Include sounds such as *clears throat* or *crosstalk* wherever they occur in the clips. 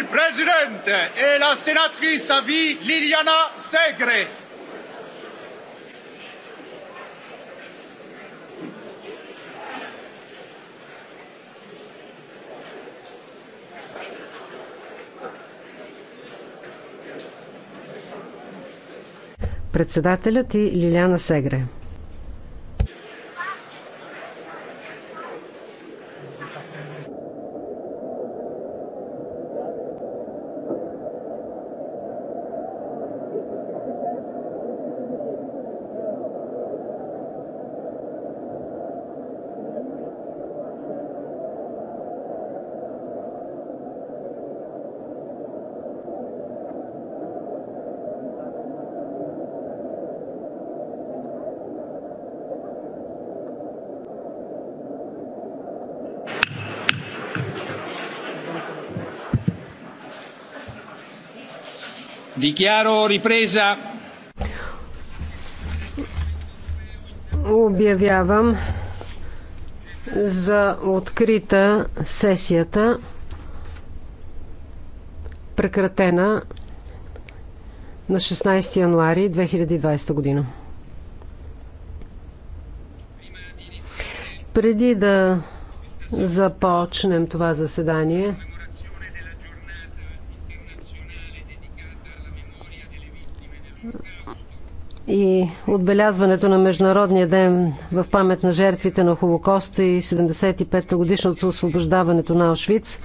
Il Presidente e la senatrice a vie Liliana Segre. Председателят и Лиляна Сегре. Dichiaro ripresa. Обявявам за открита сесията, прекратена на 16 януари 2020 година. Преди да започнем това заседание, отбелязването на Международния ден в памет на жертвите на Холокоста и 75-та годишното освобождаването на Аушвиц,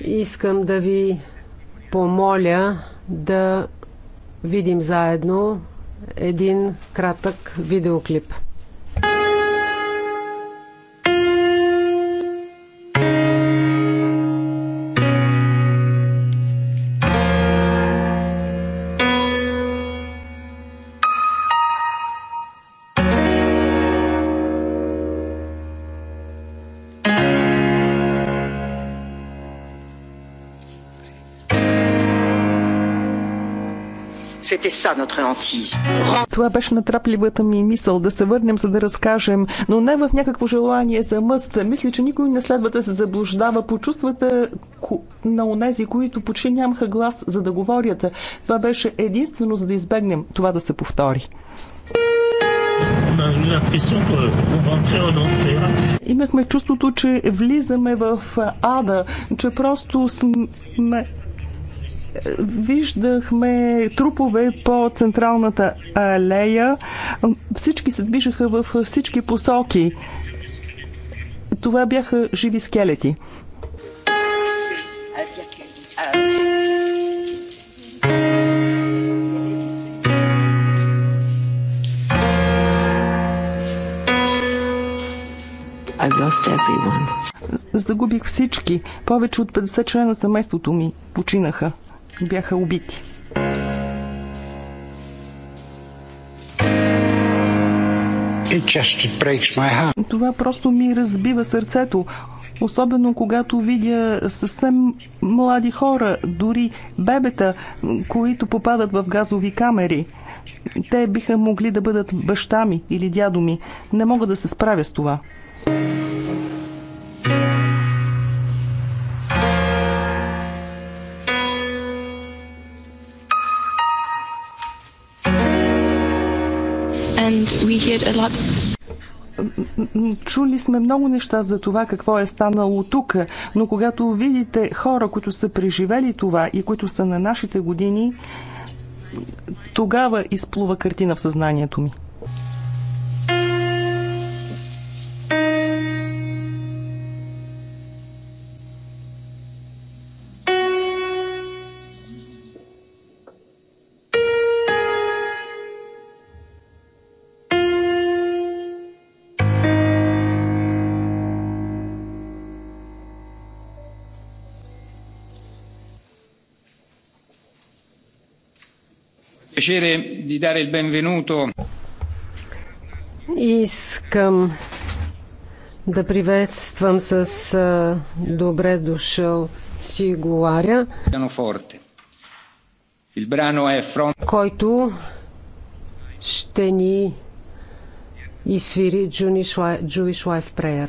искам да ви помоля да видим заедно един кратък видеоклип. Това беше натрапливата ми мисъл да се върнем, за да разкажем, но не в някакво желание за мъст. Мисля, че никой не следва да се заблуждава по чувствата на онези, които почти нямаха глас за да говорят. Това беше единствено за да избегнем това да се повтори. Имахме чувството, че влизаме в ада, че просто сме Виждахме трупове по централната алея. Всички се движеха в всички посоки. Това бяха живи скелети. Загубих всички. Повече от 50 члена семейството ми починаха бяха убити. Това просто ми разбива сърцето. Особено когато видя съвсем млади хора, дори бебета, които попадат в газови камери. Те биха могли да бъдат баща ми или дядо ми. Не мога да се справя с това. and we heard a lot чули сме много неща за това какво е станало тук, но когато видите хора, които са преживели това и които са на нашите години, тогава изплува картина в съзнанието ми. piacere di dare il benvenuto. Искам да приветствам с добре дошъл Сиглуаря, който ще ни изсвири Jewish Life Prayer.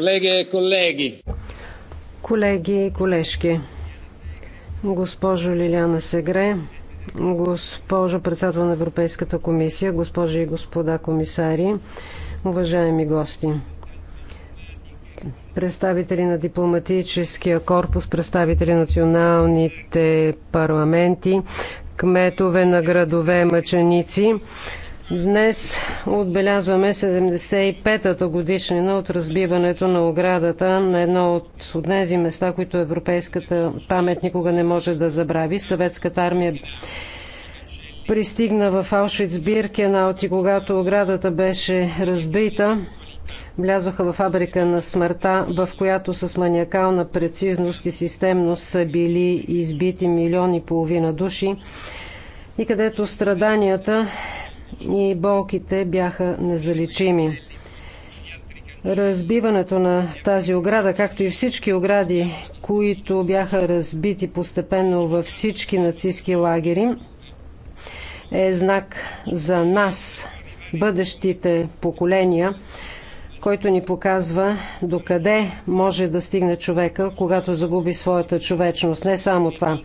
Колеги, колеги. Колеги и колежки. Госпожо Лиляна Сегре, госпожо председател на Европейската комисия, госпожи и господа комисари, уважаеми гости представители на дипломатическия корпус, представители на националните парламенти, кметове на градове, мъченици. Днес отбелязваме 75-та годишнина от разбиването на оградата на едно от, тези места, които европейската памет никога не може да забрави. Съветската армия пристигна в Аушвиц-Биркенаут и когато оградата беше разбита, влязоха в фабрика на смъртта, в която с маниакална прецизност и системност са били избити милиони и половина души и където страданията и болките бяха незаличими. Разбиването на тази ограда, както и всички огради, които бяха разбити постепенно във всички нацистски лагери, е знак за нас, бъдещите поколения, който ни показва докъде може да стигне човека, когато загуби своята човечност. Не само това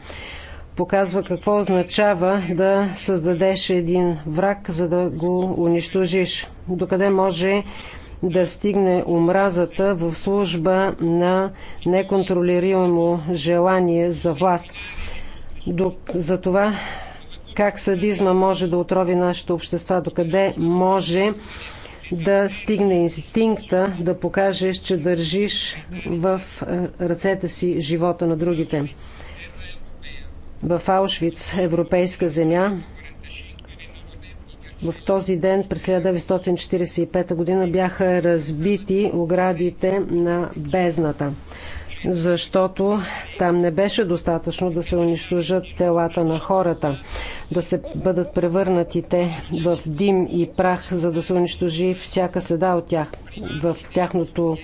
показва какво означава да създадеш един враг, за да го унищожиш. Докъде може да стигне омразата в служба на неконтролируемо желание за власт. За това как садизма може да отрови нашите общества, докъде може да стигне инстинкта да покажеш, че държиш в е, ръцете си живота на другите в Аушвиц, европейска земя. В този ден през 1945 година бяха разбити оградите на бездната, защото там не беше достатъчно да се унищожат телата на хората, да се бъдат те в дим и прах, за да се унищожи всяка следа от тях в тяхното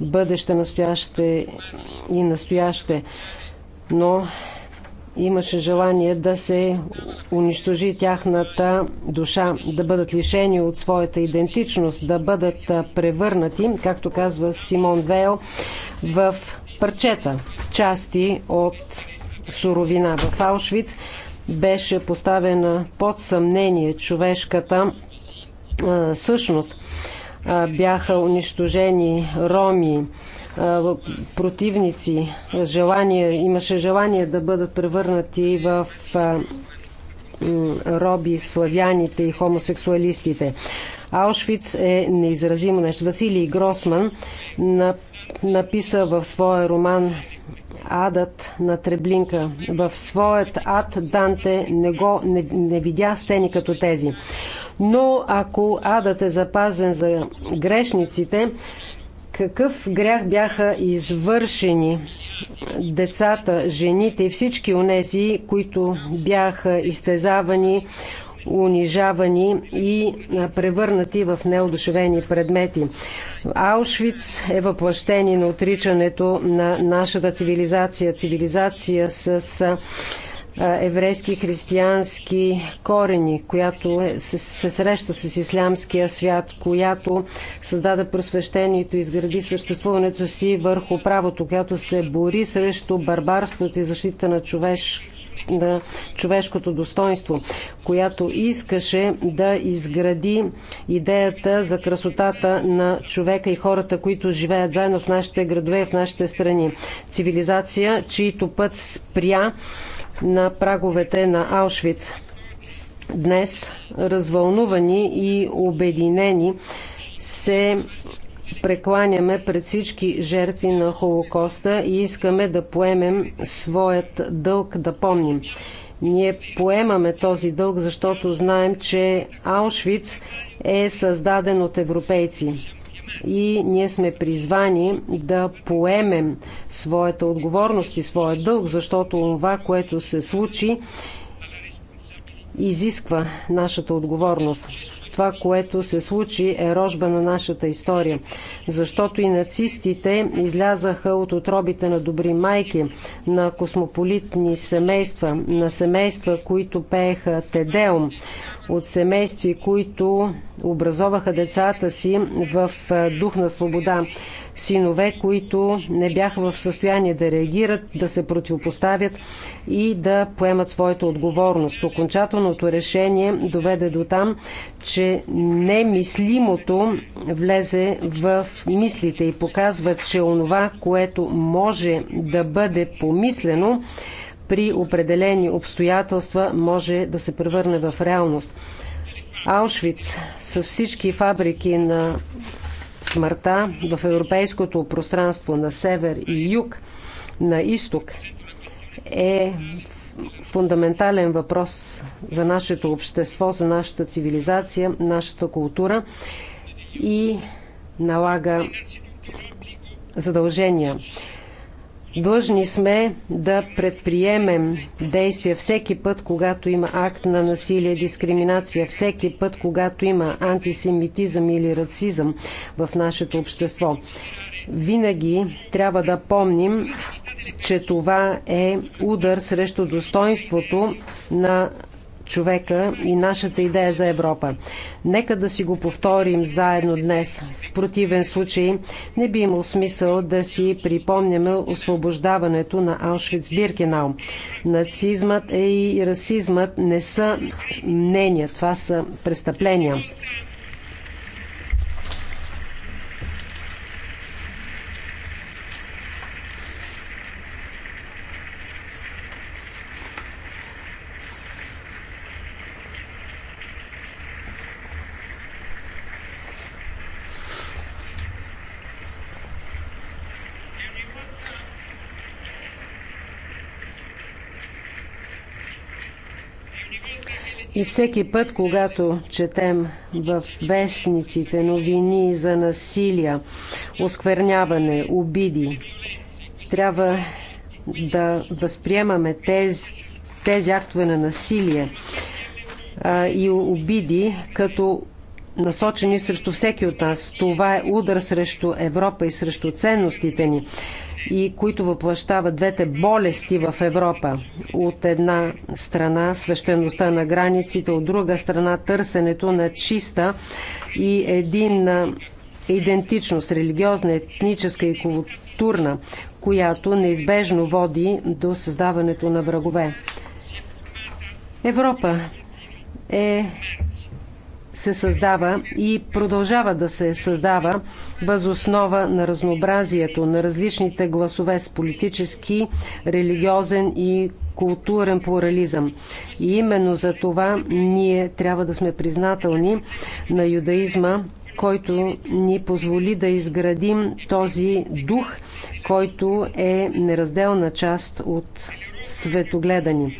бъдеще, настояще и настояще. Но имаше желание да се унищожи тяхната душа, да бъдат лишени от своята идентичност, да бъдат превърнати, както казва Симон Вейл, в парчета, части от суровина. В Аушвиц беше поставена под съмнение човешката а, същност. А, бяха унищожени роми, противници. Желание, имаше желание да бъдат превърнати в роби, славяните и хомосексуалистите. Аушвиц е неизразимо нещо. Василий Гросман написа в своя роман Адът на Треблинка. В своят ад Данте не, го, не, не видя сцени като тези. Но ако адът е запазен за грешниците, какъв грях бяха извършени децата, жените и всички онези, които бяха изтезавани, унижавани и превърнати в неодушевени предмети. Аушвиц е въплъщение на отричането на нашата цивилизация. Цивилизация с еврейски християнски корени, която е, се, се среща с ислямския свят, която създаде просвещението, и изгради съществуването си върху правото, която се бори срещу барбарството и защита на човеш на човешкото достоинство, която искаше да изгради идеята за красотата на човека и хората, които живеят заедно в нашите градове и в нашите страни. Цивилизация, чието път спря на праговете на Аушвиц. Днес, развълнувани и обединени, се прекланяме пред всички жертви на Холокоста и искаме да поемем своят дълг да помним. Ние поемаме този дълг, защото знаем, че Аушвиц е създаден от европейци и ние сме призвани да поемем своята отговорност и своя дълг, защото това, което се случи, изисква нашата отговорност. Това, което се случи, е рожба на нашата история. Защото и нацистите излязаха от отробите на добри майки, на космополитни семейства, на семейства, които пееха Тедеум, от семейства, които образоваха децата си в дух на свобода. Синове, които не бяха в състояние да реагират, да се противопоставят и да поемат своята отговорност. Окончателното решение доведе до там, че немислимото влезе в мислите и показва, че онова, което може да бъде помислено, при определени обстоятелства може да се превърне в реалност. Аушвиц с всички фабрики на смъртта в европейското пространство на север и юг, на изток, е фундаментален въпрос за нашето общество, за нашата цивилизация, нашата култура и налага задължения. Длъжни сме да предприемем действия всеки път, когато има акт на насилие, дискриминация, всеки път, когато има антисемитизъм или расизъм в нашето общество. Винаги трябва да помним, че това е удар срещу достоинството на човека и нашата идея за Европа. Нека да си го повторим заедно днес. В противен случай не би имал смисъл да си припомняме освобождаването на Аушвиц-Биркенау. Нацизмът е и расизмът не са мнения, това са престъпления. И всеки път, когато четем в вестниците новини за насилия, оскверняване, обиди, трябва да възприемаме тези, тези актове на насилие а, и обиди като насочени срещу всеки от нас. Това е удар срещу Европа и срещу ценностите ни и които въплащават двете болести в Европа. От една страна свещеността на границите, от друга страна търсенето на чиста и единна идентичност, религиозна, етническа и културна, която неизбежно води до създаването на врагове. Европа е се създава и продължава да се създава въз основа на разнообразието на различните гласове с политически, религиозен и културен плурализъм. И именно за това ние трябва да сме признателни на юдаизма който ни позволи да изградим този дух, който е неразделна част от светогледа ни.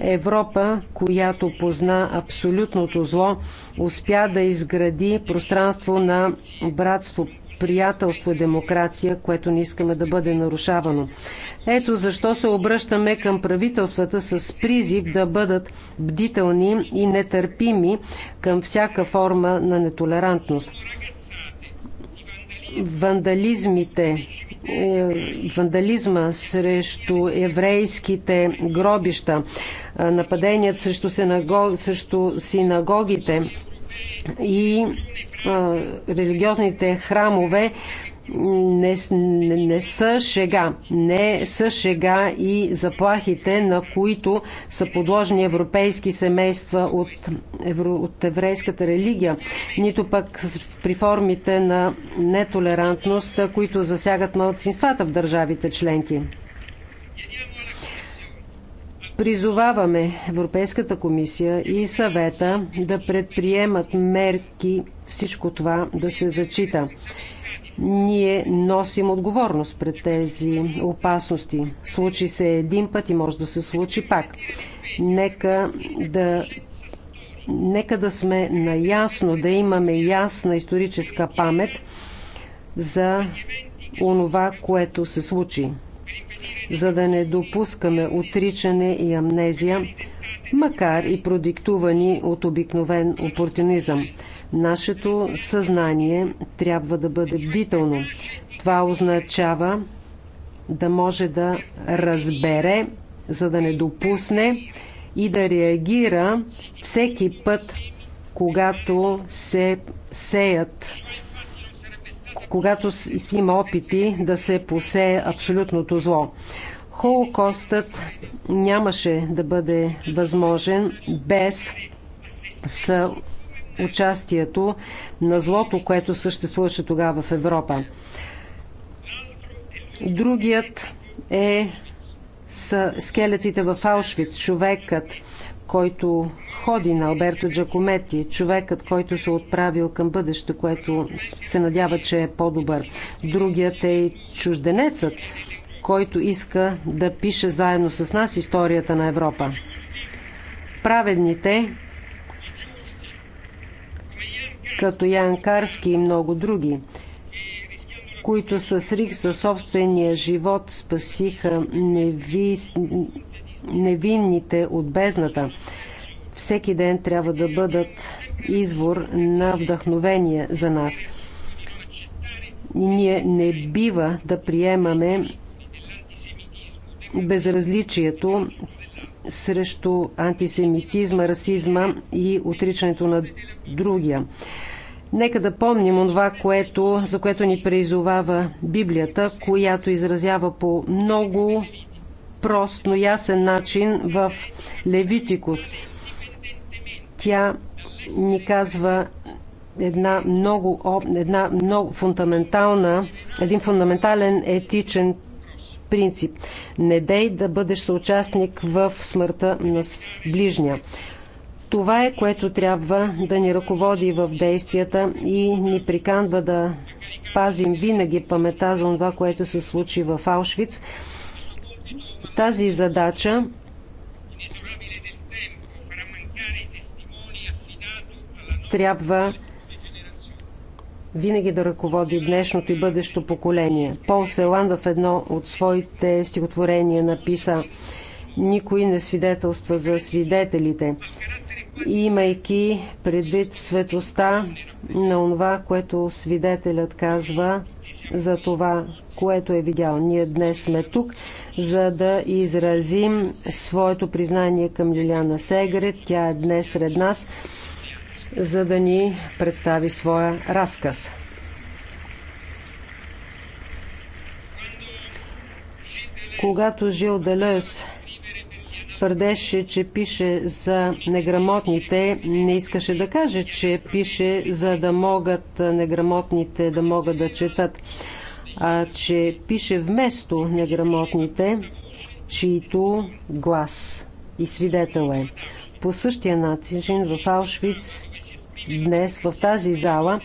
Европа, която позна абсолютното зло, успя да изгради пространство на братство, приятелство и демокрация, което не искаме да бъде нарушавано. Ето защо се обръщаме към правителствата с призив да бъдат бдителни и нетърпими към всяка форма на нетолерантност вандализмите, е, вандализма срещу еврейските гробища, е, нападенията срещу, синагог, срещу синагогите, и а, религиозните храмове не, не, не са шега. Не са шега и заплахите, на които са подложени европейски семейства от, евро, от еврейската религия, нито пък при формите на нетолерантност, които засягат младсинствата в държавите членки. Призоваваме Европейската комисия и съвета да предприемат мерки всичко това да се зачита. Ние носим отговорност пред тези опасности. Случи се един път и може да се случи пак. Нека да нека да сме наясно, да имаме ясна историческа памет за онова, което се случи за да не допускаме отричане и амнезия, макар и продиктувани от обикновен опортунизъм. Нашето съзнание трябва да бъде бдително. Това означава да може да разбере, за да не допусне и да реагира всеки път, когато се сеят когато има опити да се посее абсолютното зло. Холокостът нямаше да бъде възможен без с участието на злото, което съществуваше тогава в Европа. Другият е с скелетите в Аушвиц, човекът, който ходи на Алберто Джакомети, човекът, който се отправил към бъдеще, което се надява, че е по-добър. Другият е и чужденецът, който иска да пише заедно с нас историята на Европа. Праведните, като Ян Карски и много други, които с рих със собствения живот спасиха неви невинните от бездната. Всеки ден трябва да бъдат извор на вдъхновение за нас. Ние не бива да приемаме безразличието срещу антисемитизма, расизма и отричането на другия. Нека да помним това, което, за което ни призовава Библията, която изразява по много прост, но ясен начин в Левитикус. Тя ни казва една много, една много фундаментална, един фундаментален етичен принцип. Не дей да бъдеш съучастник в смъртта на ближния. Това е което трябва да ни ръководи в действията и ни приканва да пазим винаги памета за това, което се случи в Аушвиц тази задача трябва винаги да ръководи днешното и бъдещо поколение. Пол Селан в едно от своите стихотворения написа «Никой не свидетелства за свидетелите», имайки предвид светоста на това, което свидетелят казва за това, което е видял. Ние днес сме тук, за да изразим своето признание към Лиляна Сегрет. Тя е днес сред нас, за да ни представи своя разказ. Когато Жил Делес твърдеше, че пише за неграмотните, не искаше да каже, че пише за да могат неграмотните да могат да четат а че пише вместо неграмотните, чието глас и свидетел е. По същия начин в Аушвиц днес в тази зала,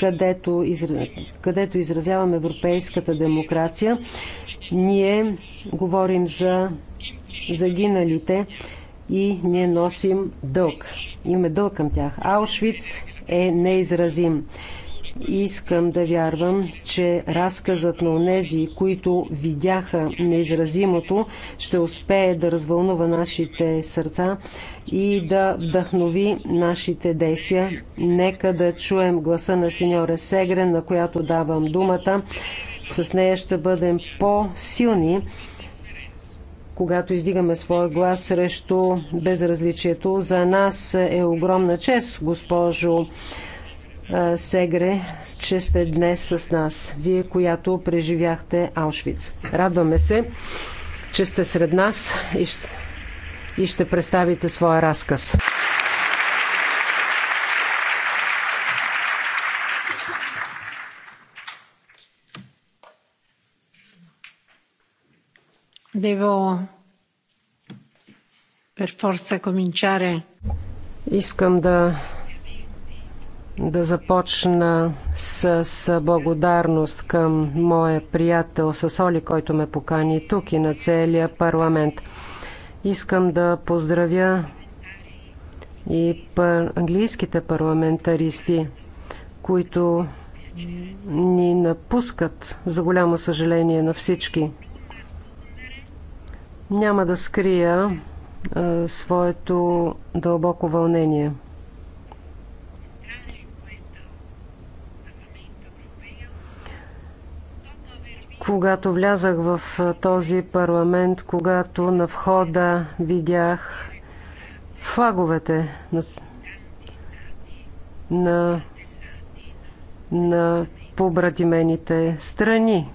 където, изра... където изразяваме европейската демокрация, ние говорим за загиналите и ние носим дълг. Имаме дълг към тях. Аушвиц е неизразим. Искам да вярвам, че разказът на онези, които видяха неизразимото, ще успее да развълнува нашите сърца и да вдъхнови нашите действия. Нека да чуем гласа на сеньора Сегрен, на която давам думата. С нея ще бъдем по-силни, когато издигаме своя глас срещу безразличието. За нас е огромна чест, госпожо Сегре, че сте днес с нас. Вие, която преживяхте Аушвиц. Радваме се, че сте сред нас и ще, и ще представите своя разказ. Devo per forza cominciare. Искам да да започна с благодарност към моя приятел Сасоли, който ме покани тук и на целия парламент. Искам да поздравя и английските парламентаристи, които ни напускат, за голямо съжаление на всички. Няма да скрия а, своето дълбоко вълнение – когато влязах в този парламент, когато на входа видях флаговете на, на, на побратимените страни.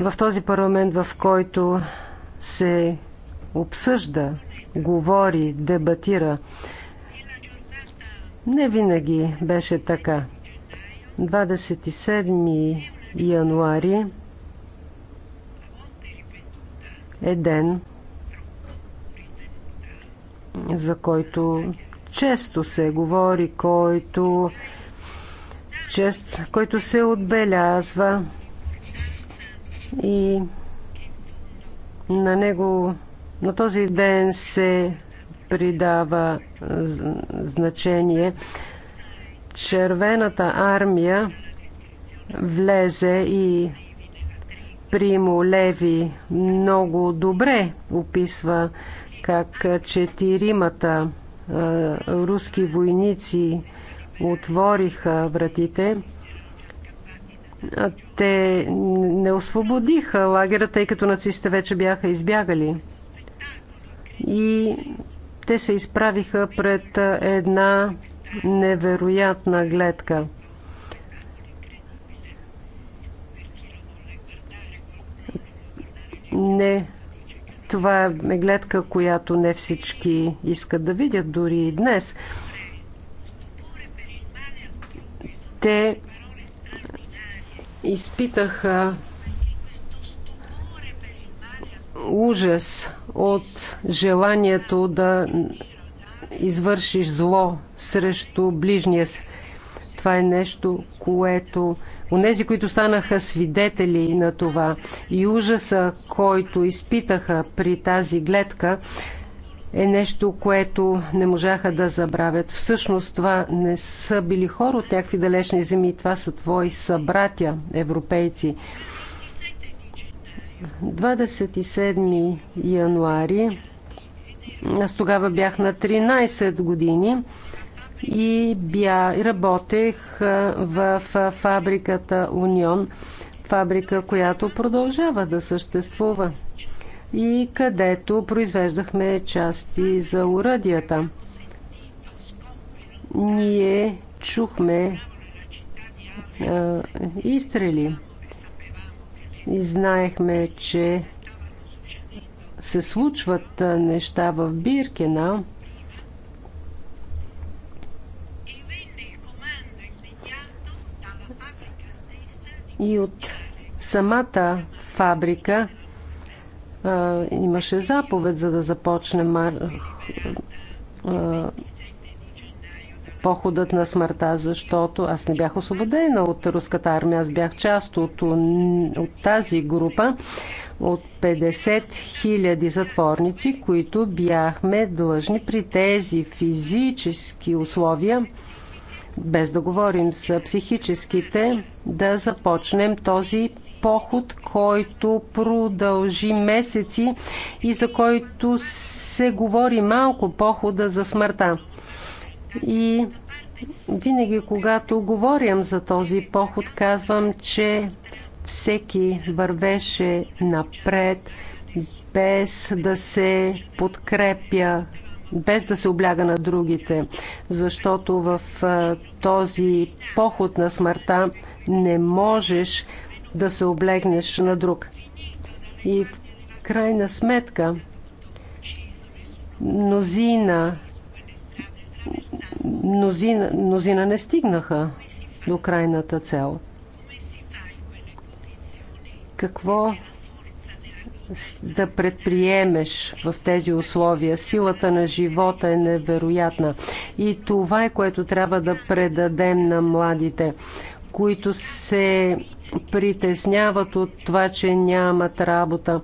В този парламент, в който се обсъжда, говори, дебатира, не винаги беше така. 27 януари е ден, за който често се говори, който, чест, който се отбелязва и на него на този ден се придава значение червената армия влезе и Примо Леви много добре описва как четиримата руски войници отвориха вратите. Те не освободиха лагера, тъй като нацистите вече бяха избягали. И те се изправиха пред една невероятна гледка. Не, това е гледка, която не всички искат да видят дори и днес. Те изпитаха ужас от желанието да извършиш зло срещу ближния си. Това е нещо, което Онези, които станаха свидетели на това и ужаса, който изпитаха при тази гледка, е нещо, което не можаха да забравят. Всъщност това не са били хора от някакви далечни земи, това са твои събратя, европейци. 27 януари аз тогава бях на 13 години и бя, работех в фабриката Унион, фабрика, която продължава да съществува и където произвеждахме части за уръдията. Ние чухме а, изстрели и знаехме, че се случват неща в Биркена. И от самата фабрика а, имаше заповед за да започне мар... а, походът на смъртта, защото аз не бях освободена от руската армия, аз бях част от, от тази група, от 50 000 затворници, които бяхме длъжни при тези физически условия, без да говорим с психическите, да започнем този поход, който продължи месеци и за който се говори малко похода за смъртта. И винаги, когато говорим за този поход, казвам, че всеки вървеше напред, без да се подкрепя, без да се обляга на другите, защото в този поход на смъртта не можеш да се облегнеш на друг. И в крайна сметка, мнозина, мнозина, мнозина не стигнаха до крайната цел. Какво да предприемеш в тези условия. Силата на живота е невероятна. И това е което трябва да предадем на младите, които се притесняват от това, че нямат работа,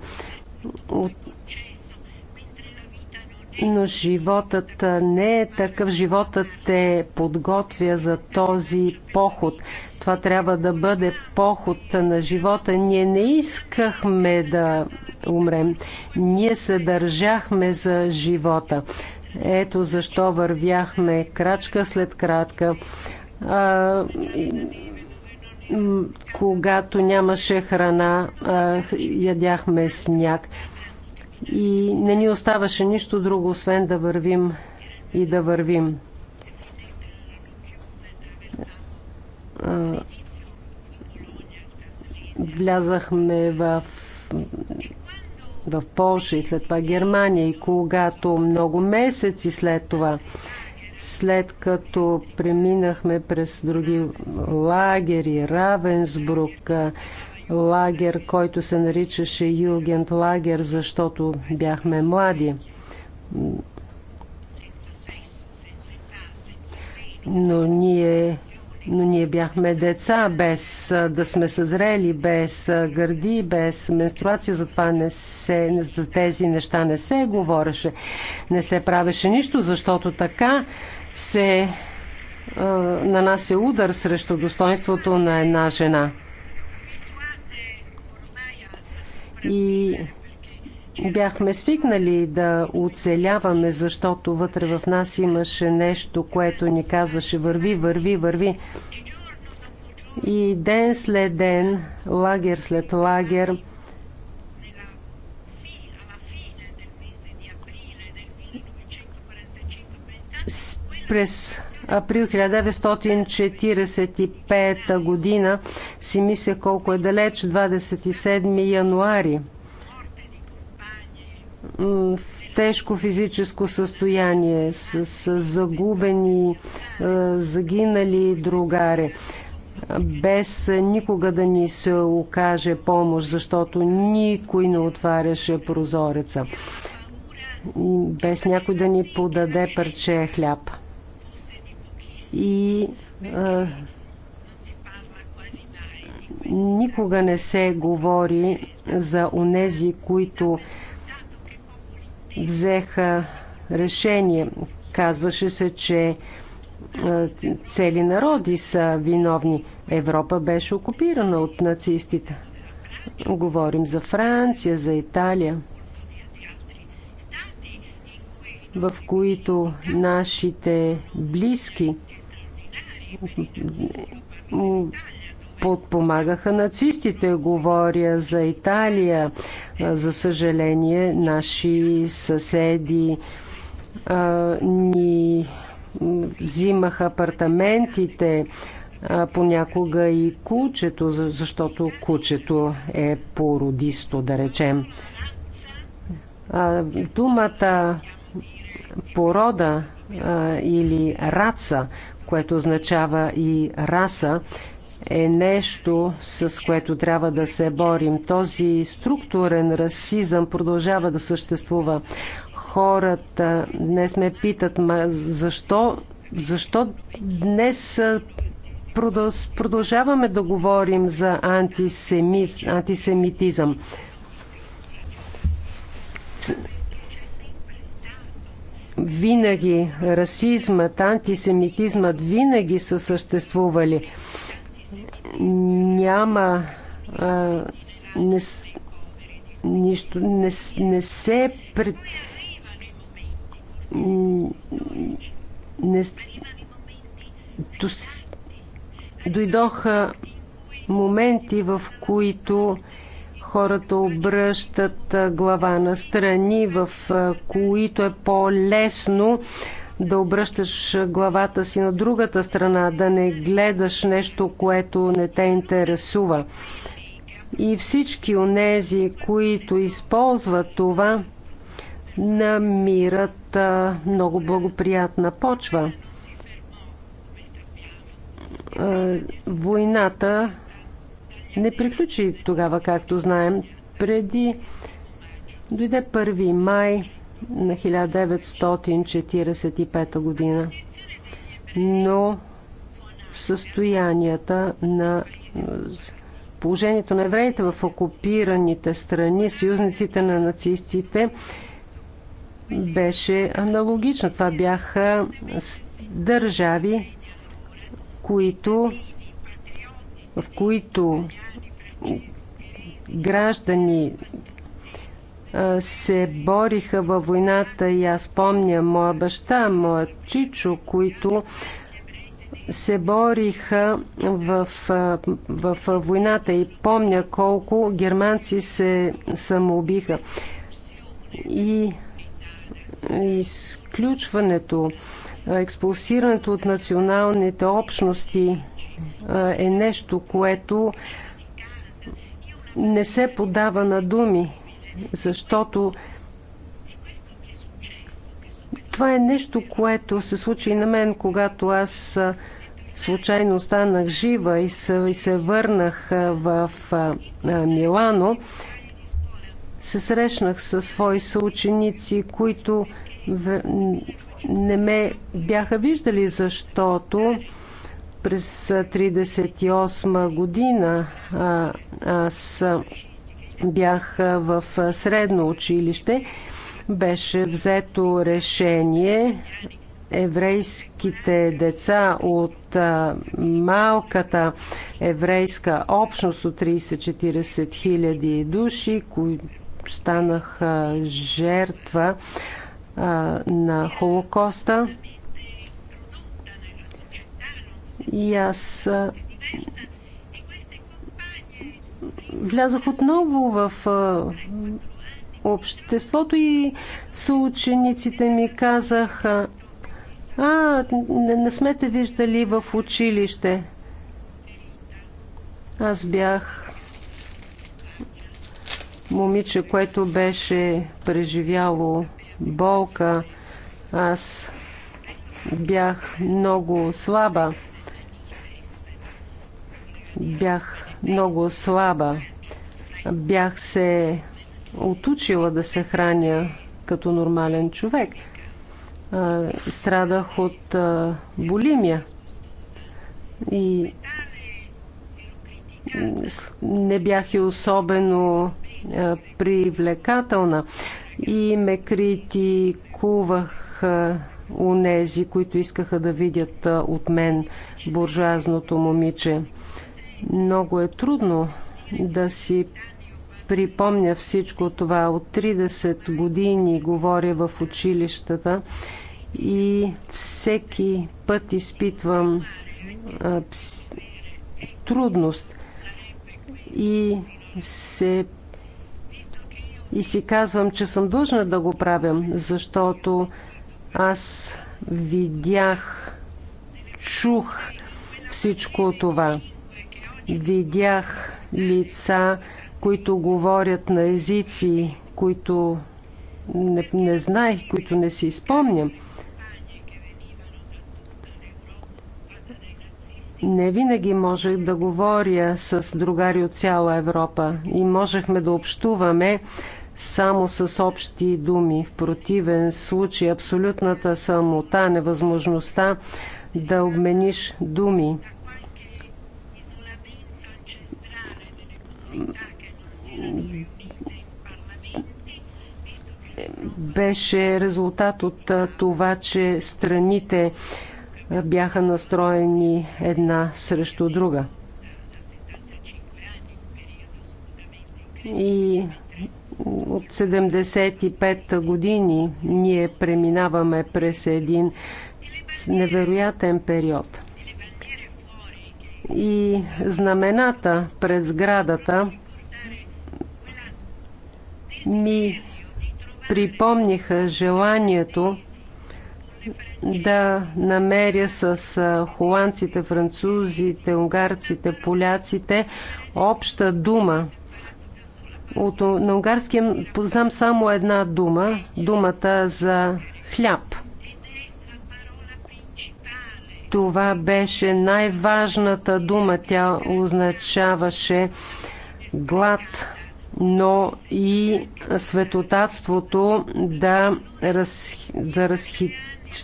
от но животът не е такъв. Животът те подготвя за този поход. Това трябва да бъде поход на живота. Ние не искахме да умрем. Ние се държахме за живота. Ето защо вървяхме крачка след кратка. А, когато нямаше храна, а, ядяхме сняг. И не ни оставаше нищо друго, освен да вървим и да вървим. Влязахме в, в Польша и след това Германия и когато много месеци след това след като преминахме през други лагери, Равенсбрук, лагер, който се наричаше Югент лагер, защото бяхме млади. Но ние, но ние бяхме деца, без да сме съзрели, без гърди, без менструация, затова не се, за тези неща не се говореше. Не се правеше нищо, защото така се нанася удар срещу достоинството на една жена. и бяхме свикнали да оцеляваме, защото вътре в нас имаше нещо, което ни казваше върви, върви, върви. И ден след ден, лагер след лагер, през април 1945 година. Си мисля колко е далеч 27 януари. В тежко физическо състояние, с, с загубени, е, загинали другаре без никога да ни се окаже помощ, защото никой не отваряше прозореца. Без някой да ни подаде парче хляб и а, никога не се говори за онези, които взеха решение. Казваше се, че цели народи са виновни. Европа беше окупирана от нацистите. Говорим за Франция, за Италия, в които нашите близки подпомагаха нацистите. Говоря за Италия. За съжаление, наши съседи а, ни взимаха апартаментите, а понякога и кучето, защото кучето е породисто, да речем. А, думата порода или раца, което означава и раса, е нещо, с което трябва да се борим. Този структурен расизъм продължава да съществува. Хората днес ме питат, ма защо, защо днес продължаваме да говорим за антисемиз, антисемитизъм винаги расизмът, антисемитизмът винаги са съществували. Няма а, не, нищо, не, не се пред, не, дойдоха моменти, в които хората обръщат глава на страни, в които е по-лесно да обръщаш главата си на другата страна, да не гледаш нещо, което не те интересува. И всички онези, които използват това, намират много благоприятна почва войната не приключи тогава, както знаем. Преди дойде 1 май на 1945 година. Но състоянията на положението на евреите в окупираните страни, съюзниците на нацистите, беше аналогично. Това бяха държави, които, в които граждани се бориха във войната и аз помня моя баща, моя чичо, които се бориха в, в войната и помня колко германци се самоубиха. И изключването, експулсирането от националните общности е нещо, което не се подава на думи, защото това е нещо, което се случи и на мен, когато аз случайно останах жива и се, и се върнах в Милано. Се срещнах със свои съученици, които не ме бяха виждали, защото през 1938 година аз бях в средно училище. Беше взето решение еврейските деца от малката еврейска общност от 30-40 хиляди души, които станаха жертва на Холокоста, и аз влязах отново в обществото и съучениците ми казаха, а, не, не сме те виждали в училище. Аз бях момиче, което беше преживяло болка. Аз бях много слаба. Бях много слаба. Бях се отучила да се храня като нормален човек. Страдах от болимия. И не бях и особено привлекателна. И ме критикувах у нези, които искаха да видят от мен буржуазното момиче. Много е трудно да си припомня всичко това. От 30 години говоря в училищата и всеки път изпитвам а, пс, трудност и се и си казвам, че съм длъжна да го правя, защото аз видях, чух всичко това. Видях лица, които говорят на езици, които не, не знаех, които не си спомням. Не винаги можех да говоря с другари от цяла Европа и можехме да общуваме само с общи думи. В противен случай абсолютната самота, невъзможността да обмениш думи беше резултат от това, че страните бяха настроени една срещу друга. И от 75 години ние преминаваме през един невероятен период и знамената през сградата ми припомниха желанието да намеря с холандците, французите, унгарците, поляците обща дума. От, на унгарски познам само една дума, думата за хляб – това беше най-важната дума. Тя означаваше глад, но и светотатството да, да, разхи,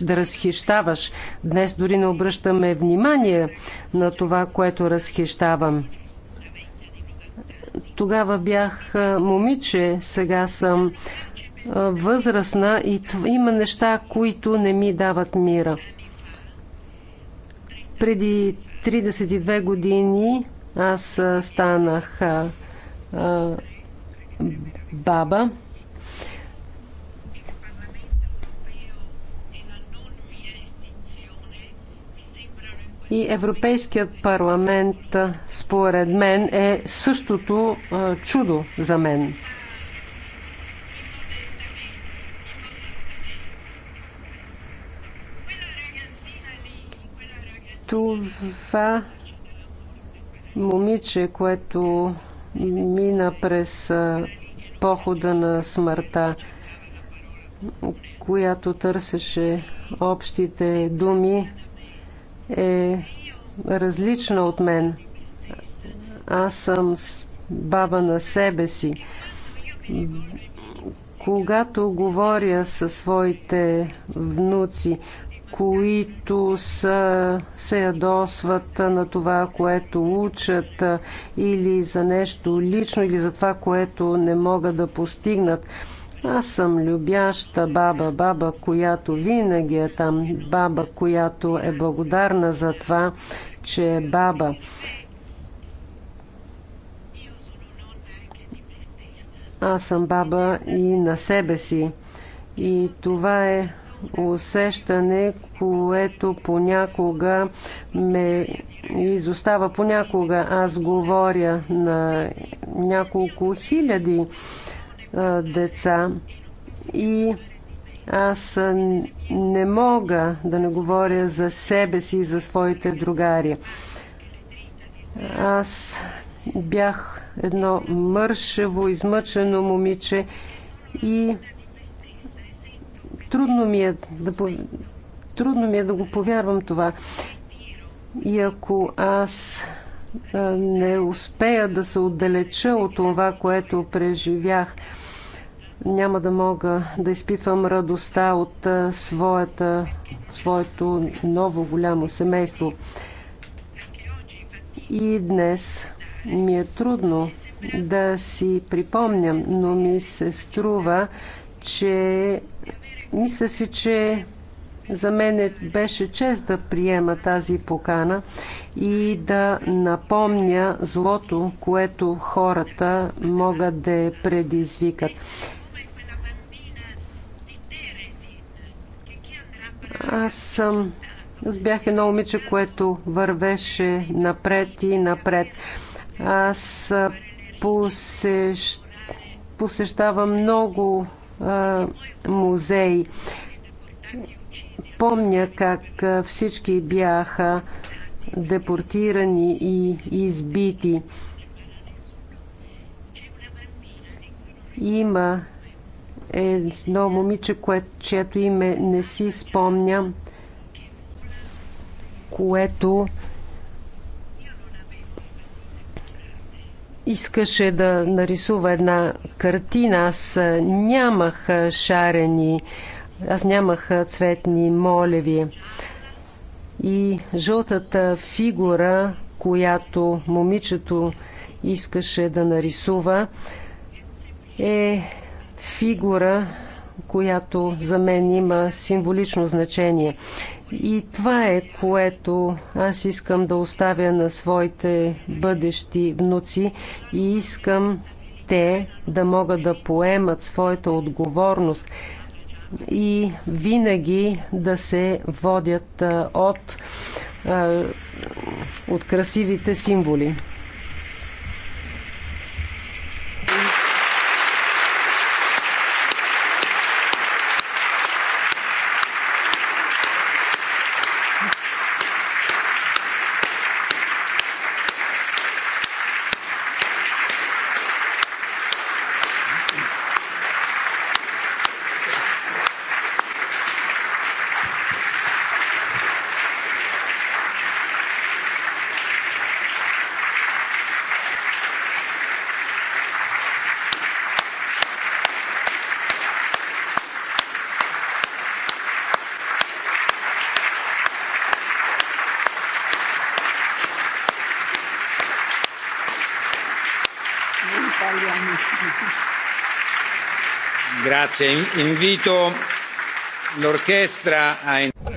да разхищаваш. Днес дори не обръщаме внимание на това, което разхищавам. Тогава бях момиче, сега съм възрастна и има неща, които не ми дават мира. Преди 32 години аз станах а, баба. И Европейският парламент, според мен, е същото чудо за мен. Това момиче, което мина през похода на смъртта, която търсеше общите думи, е различна от мен. Аз съм баба на себе си. Когато говоря със своите внуци, които са, се ядосват на това, което учат или за нещо лично, или за това, което не могат да постигнат. Аз съм любяща баба, баба, която винаги е там, баба, която е благодарна за това, че е баба. Аз съм баба и на себе си. И това е усещане, което понякога ме изостава. Понякога аз говоря на няколко хиляди а, деца и аз не мога да не говоря за себе си и за своите другари. Аз бях едно мършево, измъчено момиче и Трудно ми е да, трудно ми е да го повярвам това. И ако аз не успея да се отдалеча от това, което преживях, няма да мога да изпитвам радостта от своята, своето ново голямо семейство. И днес ми е трудно да си припомням, но ми се струва, че мисля си, че за мен е- беше чест да приема тази покана и да напомня злото, което хората могат да предизвикат. Аз съм. Аз бях едно момиче, което вървеше напред и напред. Аз посещ... посещавам много музей. Помня как всички бяха депортирани и избити. Има едно момиче, чието име не си спомням, което искаше да нарисува една картина. Аз нямах шарени, аз нямах цветни молеви. И жълтата фигура, която момичето искаше да нарисува, е фигура, която за мен има символично значение. И това е, което аз искам да оставя на своите бъдещи внуци и искам те да могат да поемат своята отговорност и винаги да се водят от, от красивите символи.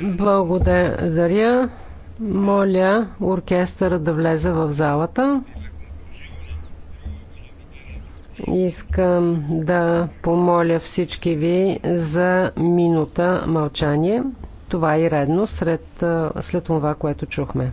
Благодаря. Моля оркестъра да влезе в залата. Искам да помоля всички ви за минута мълчание. Това е и редно след това, което чухме.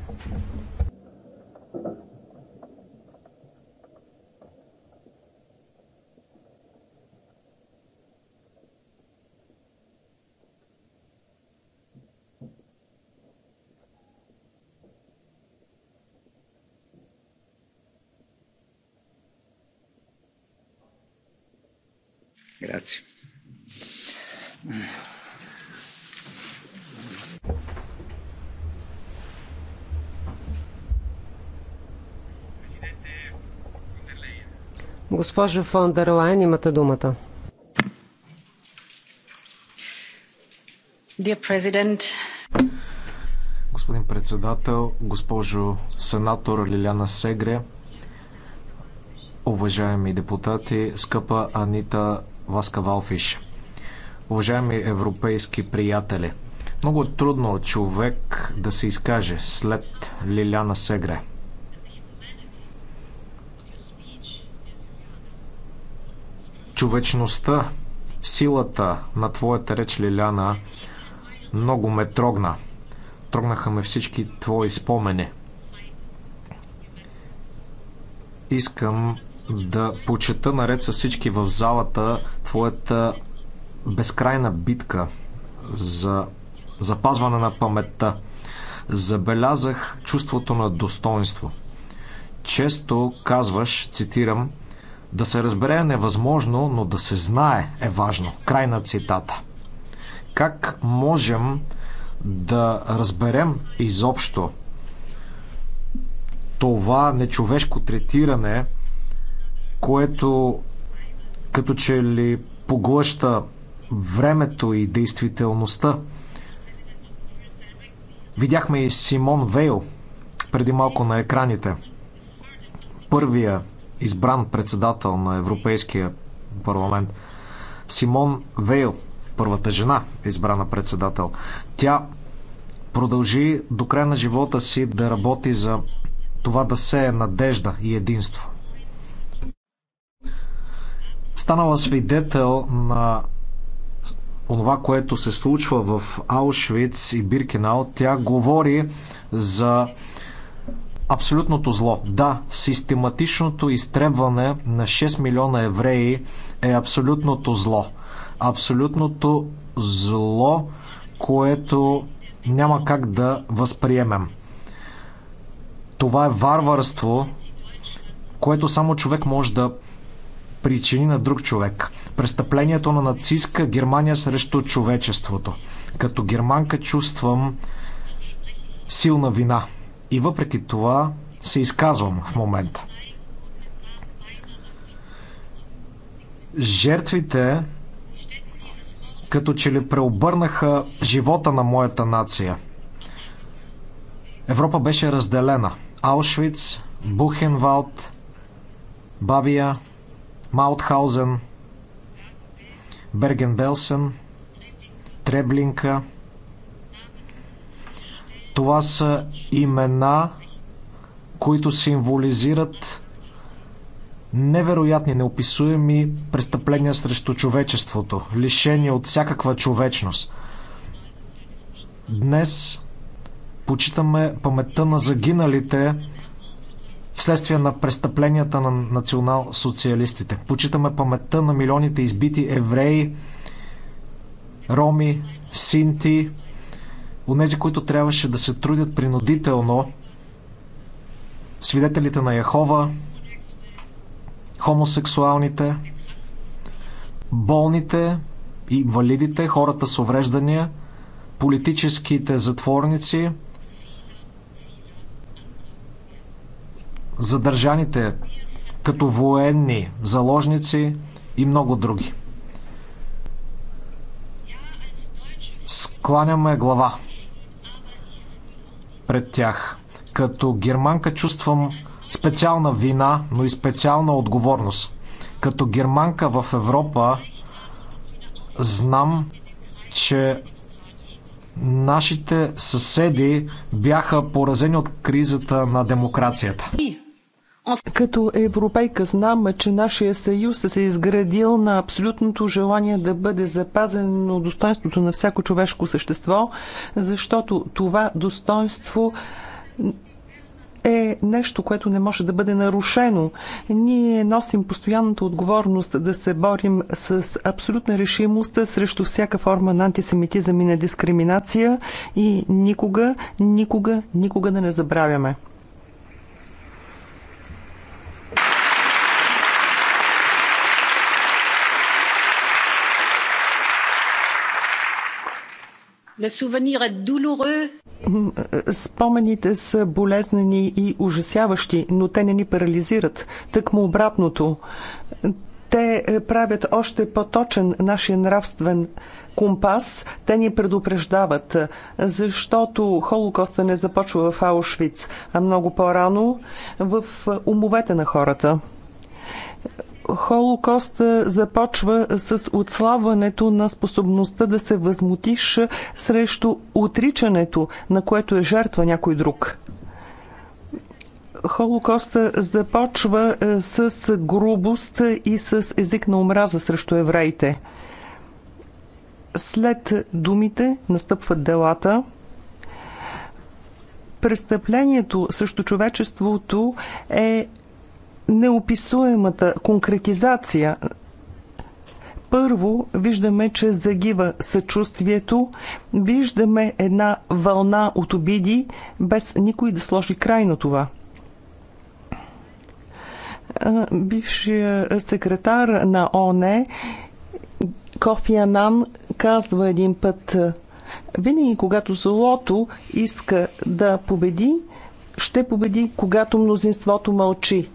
Grazie. Госпожо фон дер Лайн, имате думата. Господин председател, госпожо сенатор Лиляна Сегре, уважаеми депутати, скъпа Анита Васка Валфиш. Уважаеми европейски приятели, много е трудно човек да се изкаже след Лиляна Сегре. Човечността, силата на твоята реч, Лиляна, много ме трогна. Трогнаха ме всички твои спомени. Искам да почета наред с всички в залата твоята безкрайна битка за запазване на паметта. Забелязах чувството на достоинство. Често казваш, цитирам, да се разбере е невъзможно, но да се знае е важно. Край на цитата. Как можем да разберем изобщо това нечовешко третиране – което като че ли поглъща времето и действителността. Видяхме и Симон Вейл преди малко на екраните. Първия избран председател на Европейския парламент. Симон Вейл, първата жена, избрана председател. Тя продължи до края на живота си да работи за това да се е надежда и единство станала свидетел на онова, което се случва в Аушвиц и Биркенал, тя говори за абсолютното зло. Да, систематичното изтребване на 6 милиона евреи е абсолютното зло. Абсолютното зло, което няма как да възприемем. Това е варварство, което само човек може да причини на друг човек. Престъплението на нацистска Германия срещу човечеството. Като германка чувствам силна вина. И въпреки това се изказвам в момента. Жертвите като че ли преобърнаха живота на моята нация. Европа беше разделена. Аушвиц, Бухенвалд, Бабия, Маутхаузен, Берген-Белсен, Треблинка. Това са имена, които символизират невероятни, неописуеми престъпления срещу човечеството, лишени от всякаква човечност. Днес почитаме паметта на загиналите вследствие на престъпленията на национал-социалистите. Почитаме паметта на милионите избити евреи, роми, синти, онези, които трябваше да се трудят принудително, свидетелите на Яхова, хомосексуалните, болните, и валидите, хората с увреждания, политическите затворници – задържаните като военни заложници и много други. Скланяме глава пред тях. Като германка чувствам специална вина, но и специална отговорност. Като германка в Европа знам, че нашите съседи бяха поразени от кризата на демокрацията. Като европейка знам, че нашия съюз се е изградил на абсолютното желание да бъде запазено достоинството на всяко човешко същество, защото това достоинство е нещо, което не може да бъде нарушено. Ние носим постоянната отговорност да се борим с абсолютна решимост срещу всяка форма на антисемитизъм и на дискриминация и никога, никога, никога да не забравяме. Е, е, спомените са болезнени и ужасяващи, но те не ни парализират. Тъкмо обратното. Те е, правят още по-точен нашия нравствен компас, те ни предупреждават, защото Холокоста не започва в Аушвиц, а много по-рано в умовете на хората. Холокост е, започва с отслабването на способността да се възмутиш срещу отричането, на което е жертва някой друг. Холокост започва е, с грубост и с език на омраза срещу евреите. След думите настъпват делата. Престъплението срещу човечеството е неописуемата конкретизация първо виждаме, че загива съчувствието, виждаме една вълна от обиди, без никой да сложи край на това. Бившия секретар на ОНЕ Кофи Анан казва един път винаги когато злото иска да победи, ще победи, когато мнозинството мълчи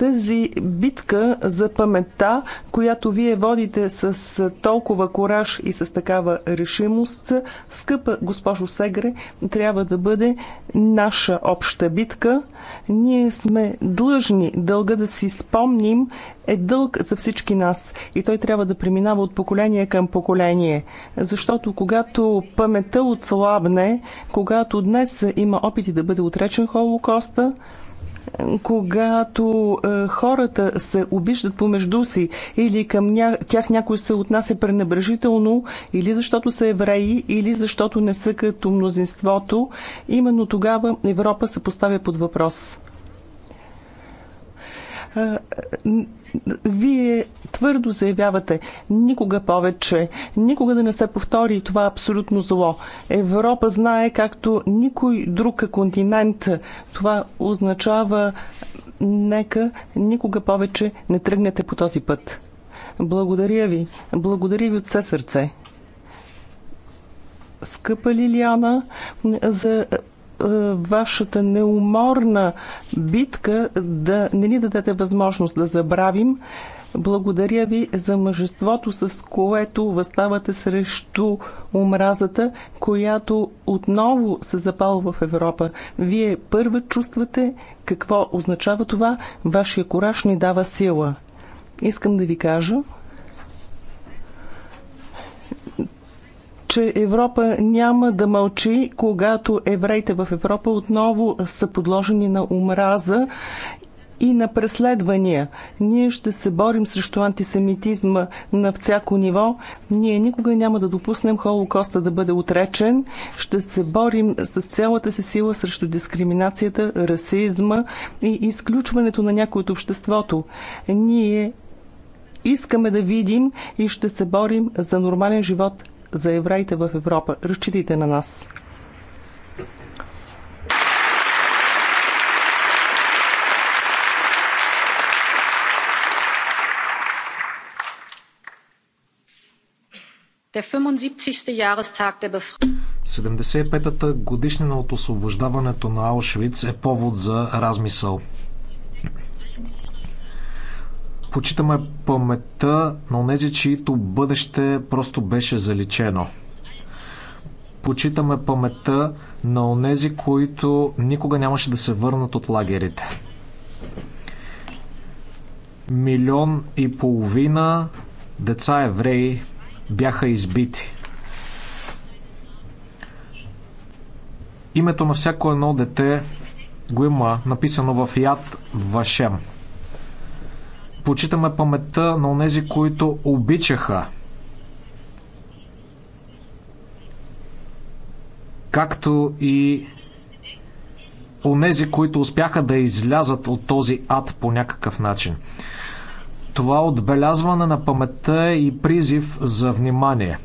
тази битка за паметта, която вие водите с толкова кораж и с такава решимост, скъпа госпожо Сегре, трябва да бъде наша обща битка. Ние сме длъжни дълга да си спомним е дълг за всички нас и той трябва да преминава от поколение към поколение. Защото когато паметта отслабне, когато днес има опити да бъде отречен Холокоста, когато е, хората се обиждат помежду си или към ня... тях някой се отнася пренебрежително, или защото са евреи, или защото не са като мнозинството, именно тогава Европа се поставя под въпрос вие твърдо заявявате никога повече, никога да не се повтори това абсолютно зло. Европа знае както никой друг континент. Това означава нека никога повече не тръгнете по този път. Благодаря ви. Благодаря ви от все сърце. Скъпа Лилиана, за е, вашата неуморна битка да не ни дадете възможност да забравим. Благодаря ви за мъжеството, с което възставате срещу омразата, която отново се запалва в Европа. Вие първа чувствате какво означава това. Вашия кораж ни дава сила. Искам да ви кажа, че Европа няма да мълчи, когато евреите в Европа отново са подложени на омраза и на преследвания. Ние ще се борим срещу антисемитизма на всяко ниво. Ние никога няма да допуснем Холокоста да бъде отречен. Ще се борим с цялата си сила срещу дискриминацията, расизма и изключването на някой от обществото. Ние искаме да видим и ще се борим за нормален живот за евреите в Европа. Разчитайте на нас. Der 75. та годишнина от освобождаването на Аушвиц е повод за размисъл. Почитаме паметта на онези, чието бъдеще просто беше заличено. Почитаме паметта на онези, които никога нямаше да се върнат от лагерите. Милион и половина деца евреи бяха избити. Името на всяко едно дете го има написано в Яд Вашем – почитаме паметта на онези, които обичаха. Както и онези, които успяха да излязат от този ад по някакъв начин. Това отбелязване на паметта е и призив за внимание.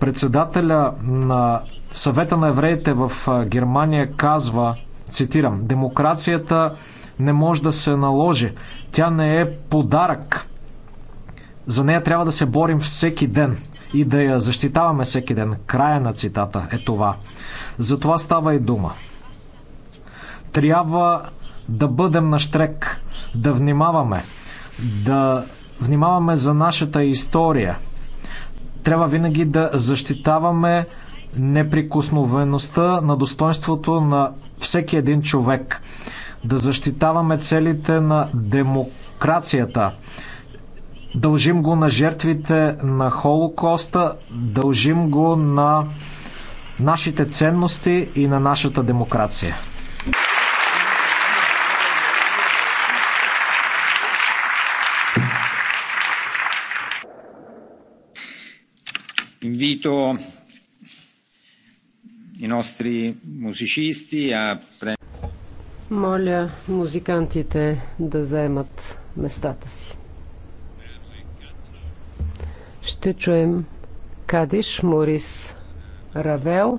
Председателя на съвета на евреите в Германия казва, цитирам, демокрацията е не може да се наложи. Тя не е подарък. За нея трябва да се борим всеки ден и да я защитаваме всеки ден. Края на цитата е това. За това става и дума. Трябва да бъдем на штрек, да внимаваме, да внимаваме за нашата история. Трябва винаги да защитаваме неприкосновеността на достоинството на всеки един човек да защитаваме целите на демокрацията. Дължим го на жертвите на Холокоста, дължим го на нашите ценности и на нашата демокрация. Invito i nostri musicisti a prendere. Моля музикантите да заемат местата си. Ще чуем Кадиш Морис Равел.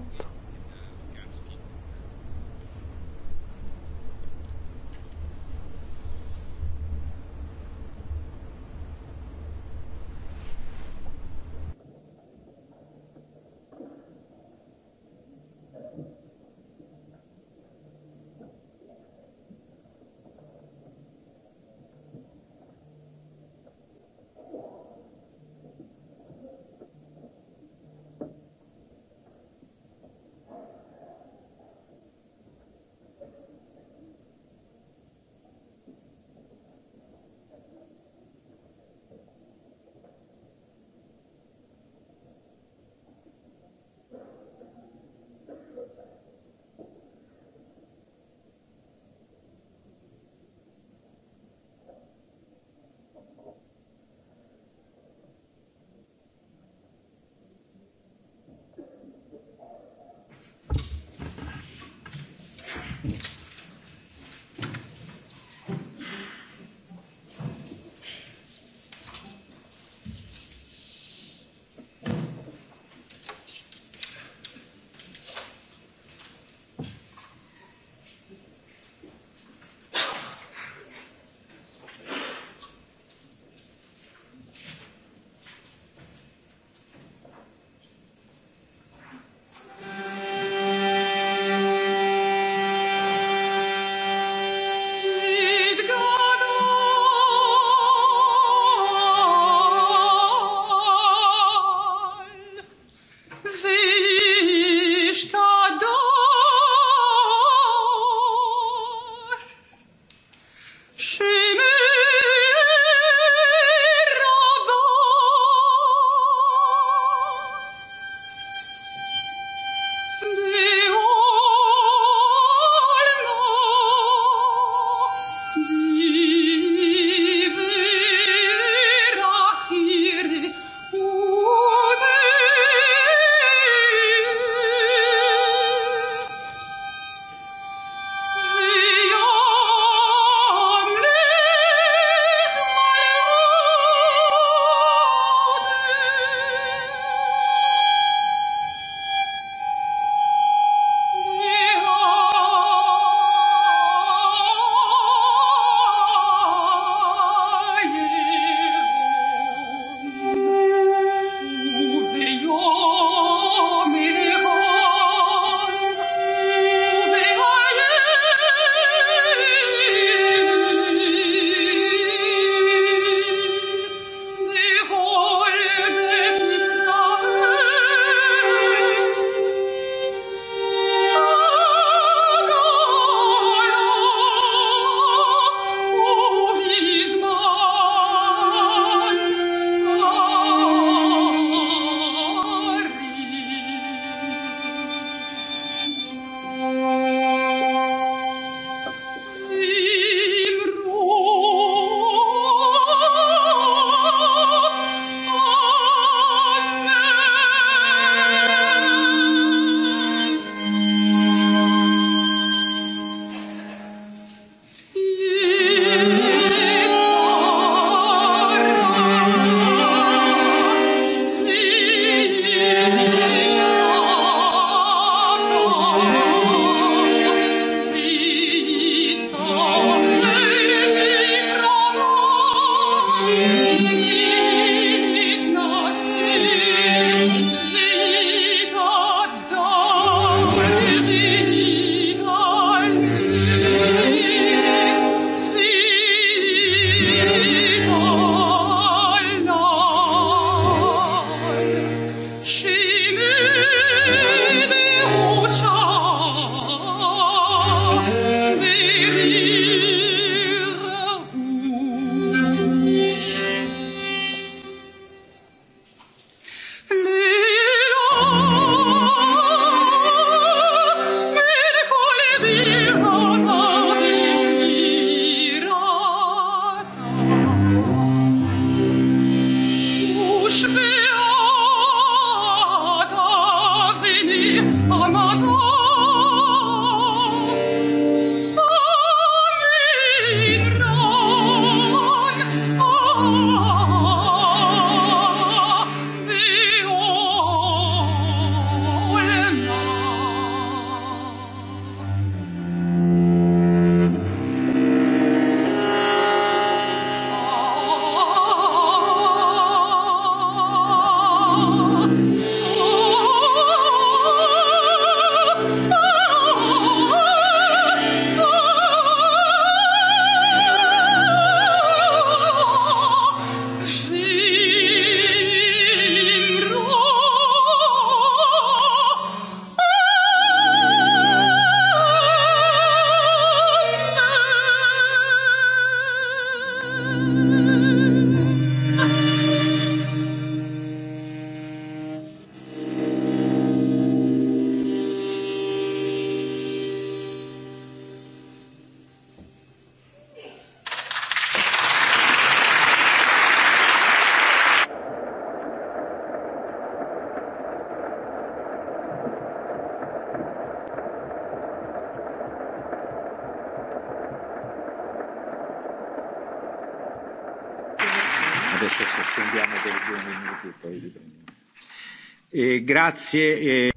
Eh.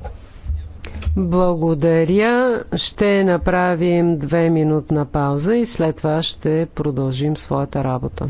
Благодаря. Ще направим две минутна пауза и след това ще продължим своята работа.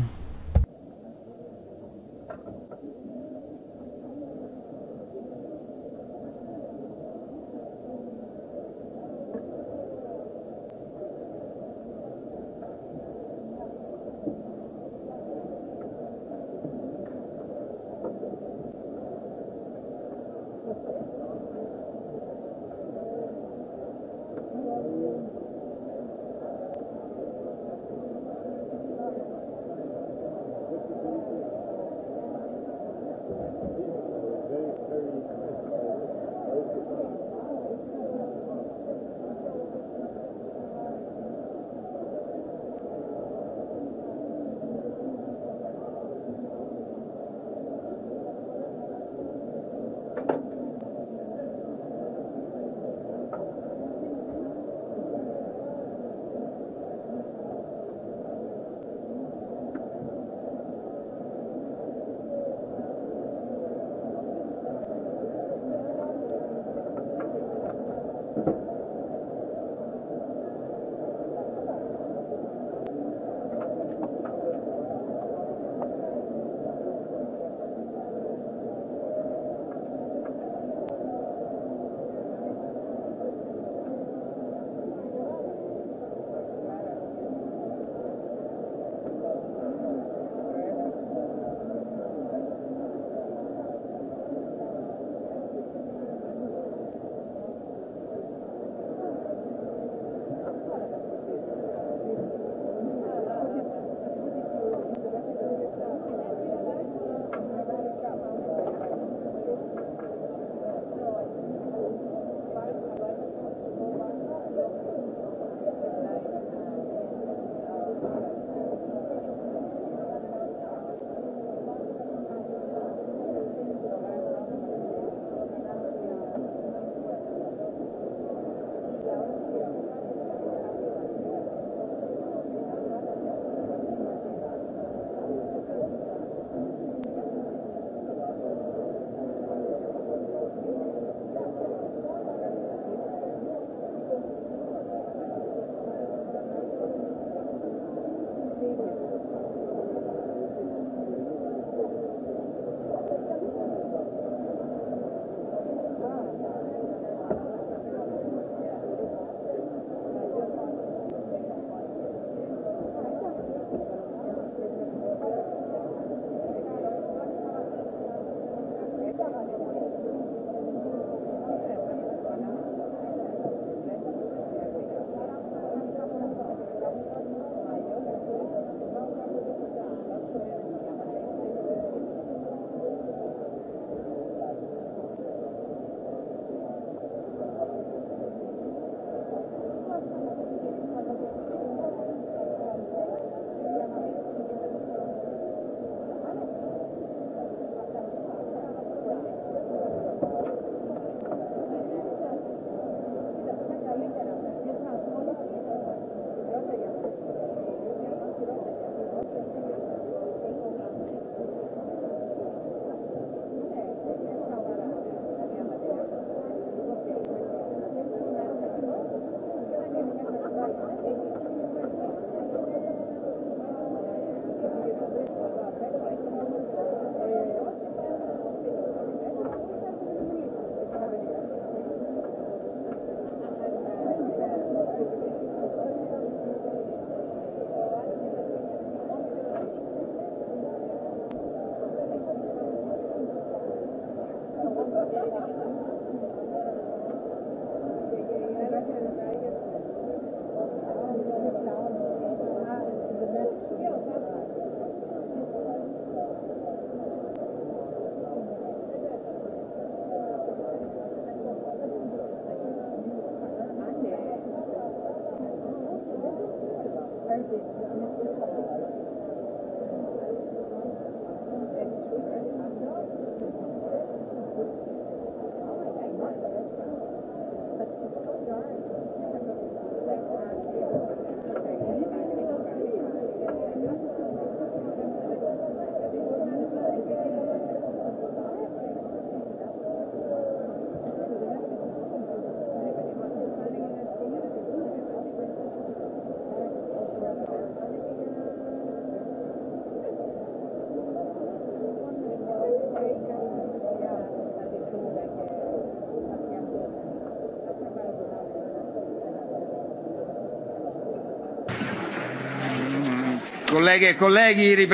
Колеги и колеги,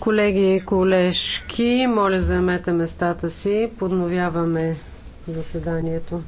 Колеги и колежки, моля заемете местата си. Подновяваме заседанието.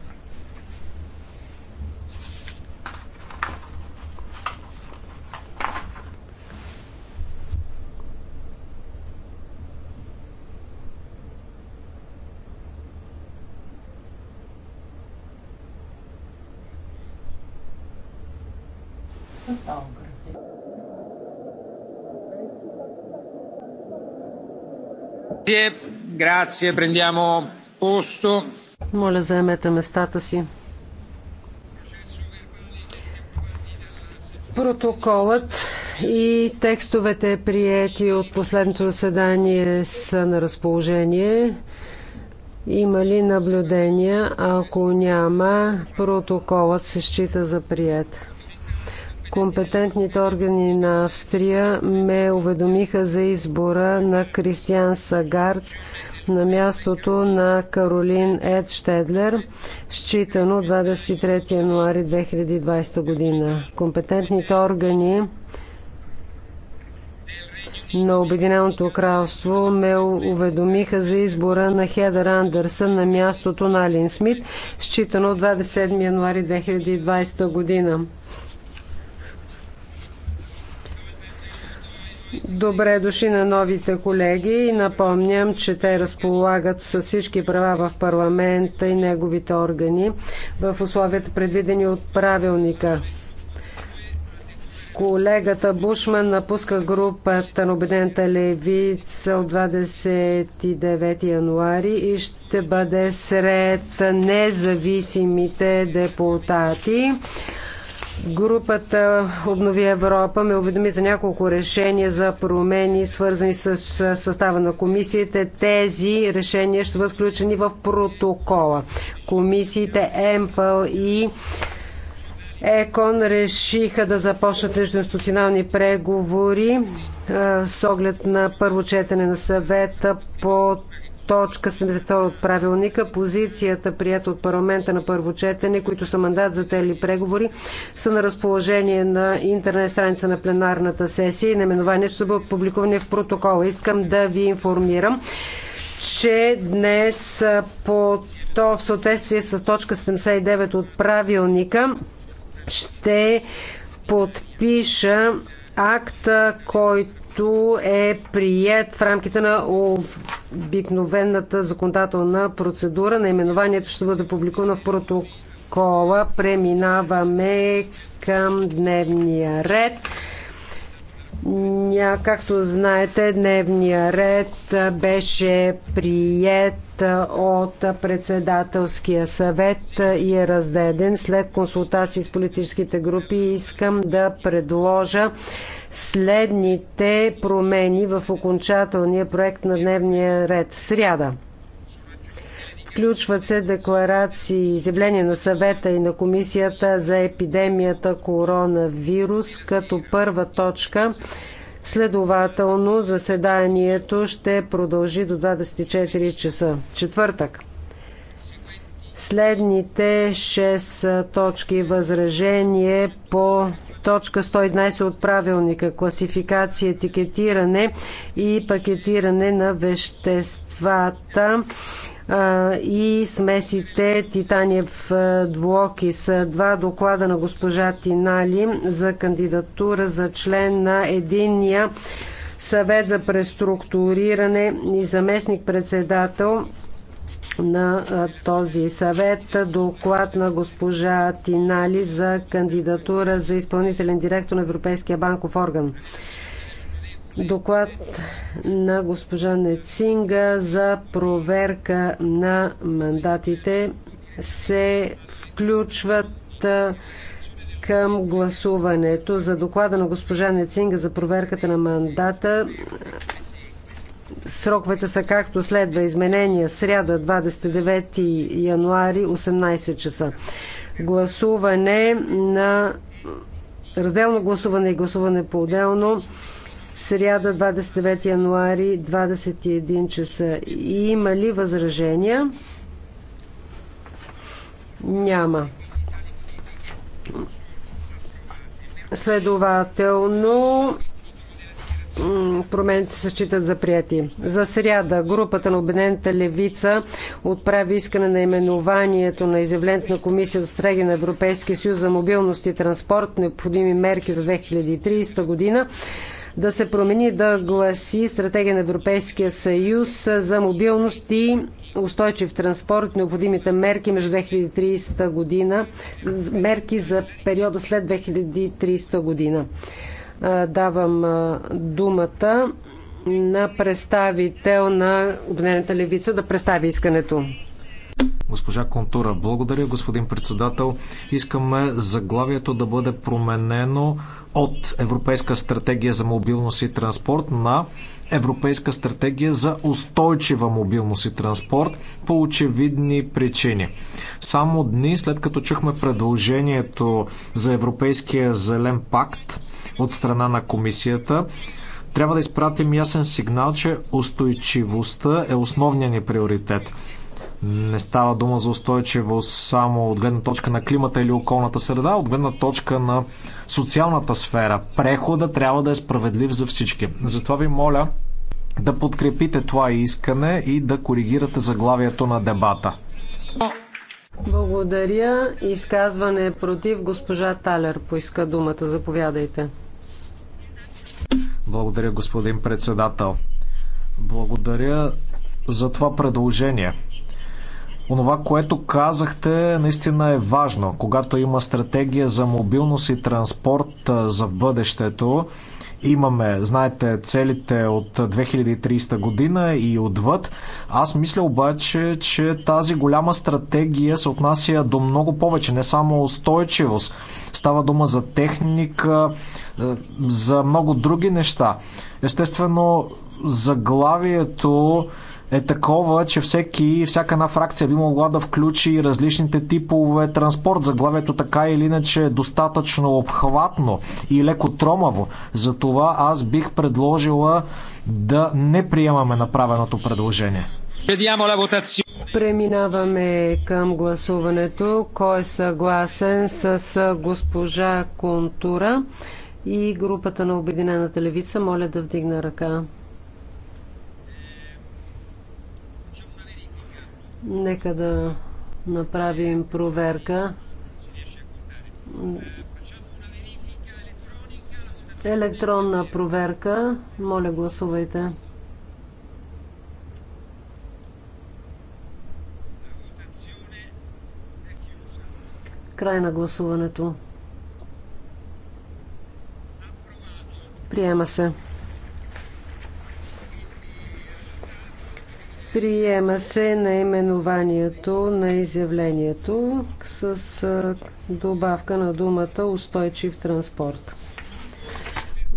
Грация, прендямо посто. Моля, заемете местата си. Протоколът и текстовете, приети от последното заседание, са на разположение. Има ли наблюдения? Ако няма, протоколът се счита за прият. Компетентните органи на Австрия ме уведомиха за избора на Кристиан Сагарц на мястото на Каролин Ед Штедлер, считано 23 януари 2020 година. Компетентните органи на Обединеното кралство ме уведомиха за избора на Хедър Андерсън на мястото на Алин Смит, считано 27 януари 2020 година. Добре дошли на новите колеги и напомням, че те разполагат с всички права в парламента и неговите органи в условията предвидени от правилника. Колегата Бушман напуска групата на Обедента левица от 29 януари и ще бъде сред независимите депутати. Групата Обнови Европа ме уведоми за няколко решения за промени, свързани с състава на комисиите. Тези решения ще бъдат включени в протокола. Комисиите ЕМПЛ и ЕКОН решиха да започнат междуинституционални преговори с оглед на първо четене на съвета по точка 72 от правилника, позицията, прията от парламента на първо четене, които са мандат за тели преговори, са на разположение на интернет страница на пленарната сесия и наименованието ще бъдат публикувани в протокола. Искам да ви информирам, че днес по то в съответствие с точка 79 от правилника ще подпиша акта, който който е прият в рамките на обикновената законодателна процедура. Наименованието ще бъде публикувано в протокола. Преминаваме към дневния ред. Ня, както знаете, дневния ред беше прият от председателския съвет и е раздаден след консултации с политическите групи. Искам да предложа следните промени в окончателния проект на дневния ред. Сряда. Включват се декларации и изявления на съвета и на комисията за епидемията коронавирус като първа точка. Следователно, заседанието ще продължи до 24 часа. Четвъртък следните 6 точки възражение по точка 111 от правилника класификация, етикетиране и пакетиране на веществата и смесите титаниев с Два доклада на госпожа Тинали за кандидатура за член на единния съвет за преструктуриране и заместник председател на този съвет. Доклад на госпожа Тинали за кандидатура за изпълнителен директор на Европейския банков орган. Доклад на госпожа Нецинга за проверка на мандатите се включват към гласуването за доклада на госпожа Нецинга за проверката на мандата Сроковете са както следва. Изменения сряда 29 януари 18 часа. Гласуване на разделно гласуване и гласуване по-отделно сряда 29 януари 21 часа. има ли възражения? Няма. Следователно промените се считат за прияти. За сряда групата на Обединената левица отправи искане на именованието на изявлението на Комисията Стреги на Европейския съюз за мобилност и транспорт, необходими мерки за 2030 година да се промени да гласи стратегия на Европейския съюз за мобилност и устойчив транспорт, необходимите мерки между 2030 година, мерки за периода след 2030 година. Давам думата на представител на Обединената левица да представи искането. Госпожа Контура, благодаря, господин председател. Искаме заглавието да бъде променено от Европейска стратегия за мобилност и транспорт на европейска стратегия за устойчива мобилност и транспорт по очевидни причини. Само дни след като чухме предложението за Европейския зелен пакт от страна на комисията, трябва да изпратим ясен сигнал, че устойчивостта е основният ни приоритет. Не става дума за устойчивост само от гледна точка на климата или околната среда, от гледна точка на социалната сфера. Прехода трябва да е справедлив за всички. Затова ви моля да подкрепите това искане и да коригирате заглавието на дебата. Благодаря. Изказване е против госпожа Талер поиска думата. Заповядайте. Благодаря, господин председател. Благодаря за това предложение. Онова, което казахте, наистина е важно. Когато има стратегия за мобилност и транспорт за бъдещето, имаме, знаете, целите от 2030 година и отвъд. Аз мисля обаче, че тази голяма стратегия се отнася до много повече, не само устойчивост. Става дума за техника, за много други неща. Естествено, заглавието е такова, че всеки, всяка една фракция би могла да включи различните типове транспорт. Заглавието така или иначе е достатъчно обхватно и леко тромаво. Затова аз бих предложила да не приемаме направеното предложение. Преминаваме към гласуването. Кой е съгласен с госпожа Контура и групата на Обединената левица? Моля да вдигна ръка. Нека да направим проверка. Електронна проверка. Моля, гласувайте. Край на гласуването. Приема се. Приема се наименованието на изявлението с добавка на думата устойчив транспорт.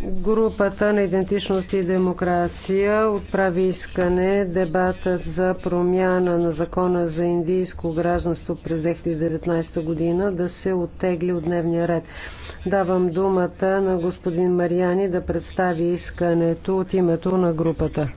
Групата на идентичност и демокрация отправи искане дебатът за промяна на закона за индийско гражданство през 2019 година да се оттегли от дневния ред. Давам думата на господин Мариани да представи искането от името на групата.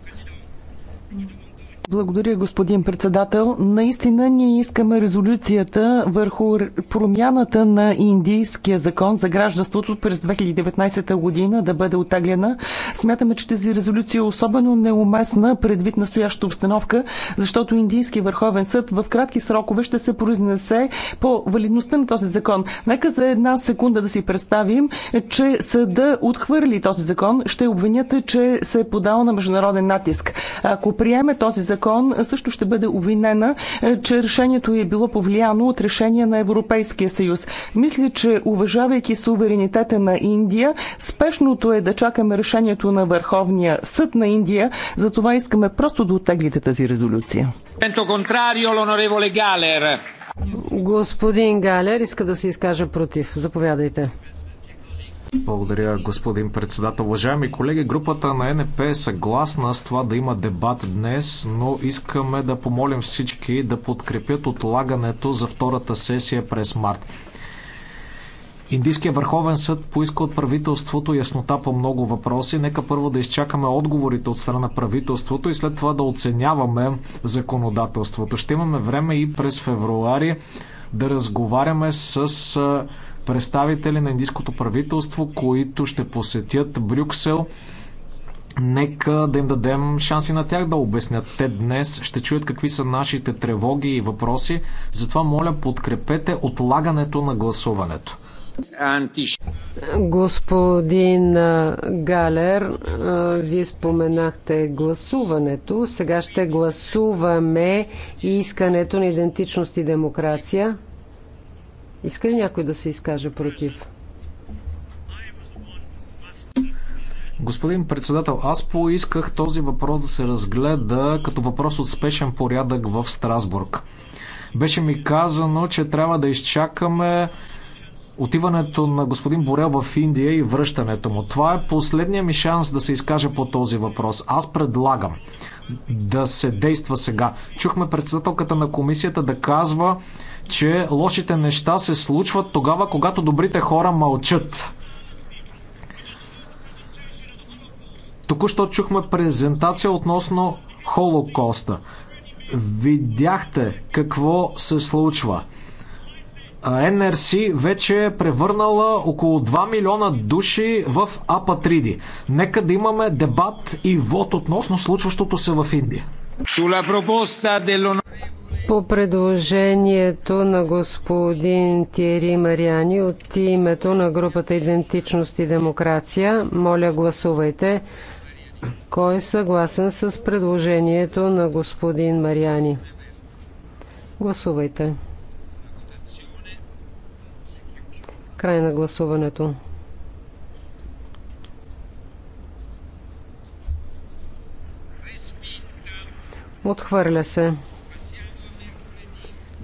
Благодаря, господин председател. Наистина ние искаме резолюцията върху промяната на индийския закон за гражданството през 2019 година да бъде отеглена. Смятаме, че тази резолюция е особено неуместна предвид настоящата обстановка, защото Индийски върховен съд в кратки срокове ще се произнесе по валидността на този закон. Нека за една секунда да си представим, че съда отхвърли този закон. Ще обвинят, че се е подал на международен натиск. Ако приеме този закон, закон, също ще бъде обвинена, е, че решението е било повлияно от решение на Европейския съюз. Мисля, че уважавайки суверенитета на Индия, спешното е да чакаме решението на Върховния съд на Индия, затова искаме просто да оттеглите тази резолюция. Господин Галер иска да се изкаже против. Заповядайте. Благодаря, господин председател. Уважаеми колеги, групата на НП е съгласна с това да има дебат днес, но искаме да помолим всички да подкрепят отлагането за втората сесия през март. Индийския върховен съд поиска от правителството яснота по много въпроси. Нека първо да изчакаме отговорите от страна правителството и след това да оценяваме законодателството. Ще имаме време и през февруари да разговаряме с представители на индийското правителство, които ще посетят Брюксел. Нека да им дадем шанси на тях да обяснят. Те днес ще чуят какви са нашите тревоги и въпроси. Затова моля подкрепете отлагането на гласуването. Господин Галер, вие споменахте гласуването. Сега ще гласуваме искането на идентичност и демокрация. Иска ли някой да се изкаже против? Господин председател, аз поисках този въпрос да се разгледа като въпрос от спешен порядък в Страсбург. Беше ми казано, че трябва да изчакаме отиването на господин Борел в Индия и връщането му. Това е последния ми шанс да се изкажа по този въпрос. Аз предлагам да се действа сега. Чухме председателката на комисията да казва, че лошите неща се случват тогава, когато добрите хора мълчат. Току-що чухме презентация относно Холокоста. Видяхте какво се случва. НРС вече е превърнала около 2 милиона души в апатриди. Нека да имаме дебат и вод относно случващото се в Индия. По предложението на господин Тиери Мариани от името на групата Идентичност и демокрация, моля гласувайте. Кой е съгласен с предложението на господин Мариани? Гласувайте. Край на гласуването. Отхвърля се.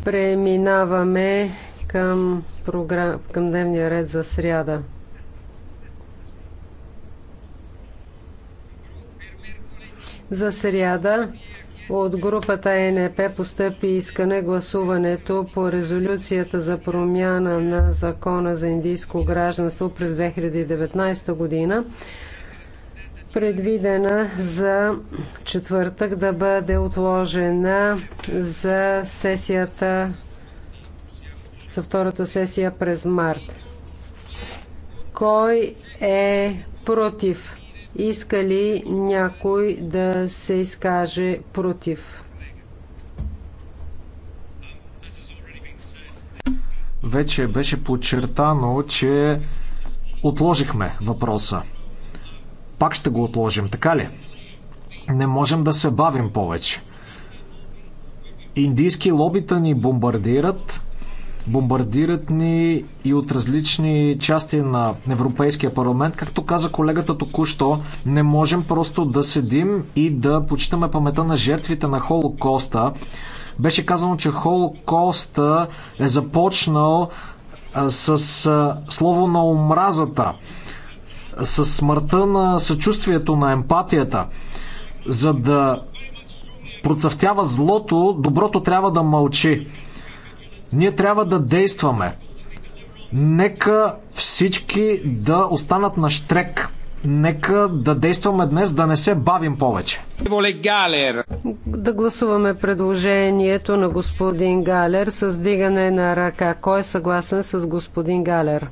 Преминаваме към, програм... към дневния ред за сряда. За сряда от групата НП постъпи искане гласуването по резолюцията за промяна на закона за индийско гражданство през 2019 година предвидена за четвъртък да бъде отложена за сесията за втората сесия през март. Кой е против? Иска ли някой да се изкаже против? Вече беше подчертано, че отложихме въпроса. Пак ще го отложим, така ли? Не можем да се бавим повече. Индийски лобита ни бомбардират, бомбардират ни и от различни части на Европейския парламент. Както каза колегата току-що, не можем просто да седим и да почитаме памета на жертвите на Холокоста. Беше казано, че Холокоста е започнал с слово на омразата с смъртта на съчувствието, на емпатията. За да процъфтява злото, доброто трябва да мълчи. Ние трябва да действаме. Нека всички да останат на штрек. Нека да действаме днес, да не се бавим повече. Да гласуваме предложението на господин Галер с дигане на ръка. Кой е съгласен с господин Галер?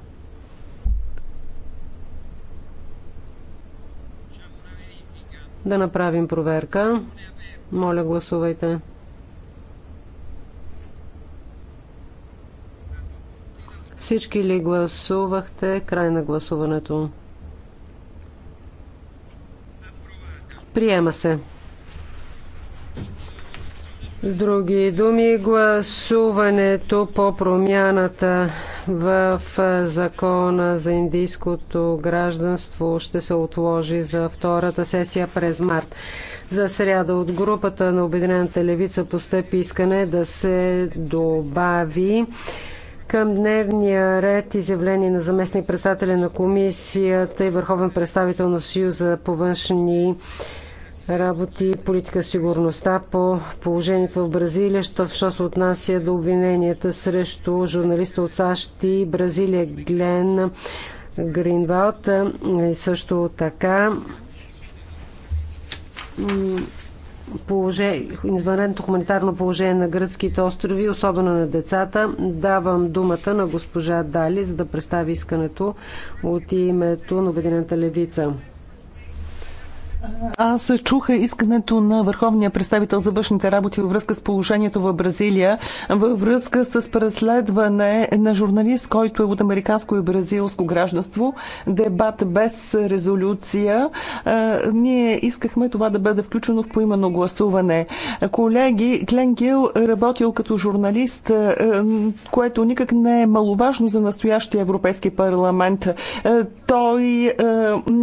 Да направим проверка. Моля, гласувайте. Всички ли гласувахте? Край на гласуването. Приема се. С други думи, гласуването по промяната в закона за индийското гражданство ще се отложи за втората сесия през март. За сряда от групата на Обединената левица постъпи искане да се добави към дневния ред изявление на заместник председателя на комисията и върховен представител на Съюза по външни работи политика сигурността по положението в Бразилия, що, що се отнася до обвиненията срещу журналиста от САЩ и Бразилия Глен Гринвалд. И също така извънредното хуманитарно положение на гръцките острови, особено на децата. Давам думата на госпожа Дали, за да представи искането от името на Обединената левица. Аз чуха искането на върховния представител за външните работи във връзка с положението в Бразилия, във връзка с преследване на журналист, който е от американско и бразилско гражданство. Дебат без резолюция. Е, ние искахме това да бъде включено в поимено гласуване. Колеги, Клен Гил работил като журналист, е, което никак не е маловажно за настоящия Европейски парламент. Е, той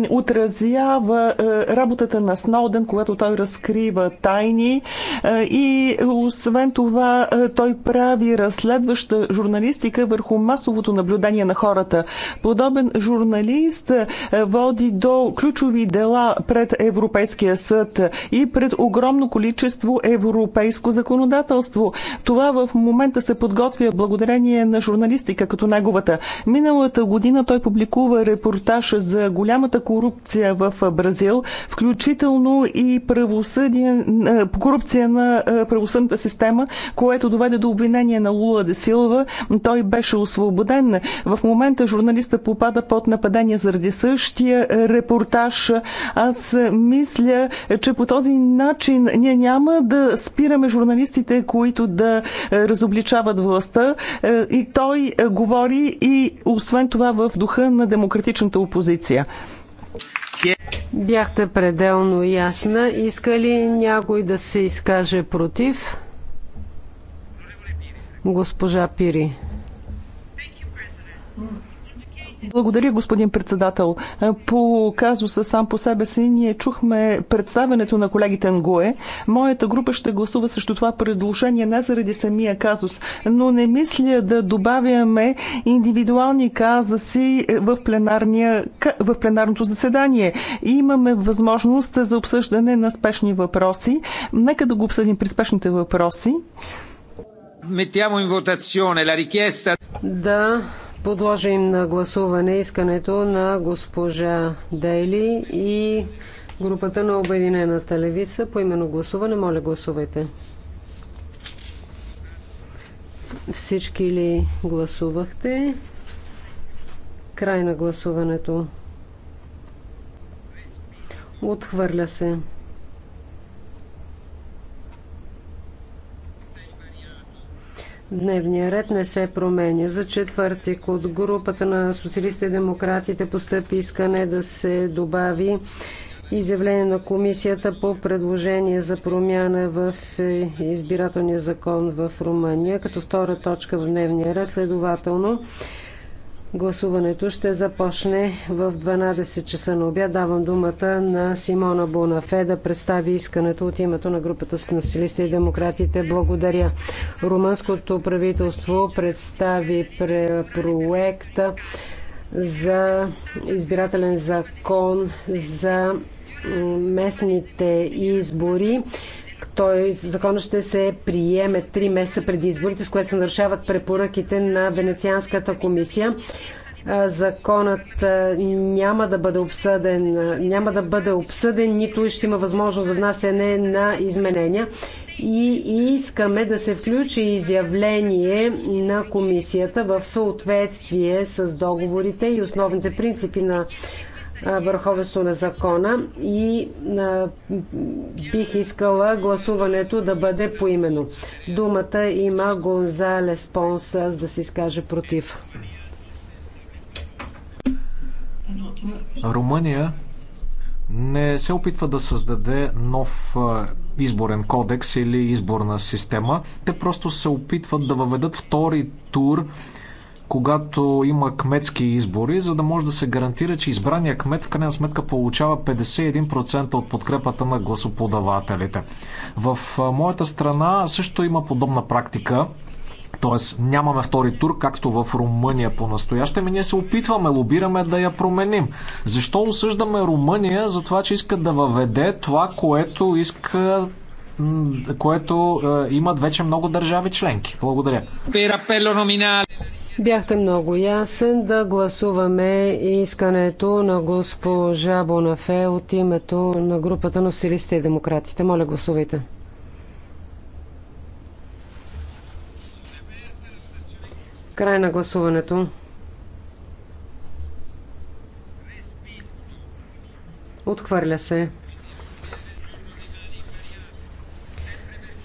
отразява работа работата на Сноуден, когато той разкрива тайни е, и освен това е, той прави разследваща журналистика върху масовото наблюдение на хората. Подобен журналист е, води до ключови дела пред Европейския съд и пред огромно количество европейско законодателство. Това в момента се подготвя благодарение на журналистика като неговата. Миналата година той публикува репортаж за голямата корупция в Бразил, включително включително и правосъдие, корупция на правосъдната система, което доведе до обвинение на Лула Десилова. Той беше освободен. В момента журналиста попада под нападение заради същия репортаж. Аз мисля, че по този начин ние няма да спираме журналистите, които да разобличават властта. И той говори и освен това в духа на демократичната опозиция. Бяхте пределно ясна. Иска ли някой да се изкаже против? Госпожа Пири. Благодаря, господин председател. Е, по казуса сам по себе си ние чухме представенето на колегите Нгуе. Моята група ще гласува срещу това предложение не заради самия казус, но не мисля да добавяме индивидуални казуси в, в пленарното заседание. Имаме възможност за обсъждане на спешни въпроси. Нека да го обсъдим при спешните въпроси. Метямо in votazione Да, подложим на гласуване искането на госпожа Дейли и групата на Обединената левица. По именно гласуване, моля гласувайте. Всички ли гласувахте? Край на гласуването. Отхвърля се. Дневният ред не се променя. За четвъртък от групата на социалистите и демократите постъпи искане да се добави изявление на комисията по предложение за промяна в е, избирателния закон в Румъния, като втора точка в дневния ред. Следователно, Гласуването ще започне в 12 часа на обяд. Давам думата на Симона Бонафе да представи искането от името на групата социалисти и демократите. Благодаря. Румънското правителство представи проекта за избирателен закон за местните избори. Той, закона ще се приеме три месеца преди изборите, с което се нарушават препоръките на Венецианската комисия. Законът няма да бъде обсъден, няма да бъде обсъден, нито ще има възможност за внасяне на изменения. И искаме да се включи изявление на комисията в съответствие с договорите и основните принципи на върховенство на закона и а, бих искала гласуването да бъде поимено. Думата има Гонзалес Понс да се изкаже против. Румъния не се опитва да създаде нов изборен кодекс или изборна система. Те просто се опитват да въведат втори тур когато има кметски избори, за да може да се гарантира, че избрания кмет в крайна сметка получава 51% от подкрепата на гласоподавателите. В моята страна също има подобна практика. Т.е. нямаме втори тур, както в Румъния по-настояще, ми ние се опитваме, лобираме да я променим. Защо осъждаме Румъния за това, че иска да въведе това, което иска което е, имат вече много държави членки. Благодаря. Бяхте много ясен да гласуваме искането на госпожа Бонафе от името на групата на стилистите и демократите. Моля, гласувайте. Край на гласуването. Отхвърля се.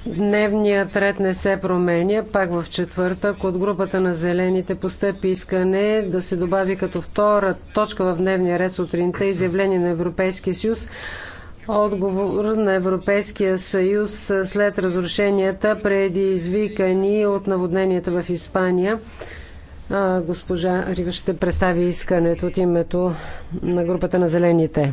Дневният ред не се променя. Пак в четвъртък от групата на зелените постъпи искане да се добави като втора точка в дневния ред сутринта изявление на Европейския съюз отговор на Европейския съюз след разрушенията, преди извикани от наводненията в Испания. Госпожа Рива ще представи искането от името на групата на зелените.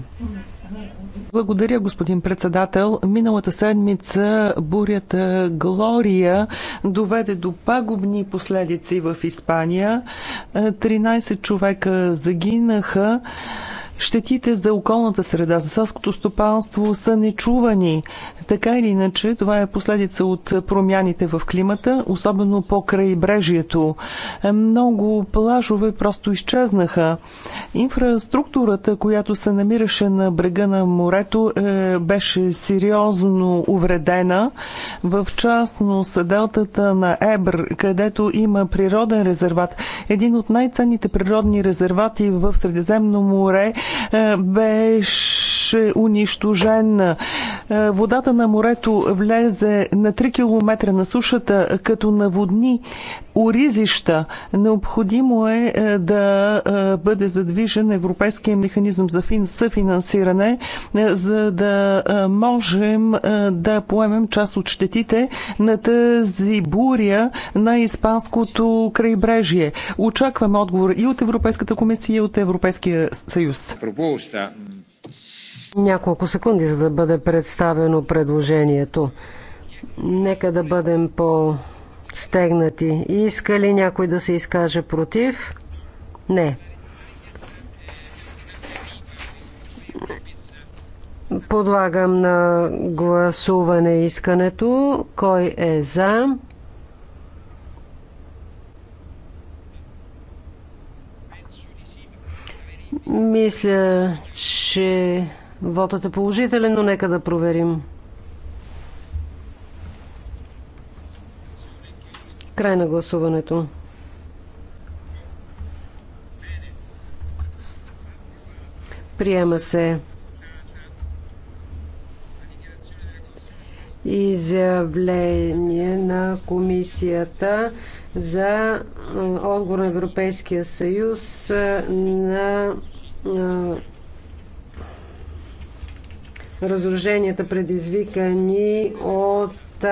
Благодаря, господин председател. Миналата седмица бурята Глория доведе до пагубни последици в Испания. 13 човека загинаха. Щетите за околната среда, за селското стопанство са нечувани. Така или иначе, това е последица от промяните в климата, особено по крайбрежието. Много плажове просто изчезнаха. Инфраструктурата, която се намираше на брега на морето, е, беше сериозно увредена. В частност, делтата на Ебр, където има природен резерват, един от най-ценните природни резервати в Средиземно море, е, беше унищожен. Е, водата на морето влезе на 3 км на сушата, като наводни оризища, необходимо е, е да е, бъде задвижен европейския механизъм за съфинансиране, е, за да можем да поемем част от щетите на тази буря на испанското крайбрежие. Очакваме отговор и от Европейската комисия, и от Европейския съюз. Няколко секунди, за да бъде представено предложението. Нека да бъдем по-стегнати. Иска ли някой да се изкаже против? Не. Подлагам на гласуване искането. Кой е за? Мисля, че Вотът е положителен, но нека да проверим. Край на гласуването. Приема се изявление на комисията за отговор на Европейския съюз на Разруженията предизвикани от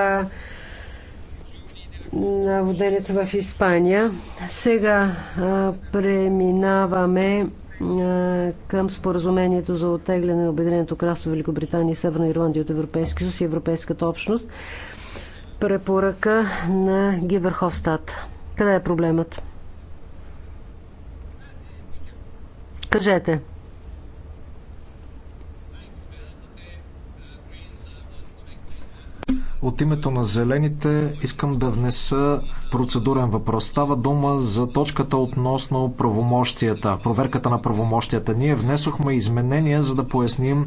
наводненията в Испания. Сега преминаваме към споразумението за оттегляне на Обединеното кралство Великобритания и Северна Ирландия от Европейския съюз и Европейската общност. Препоръка на Гиверховстат. Къде е проблемът? Кажете. От името на зелените искам да внеса процедурен въпрос. Става дума за точката относно правомощията, проверката на правомощията. Ние внесохме изменения, за да поясним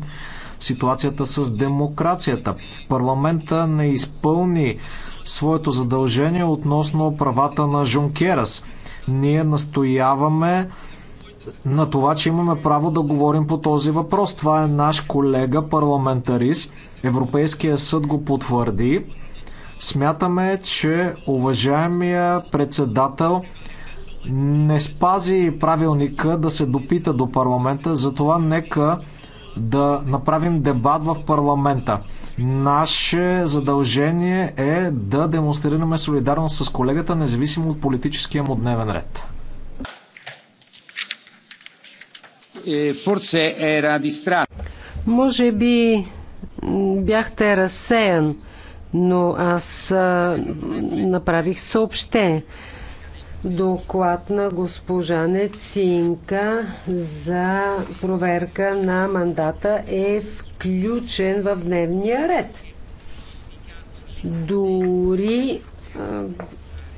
ситуацията с демокрацията. Парламента не изпълни своето задължение относно правата на Жункерас. Ние настояваме на това, че имаме право да говорим по този въпрос. Това е наш колега парламентарист. Европейския съд го потвърди. Смятаме, че уважаемия председател не спази правилника да се допита до парламента, затова нека да направим дебат в парламента. Наше задължение е да демонстрираме солидарност с колегата, независимо от политическия му дневен ред. Е, forse era distratto. Може би бяхте разсеян, но аз направих съобще. Доклад на госпожа Нецинка за проверка на мандата е включен в дневния ред. Дори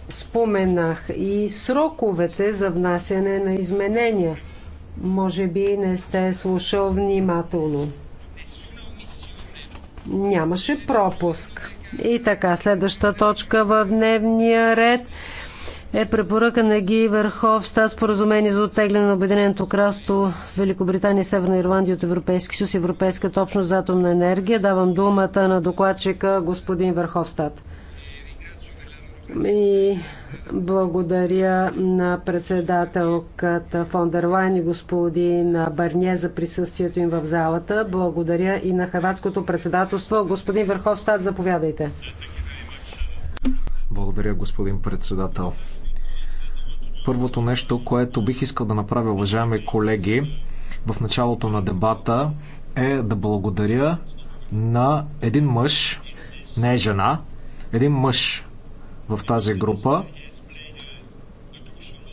споменах и сроковете за внасяне на изменения – може би не сте слушал внимателно. Нямаше пропуск. И така, следваща точка в дневния ред е препоръка на Ги Верховста споразумение за оттегляне на Обединеното кралство Великобритания и Северна Ирландия от Европейски съюз, Европейската общност за атомна енергия. Давам думата на докладчика господин Върховстат. И благодаря на председателката фон дер Лайн и господин Барне за присъствието им в залата. Благодаря и на хрватското председателство. Господин Върховстат, заповядайте. Благодаря, господин председател. Първото нещо, което бих искал да направя, уважаеми колеги, в началото на дебата е да благодаря на един мъж, не е жена, един мъж, в тази група.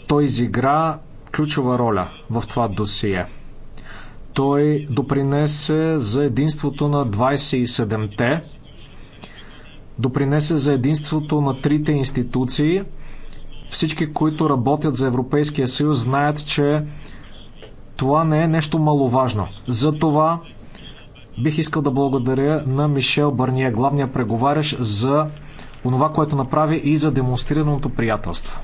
Той изигра ключова роля в това досие. Той допринесе за единството на 27-те, допринесе за единството на трите институции. Всички, които работят за Европейския съюз, знаят, че това не е нещо маловажно. За това бих искал да благодаря на Мишел Барния, главния преговарящ за онова, което направи и за демонстрираното приятелство.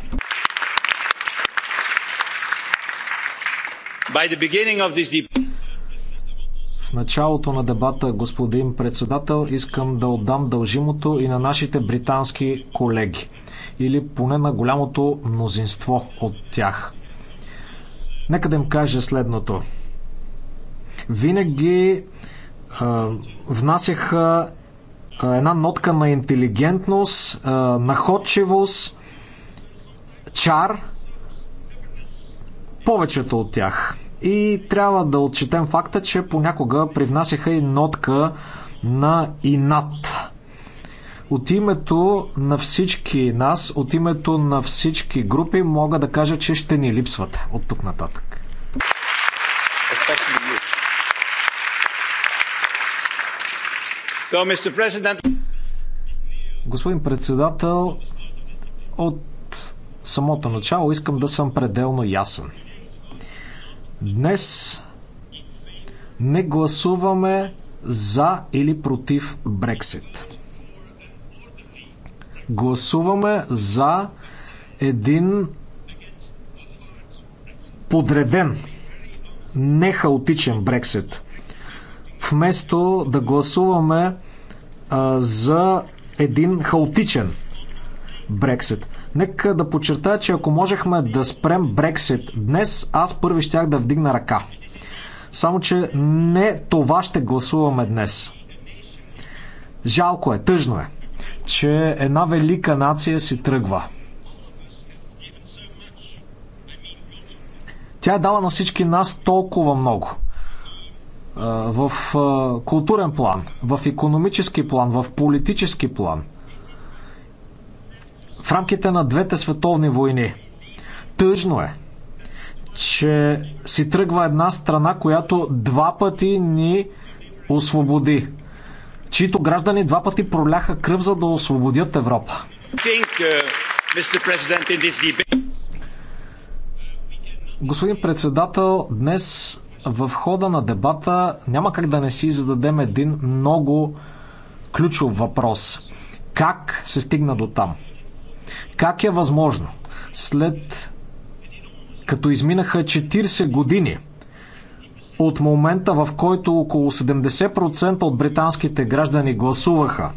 This... В началото на дебата, господин председател, искам да отдам дължимото и на нашите британски колеги, или поне на голямото мнозинство от тях. Нека да им кажа следното. Винаги внасяха една нотка на интелигентност, находчивост, чар. Повечето от тях. И трябва да отчетем факта, че понякога привнасяха и нотка на инат. От името на всички нас, от името на всички групи, мога да кажа, че ще ни липсват от тук нататък. Господин председател, от самото начало искам да съм пределно ясен. Днес не гласуваме за или против Брексит. Гласуваме за един подреден, не хаотичен Брексит вместо да гласуваме а, за един хаотичен Брексит. Нека да подчертая, че ако можехме да спрем Брексит днес, аз първи щях да вдигна ръка. Само, че не това ще гласуваме днес. Жалко е, тъжно е, че една велика нация си тръгва. Тя е дала на всички нас толкова много – в културен план, в економически план, в политически план. В рамките на двете световни войни. Тъжно е, че си тръгва една страна, която два пъти ни освободи. Чието граждани два пъти проляха кръв, за да освободят Европа. Uh, Господин председател, днес в хода на дебата няма как да не си зададем един много ключов въпрос. Как се стигна до там? Как е възможно след като изминаха 40 години от момента в който около 70% от британските граждани гласуваха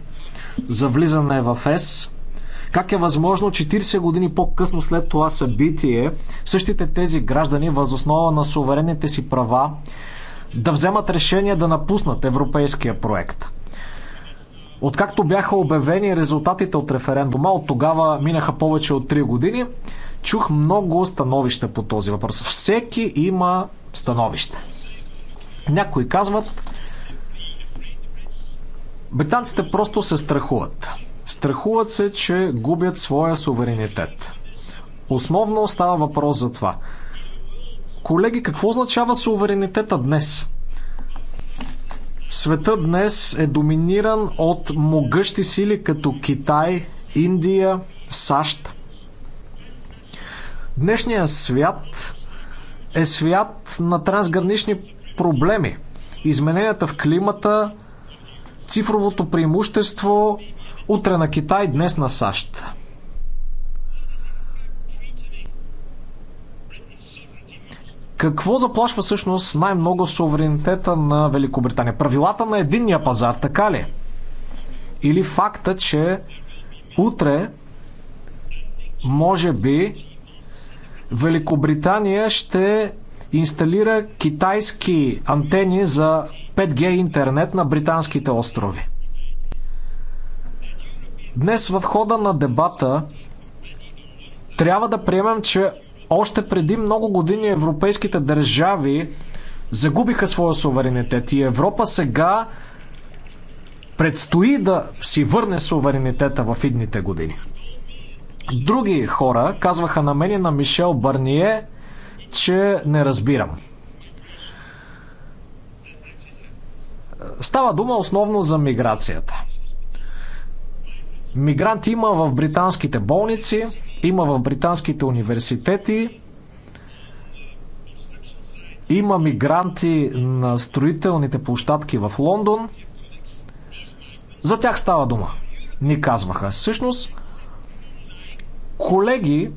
за влизане в ЕС, как е възможно 40 години по-късно след това събитие същите тези граждани възоснова на суверенните си права да вземат решение да напуснат европейския проект? Откакто бяха обявени резултатите от референдума, от тогава минаха повече от 3 години, чух много становища по този въпрос. Всеки има становище. Някои казват, британците просто се страхуват. Страхуват се, че губят своя суверенитет. Основно става въпрос за това. Колеги, какво означава суверенитета днес? Света днес е доминиран от могъщи сили като Китай, Индия, САЩ. Днешният свят е свят на трансгранични проблеми. Измененията в климата, цифровото преимущество, Утре на Китай, днес на САЩ. Какво заплашва всъщност най-много суверенитета на Великобритания? Правилата на единния пазар, така ли? Или факта, че утре, може би, Великобритания ще инсталира китайски антени за 5G интернет на британските острови. Днес в хода на дебата трябва да приемем, че още преди много години европейските държави загубиха своя суверенитет и Европа сега предстои да си върне суверенитета в идните години. Други хора казваха на мен и на Мишел Барние, че не разбирам. Става дума основно за миграцията. Мигранти има в британските болници, има в британските университети, има мигранти на строителните площадки в Лондон. За тях става дума. Ни казваха. Всъщност, колеги,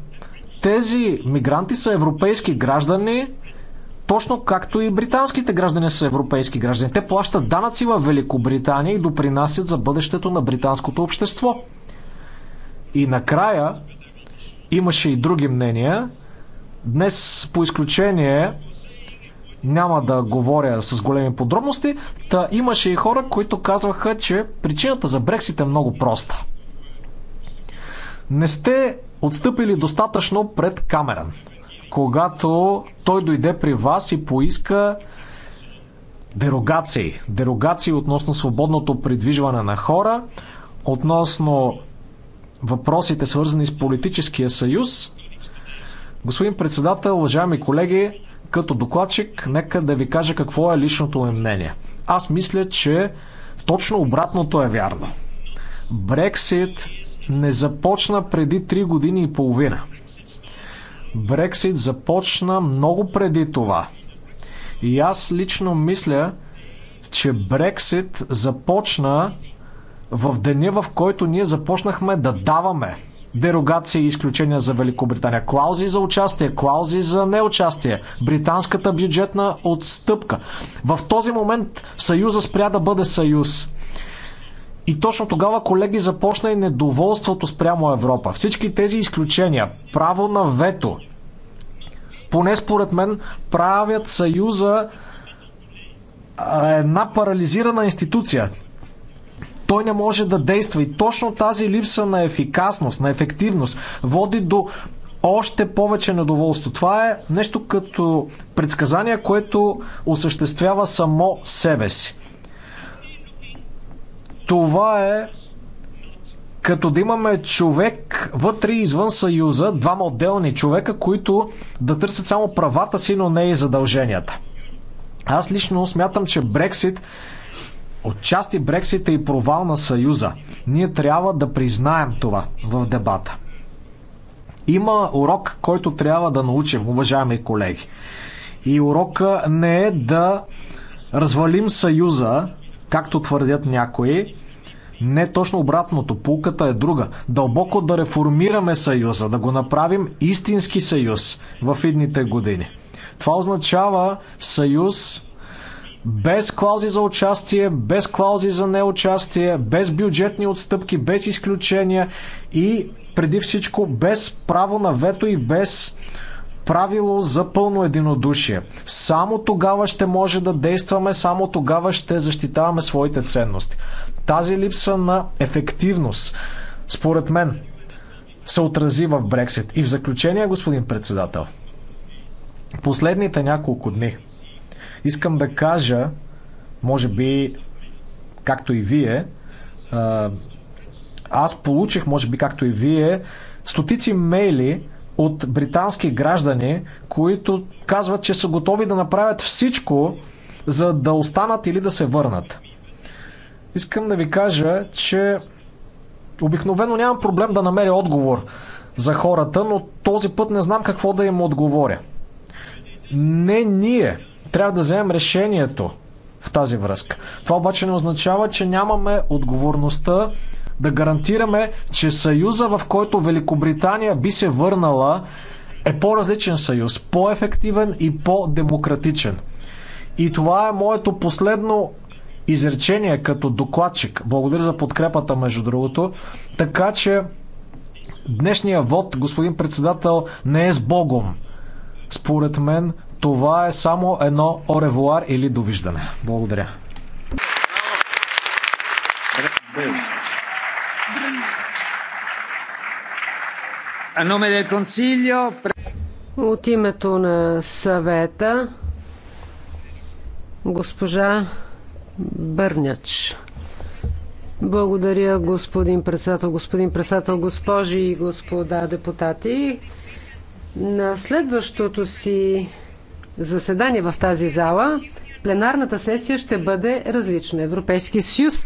тези мигранти са европейски граждани, точно както и британските граждани са европейски граждани. Те плащат данъци в Великобритания и допринасят за бъдещето на британското общество. И накрая имаше и други мнения. Днес по изключение няма да говоря с големи подробности, та имаше и хора, които казваха, че причината за Брексит е много проста. Не сте отстъпили достатъчно пред Камеран когато той дойде при вас и поиска дерогации. Дерогации относно свободното придвижване на хора, относно въпросите свързани с политическия съюз. Господин председател, уважаеми колеги, като докладчик, нека да ви кажа какво е личното ми мнение. Аз мисля, че точно обратното е вярно. Брексит не започна преди 3 години и половина. Брексит започна много преди това. И аз лично мисля, че Брексит започна в деня, в който ние започнахме да даваме дерогации и изключения за Великобритания. Клаузи за участие, клаузи за неучастие, британската бюджетна отстъпка. В този момент Съюза спря да бъде Съюз. И точно тогава, колеги, започна и недоволството спрямо Европа. Всички тези изключения, право на вето, поне според мен, правят Съюза една парализирана институция. Той не може да действа и точно тази липса на ефикасност, на ефективност води до още повече недоволство. Това е нещо като предсказание, което осъществява само себе си. Това е като да имаме човек вътре и извън Съюза, двама отделни човека, които да търсят само правата си, но не и задълженията. Аз лично смятам, че Брексит, отчасти Брексит е и провал на Съюза. Ние трябва да признаем това в дебата. Има урок, който трябва да научим, уважаеми колеги. И урока не е да развалим Съюза, както твърдят някои. Не, точно обратното. Пулката е друга. Дълбоко да реформираме Съюза, да го направим истински съюз в идните години. Това означава съюз без клаузи за участие, без клаузи за неучастие, без бюджетни отстъпки, без изключения и преди всичко без право на вето и без правило за пълно единодушие. Само тогава ще може да действаме, само тогава ще защитаваме своите ценности. Тази липса на ефективност, според мен, се отрази в Брексит. И в заключение, господин председател, последните няколко дни искам да кажа, може би, както и вие, аз получих, може би, както и вие, стотици мейли, от британски граждани, които казват, че са готови да направят всичко, за да останат или да се върнат. Искам да ви кажа, че обикновено нямам проблем да намеря отговор за хората, но този път не знам какво да им отговоря. Не ние трябва да вземем решението в тази връзка. Това обаче не означава, че нямаме отговорността да гарантираме, че съюза, в който Великобритания би се върнала, е по-различен съюз, по-ефективен и по-демократичен. И това е моето последно изречение като докладчик. Благодаря за подкрепата, между другото. Така че днешния вод, господин председател, не е с Богом. Според мен това е само едно оревуар или довиждане. Благодаря. Bravo. От името на съвета госпожа Бърняч. Благодаря, господин председател, господин председател, госпожи и господа депутати. На следващото си заседание в тази зала пленарната сесия ще бъде различна. Европейски съюз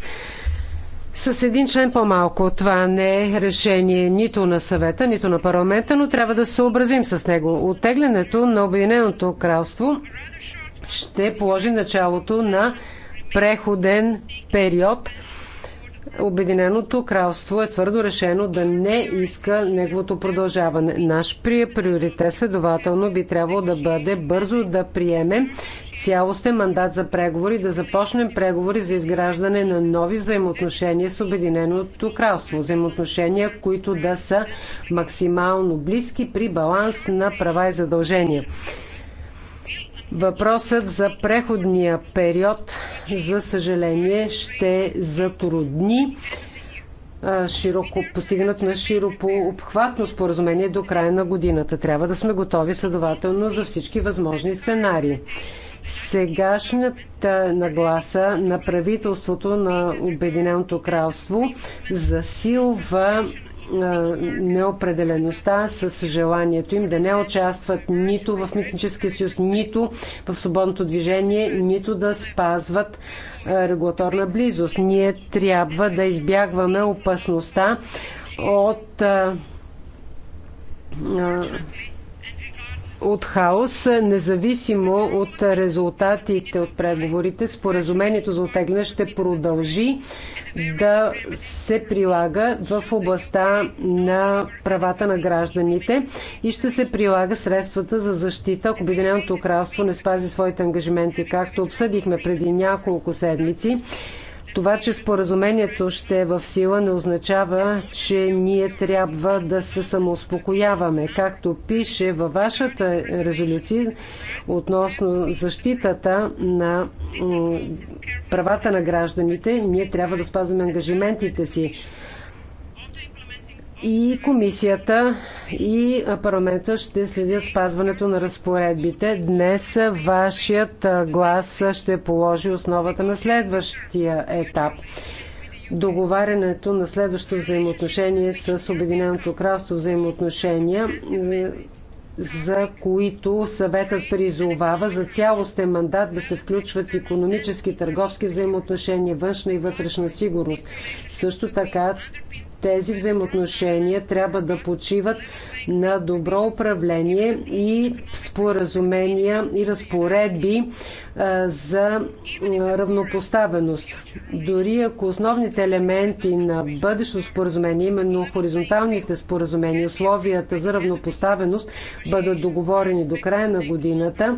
с един член по-малко. Това не е решение нито на съвета, нито на парламента, но трябва да се съобразим с него. Оттеглянето на Обединеното кралство ще положи началото на преходен период. Обединеното кралство е твърдо решено да не иска неговото продължаване. Наш приоритет следователно би трябвало да бъде бързо да приеме цялостен мандат за преговори, да започнем преговори за изграждане на нови взаимоотношения с Обединеното кралство. Взаимоотношения, които да са максимално близки при баланс на права и задължения. Въпросът за преходния период, за съжаление, ще затрудни широко, постигнато на широко обхватно споразумение до края на годината. Трябва да сме готови следователно за всички възможни сценарии. Сегашната нагласа на правителството на Обединеното кралство засилва неопределеността с желанието им да не участват нито в Митническия съюз, нито в свободното движение, нито да спазват регулаторна близост. Ние трябва да избягваме опасността от от хаос, независимо от резултатите от преговорите. Споразумението за отегляне ще продължи да се прилага в областта на правата на гражданите и ще се прилага средствата за защита, ако Обединеното кралство не спази своите ангажименти, както обсъдихме преди няколко седмици това, че споразумението ще е в сила, не означава, че ние трябва да се самоуспокояваме. Както пише във вашата резолюция относно защитата на правата на гражданите, ние трябва да спазваме ангажиментите си и комисията и парламента ще следят спазването на разпоредбите. Днес вашият глас ще положи основата на следващия етап. Договарянето на следващото взаимоотношение с Обединеното кралство взаимоотношения за които съветът призовава за цялостен мандат да се включват економически, търговски взаимоотношения, външна и вътрешна сигурност. Също така тези взаимоотношения трябва да почиват на добро управление и споразумения и разпоредби за равнопоставеност. Дори ако основните елементи на бъдещо споразумение, именно хоризонталните споразумения, условията за равнопоставеност бъдат договорени до края на годината,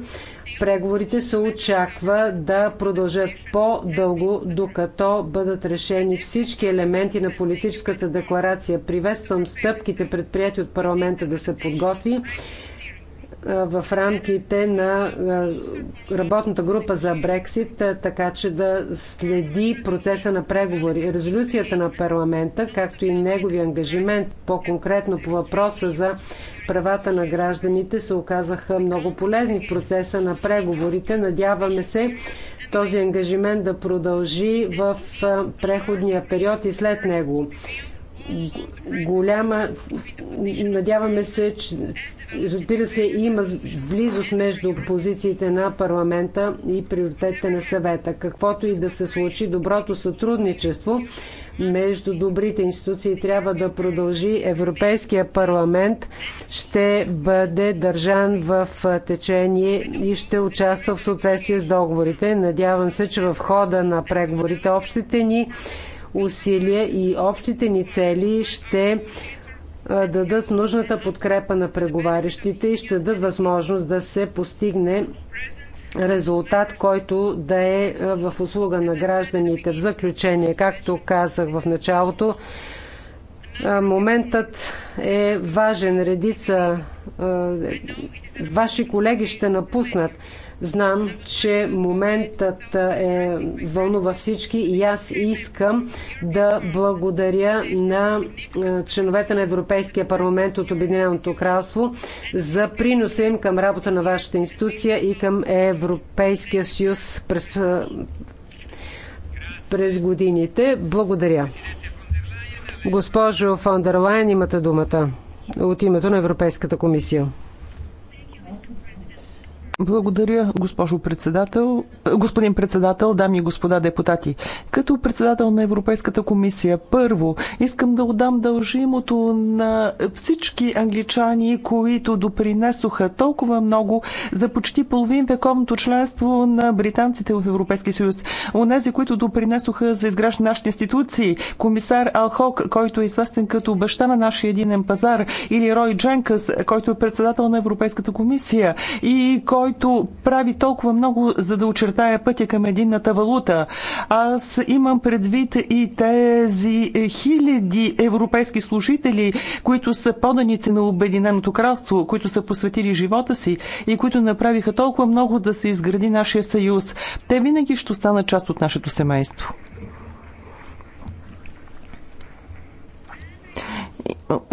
преговорите се очаква да продължат по-дълго, докато бъдат решени всички елементи на политическата декларация. Приветствам стъпките предприяти от парламента парламента да се подготви в рамките на работната група за Брексит, така че да следи процеса на преговори. Резолюцията на парламента, както и негови ангажимент, по-конкретно по въпроса за правата на гражданите, се оказаха много полезни в процеса на преговорите. Надяваме се този ангажимент да продължи в преходния период и след него голяма. Надяваме се, че разбира се, има близост между позициите на парламента и приоритетите на съвета. Каквото и да се случи, доброто сътрудничество между добрите институции трябва да продължи. Европейския парламент ще бъде държан в течение и ще участва в съответствие с договорите. Надявам се, че в хода на преговорите общите ни усилия и общите ни цели ще дадат нужната подкрепа на преговарящите и ще дадат възможност да се постигне резултат, който да е в услуга на гражданите. В заключение, както казах в началото, моментът е важен. Редица ваши колеги ще напуснат. Знам, че моментът е вълнува всички и аз искам да благодаря на е, членовете на Европейския парламент от Обединеното кралство за приноса им към работа на вашата институция и към Европейския съюз през, е, през годините. Благодаря. Госпожо фон имате думата от името на Европейската комисия. Благодаря, госпожо председател. Господин председател, дами и господа депутати. Като председател на Европейската комисия, първо, искам да отдам дължимото на всички англичани, които допринесоха толкова много за почти половин вековното членство на британците в Европейския съюз. Онези, които допринесоха за изграждане нашите институции, комисар Алхок, който е известен като баща на нашия единен пазар, или Рой Дженкъс, който е председател на Европейската комисия и който който прави толкова много, за да очертая пътя към единната валута. Аз имам предвид и тези хиляди европейски служители, които са поданици на Обединеното кралство, които са посветили живота си и които направиха толкова много да се изгради нашия съюз. Те винаги ще станат част от нашето семейство.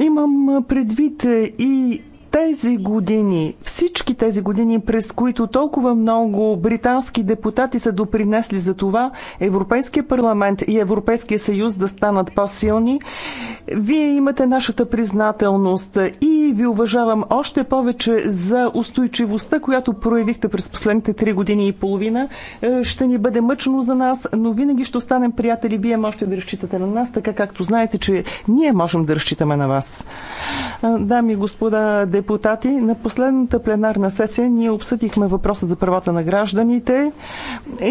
Имам предвид и тези години, всички тези години, през които толкова много британски депутати са допринесли за това Европейския парламент и Европейския съюз да станат по-силни, вие имате нашата признателност и ви уважавам още повече за устойчивостта, която проявихте през последните три години и половина. Е, ще ни бъде мъчно за нас, но винаги ще останем приятели. Вие можете да разчитате на нас, така както знаете, че ние можем да разчитаме на вас. Е, дами и господа депутати, депутати, на последната пленарна сесия ние обсъдихме въпроса за правата на гражданите и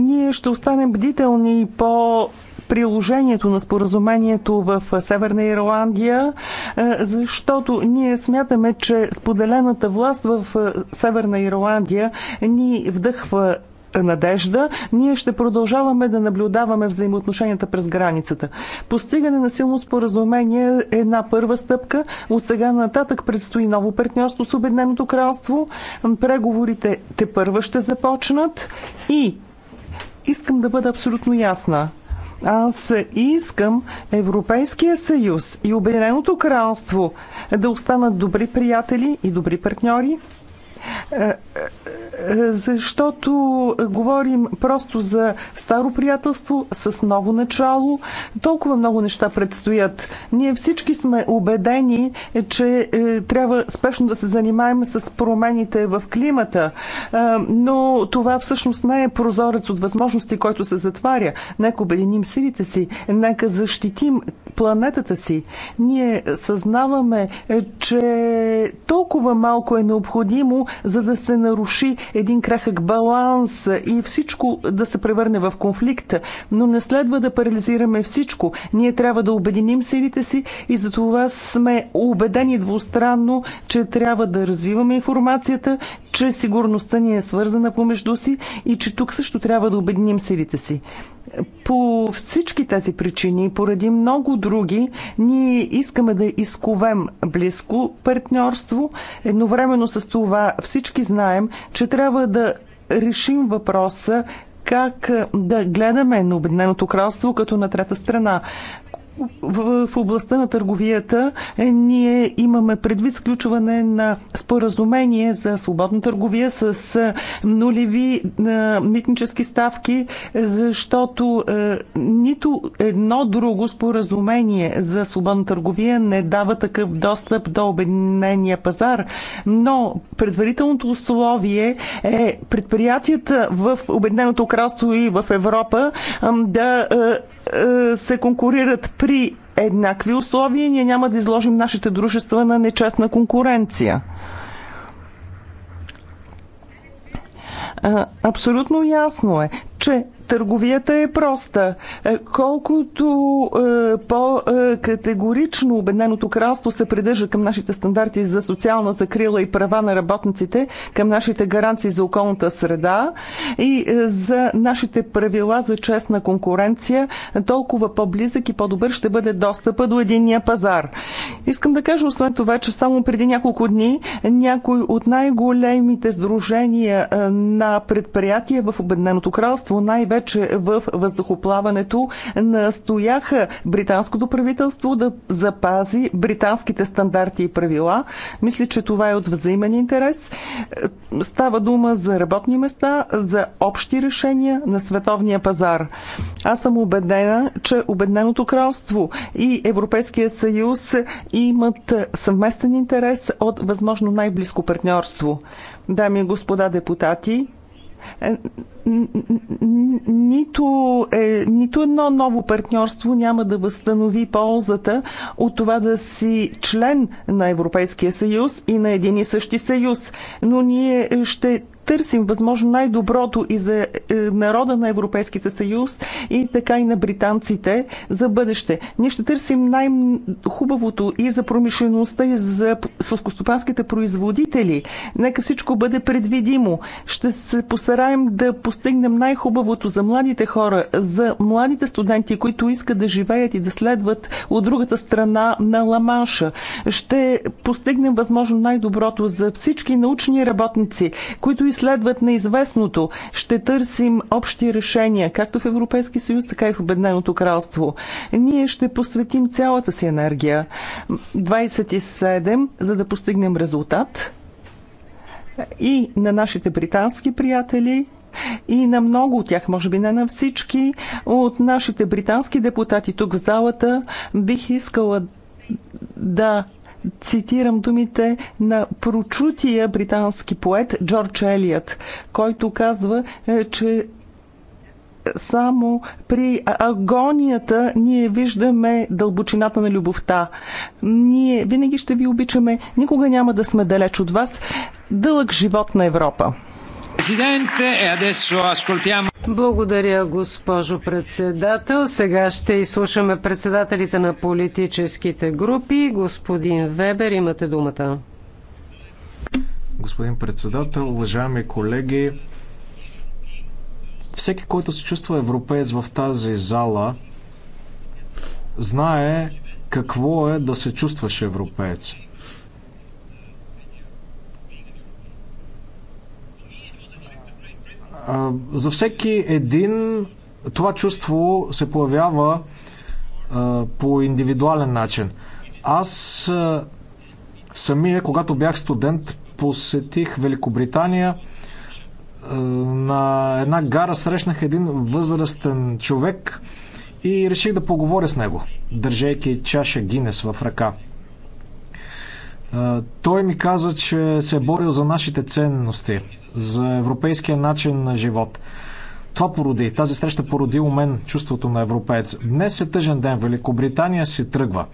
ние ще останем бдителни по приложението на споразумението в Северна Ирландия, е, защото ние смятаме, че споделената власт в е, Северна Ирландия ни вдъхва надежда, ние ще продължаваме да наблюдаваме взаимоотношенията през границата. Постигане на силно споразумение е една първа стъпка. От сега нататък предстои ново партньорство с Обединеното кралство. Преговорите те първа ще започнат и искам да бъда абсолютно ясна. Аз искам Европейския съюз и Обединеното кралство да останат добри приятели и добри партньори, защото говорим просто за старо приятелство с ново начало. Толкова много неща предстоят. Ние всички сме убедени, че е, трябва спешно да се занимаем с промените в климата, е, но това всъщност не е прозорец от възможности, който се затваря. Нека обединим силите си, нека защитим планетата си. Ние съзнаваме, е, че толкова малко е необходимо, за да се наруши един крахък баланс и всичко да се превърне в конфликт. Но не следва да парализираме всичко. Ние трябва да обединим силите си и за това сме убедени двустранно, че трябва да развиваме информацията, че сигурността ни е свързана помежду си и че тук също трябва да обединим силите си. По всички тези причини и поради много други, ние искаме да изковем близко партньорство. Едновременно с това всички знаем, че трябва да решим въпроса как да гледаме на Обединеното кралство като на трета страна в областта на търговията е, ние имаме предвид сключване на споразумение за свободна търговия с е, нулеви е, митнически ставки, защото нито едно друго споразумение за свободна търговия не дава такъв достъп до обединения пазар. Но предварителното условие е предприятията в Обединеното кралство и в Европа да е, се конкурират при еднакви условия, ние няма да изложим нашите дружества на нечестна конкуренция. Е, абсолютно ясно е, че Търговията е проста. Е, колкото е, по-категорично Обединеното кралство се придържа към нашите стандарти за социална закрила и права на работниците, към нашите гаранции за околната среда и е, за нашите правила за честна конкуренция, толкова по-близък и по-добър ще бъде достъпа до единния пазар. Искам да кажа освен това, че само преди няколко дни някой от най-големите сдружения на предприятия в Обединеното кралство най-вече най-вече в въздухоплаването, настояха британското правителство да запази британските стандарти и правила. Мисля, че това е от взаимен интерес. Става дума за работни места, за общи решения на световния пазар. Аз съм убедена, че Обедненото кралство и Европейския съюз имат съвместен интерес от възможно най-близко партньорство. Дами и господа депутати, е, нито, е, нито едно ново партньорство няма да възстанови ползата от това да си член на Европейския съюз и на един и същи съюз. Но ние ще търсим възможно най-доброто и за е, народа на Европейските съюз и така и на британците за бъдеще. Ние ще търсим най-хубавото и за промишлеността и за сълскостопанските производители. Нека всичко бъде предвидимо. Ще се постараем да постигнем най-хубавото за младите хора, за младите студенти, които искат да живеят и да следват от другата страна на Ламанша. Ще постигнем възможно най-доброто за всички научни работници, които следват неизвестното. Ще търсим общи решения, както в Европейски съюз, така и в Обедненото кралство. Ние ще посветим цялата си енергия. 27, за да постигнем резултат. И на нашите британски приятели, и на много от тях, може би не на всички, от нашите британски депутати тук в залата бих искала да цитирам думите на прочутия британски поет Джордж Елият, който казва, е, че само при агонията ние виждаме дълбочината на любовта. Ние винаги ще ви обичаме, никога няма да сме далеч от вас. Дълъг живот на Европа! E Благодаря, госпожо председател. Сега ще изслушаме председателите на политическите групи. Господин Вебер, имате думата. Господин председател, уважаеми колеги, всеки, който се чувства европеец в тази зала, знае какво е да се чувстваш европеец. За всеки един това чувство се появява по индивидуален начин. Аз самия, когато бях студент, посетих Великобритания. На една гара срещнах един възрастен човек и реших да поговоря с него, държейки чаша Гинес в ръка. Той ми каза, че се е борил за нашите ценности, за европейския начин на живот. Това породи, тази среща породи у мен чувството на европеец. Днес е тъжен ден. Великобритания си тръгва.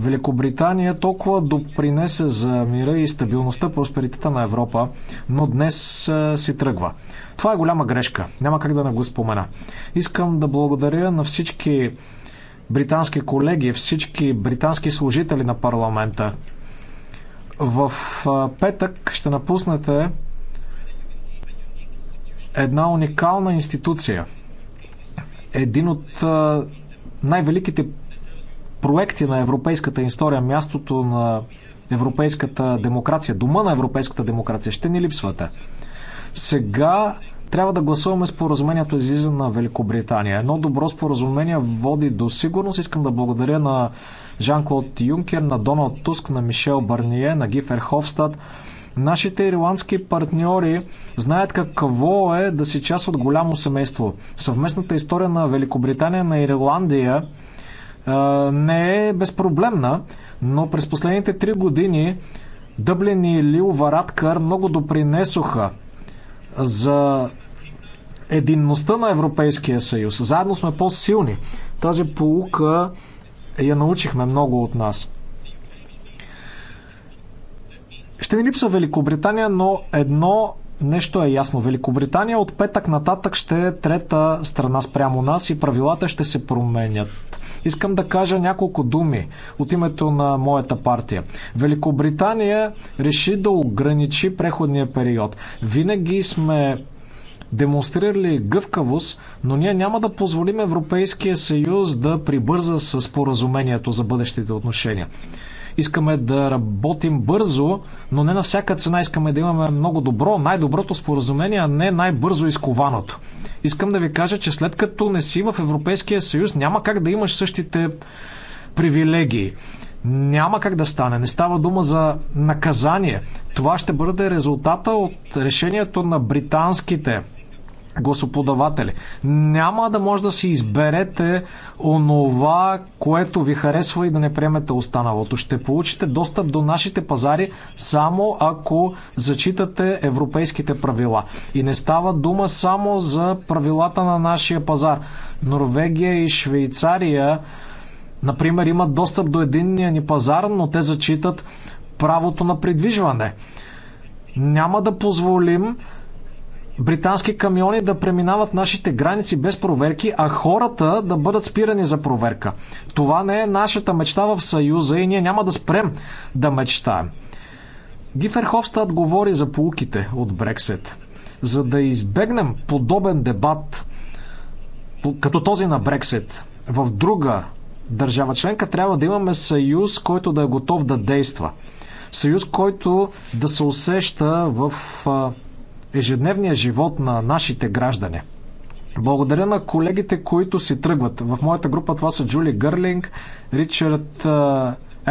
Великобритания толкова допринесе за мира и стабилността, просперитета на Европа, но днес си тръгва. Това е голяма грешка. Няма как да не го спомена. Искам да благодаря на всички британски колеги, всички британски служители на парламента, в петък ще напуснете една уникална институция. Един от най-великите проекти на европейската история, мястото на европейската демокрация, дома на европейската демокрация. Ще ни липсвате. Сега трябва да гласуваме споразумението за на Великобритания. Едно добро споразумение води до сигурност. Искам да благодаря на Жан-Клод Юнкер, на Доналд Туск, на Мишел Барние, на Гифер Ховстад. Нашите ирландски партньори знаят какво е да си част от голямо семейство. Съвместната история на Великобритания, на Ирландия е, не е безпроблемна, но през последните три години Дъблин и Лил Вараткър много допринесоха за единността на Европейския съюз. Заедно сме по-силни. Тази полука я научихме много от нас. Ще ни липса Великобритания, но едно нещо е ясно. Великобритания от петък нататък ще е трета страна спрямо нас и правилата ще се променят. Искам да кажа няколко думи от името на моята партия. Великобритания реши да ограничи преходния период. Винаги сме демонстрирали гъвкавост, но ние няма да позволим Европейския съюз да прибърза с поразумението за бъдещите отношения. Искаме да работим бързо, но не на всяка цена искаме да имаме много добро, най-доброто споразумение, а не най-бързо изкованото. Искам да ви кажа, че след като не си в Европейския съюз, няма как да имаш същите привилегии. Няма как да стане. Не става дума за наказание. Това ще бъде резултата от решението на британските гласоподаватели. Няма да може да си изберете онова, което ви харесва и да не приемете останалото. Ще получите достъп до нашите пазари само ако зачитате европейските правила. И не става дума само за правилата на нашия пазар. Норвегия и Швейцария Например, имат достъп до единния ни пазар, но те зачитат правото на придвижване. Няма да позволим британски камиони да преминават нашите граници без проверки, а хората да бъдат спирани за проверка. Това не е нашата мечта в Съюза и ние няма да спрем да мечтаем. Гифер Ховстад говори за полуките от Брексит. За да избегнем подобен дебат, като този на Брексит, в друга държава членка трябва да имаме съюз, който да е готов да действа. Съюз, който да се усеща в ежедневния живот на нашите граждани. Благодаря на колегите, които си тръгват. В моята група това са Джули Гърлинг, Ричард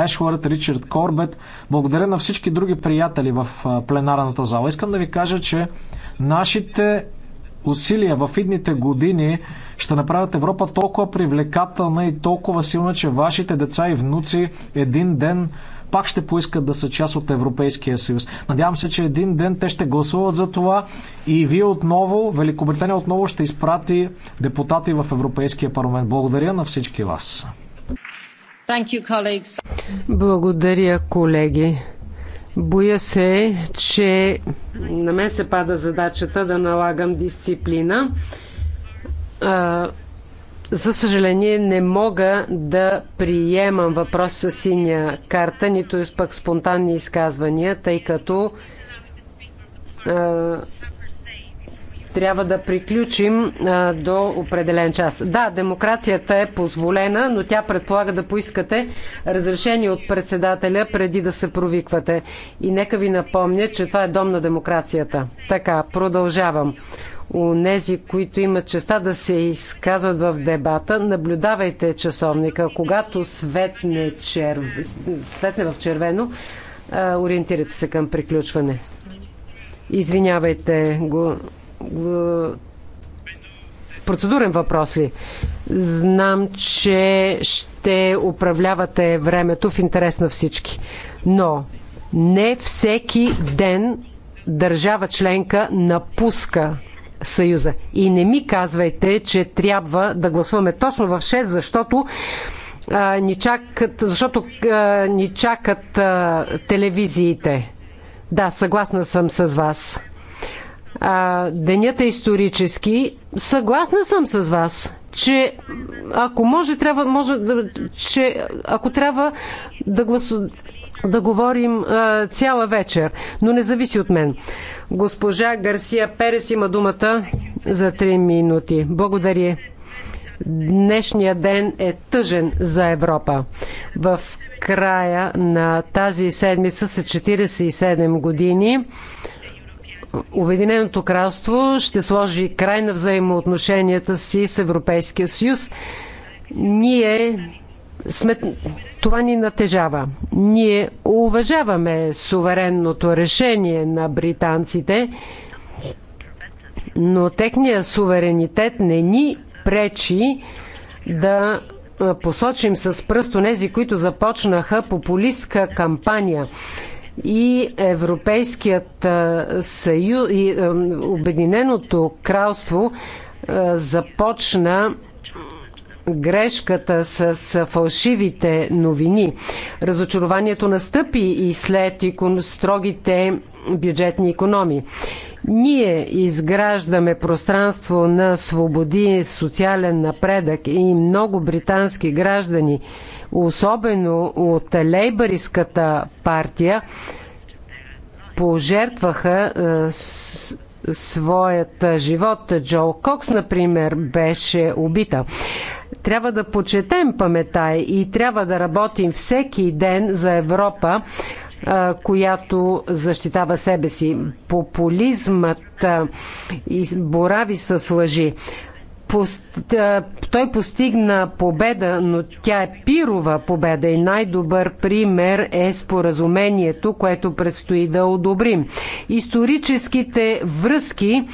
Ешвард, Ричард Корбет. Благодаря на всички други приятели в пленарната зала. Искам да ви кажа, че нашите усилия в идните години ще направят Европа толкова привлекателна и толкова силна, че вашите деца и внуци един ден пак ще поискат да са част от Европейския съюз. Надявам се, че един ден те ще гласуват за това и вие отново, Великобритания отново ще изпрати депутати в Европейския парламент. Благодаря на всички вас. You, Благодаря, колеги. Боя се, че на мен се пада задачата да налагам дисциплина. За съжаление, не мога да приемам въпрос с синя карта, нито е пък спонтанни изказвания, тъй като трябва да приключим а, до определен час. Да, демокрацията е позволена, но тя предполага да поискате разрешение от председателя преди да се провиквате. И нека ви напомня, че това е дом на демокрацията. Така, продължавам. Онези, които имат честа да се изказват в дебата, наблюдавайте часовника. Когато светне, черв... светне в червено, ориентирайте се към приключване. Извинявайте, го, го... процедурен въпрос ли? Знам, че ще управлявате времето в интерес на всички, но не всеки ден държава членка напуска Съюза. И не ми казвайте, че трябва да гласуваме точно в 6, защото а, ни чакат, защото а, ни чакат а, телевизиите. Да, съгласна съм с вас. А, денят е исторически. Съгласна съм с вас, че ако може, трябва, може, че ако трябва да гласуваме да говорим а, цяла вечер, но не зависи от мен. Госпожа Гарсия Перес има думата за 3 минути. Благодаря. Днешният ден е тъжен за Европа. В края на тази седмица са 47 години. Обединеното кралство ще сложи край на взаимоотношенията си с Европейския съюз. Ние сме, това ни натежава. Ние уважаваме суверенното решение на британците, но техният суверенитет не ни пречи да посочим с пръст онези, които започнаха популистка кампания и Европейският съюз и Обединеното кралство започна грешката с фалшивите новини. Разочарованието настъпи и след строгите бюджетни економии. Ние изграждаме пространство на свободи, социален напредък и много британски граждани, особено от лейбъристката партия, пожертваха е, своят живот. Джо Кокс, например, беше убита. Трябва да почетем памета и трябва да работим всеки ден за Европа, която защитава себе си. Популизмът борави с лъжи. той постигна победа, но тя е пирова победа и най-добър пример е споразумението, което предстои да одобрим. Историческите връзки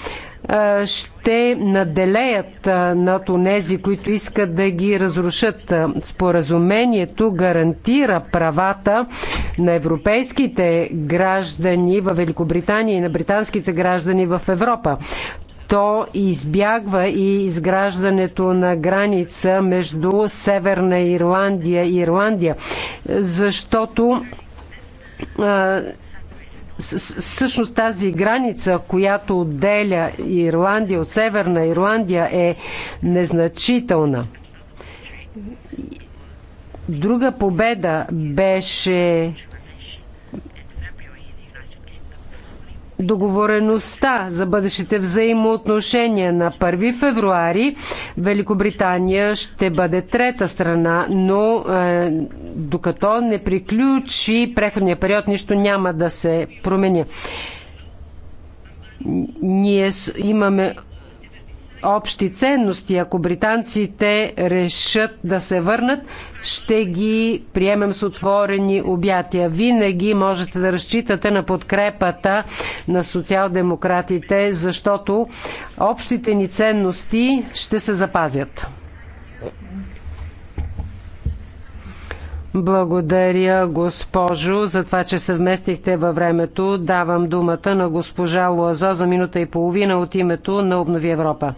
ще наделеят над онези, които искат да ги разрушат. Споразумението гарантира правата на европейските граждани в Великобритания и на британските граждани в Европа то избягва и изграждането на граница между Северна Ирландия и Ирландия, защото всъщност тази граница, която отделя Ирландия от Северна Ирландия е незначителна. Друга победа беше договореността за бъдещите взаимоотношения на 1 февруари. Великобритания ще бъде трета страна, но е, докато не приключи преходния период, нищо няма да се промени. Ние имаме общи ценности. Ако британците решат да се върнат, ще ги приемем с отворени обятия. Винаги можете да разчитате на подкрепата на социал-демократите, защото общите ни ценности ще се запазят. Благодаря, госпожо, за това, че се вместихте във времето. Давам думата на госпожа Луазо за минута и половина от името на Обнови Европа.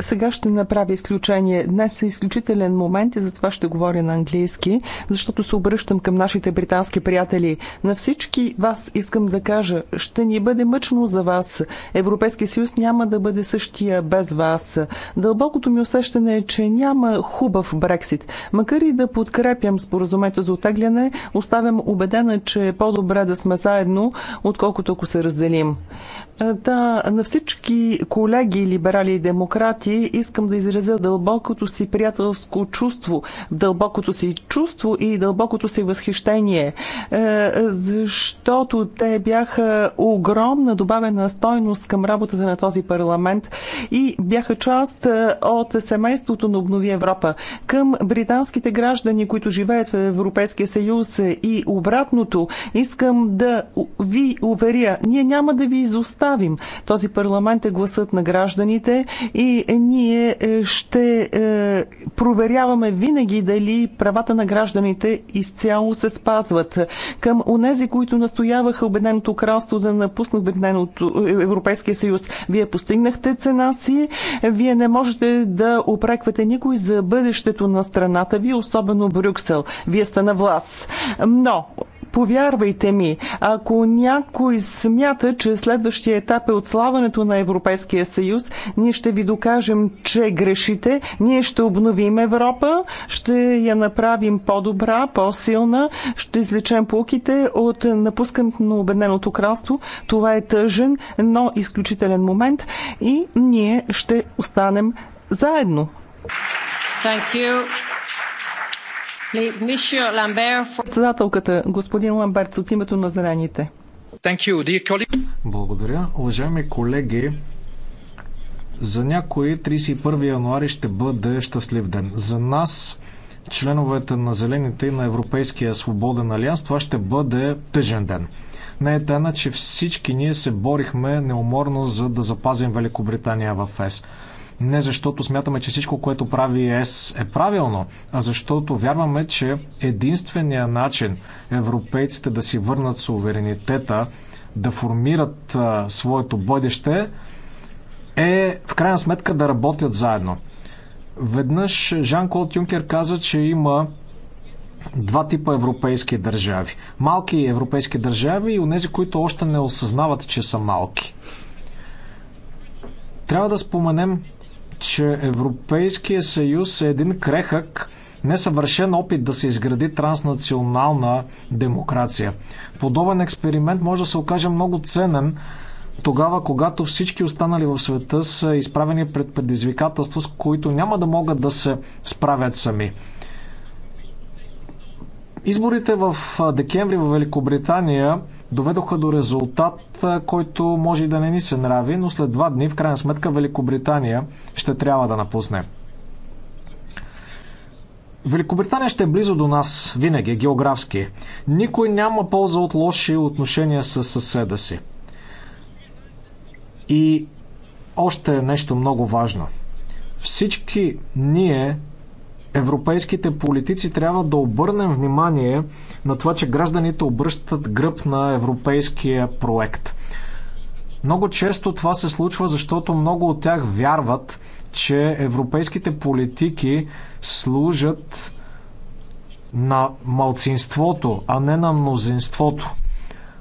Сега ще направя изключение. Днес е изключителен момент и затова ще говоря на английски, защото се обръщам към нашите британски приятели. На всички вас искам да кажа, ще ни бъде мъчно за вас. Европейския съюз няма да бъде същия без вас. Дълбокото ми усещане е, че няма хубав Брексит. Макар и да подкрепям споразумето за отегляне, оставям убедена, че е по-добре да сме заедно, отколкото ако се разделим. Да, на всички колеги, либерали и демократи, искам да изразя дълбокото си приятелско чувство, дълбокото си чувство и дълбокото си възхищение, е, защото те бяха огромна добавена стойност към работата на този парламент и бяха част е, от семейството на Обнови Европа. Към британските граждани, които живеят в Европейския съюз и обратното, искам да ви уверя, ние няма да ви изоставим оставим. Този парламент е гласът на гражданите и ние е, ще е, проверяваме винаги дали правата на гражданите изцяло се спазват. Към онези, които настояваха Обединеното кралство да напусне Обединеното е, Европейския съюз, вие постигнахте цена си, вие не можете да опреквате никой за бъдещето на страната ви, особено Брюксел. Вие сте на власт. Но Повярвайте ми, ако някой смята, че следващия етап е отславането на Европейския съюз, ние ще ви докажем, че грешите, ние ще обновим Европа, ще я направим по-добра, по-силна, ще излечем полките от напускането на Обединеното кралство. Това е тъжен, но изключителен момент и ние ще останем заедно. Thank you. Председателката, господин Ламберт, от името на зелените. Благодаря. Уважаеми колеги, за някои 31 януари ще бъде щастлив ден. За нас, членовете на Зелените и на Европейския свободен алианс, това ще бъде тъжен ден. Не е тайна, че всички ние се борихме неуморно за да запазим Великобритания в ЕС. Не защото смятаме, че всичко, което прави ЕС е правилно, а защото вярваме, че единствения начин европейците да си върнат суверенитета, да формират а, своето бъдеще, е в крайна сметка да работят заедно. Веднъж Жан-Клод Юнкер каза, че има два типа европейски държави. Малки европейски държави и онези, които още не осъзнават, че са малки. Трябва да споменем че Европейския съюз е един крехък, несъвършен опит да се изгради транснационална демокрация. Подобен експеримент може да се окаже много ценен тогава, когато всички останали в света са изправени пред предизвикателства, с които няма да могат да се справят сами. Изборите в декември в Великобритания доведоха до резултат, който може и да не ни се нрави, но след два дни, в крайна сметка, Великобритания ще трябва да напусне. Великобритания ще е близо до нас, винаги, географски. Никой няма полза от лоши отношения с съседа си. И още нещо много важно. Всички ние европейските политици трябва да обърнем внимание на това, че гражданите обръщат гръб на европейския проект. Много често това се случва, защото много от тях вярват, че европейските политики служат на малцинството, а не на мнозинството.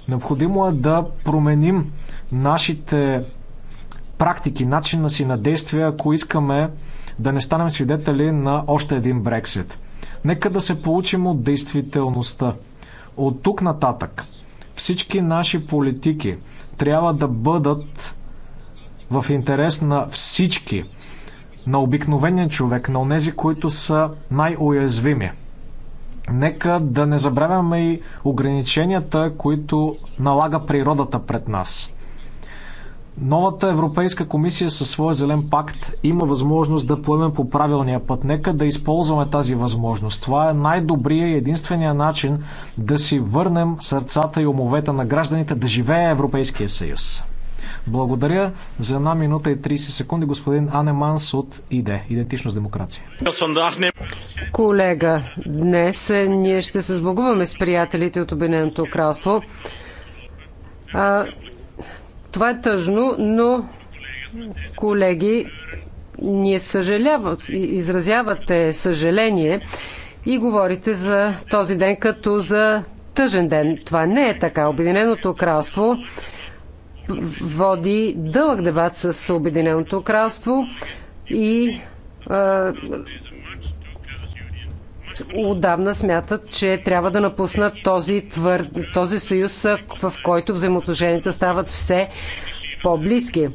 Необходимо е да променим нашите практики, начина си на действия, ако искаме да не станем свидетели на още един Брексит. Нека да се получим от действителността. От тук нататък всички наши политики трябва да бъдат в интерес на всички, на обикновения човек, на онези, които са най-уязвими. Нека да не забравяме и ограниченията, които налага природата пред нас. Новата Европейска комисия със своя зелен пакт има възможност да поемем по правилния път. Нека да използваме тази възможност. Това е най-добрия и единствения начин да си върнем сърцата и умовете на гражданите да живее Европейския съюз. Благодаря за една минута и 30 секунди господин Анеманс от ИДЕ, Идентичност демокрация. Колега, днес е, ние ще се сбогуваме с приятелите от Обединеното кралство. А, това е тъжно, но колеги, ние съжалява, изразявате съжаление и говорите за този ден като за тъжен ден. Това не е така. Обединеното кралство води дълъг дебат с Обединеното кралство и отдавна смятат, че трябва да напуснат този, твър... този съюз, в който взаимоотношенията стават все по-близки.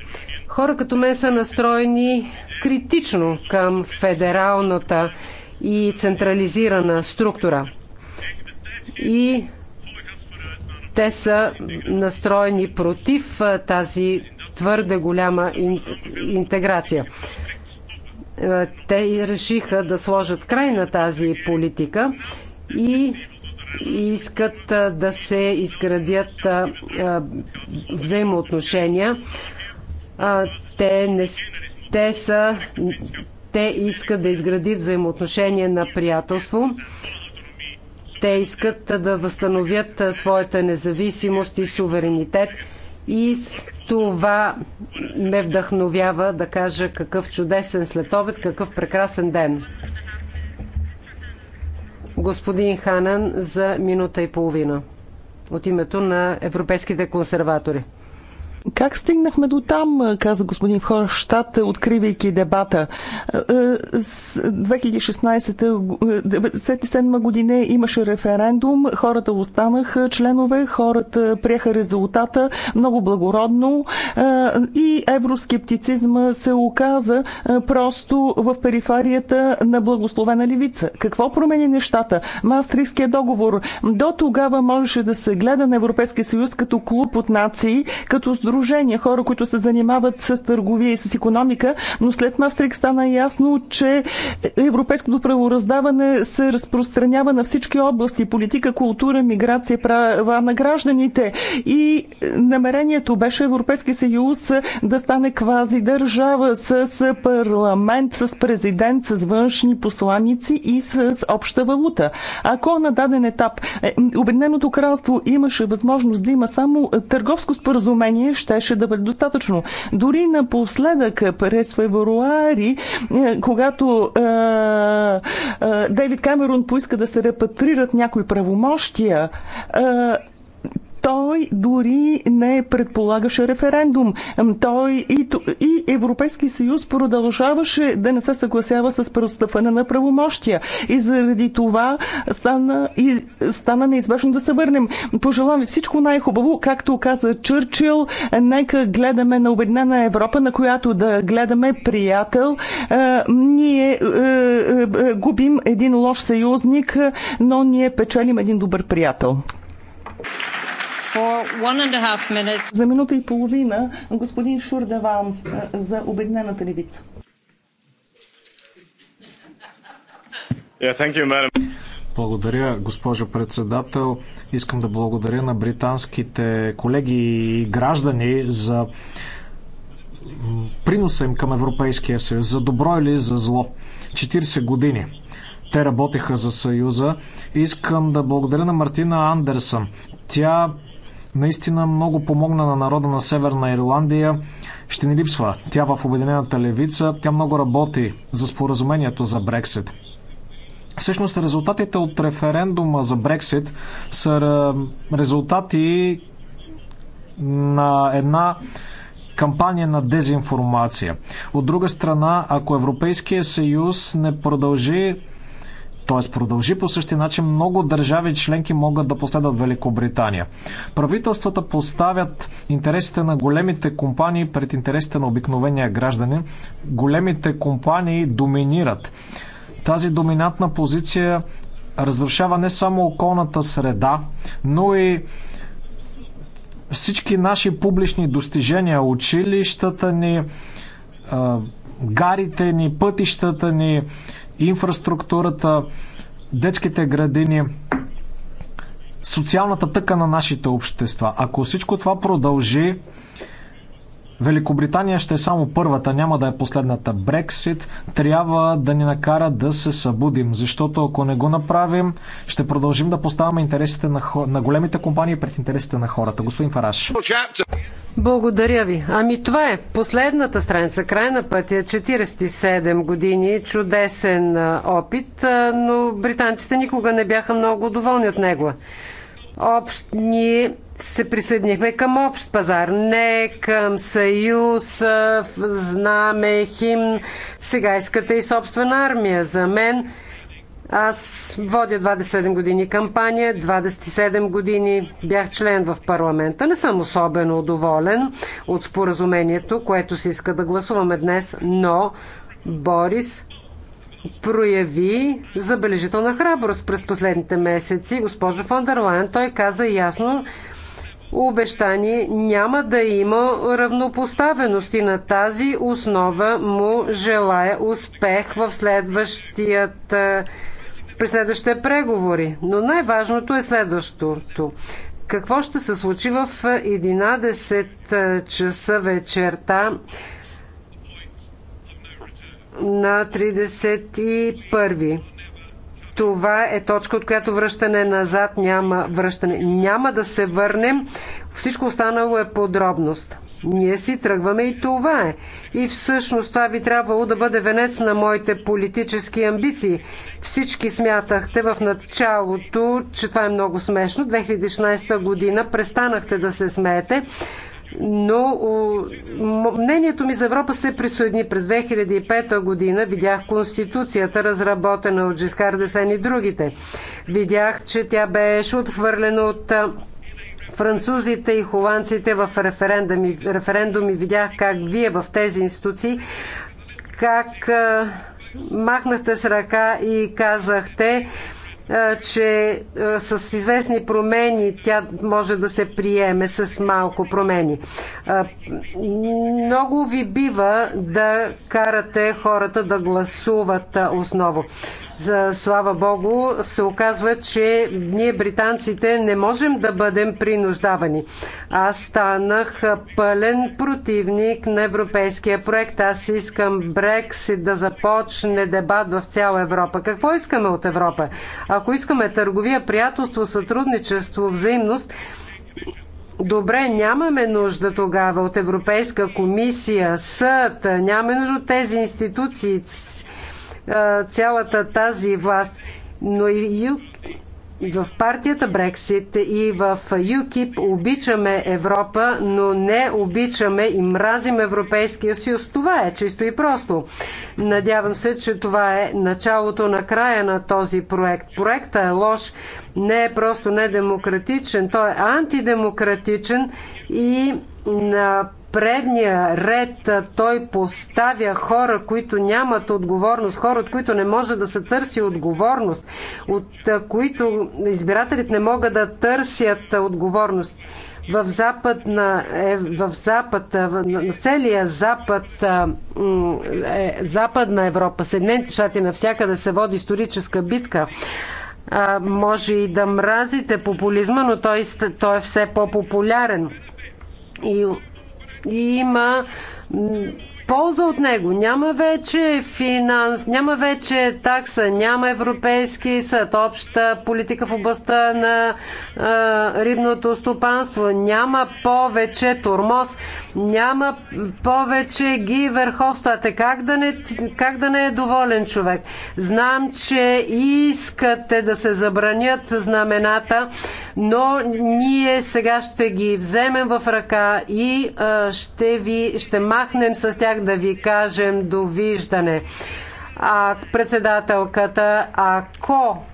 Хора като мен са настроени критично към федералната и централизирана структура. И те са настроени против тази твърде голяма интеграция. Е, те решиха да сложат край на тази политика и искат е, да се изградят е, взаимоотношения. Те, не, те, са, те искат да изградят взаимоотношения на приятелство. Те искат да възстановят своята независимост и суверенитет и това ме вдъхновява да кажа какъв чудесен следобед, какъв прекрасен ден. Господин Ханан за минута и половина от името на европейските консерватори. Как стигнахме до там, каза господин Хорштадт, откривайки дебата. Е, с 2016 2017 е, година имаше референдум, хората останаха членове, хората приеха резултата много благородно е, и евроскептицизма се оказа просто в перифарията на благословена левица. Какво промени нещата? Мастрийския договор. До тогава можеше да се гледа на Европейския съюз като клуб от нации, като с сдружения, хора, които се занимават с търговия и с економика, но след Мастрик стана ясно, че европейското правораздаване се разпространява на всички области политика, култура, миграция, права на гражданите. И намерението беше Европейски съюз да стане квази държава с парламент, с президент, с външни посланици и с обща валута. Ако на даден етап е, Обединеното кралство имаше възможност да има само търговско споразумение, щеше да бъде достатъчно. Дори напоследък, през февруари, е, когато е, е, Дейвид Камерун поиска да се репатрират някои правомощия, е, той дори не предполагаше референдум. Той и, и Европейски съюз продължаваше да не се съгласява с преотстъпване на правомощия. И заради това стана, и, стана неизбежно да се върнем. Пожелавам ви всичко най-хубаво, както каза Чърчил. Нека гледаме на Обединена Европа, на която да гледаме приятел. Е, ние е, е, губим един лош съюзник, но ние печелим един добър приятел. За минута и половина господин Даван е, за Обединената левица. Yeah, благодаря, госпожо председател. Искам да благодаря на британските колеги и граждани за приноса им към Европейския съюз, за добро или за зло. 40 години те работеха за Съюза. Искам да благодаря на Мартина Андерсън. Тя наистина много помогна на народа на Северна Ирландия. Ще ни липсва тя в Обединената левица. Тя много работи за споразумението за Брексит. Всъщност резултатите от референдума за Брексит са е, резултати на една кампания на дезинформация. От друга страна, ако Европейския съюз не продължи т.е. продължи по същия начин, много държави членки могат да последват Великобритания. Правителствата поставят интересите на големите компании пред интересите на обикновения гражданин. Големите компании доминират. Тази доминантна позиция разрушава не само околната среда, но и всички наши публични достижения, училищата ни, гарите ни, пътищата ни, инфраструктурата, детските градини, социалната тъка на нашите общества. Ако всичко това продължи, Великобритания ще е само първата, няма да е последната. Брексит трябва да ни накара да се събудим, защото ако не го направим, ще продължим да поставяме интересите на, на големите компании пред интересите на хората. Господин Фараш. Благодаря ви. Ами това е последната страница, край на пътя, 47 години, чудесен опит, но британците никога не бяха много доволни от него. Общ, ние се присъединихме към общ пазар, не към съюз, знаме, хим Сега искате и собствена армия. За мен аз водя 27 години кампания, 27 години бях член в парламента. Не съм особено доволен от споразумението, което се иска да гласуваме днес, но Борис прояви забележителна храброст през последните месеци. Госпожо Фондерлайн, той каза ясно, обещание няма да има равнопоставеност и на тази основа му желая успех в следващият е, при следващите преговори. Но най-важното е следващото. Какво ще се случи в 11 е, е, часа вечерта на 31. Това е точка, от която връщане назад няма връщане. Няма да се върнем. Всичко останало е подробност. Ние си тръгваме и това е. И всъщност това би трябвало да бъде венец на моите политически амбиции. Всички смятахте в началото, че това е много смешно. 2016 година престанахте да се смеете но мнението ми за Европа се присъедини през 2005 година. Видях Конституцията, разработена от Джискар Десен и другите. Видях, че тя беше отхвърлена от французите и холандците в референдуми. Референдуми видях как вие в тези институции как махнахте с ръка и казахте че с известни промени тя може да се приеме с малко промени. Много ви бива да карате хората да гласуват осново. За слава Богу, се оказва, че ние, британците, не можем да бъдем принуждавани. Аз станах пълен противник на европейския проект. Аз искам Брексит да започне дебат в цяла Европа. Какво искаме от Европа? Ако искаме търговия, приятелство, сътрудничество, взаимност, Добре, нямаме нужда тогава от Европейска комисия, съд, нямаме нужда от тези институции цялата тази власт. Но и в партията Брексит и в ЮКИП обичаме Европа, но не обичаме и мразим Европейския съюз. Това е чисто и просто. Надявам се, че това е началото на края на този проект. Проекта е лош, не е просто недемократичен, той е антидемократичен и на предния ред той поставя хора, които нямат отговорност, хора, от които не може да се търси отговорност, от които избирателите не могат да търсят отговорност. В Запад, на, е, в, Запад в, целия Запад, е, Западна Европа, Съединените щати, навсякъде се води историческа битка а, може и да мразите популизма, но той, той е все по-популярен. И и Има полза от него. Няма вече финанс, няма вече такса, няма европейски съд, обща политика в областта на а, рибното стопанство, няма повече турмоз, няма повече ги върховствате. Как да, не, как да не е доволен човек? Знам, че искате да се забранят знамената, но ние сега ще ги вземем в ръка и а, ще ви ще махнем с тях да ви кажем довиждане. А председателката, ако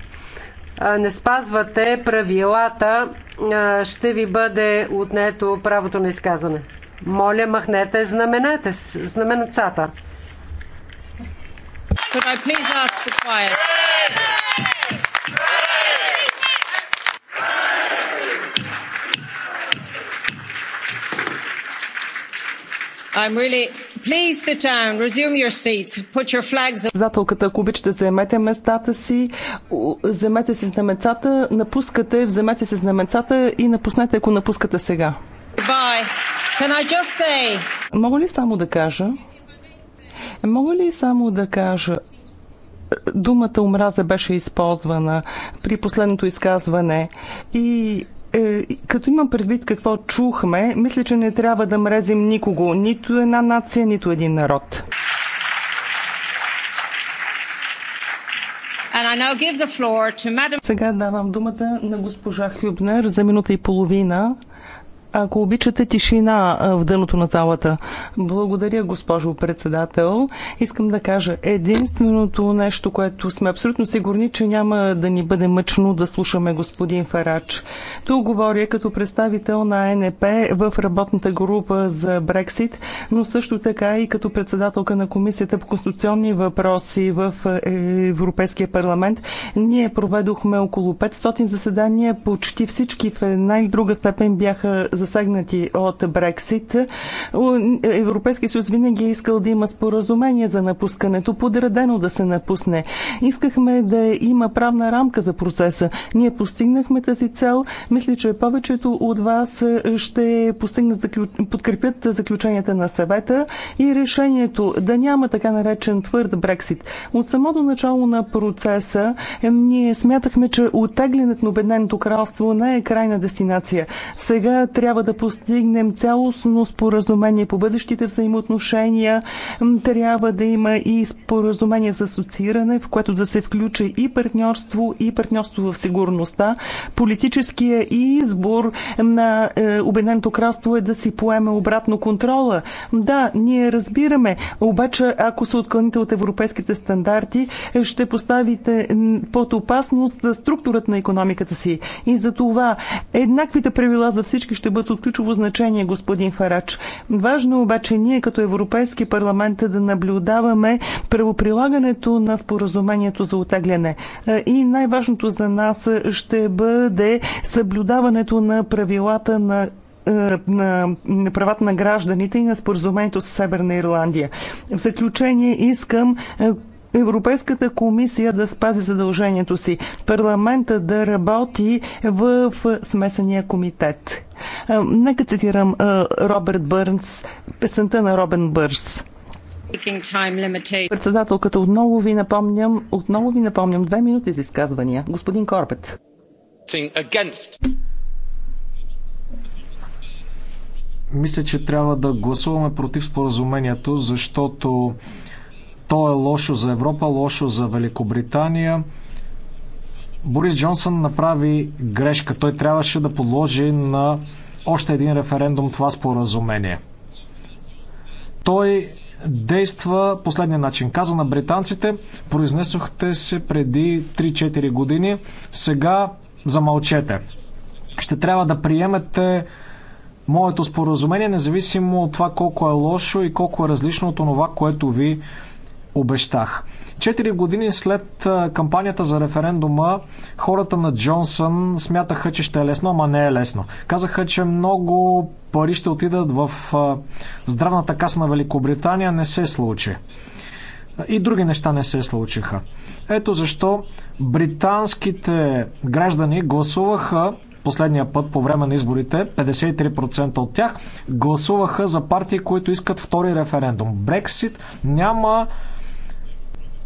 не спазвате правилата, ще ви бъде отнето правото на изказване. Моля, махнете знаменете, знаменецата. Could I please ask for quiet? I'm really Председателката, ако обичате, заемете местата си, вземете си знамецата, напускате, вземете си знамецата и напуснете, ако напускате сега. Say... Мога ли само да кажа? Мога ли само да кажа? Думата омраза беше използвана при последното изказване и е, като имам предвид какво чухме, мисля, че не трябва да мразим никого, нито една нация, нито един народ. Сега давам думата на госпожа Хюбнер за минута и половина. Ако обичате тишина в дъното на залата. Благодаря, госпожо председател. Искам да кажа единственото нещо, което сме абсолютно сигурни, че няма да ни бъде мъчно да слушаме господин Фарач. Тук говоря като представител на НП в работната група за Брексит, но също така и като председателка на Комисията по конституционни въпроси в е, Европейския парламент. Ние проведохме около 500 заседания, почти всички в една или друга степен бяха за засегнати от Брексит. Европейския съюз винаги е искал да има споразумение за напускането, подредено да се напусне. Искахме да има правна рамка за процеса. Ние постигнахме тази цел. Мисля, че повечето от вас ще постигнат, подкрепят заключенията на съвета и решението да няма така наречен твърд Брексит. От самото начало на процеса ние смятахме, че оттеглянето на Обединеното кралство не е крайна дестинация. Сега трябва трябва да постигнем цялостно споразумение по бъдещите взаимоотношения. Трябва да има и споразумение за асоцииране, в което да се включи и партньорство, и партньорство в сигурността. Политическия избор на е, Обединеното кралство е да си поеме обратно контрола. Да, ние разбираме, обаче ако се отклоните от европейските стандарти, е, ще поставите под опасност е, структурата на економиката си. И за това еднаквите правила за всички ще бъдат бъдат от ключово значение, господин Фарач. Важно е обаче ние като Европейски парламент да наблюдаваме правоприлагането на споразумението за отегляне. Е, и най-важното за нас ще бъде съблюдаването на правилата на е, на, на правата на гражданите и на споразумението с Северна Ирландия. В заключение искам е, Европейската комисия да спази задължението си, парламента да работи в смесения комитет. Нека цитирам Роберт Бърнс, песента на Робен Бърс. Председателката, отново ви напомням, отново ви напомням две минути за изказвания. Господин Корбет. Мисля, че трябва да гласуваме против споразумението, защото то е лошо за Европа, лошо за Великобритания. Борис Джонсън направи грешка. Той трябваше да подложи на още един референдум това споразумение. Той действа последния начин. Каза на британците, произнесохте се преди 3-4 години, сега замълчете. Ще трябва да приемете моето споразумение, независимо от това колко е лошо и колко е различно от това, което ви обещах. Четири години след кампанията за референдума, хората на Джонсън смятаха, че ще е лесно, ама не е лесно. Казаха, че много пари ще отидат в здравната каса на Великобритания. Не се случи. И други неща не се случиха. Ето защо британските граждани гласуваха последния път по време на изборите, 53% от тях гласуваха за партии, които искат втори референдум. Брексит няма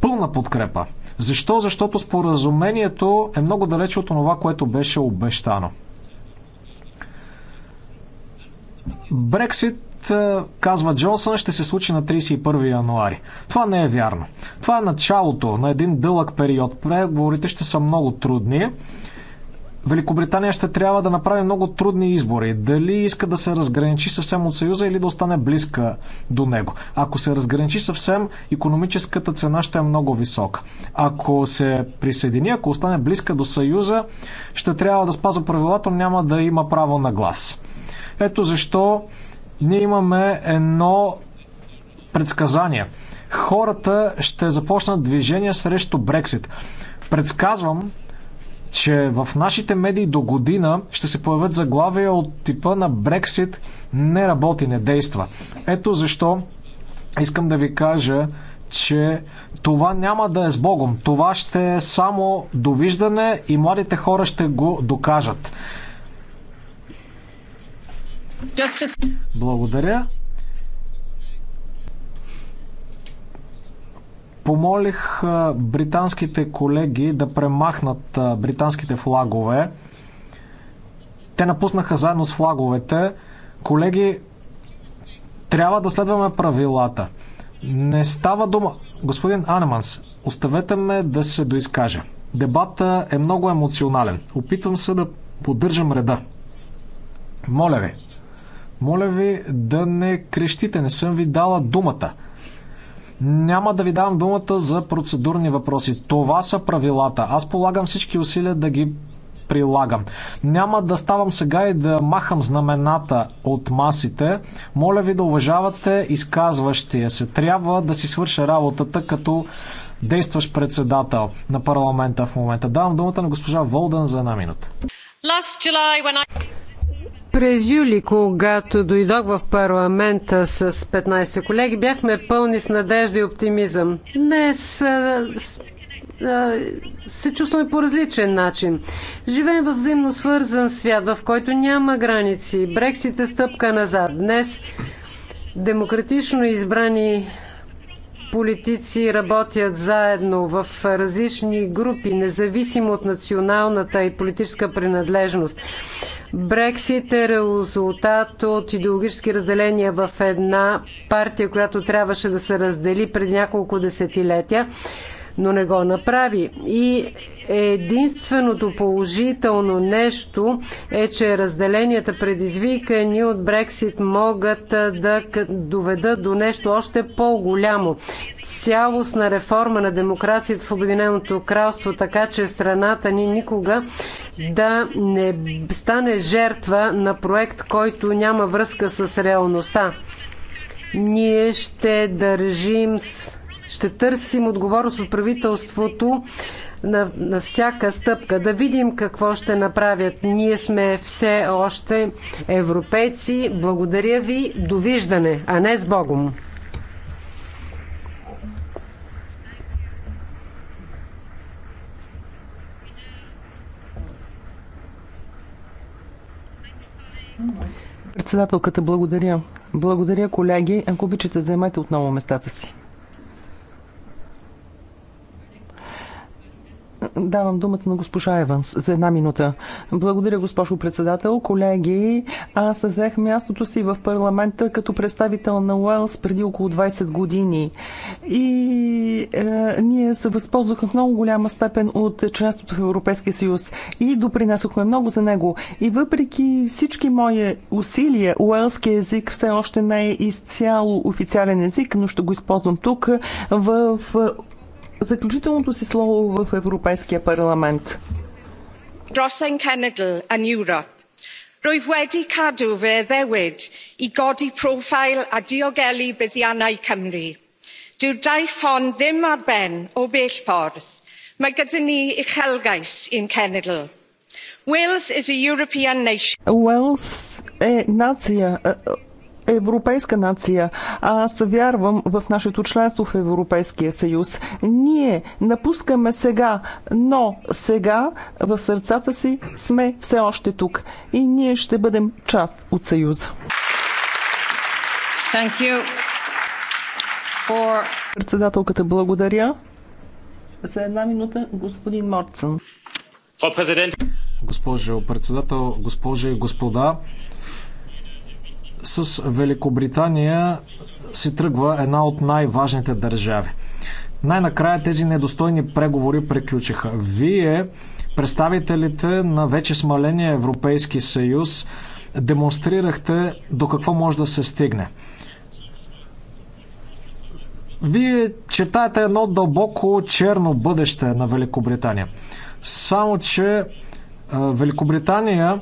пълна подкрепа. Защо? Защото споразумението е много далече от това, което беше обещано. Брексит, е, казва Джонсън, ще се случи на 31 януари. Това не е вярно. Това е началото на един дълъг период. Преговорите ще са много трудни. Великобритания ще трябва да направи много трудни избори. Дали иска да се разграничи съвсем от Съюза или да остане близка до него. Ако се разграничи съвсем, економическата цена ще е много висока. Ако се присъедини, ако остане близка до Съюза, ще трябва да спазва правилата, няма да има право на глас. Ето защо ние имаме едно предсказание. Хората ще започнат движение срещу Брексит. Предсказвам, че в нашите медии до година ще се появят заглавия от типа на Брексит не работи, не действа. Ето защо искам да ви кажа, че това няма да е с Богом. Това ще е само довиждане и младите хора ще го докажат. Благодаря. Помолих британските колеги да премахнат британските флагове. Те напуснаха заедно с флаговете. Колеги, трябва да следваме правилата. Не става дума. Господин Анеманс, оставете ме да се доизкажа. Дебата е много емоционален. Опитвам се да поддържам реда. Моля ви, моля ви да не крещите, не съм ви дала думата. Няма да ви давам думата за процедурни въпроси. Това са правилата. Аз полагам всички усилия да ги прилагам. Няма да ставам сега и да махам знамената от масите. Моля ви да уважавате изказващия се. Трябва да си свърша работата като действащ председател на парламента в момента. Давам думата на госпожа Волден за една минута. През юли, когато дойдох в парламента с 15 колеги, бяхме пълни с надежда и оптимизъм. Днес се чувстваме по различен начин. Живеем в взаимно свързан свят, в който няма граници. Брексит е стъпка назад. Днес демократично избрани политици работят заедно в различни групи, независимо от националната и политическа принадлежност. Брексит е резултат от идеологически разделения в една партия, която трябваше да се раздели преди няколко десетилетия но не го направи. И единственото положително нещо е, че разделенията предизвикани от Брексит могат да доведат до нещо още по-голямо цялостна реформа на демокрацията в Обединеното кралство, така че страната ни никога да не стане жертва на проект, който няма връзка с реалността. Ние ще държим с ще търсим отговорност от правителството на, на всяка стъпка, да видим какво ще направят. Ние сме все още европейци. Благодаря ви. Довиждане, а не с Богом. Председателката, благодаря. Благодаря, колеги. Ако обичате, заемете отново местата си. Давам думата на госпожа Еванс за една минута. Благодаря, госпожо председател. Колеги, аз взех мястото си в парламента като представител на Уелс преди около 20 години. И е, ние се възползвахме в много голяма степен от членството в Европейския съюз и допринесохме много за него. И въпреки всички мои усилия, уелски език все още не е изцяло официален език, но ще го използвам тук в заключителното си слово в Европейския парламент. Dros cenedl yn Ewrop, rwyf wedi cadw fy addewid i godi profil a diogelu buddiannau Cymru. Dyw'r daith hon ddim ar ben o bell ffordd. Mae gyda ni uchelgais i'n cenedl. Wales is a European nation. Wales e natia европейска нация, а аз вярвам в нашето членство в Европейския съюз. Ние напускаме сега, но сега в сърцата си сме все още тук и ние ще бъдем част от съюза. Thank you for... Председателката благодаря. За една минута господин Морцън. Госпожо председател, госпожи и господа, с Великобритания си тръгва една от най-важните държави. Най-накрая тези недостойни преговори приключиха. Вие, представителите на вече смаления Европейски съюз, демонстрирахте до какво може да се стигне. Вие чертаете едно дълбоко черно бъдеще на Великобритания. Само, че Великобритания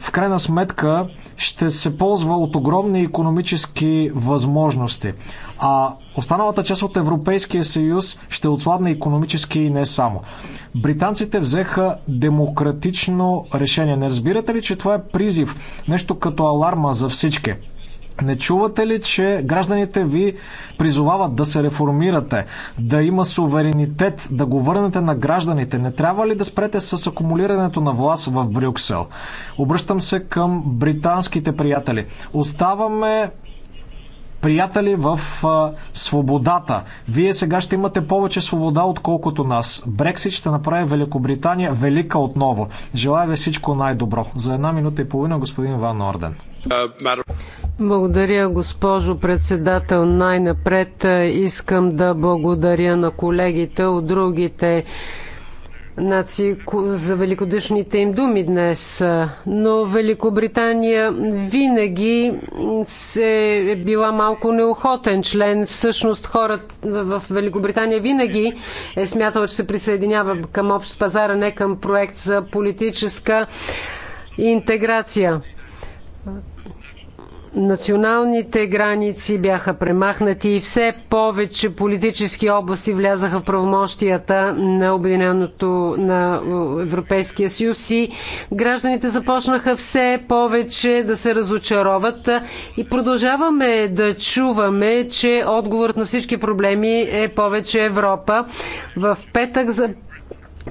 в крайна сметка ще се ползва от огромни економически възможности. А останалата част от Европейския съюз ще е отслабне економически и не само. Британците взеха демократично решение. Не разбирате ли, че това е призив, нещо като аларма за всички? Не чувате ли, че гражданите ви призовават да се реформирате, да има суверенитет, да го върнете на гражданите? Не трябва ли да спрете с акумулирането на власт в Брюксел? Обръщам се към британските приятели. Оставаме приятели в а, свободата. Вие сега ще имате повече свобода, отколкото нас. Брексит ще направи Великобритания велика отново. Желая ви всичко най-добро. За една минута и половина господин Ван Орден. Uh, благодаря, госпожо председател. Най-напред е, искам да благодаря на колегите от другите нации за великодушните им думи днес. Но Великобритания винаги се е била малко неохотен член. Всъщност хората в Великобритания винаги е смятала, че се присъединява към общ пазар, а не към проект за политическа интеграция. Националните граници бяха премахнати и все повече политически области влязаха в правомощията на Обединеното на Европейския съюз и гражданите започнаха все повече да се разочароват и продължаваме да чуваме, че отговорът на всички проблеми е повече Европа. В петък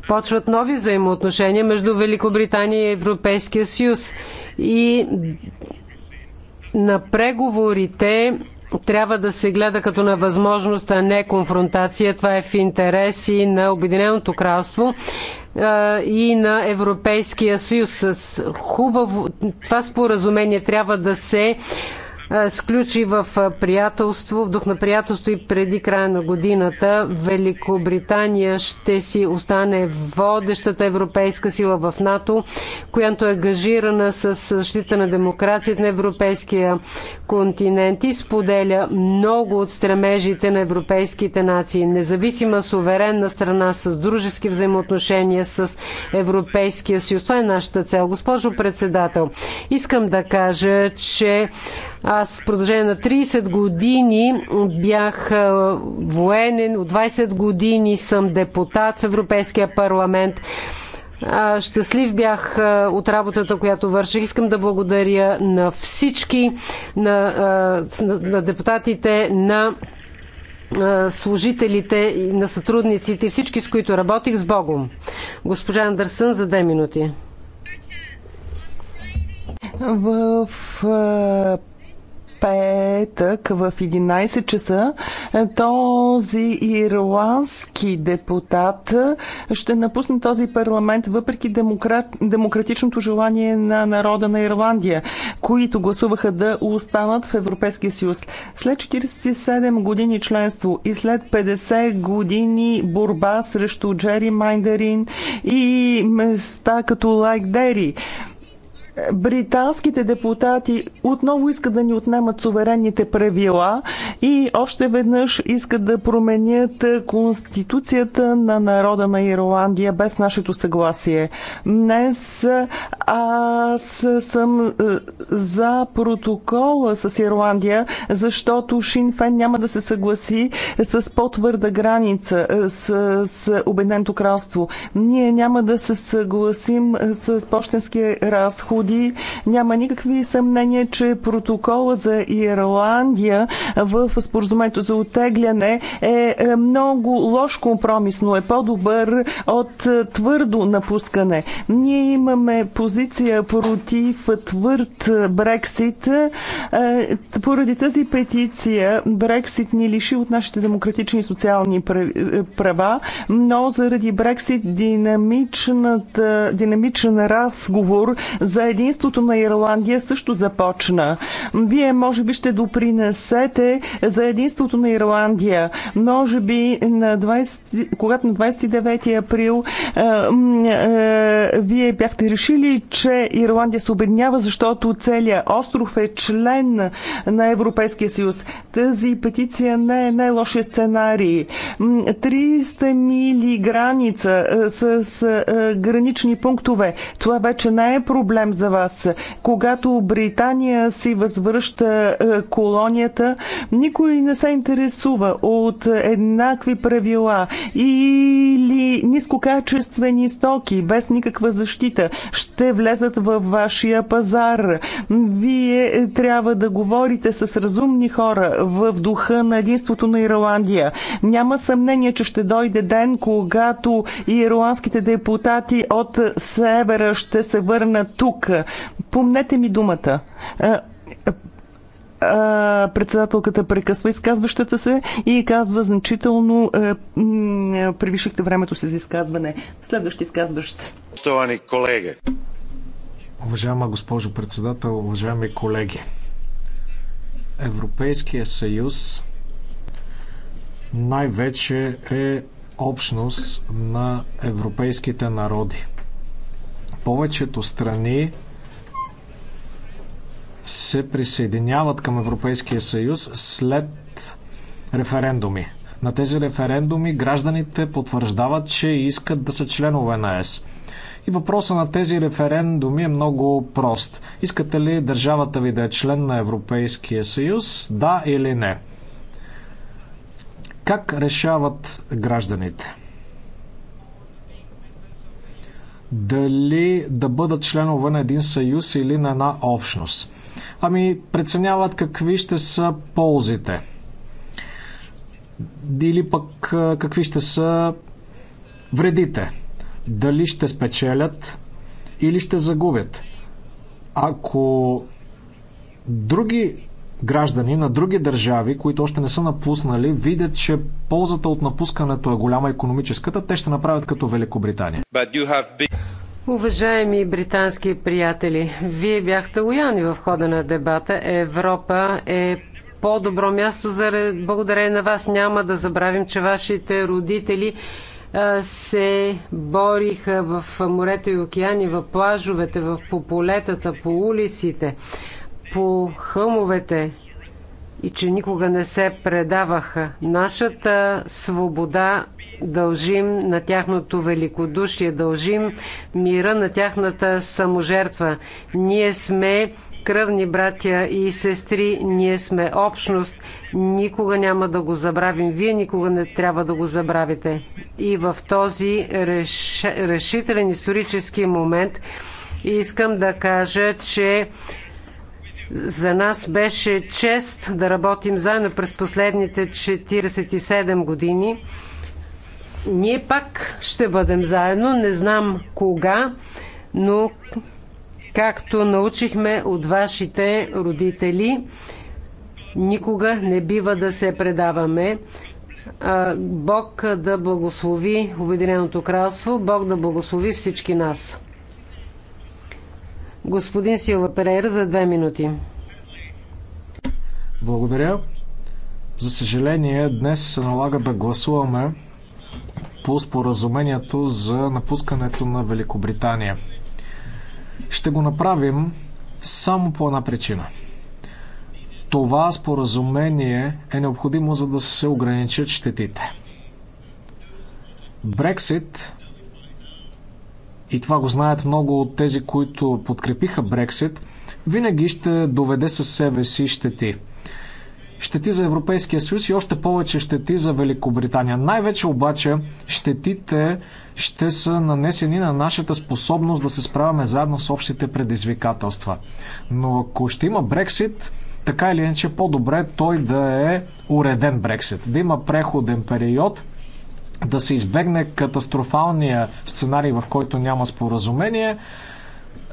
почват нови взаимоотношения между Великобритания и Европейския съюз. И на преговорите трябва да се гледа като на възможност, а не конфронтация. Това е в интерес и на Обединеното кралство и на Европейския съюз. С хубаво това споразумение трябва да се сключи в приятелство, в дух на приятелство и преди края на годината. Великобритания ще си остане водещата европейска сила в НАТО, която е ангажирана с защита на демокрацията на европейския континент и споделя много от стремежите на европейските нации. Независима, суверенна страна с дружески взаимоотношения с Европейския съюз. Това е нашата цел. Госпожо председател, искам да кажа, че аз в продължение на 30 години бях военен, от 20 години съм депутат в Европейския парламент. Щастлив бях от работата, която върших. Искам да благодаря на всички, на, на, на депутатите, на служителите, на сътрудниците, всички с които работих с Богом. Госпожа Андерсън за две минути. В петък в 11 часа е, този ирландски депутат е, ще напусне този парламент въпреки демократ, демократичното желание на народа на Ирландия, които гласуваха да останат в Европейския съюз. След 47 години членство и след 50 години борба срещу Джери Майндерин и места като Лайк Дери, британските депутати отново искат да ни отнемат суверенните правила и още веднъж искат да променят е, конституцията на народа на Ирландия без нашето съгласие. Днес е, аз съм е, за протокола с Ирландия, защото Шинфен няма да се съгласи с по-твърда граница с, с Обединеното кралство. Ние няма да се съгласим с почтенския разход разходи. Няма никакви съмнения, че протокола за Ирландия в споразумението за отегляне е, е много лош компромис, но е по-добър от твърдо напускане. Ние имаме позиция против твърд Брексит. Е, поради тази петиция Брексит ни лиши от нашите демократични и социални е, права, но заради Брексит динамичен разговор за един Единството на Ирландия също започна. Вие може би ще допринесете за единството на Ирландия. Може би на 20, когато на 29 април е, е, вие бяхте решили, че Ирландия се обеднява, защото целият остров е член на Европейския съюз. Тази петиция не е най-лошия сценарий. 300 мили граница е, с е, гранични пунктове. Това вече не е проблем за вас. Когато Британия си възвръща е, колонията, никой не се интересува от еднакви правила или нискокачествени стоки без никаква защита ще влезат във вашия пазар. Вие трябва да говорите с разумни хора в духа на единството на Ирландия. Няма съмнение, че ще дойде ден, когато ирландските депутати от севера ще се върнат тук тях. Помнете ми думата председателката прекъсва изказващата се и казва значително превишихте времето си за изказване. Следващ изказващ се. Стовани колеги. Уважаема госпожо председател, уважаеми колеги. Европейския съюз най-вече е общност на европейските народи. Повечето страни се присъединяват към Европейския съюз след референдуми. На тези референдуми гражданите потвърждават, че искат да са членове на ЕС. И въпроса на тези референдуми е много прост. Искате ли държавата ви да е член на Европейския съюз? Да или не? Как решават гражданите? дали да бъдат членове на един съюз или на една общност. Ами, преценяват какви ще са ползите. Или пък какви ще са вредите. Дали ще спечелят или ще загубят. Ако други граждани на други държави, които още не са напуснали, видят, че ползата от напускането е голяма економическата, те ще направят като Великобритания. Уважаеми британски приятели, вие бяхте лояни в хода на дебата. Европа е по-добро място за... благодарение на вас. Няма да забравим, че вашите родители се бориха в морето и океани, в плажовете, в пополетата, по улиците по хълмовете и че никога не се предаваха. Нашата свобода дължим на тяхното великодушие, дължим мира на тяхната саможертва. Ние сме кръвни братя и сестри, ние сме общност, никога няма да го забравим, вие никога не трябва да го забравите. И в този реш... решителен исторически момент искам да кажа, че за нас беше чест да работим заедно през последните 47 години. Ние пак ще бъдем заедно, не знам кога, но както научихме от вашите родители, никога не бива да се предаваме. Бог да благослови Обединеното кралство, Бог да благослови всички нас. Господин Силва Перейра за две минути. Благодаря. За съжаление, днес се налага да гласуваме по споразумението за напускането на Великобритания. Ще го направим само по една причина. Това споразумение е необходимо за да се ограничат щетите. Брексит и това го знаят много от тези, които подкрепиха Брексит, винаги ще доведе със себе си щети. Щети за Европейския съюз и още повече щети за Великобритания. Най-вече обаче щетите ще са нанесени на нашата способност да се справяме заедно с общите предизвикателства. Но ако ще има Брексит, така или иначе по-добре той да е уреден Брексит, да има преходен период – да се избегне катастрофалния сценарий, в който няма споразумение,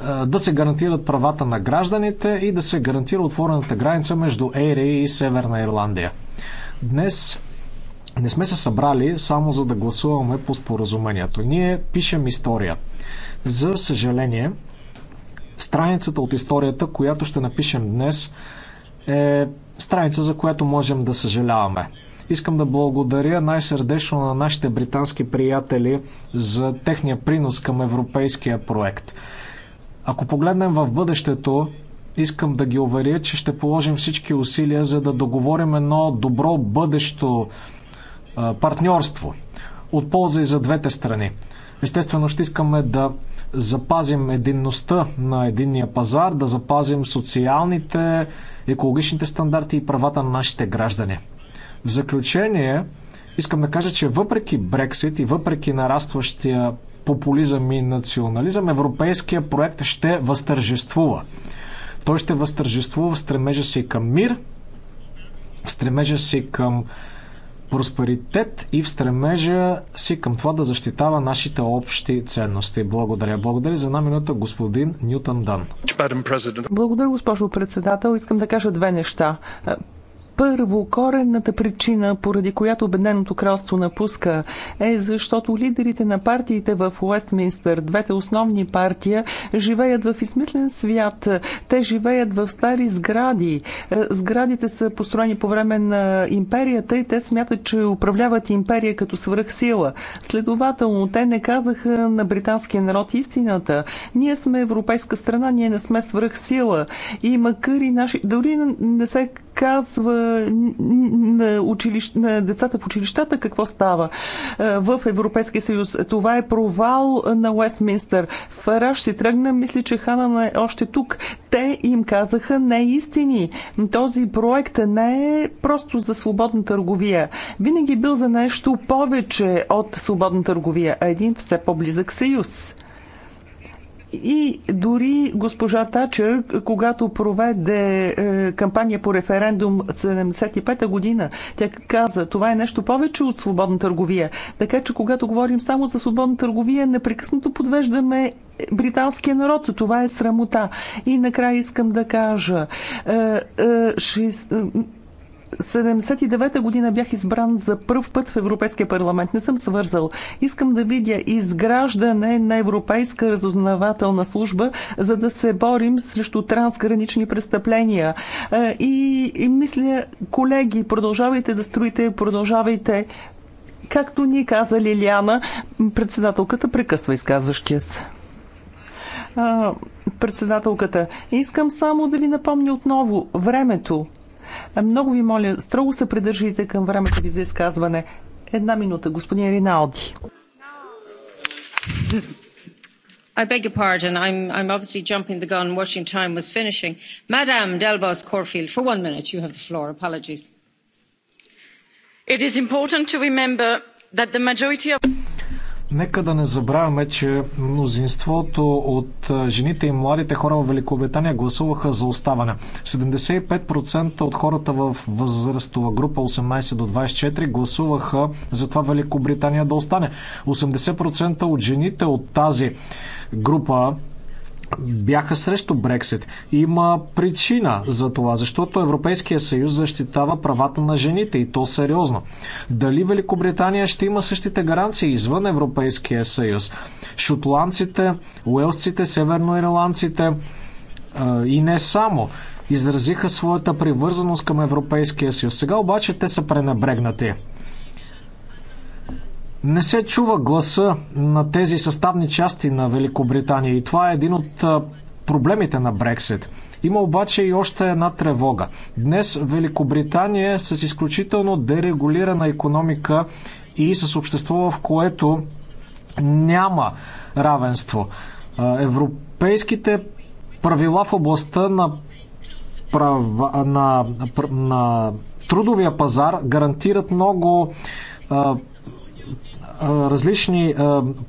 е, да се гарантират правата на гражданите и да се гарантира отворената граница между Ейре и Северна Ирландия. Днес не сме се събрали само за да гласуваме по споразумението. Ние пишем история. За съжаление, страницата от историята, която ще напишем днес, е страница, за която можем да съжаляваме. Искам да благодаря най-сърдечно на нашите британски приятели за техния принос към европейския проект. Ако погледнем в бъдещето, искам да ги уверя, че ще положим всички усилия, за да договорим едно добро бъдещо партньорство от полза и за двете страни. Естествено, ще искаме да запазим единността на единния пазар, да запазим социалните, екологичните стандарти и правата на нашите граждани. В заключение, искам да кажа, че въпреки Брексит и въпреки нарастващия популизъм и национализъм, европейския проект ще възтържествува. Той ще възтържествува в стремежа си към мир, в стремежа си към просперитет и в стремежа си към това да защитава нашите общи ценности. Благодаря. Благодаря за една минута господин Нютон Дан. Благодаря, госпожо председател. Искам да кажа две неща. Първо, коренната причина, поради която Обединеното кралство напуска, е защото лидерите на партиите в Уестминстър, двете основни партия, живеят в измислен свят. Те живеят в стари сгради. Е, сградите са построени по време на империята и те смятат, че управляват империя като свръхсила. Следователно, те не казаха на британския народ истината. Ние сме европейска страна, ние не сме свръхсила. И макар и наши... Дори не се казва на, училищ... на децата в училищата какво става. Е, в Европейския съюз това е провал на Уестминстър. Фараш си тръгна, мисли, че Ханан е още тук. Те им казаха не истини. Този проект не е просто за свободна търговия. Винаги бил за нещо повече от свободна търговия, а един все по-близък съюз. И дори госпожа Тачер, когато проведе е, кампания по референдум 75-та година, тя каза, това е нещо повече от свободна търговия. Така че, когато говорим само за свободна търговия, непрекъснато подвеждаме британския народ. Това е срамота. И накрая искам да кажа. Е, е, 79-та година бях избран за първ път в Европейския парламент. Не съм свързал. Искам да видя изграждане на Европейска разузнавателна служба, за да се борим срещу трансгранични престъпления. Е, и, и мисля, колеги, продължавайте да строите, продължавайте. Както ни каза Лилиана, председателката прекъсва изказващия се е, председателката. Искам само да ви напомня отново времето. Много ви моля, строго се придържайте към времето ви за изказване. Една минута, господин Риналди. I beg your pardon. I'm, I'm obviously jumping the gun, watching time was finishing. Madame Delbos Corfield, for one minute, you have the floor. Apologies. It is important to remember that the majority of Нека да не забравяме, че мнозинството от жените и младите хора в Великобритания гласуваха за оставане. 75% от хората в възрастова група 18 до 24 гласуваха за това Великобритания да остане. 80% от жените от тази група бяха срещу Брексит. Има причина за това, защото Европейския съюз защитава правата на жените и то сериозно. Дали Великобритания ще има същите гаранции извън Европейския съюз? Шотландците, уелсците, северноирландците и не само изразиха своята привързаност към Европейския съюз. Сега обаче те са пренебрегнати. Не се чува гласа на тези съставни части на Великобритания и това е един от проблемите на Брексит. Има обаче и още една тревога. Днес Великобритания е с изключително дерегулирана економика и с общество, в което няма равенство. Европейските правила в областта на, права, на, на трудовия пазар гарантират много различни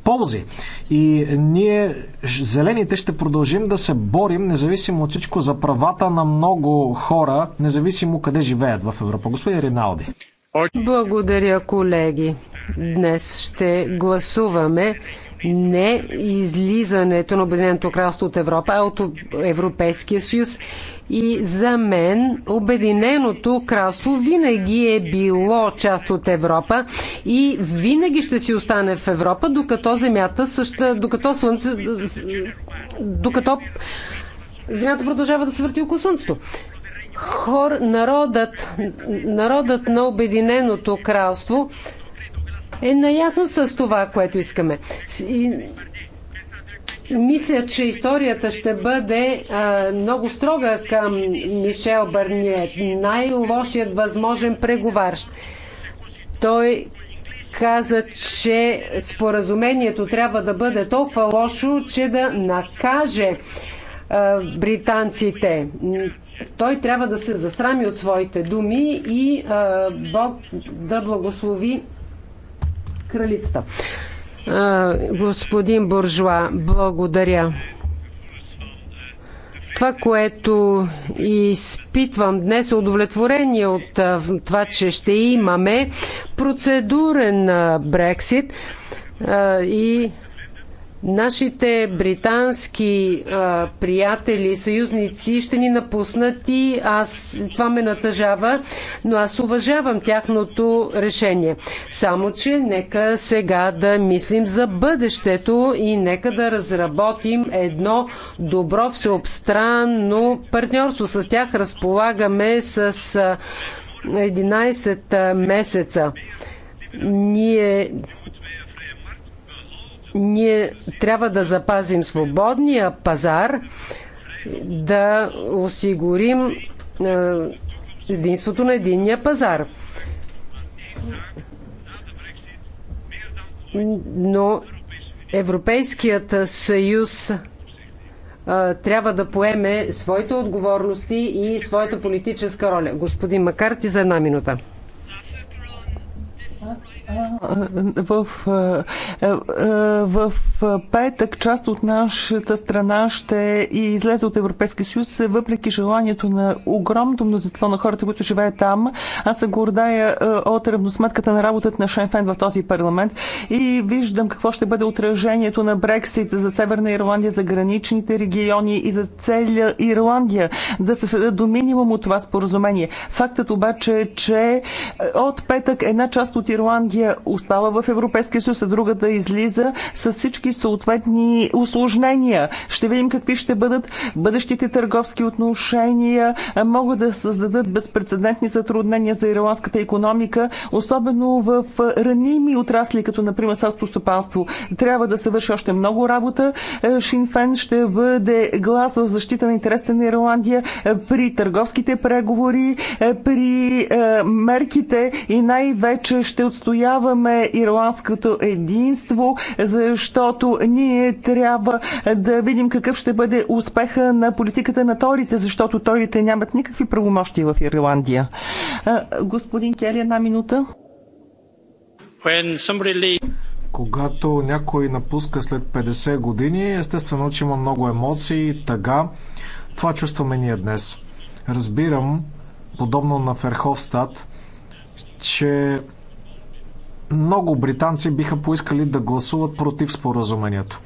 ползи. И ние, зелените, ще продължим да се борим, независимо от всичко, за правата на много хора, независимо къде живеят в Европа. Господин Риналди. Благодаря, колеги. Днес ще гласуваме не излизането на Обединеното кралство от Европа, а от Европейския съюз. И за мен Обединеното кралство винаги е било част от Европа и винаги ще си остане в Европа, докато земята съща, докато слънце, докато земята продължава да се върти около слънцето хор, народът, народът на Обединеното кралство е наясно с това, което искаме. И мисля, че историята ще бъде а, много строга към Мишел Барние, най-лошият възможен преговарщ. Той каза, че споразумението трябва да бъде толкова лошо, че да накаже а, британците. Той трябва да се засрами от своите думи и а, Бог да благослови кралицата. Господин Буржуа, благодаря. Това, което изпитвам днес е удовлетворение от това, че ще имаме процедурен Брексит и Нашите британски а, приятели, съюзници ще ни напуснат и аз, това ме натъжава, но аз уважавам тяхното решение. Само, че нека сега да мислим за бъдещето и нека да разработим едно добро всеобстранно партньорство. С тях разполагаме с 11 месеца. Ние ние трябва да запазим свободния пазар, да осигурим единството на единния пазар. Но Европейският съюз трябва да поеме своите отговорности и своята политическа роля. Господин Макарти за една минута в, в, е, е, в петък част от нашата страна ще излезе от Европейския съюз, въпреки желанието на огромното мнозинство на хората, които живеят там. Аз се гордая е, от равносметката на работата на Шенфен в този парламент и виждам какво ще бъде отражението на Брексит за Северна Ирландия, за граничните региони и за целя Ирландия да се сведат до минимум от това споразумение. Фактът обаче че от петък една част от Ирландия енергия остава в Европейския съюз, а другата излиза с всички съответни усложнения. Ще видим какви ще бъдат бъдещите търговски отношения, могат да създадат безпредседентни затруднения за ирландската економика, особено в раними отрасли, като например стопанство. Трябва да се върши още много работа. Шинфен ще бъде глас в защита на интересите на Ирландия при търговските преговори, при е, мерките и най-вече ще отстоя отстояваме ирландското единство, защото ние трябва да видим какъв ще бъде успеха на политиката на торите, защото торите нямат никакви правомощи в Ирландия. Господин Кели, една минута. Когато някой напуска след 50 години, естествено, че има много емоции, тъга. Това чувстваме ние днес. Разбирам, подобно на Ферховстат, че много британци биха поискали да гласуват против споразумението.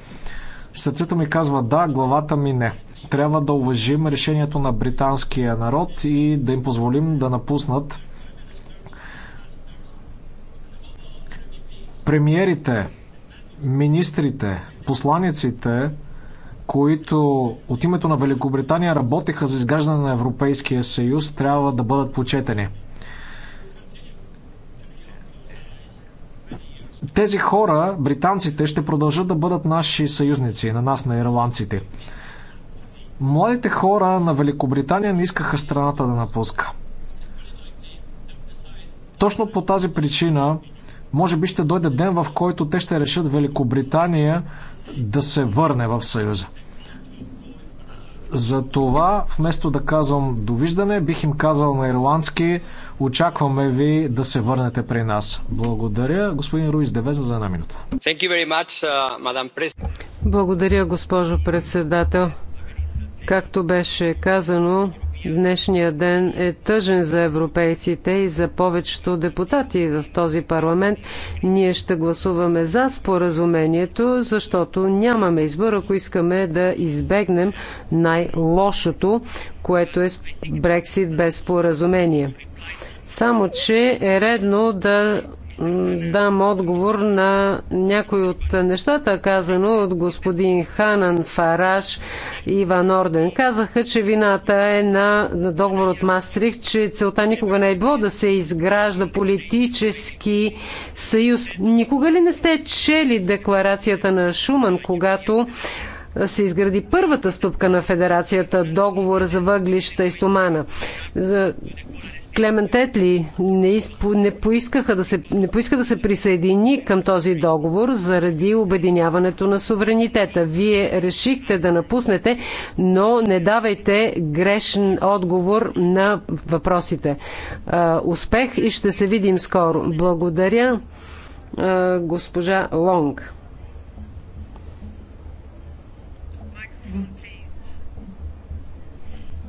Сърцето ми казва да, главата ми не. Трябва да уважим решението на британския народ и да им позволим да напуснат. Премиерите, министрите, посланиците, които от името на Великобритания работеха за изграждане на Европейския съюз, трябва да бъдат почетени. Тези хора, британците, ще продължат да бъдат наши съюзници, на нас, на ирландците. Младите хора на Великобритания не искаха страната да напуска. Точно по тази причина, може би ще дойде ден, в който те ще решат Великобритания да се върне в Съюза. За това, вместо да казвам довиждане, бих им казал на ирландски очакваме ви да се върнете при нас. Благодаря, господин Руис Девеза, за една минута. Uh, Благодаря, госпожо председател. Както беше казано, Днешния ден е тъжен за европейците и за повечето депутати в този парламент. Ние ще гласуваме за споразумението, защото нямаме избор, ако искаме да избегнем най-лошото, което е Брексит без споразумение. Само, че е редно да дам отговор на някои от нещата, казано от господин Ханан Фараш и Иван Орден. Казаха, че вината е на, на договор от Мастрих, че целта никога не е било да се изгражда политически съюз. Никога ли не сте чели декларацията на Шуман, когато се изгради първата стъпка на федерацията, договор за въглища и стомана. За Клемент Етли не, изпо, не, поискаха да се, не поиска да се присъедини към този договор заради обединяването на суверенитета. Вие решихте да напуснете, но не давайте грешен отговор на въпросите. А, успех и ще се видим скоро. Благодаря, а, госпожа Лонг.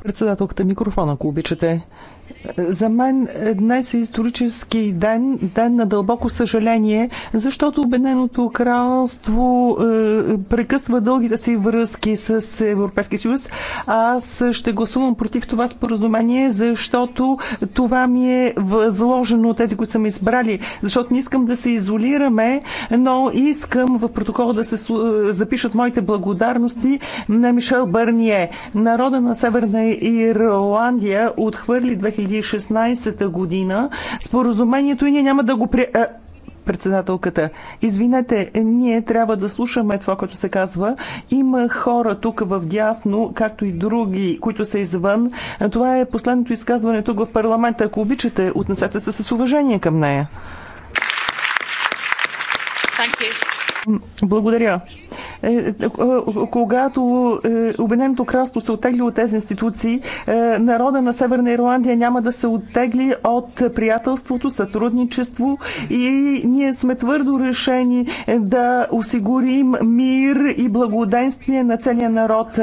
Председателката микрофон, ако обичате. За мен е, днес е исторически ден, ден на дълбоко съжаление, защото Обединеното кралство е, прекъсва дългите си връзки с Европейския съюз. Аз ще гласувам против това споразумение, защото това ми е възложено от тези, които са ме избрали. Защото не искам да се изолираме, но искам в протокола да се е, запишат моите благодарности на Мишел Бърние. Народа на Северна Ирландия отхвърли 2000 2016 година споразумението и ние няма да го при е, председателката. Извинете, ние трябва да слушаме това, което се казва. Има хора тук в дясно, както и други, които са извън. Това е последното изказване тук в парламента. Ако обичате, отнесете се с уважение към нея. Thank you. Благодаря. Е, е, е, когато Обединеното кралство се отегли от тези институции, народа на Северна Ирландия няма да се оттегли от приятелството, сътрудничество и ние сме твърдо решени да осигурим мир и благоденствие на целия народ.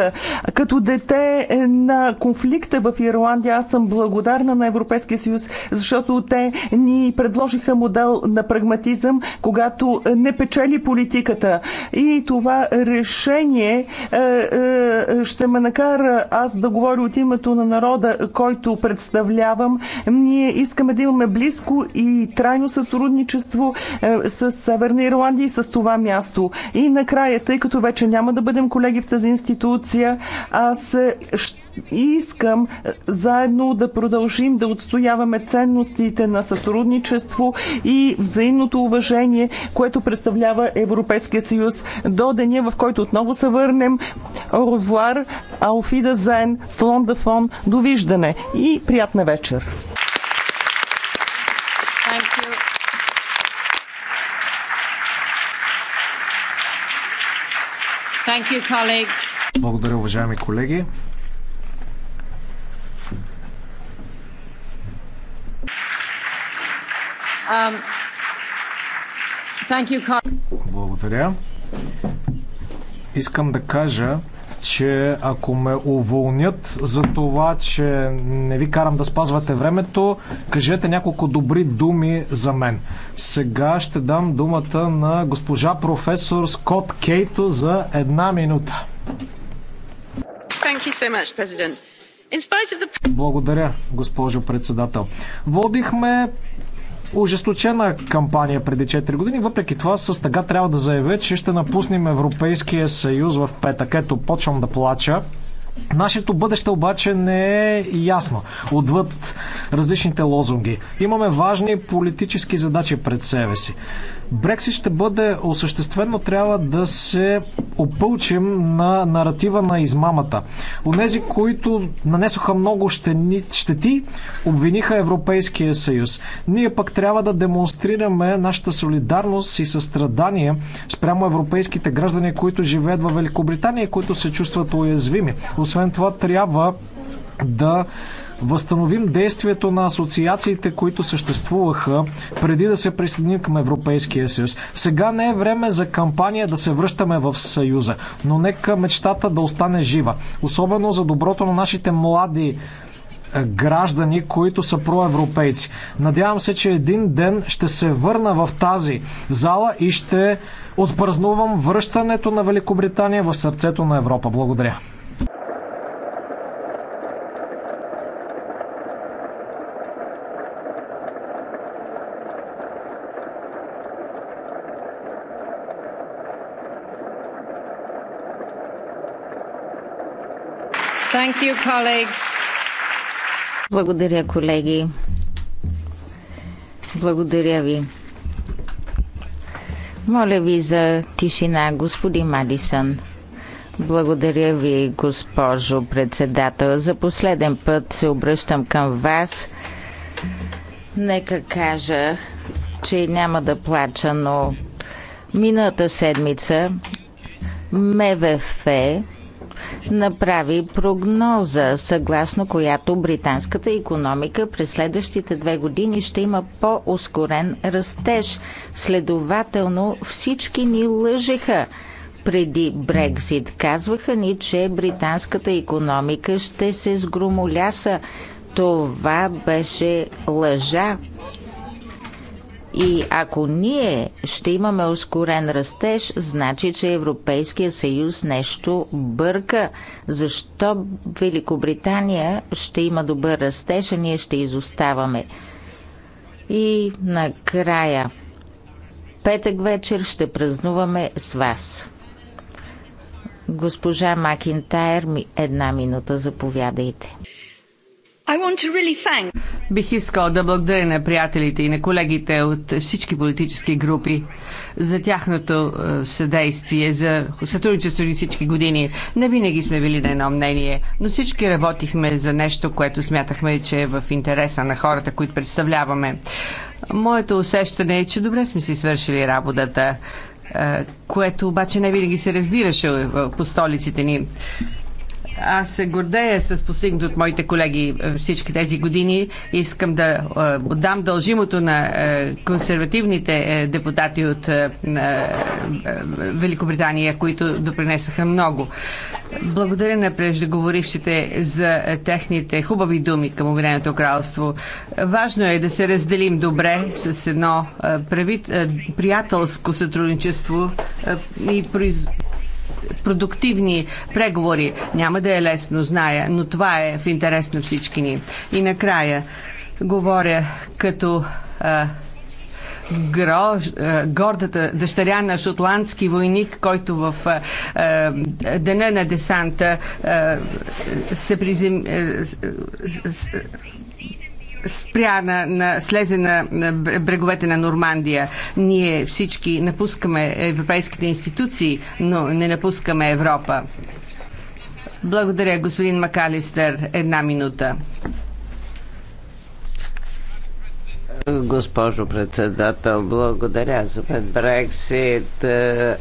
Като дете на конфликта в Ирландия, аз съм благодарна на Европейския съюз, защото те ни предложиха модел на прагматизъм, когато не печели политика политиката. И това решение е, е, ще ме накара аз да говоря от името на народа, който представлявам. Ние искаме да имаме близко и трайно сътрудничество е, с Северна Ирландия и с това място. И накрая, тъй като вече няма да бъдем колеги в тази институция, аз ще и искам е, заедно да продължим да отстояваме ценностите на сътрудничество и взаимното уважение, което представлява Европейския съюз до деня, в който отново се върнем. Орвуар, Ауфида Зен, Слон Дафон, довиждане и приятна вечер! Благодаря, уважаеми колеги. Um, Благодаря. Искам да кажа, че ако ме уволнят за това, че не ви карам да спазвате времето, кажете няколко добри думи за мен. Сега ще дам думата на госпожа професор Скот Кейто за една минута. Благодаря, госпожо председател. Водихме ужесточена кампания преди 4 години. Въпреки това, с тъга трябва да заявя, че ще напуснем Европейския съюз в петък. Ето, почвам да плача. Нашето бъдеще обаче не е ясно. Отвъд различните лозунги. Имаме важни политически задачи пред себе си. Брексит ще бъде осъществено, трябва да се опълчим на наратива на измамата. Онези, които нанесоха много щети, обвиниха Европейския съюз. Ние пък трябва да демонстрираме нашата солидарност и състрадание спрямо европейските граждани, които живеят в Великобритания и които се чувстват уязвими. Освен това, трябва да възстановим действието на асоциациите, които съществуваха преди да се присъединим към Европейския съюз. Сега не е време за кампания да се връщаме в Съюза, но нека мечтата да остане жива. Особено за доброто на нашите млади е, граждани, които са проевропейци. Надявам се, че един ден ще се върна в тази зала и ще отпразнувам връщането на Великобритания в сърцето на Европа. Благодаря. you, Благодаря, колеги. Благодаря ви. Моля ви за тишина, господин Мадисън. Благодаря ви, госпожо председател. За последен път се обръщам към вас. Нека кажа, че няма да плача, но миналата седмица МВФ направи прогноза, съгласно която британската економика през следващите две години ще има по-ускорен растеж. Следователно всички ни лъжеха преди Брекзит. Казваха ни, че британската економика ще се сгромоляса. Това беше лъжа. И ако ние ще имаме ускорен растеж, значи, че Европейския съюз нещо бърка. Защо Великобритания ще има добър растеж, а ние ще изоставаме? И накрая, петък вечер ще празнуваме с вас. Госпожа Макинтайр, една минута заповядайте. Бих искал да благодаря на приятелите и на колегите от всички политически групи за тяхното е, съдействие, за сътрудничество ни всички години. Не винаги сме били на едно мнение, но всички работихме за нещо, което смятахме, че е в интереса на хората, които представляваме. Моето усещане е, че добре сме си свършили работата, е, което обаче не винаги се разбираше е, по столиците ни. Аз се гордея с постигнато от моите колеги е, всички тези години. Искам да е, дам дължимото на е, консервативните депутати от Великобритания, които допринесаха много. Благодаря на преждеговорившите за техните хубави думи към Обединеното кралство. Важно е да се разделим добре с едно приятелско сътрудничество и производство продуктивни преговори. Няма да е лесно, зная, но това е в интерес на всички ни. И накрая говоря като а, а, гордата дъщеря на шотландски войник, който в е, деня на десанта а, се призем спря на, на слезе на, на бреговете на Нормандия. Ние всички напускаме европейските институции, но не напускаме Европа. Благодаря, господин Макалистър. Една минута. Госпожо председател, благодаря за Брексит. Е,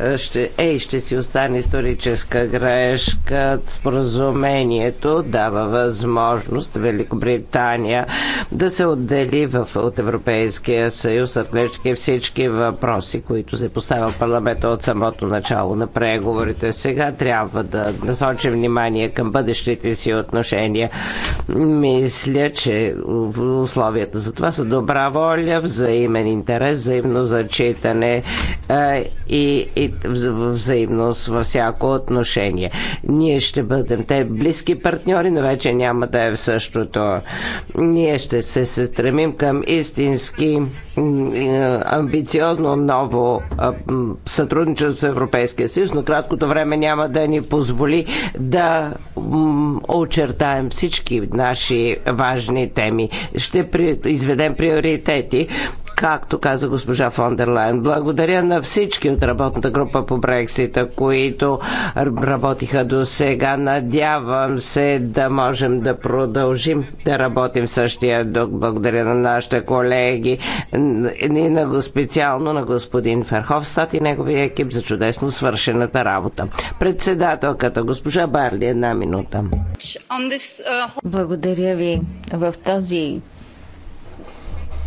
е, ще, ей, ще си остане историческа грешка. Споразумението дава възможност Великобритания да се отдели в, от Европейския съюз, отглеждайки всички въпроси, които се поставя парламента от самото начало на преговорите. Сега трябва да насочим внимание към бъдещите си отношения. Мисля, че условията за това са добра воля, взаимен интерес, взаимно зачитане и, и взаимност във всяко отношение. Ние ще бъдем те близки партньори, но вече няма да е в същото. Ние ще се, се стремим към истински амбициозно ново сътрудничество с Европейския съюз, но краткото време няма да ни позволи да очертаем всички наши важни теми. Ще при... изведем определен приоритети, както каза госпожа Фондерлайн. Благодаря на всички от работната група по Брексита, които работиха до сега. Надявам се да можем да продължим да работим в същия дух. Благодаря на нашите колеги и на, специално на господин Ферховстат и неговия екип за чудесно свършената работа. Председателката, госпожа Барли, една минута. Uh, Благодаря ви. В този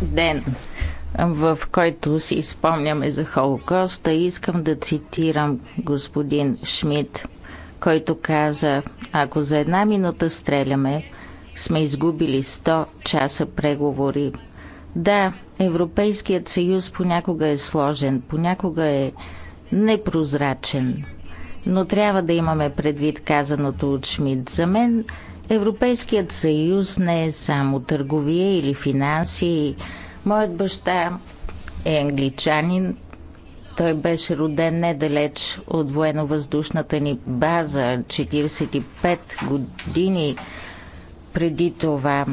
ден, в който си спомняме за Холокоста. Искам да цитирам господин Шмидт, който каза, ако за една минута стреляме, сме изгубили 100 часа преговори. Да, Европейският съюз понякога е сложен, понякога е непрозрачен, но трябва да имаме предвид казаното от Шмидт. За мен Европейският съюз не е само търговия или финанси. Моят баща е англичанин. Той беше роден недалеч от военно-въздушната ни база 45 години преди това.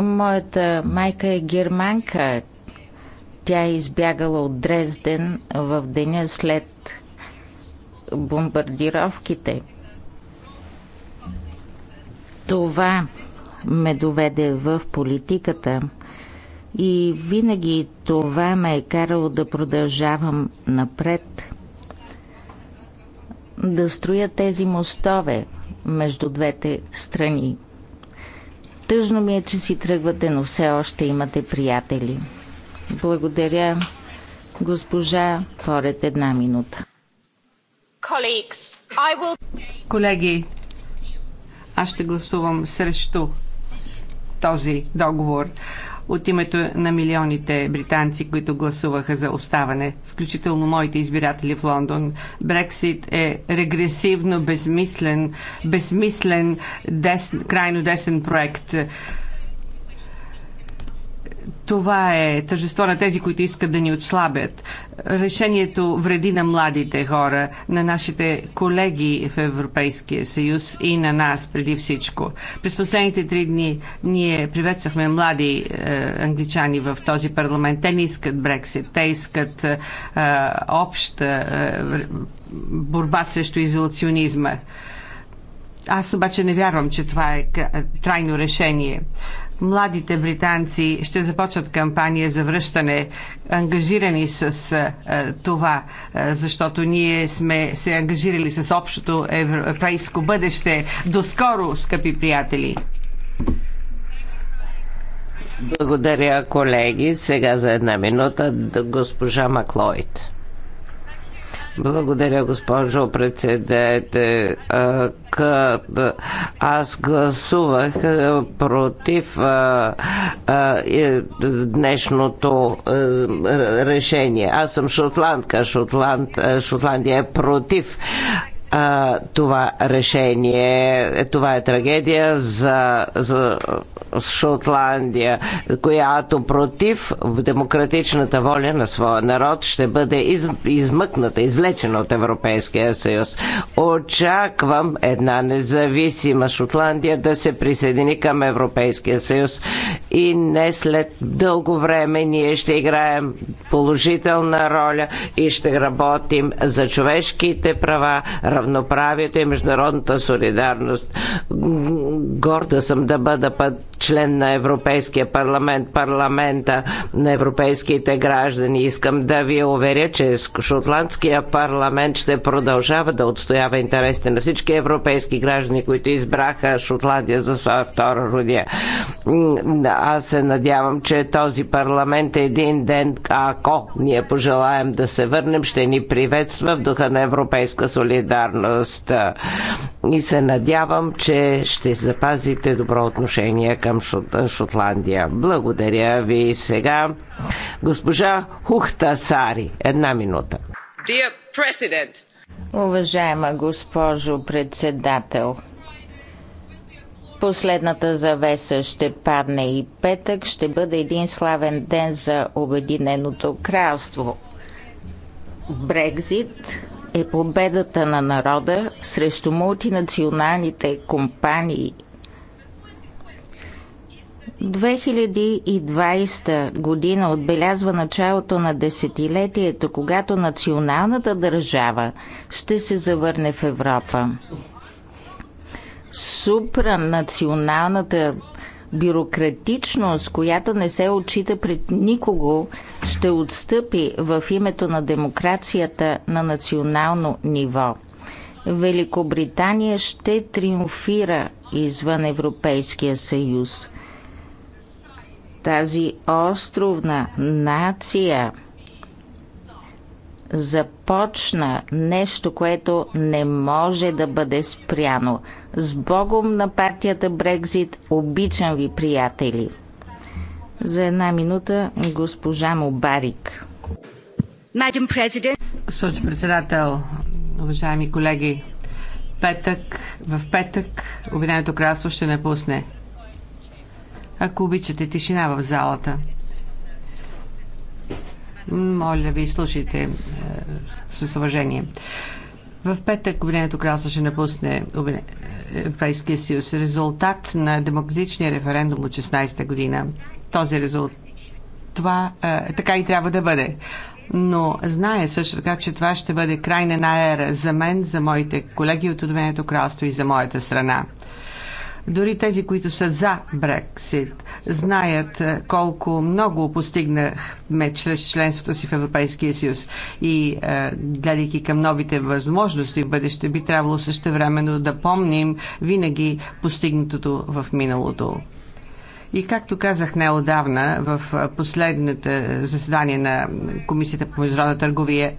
Моята майка е германка. Тя е избягала от Дрезден в деня след бомбардировките – това ме доведе в политиката и винаги това ме е карало да продължавам напред, да строя тези мостове между двете страни. Тъжно ми е, че си тръгвате, но все още имате приятели. Благодаря, госпожа, поред една минута. Колеги, аз ще гласувам срещу този договор от името на милионите британци, които гласуваха за оставане, включително моите избиратели в Лондон. Брексит е регресивно, безмислен, безмислен, крайно десен проект. Това е тържество на тези, които искат да ни отслабят. Решението вреди на младите хора, на нашите колеги в Европейския съюз и на нас преди всичко. През последните три дни ние приветствахме млади е, англичани в този парламент. Те не искат Брексит, те искат е, обща е, борба срещу изолационизма. Аз обаче не вярвам, че това е, е трайно решение. Младите британци ще започнат кампания за връщане, ангажирани с е, това, е, защото ние сме се ангажирали с общото европейско бъдеще. Доскоро, скъпи приятели! Благодаря, колеги. Сега за една минута госпожа Маклойд. Благодаря, госпожо председател. Аз гласувах против днешното решение. Аз съм шотландка. Шотланд, Шотландия е против а, това решение. Е, това е трагедия за, за Шотландия, която против демократичната воля на своя народ ще бъде из, измъкната, извлечена от Европейския съюз. Очаквам една независима Шотландия да се присъедини към Европейския съюз и не след дълго време ние ще играем положителна роля и ще работим за човешките права, равноправието и международната солидарност. Горда съм да бъда път член на Европейския парламент, парламента на европейските граждани. Искам да ви уверя, че Шотландския парламент ще продължава да отстоява интересите на всички европейски граждани, които избраха Шотландия за своя втора родия. Аз се надявам, че този парламент е един ден, ако ние пожелаем да се върнем, ще ни приветства в духа на европейска солидарност солидарност. И се надявам, че ще запазите добро отношение към Шотландия. Благодаря ви сега. Госпожа Хухта Сари, една минута. Dear Уважаема госпожо председател, последната завеса ще падне и петък, ще бъде един славен ден за Обединеното кралство. Брекзит е победата на народа срещу мултинационалните компании. 2020 година отбелязва началото на десетилетието, когато националната държава ще се завърне в Европа. Супранационалната бюрократичност, която не се отчита пред никого, ще отстъпи в името на демокрацията на национално ниво. Великобритания ще триумфира извън Европейския съюз. Тази островна нация започна нещо, което не може да бъде спряно – с Богом на партията Брекзит. Обичам ви, приятели. За една минута госпожа Мубарик. Госпожо председател, уважаеми колеги, петък, в петък Обединеното кралство ще напусне. Ако обичате тишина в залата. Моля ви, слушайте е, с уважение. В петък Обединеното кралство ще напусне е, Европейския съюз. Резултат на демократичния референдум от 16-та година. Този резултат. Това е, така и трябва да бъде. Но знае също така, че това ще бъде край на ера за мен, за моите колеги от Обединеното кралство и за моята страна. Дори тези, които са за Брексит, знаят е, колко много постигнахме чрез членството си в Европейския съюз. И е, гледайки към новите възможности в бъдеще, би трябвало също времено да помним винаги постигнатото в миналото. И както казах неодавна в е, последното заседание на Комисията по международна търговия,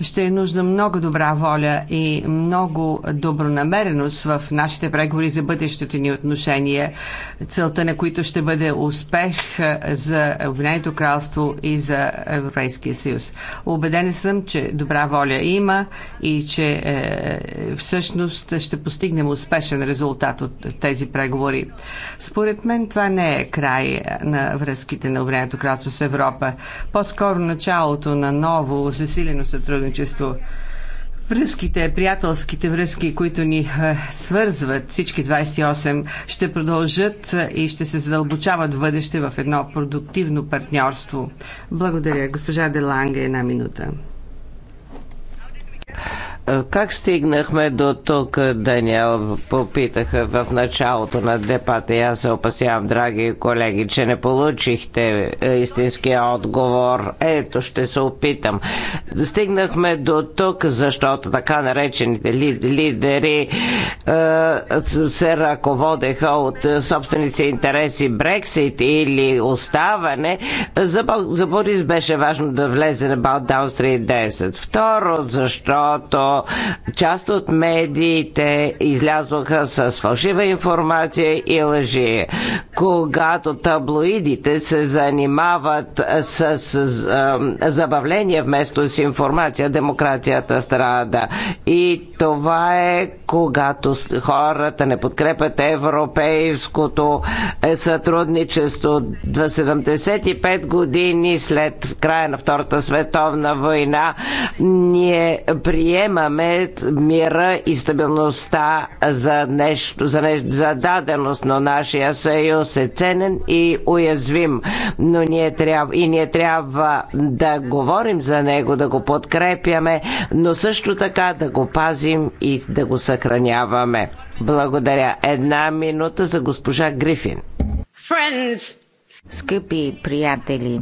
ще е нужна много добра воля и много добронамереност в нашите преговори за бъдещите ни отношения, целта на които ще бъде успех за Обединеното кралство и за Европейския съюз. Обедена съм, че добра воля има и че е, всъщност ще постигнем успешен резултат от тези преговори. Според мен това не е край на връзките на Обединеното кралство с Европа. По-скоро началото на ново засилено сътрудничество сътрудничество. Връзките, приятелските връзки, които ни е, свързват всички 28, ще продължат е, и ще се задълбочават в бъдеще в едно продуктивно партньорство. Благодаря. Госпожа Деланга, една минута. Е, как стигнахме до тук, Даниел, попитаха в началото на депата и аз се опасявам, драги колеги, че не получихте е, истинския отговор. Ето, ще се опитам. Стигнахме до тук, защото така наречените лидери е, се ръководеха от собствените си интереси Брексит или оставане. За, Борис беше важно да влезе на Балдаун 10. Второ, защото част от медиите излязоха с фалшива информация и лъжи. Когато таблоидите се занимават с, с, с забавление вместо с информация, демокрацията страда. И това е когато хората не подкрепят европейското е, сътрудничество. 75 години след края на Втората световна война ние приемаме имаме мира и стабилността за, нещо, за, нещо, за даденост, но нашия съюз е ценен и уязвим. Но ние трябва, и ние трябва да говорим за него, да го подкрепяме, но също така да го пазим и да го съхраняваме. Благодаря. Една минута за госпожа Грифин. Friends. Скъпи приятели,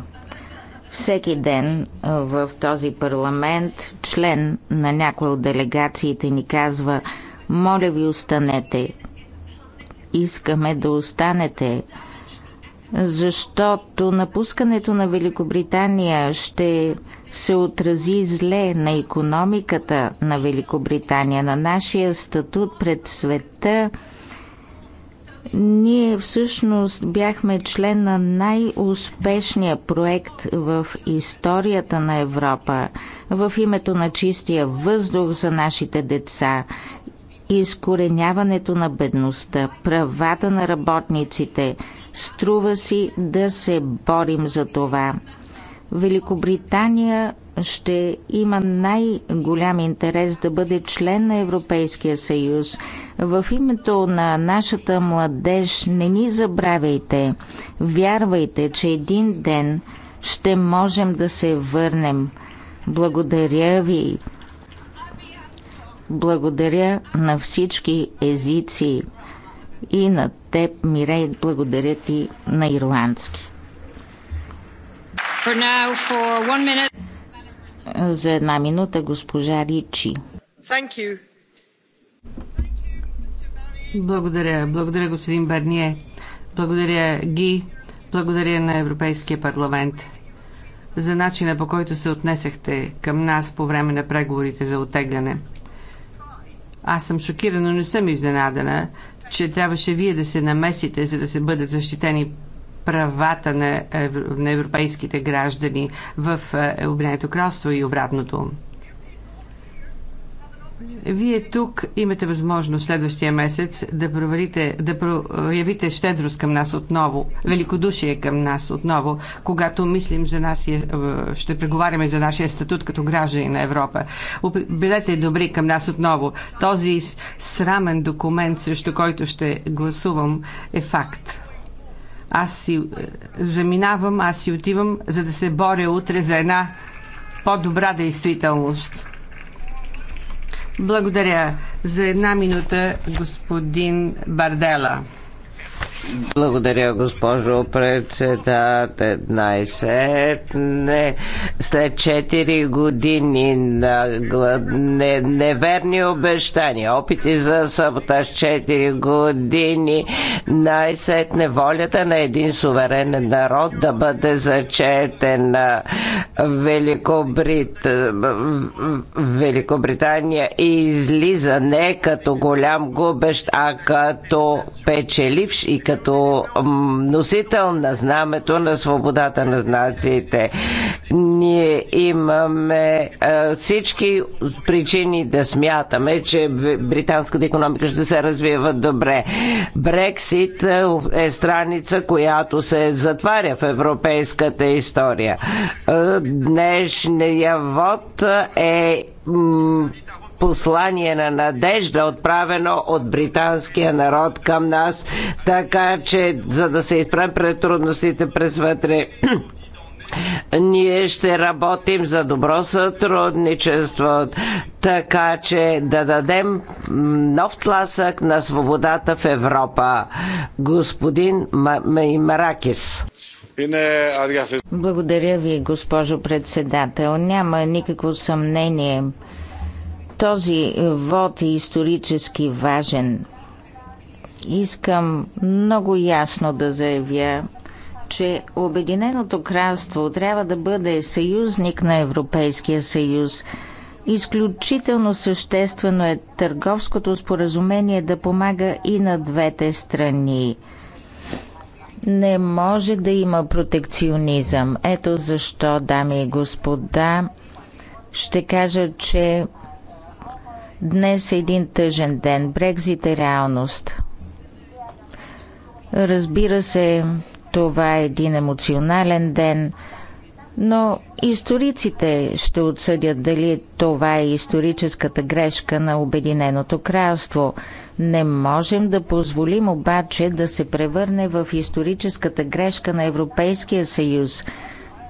всеки ден в този парламент член на някоя от делегациите ни казва моля ви останете. Искаме да останете. Защото напускането на Великобритания ще се отрази зле на економиката на Великобритания, на нашия статут пред света – ние всъщност бяхме член на най-успешния проект в историята на Европа, в името на чистия въздух за нашите деца, изкореняването на бедността, правата на работниците. Струва си да се борим за това. Великобритания ще има най-голям интерес да бъде член на Европейския съюз. В името на нашата младеж не ни забравяйте. Вярвайте, че един ден ще можем да се върнем. Благодаря ви. Благодаря на всички езици и на теб, Мирей, благодаря ти на ирландски. For now, for one minute. За една минута госпожа Ричи. Благодаря. Благодаря, господин Барние. Благодаря ги. Благодаря на Европейския парламент за начина по който се отнесехте към нас по време на преговорите за отегляне. Аз съм шокирана, но не съм изненадана, че трябваше вие да се намесите, за да се бъдат защитени правата на, на европейските граждани в е, Обединеното кралство и обратното. Вие тук имате възможност следващия месец да, проверите, да проявите щедрост към нас отново, великодушие към нас отново, когато мислим за нас, е, ще преговаряме за нашия статут като граждани на Европа. Бъдете добри към нас отново. Този срамен документ, срещу който ще гласувам, е факт. Аз си е, заминавам, аз си отивам, за да се боря утре за една по-добра действителност. Благодаря за една минута, господин Бардела. Благодаря, госпожо председател. Най-сетне след 4 години на глад... не, неверни обещания, опити за саботаж 4 години, най-сетне волята на един суверен народ да бъде зачетена. Великобрит... Великобритания излиза не като голям губещ, а като печеливш и като като носител на знамето на свободата на знаците. Ние имаме всички причини да смятаме, че британската економика ще се развива добре. Брексит е страница, която се затваря в европейската история. Днешния вод е послание на надежда, отправено от британския народ към нас, така че за да се изправим пред трудностите през вътре *clears throat* ние ще работим за добро сътрудничество, така че да дадем нов тласък на свободата в Европа. Господин Маймаракис. Благодаря ви, госпожо председател. Няма никакво съмнение този вод е исторически важен. Искам много ясно да заявя, че Обединеното кралство трябва да бъде съюзник на Европейския съюз. Изключително съществено е търговското споразумение да помага и на двете страни. Не може да има протекционизъм. Ето защо, дами и господа, ще кажа, че Днес е един тъжен ден. Брекзит е реалност. Разбира се, това е един емоционален ден, но историците ще отсъдят дали това е историческата грешка на Обединеното кралство. Не можем да позволим обаче да се превърне в историческата грешка на Европейския съюз.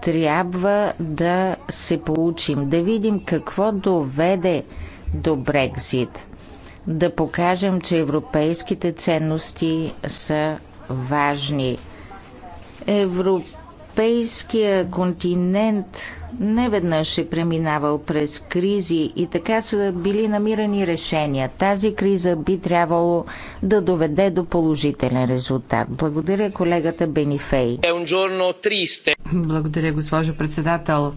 Трябва да се получим, да видим какво доведе до Брекзит. Да покажем, че европейските ценности са важни. Европейския континент неведнъж е преминавал през кризи и така са били намирани решения. Тази криза би трябвало да доведе до положителен резултат. Благодаря колегата Бенифей. Благодаря, госпожо председател.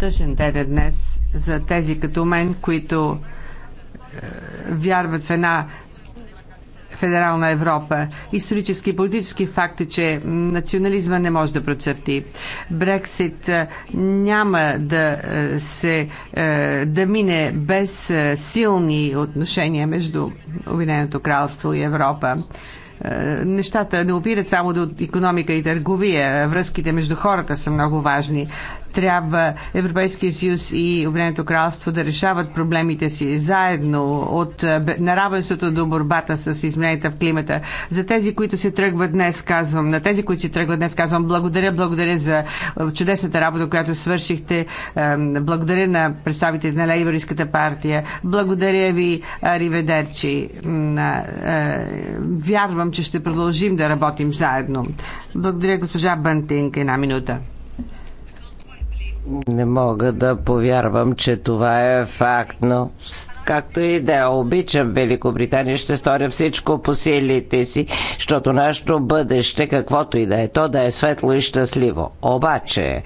Тъжен ден е днес за тези като мен, които е, вярват в една федерална Европа. Исторически и политически факт е, че национализма не може да процъфти. Брексит е, няма да е, се да мине без силни отношения между Обединеното кралство и Европа. Нещата не опират само до економика и търговия. Връзките между хората са много важни. Трябва Европейския съюз и Обединеното кралство да решават проблемите си заедно от е, наравенството до борбата с измененията в климата. За тези, които се тръгват днес, казвам, на тези, които се тръгват днес, казвам благодаря, благодаря за е, чудесната работа, която свършихте. Е, благодаря на представителите на Лейбористската партия. Благодаря ви, Риведерчи. Вярвам, че ще продължим да работим заедно. Благодаря, госпожа Бантинг. Една минута. Не мога да повярвам, че това е факт, но както и да е, обичам Великобритания, ще сторя всичко по силите си, защото нашето бъдеще, каквото и да е то, да е светло и щастливо. Обаче,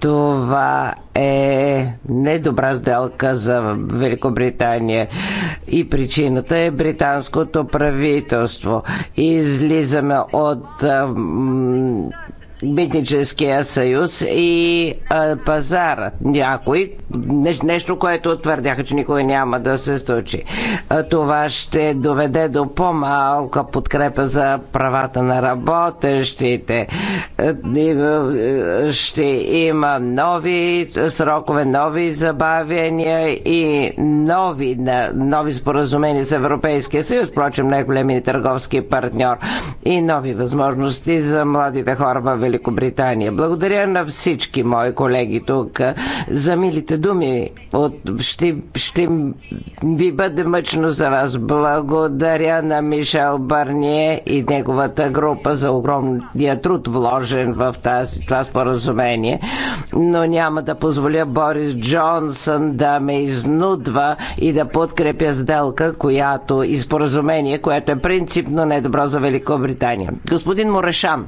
това е недобра сделка за Великобритания. И причината е британското правителство. Излизаме от митническия съюз и а, пазара. Някои, нещо, което твърдяха, че никой няма да се случи. А, това ще доведе до по-малка подкрепа за правата на работещите. А, ще има нови срокове, нови забавяния и нови, нови споразумения с Европейския съюз, впрочем най-големи търговски партньор и нови възможности за младите хора в Великобритания. Благодаря на всички мои колеги тук за милите думи. От, ще, ще ви бъде мъчно за вас. Благодаря на Мишел Барние и неговата група за огромния труд вложен в тази, това споразумение. Но няма да позволя Борис Джонсън да ме изнудва и да подкрепя сделка, която и споразумение, което е принципно недобро за Великобритания. Господин Морешан.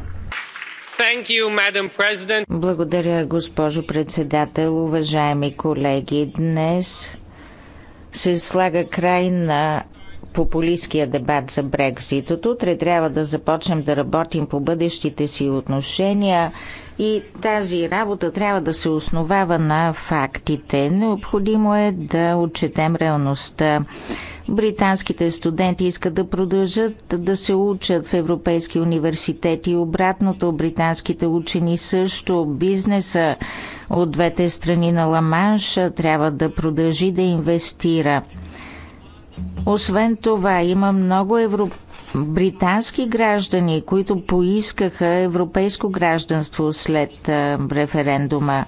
Благодаря, госпожо председател, уважаеми колеги. Днес се слага край на популистския дебат за Брекзит. От утре трябва да започнем да работим по бъдещите си отношения и тази работа трябва да се основава на фактите. Необходимо е да отчетем реалността. Британските студенти искат да продължат да се учат в европейски университети и обратното британските учени също. Бизнеса от двете страни на Ламанш трябва да продължи да инвестира. Освен това, има много европейски британски граждани, които поискаха европейско гражданство след референдума.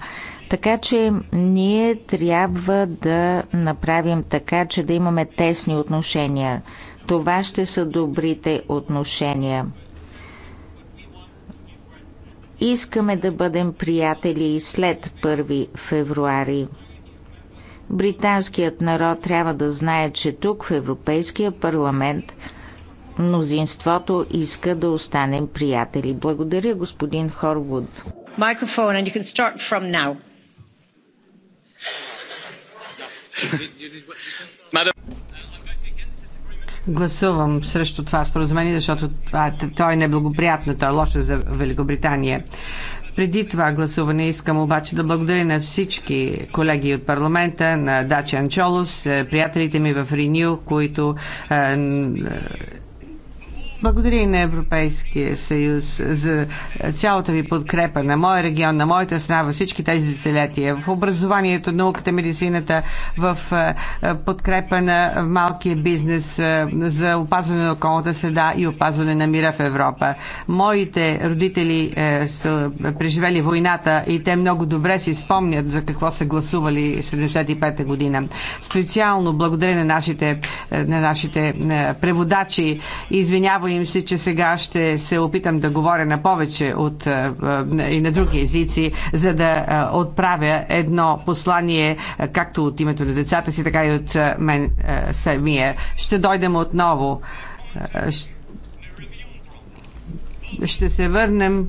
Така че ние трябва да направим така, че да имаме тесни отношения. Това ще са добрите отношения. Искаме да бъдем приятели и след 1 февруари. Британският народ трябва да знае, че тук в Европейския парламент мнозинството иска да останем приятели. Благодаря, господин Хорвуд. Microphone and you can start from now. Гласувам срещу това споразумение, защото това, е- то е неблагоприятно, то е лошо за Великобритания. Преди това гласуване искам обаче да благодаря на всички колеги от парламента, на Дачи Анчолос, приятелите ми в Реню, които е, благодаря и на Европейския съюз за цялата ви подкрепа на моя регион, на моята страна, във всички тези заселятия, в образованието, науката, медицината, в е, е, подкрепа на малкия бизнес, е, за опазване на околната среда и опазване на мира в Европа. Моите родители са преживели войната и те много добре си спомнят за какво са гласували 75-та година. Специално благодаря на нашите, на нашите преводачи. Извинявай Спомням си, че сега ще се опитам да говоря на повече от, е, е, и на други езици, за да е, отправя едно послание, както от името на децата си, така и от мен самия. Ще дойдем отново. Ще се върнем.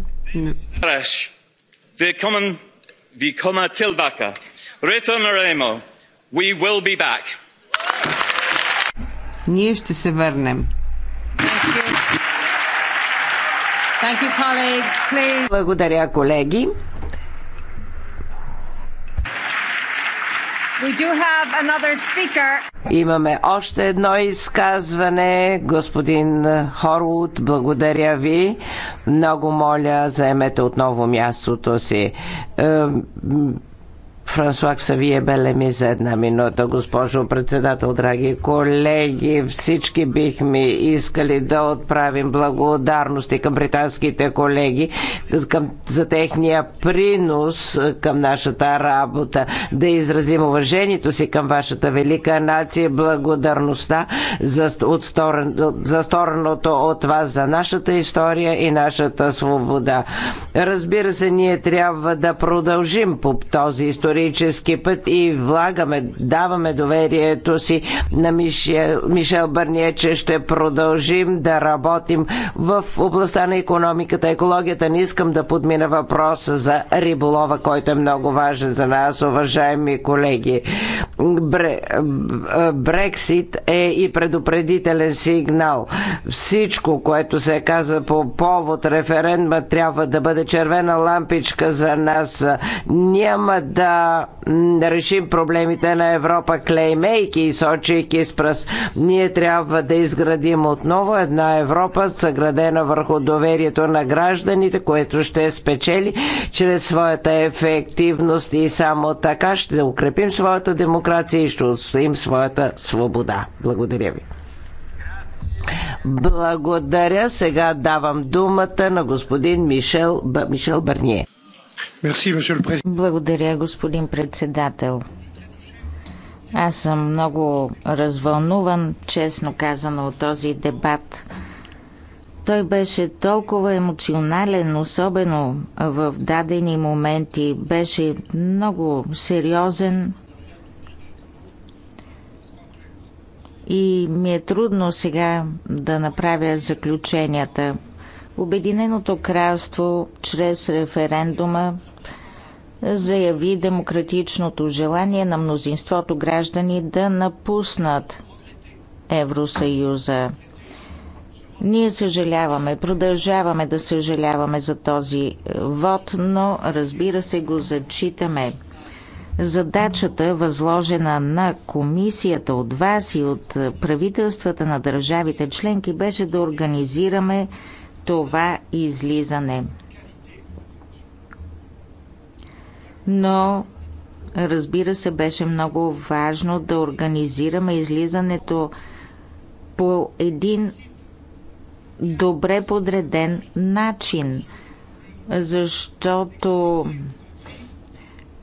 We will be back. Ние ще се върнем. You, Благодаря, колеги. Имаме още едно изказване. Господин Хорвуд, благодаря ви. Много моля, заемете отново мястото си е, Франсуа Ксавие Белеми за една минута. Госпожо председател, драги колеги, всички бихме искали да отправим благодарности към британските колеги към, за техния принос към нашата работа. Да изразим уважението си към вашата велика нация, благодарността за, от сторон, за стороното от вас, за нашата история и нашата свобода. Разбира се, ние трябва да продължим по този историк исторически път и влагаме, даваме доверието си на Мишел, Мишел Бърния, че ще продължим да работим в областта на економиката, екологията. Не искам да подмина въпроса за риболова, който е много важен за нас, уважаеми колеги. Брексит е и предупредителен сигнал. Всичко, което се каза по повод референдума, трябва да бъде червена лампичка за нас. Няма да да решим проблемите на Европа, клеймейки и сочейки с пръст. Ние трябва да изградим отново една Европа, съградена върху доверието на гражданите, което ще спечели чрез своята ефективност и само така ще укрепим своята демокрация и ще отстоим своята свобода. Благодаря ви. Благодаря. Сега давам думата на господин Мишел, Мишел Барние. Благодаря, господин председател. Аз съм много развълнуван, честно казано, от този дебат. Той беше толкова емоционален, особено в дадени моменти. Беше много сериозен. И ми е трудно сега да направя заключенията. Обединеното кралство чрез референдума заяви демократичното желание на мнозинството граждани да напуснат Евросъюза. Ние съжаляваме, продължаваме да съжаляваме за този е, вод, но разбира се го зачитаме. Задачата, възложена на комисията от вас и от е, правителствата на държавите членки, беше да организираме това излизане. Но разбира се, беше много важно да организираме излизането по един добре подреден начин, защото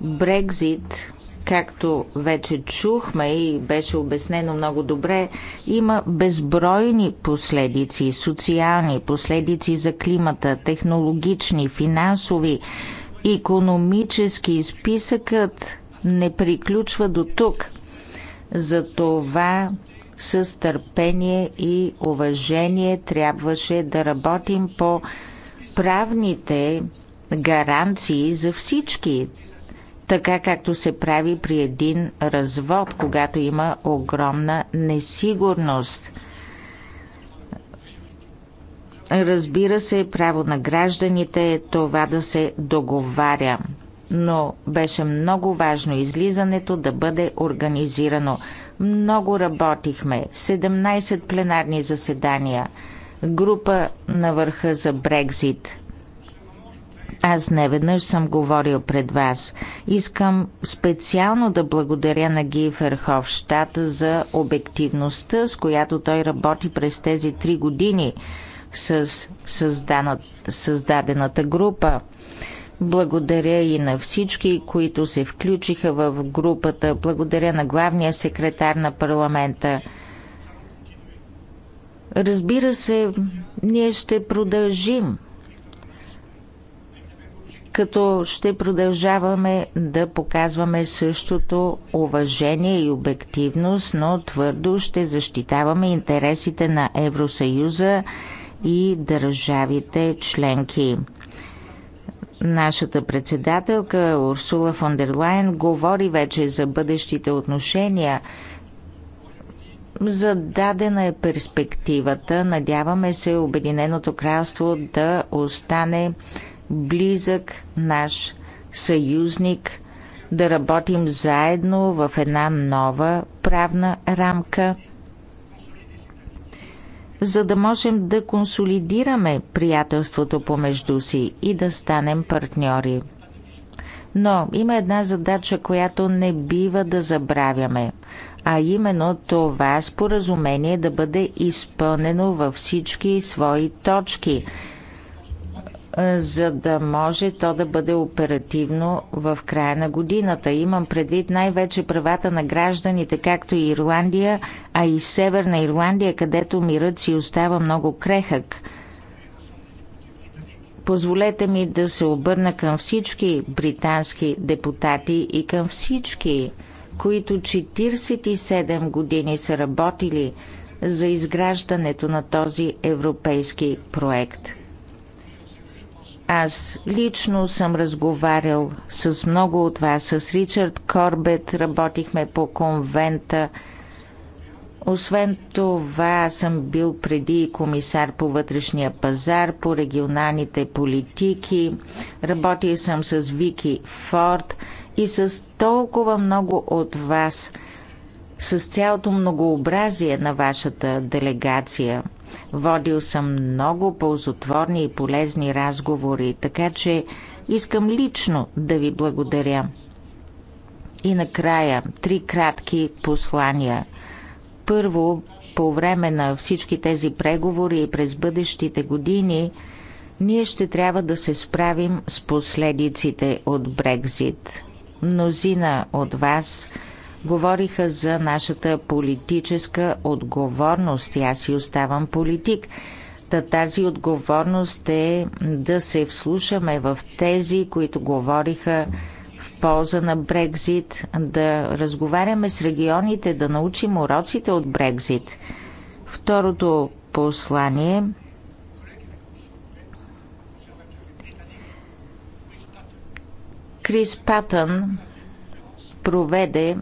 Брекзит Както вече чухме и беше обяснено много добре, има безбройни последици, социални последици за климата, технологични, финансови, економически. Списъкът не приключва до тук. Затова с търпение и уважение трябваше да работим по правните гаранции за всички така както се прави при един развод, когато има огромна несигурност. Разбира се, право на гражданите е това да се договаря, но беше много важно излизането да бъде организирано. Много работихме, 17 пленарни заседания, група на върха за Брекзит – аз неведнъж съм говорил пред вас. Искам специално да благодаря на Ги Ферховщад за обективността, с която той работи през тези три години с създадената група. Благодаря и на всички, които се включиха в групата. Благодаря на главния секретар на парламента. Разбира се, ние ще продължим като ще продължаваме да показваме същото уважение и обективност, но твърдо ще защитаваме интересите на Евросъюза и държавите членки. Нашата председателка Урсула фон дер Лайен говори вече за бъдещите отношения. Зададена е перспективата. Надяваме се Обединеното кралство да остане близък наш съюзник, да работим заедно в една нова правна рамка, за да можем да консолидираме приятелството помежду си и да станем партньори. Но има една задача, която не бива да забравяме, а именно това споразумение да бъде изпълнено във всички свои точки – е, за да може то да бъде оперативно в края на годината. Имам предвид най-вече правата на гражданите, както и Ирландия, а и Северна Ирландия, където мирът си остава много крехък. Позволете ми да се обърна към всички британски депутати и към всички, които 47 години са работили за изграждането на този европейски проект – аз лично съм разговарял с много от вас, с Ричард Корбет, работихме по конвента. Освен това, съм бил преди комисар по вътрешния пазар, по регионалните политики. Работил съм с Вики Форд и с толкова много от вас, с цялото многообразие на вашата делегация – Водил съм много ползотворни и полезни разговори, така че искам лично да ви благодаря. И накрая, три кратки послания. Първо, по време на всички тези преговори и през бъдещите години, ние ще трябва да се справим с последиците от Брекзит. Мнозина от вас – говориха за нашата политическа отговорност. Аз си оставам политик. Та тази отговорност е да се вслушаме в тези, които говориха в полза на Брекзит, да разговаряме с регионите, да научим уроците от Брекзит. Второто послание Крис Патън проведе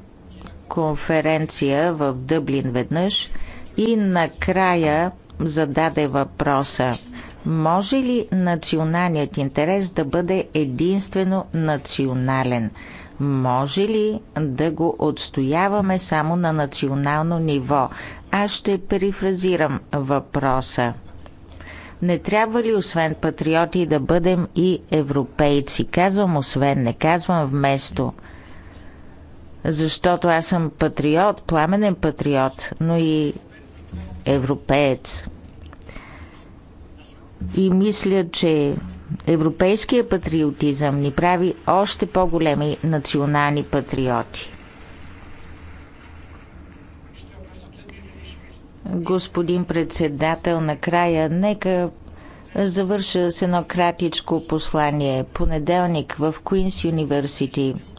конференция в Дъблин веднъж и накрая зададе въпроса може ли националният интерес да бъде единствено национален? Може ли да го отстояваме само на национално ниво? Аз ще перифразирам въпроса. Не трябва ли освен патриоти да бъдем и европейци? Казвам освен, не казвам вместо – защото аз съм патриот, пламенен патриот, но и европеец. И мисля, че европейския патриотизъм ни прави още по-големи национални патриоти. Господин председател, накрая нека завърша с едно кратичко послание. Понеделник в Куинс Юниверсити –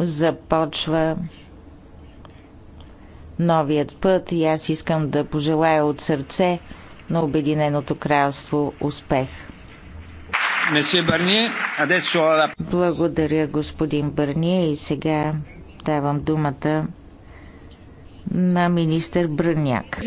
започва новият път и аз искам да пожелая от сърце на Обединеното кралство успех. Благодаря, господин Бърния, И сега давам думата на министър Бръняк.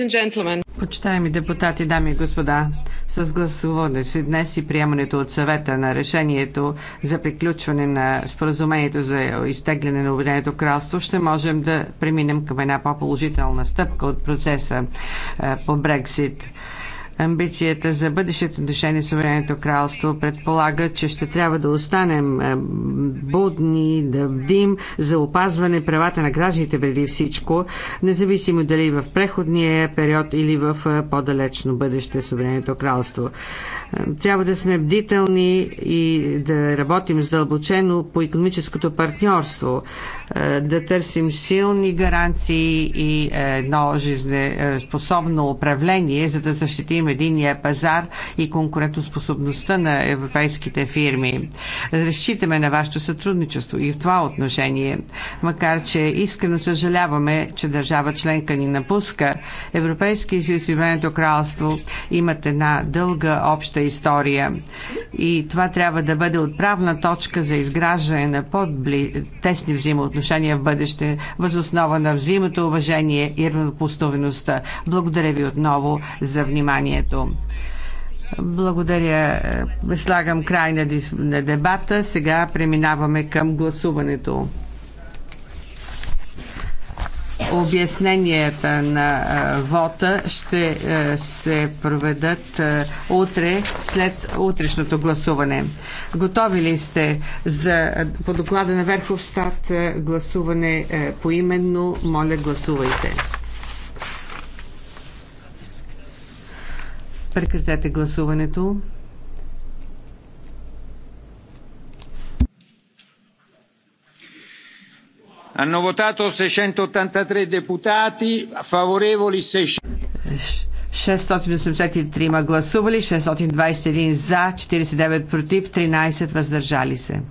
Почитаеми депутати, дами и господа, с гласуване си днес и приемането от съвета на решението за приключване на споразумението за изтегляне на Обединеното кралство, ще можем да преминем към една по-положителна стъпка от процеса е, по Брексит Амбицията за бъдещето дешение с кралство предполага, че ще трябва да останем е, будни, да бдим за опазване правата на гражданите преди всичко, независимо дали в преходния период или в е, по-далечно бъдеще с кралство. Е, трябва да сме бдителни и да работим задълбочено по економическото партньорство, да търсим силни гаранции и едно жизнеспособно управление, за да защитим подобрим единния пазар и конкурентоспособността на европейските фирми. Разчитаме на вашето сътрудничество и в това отношение. Макар, че искрено съжаляваме, че държава членка ни напуска, Европейския съюз и Обединеното кралство имат една дълга обща история. И това трябва да бъде отправна точка за изграждане на по-тесни взаимоотношения в бъдеще, възоснова на взаимото уважение и равнопоставеността. Благодаря ви отново за внимание положението. Благодаря. Слагам край на, дис... на дебата. Сега преминаваме към гласуването. Обясненията на вота ще се проведат утре след утрешното гласуване. Готови ли сте за по доклада на Верховстат гласуване поименно? Моля, гласувайте. Прекратете гласуването. Hanno votato 683 deputati, favorevoli 600. 683 гласували, 621 за, 49 против, 13 въздържали се.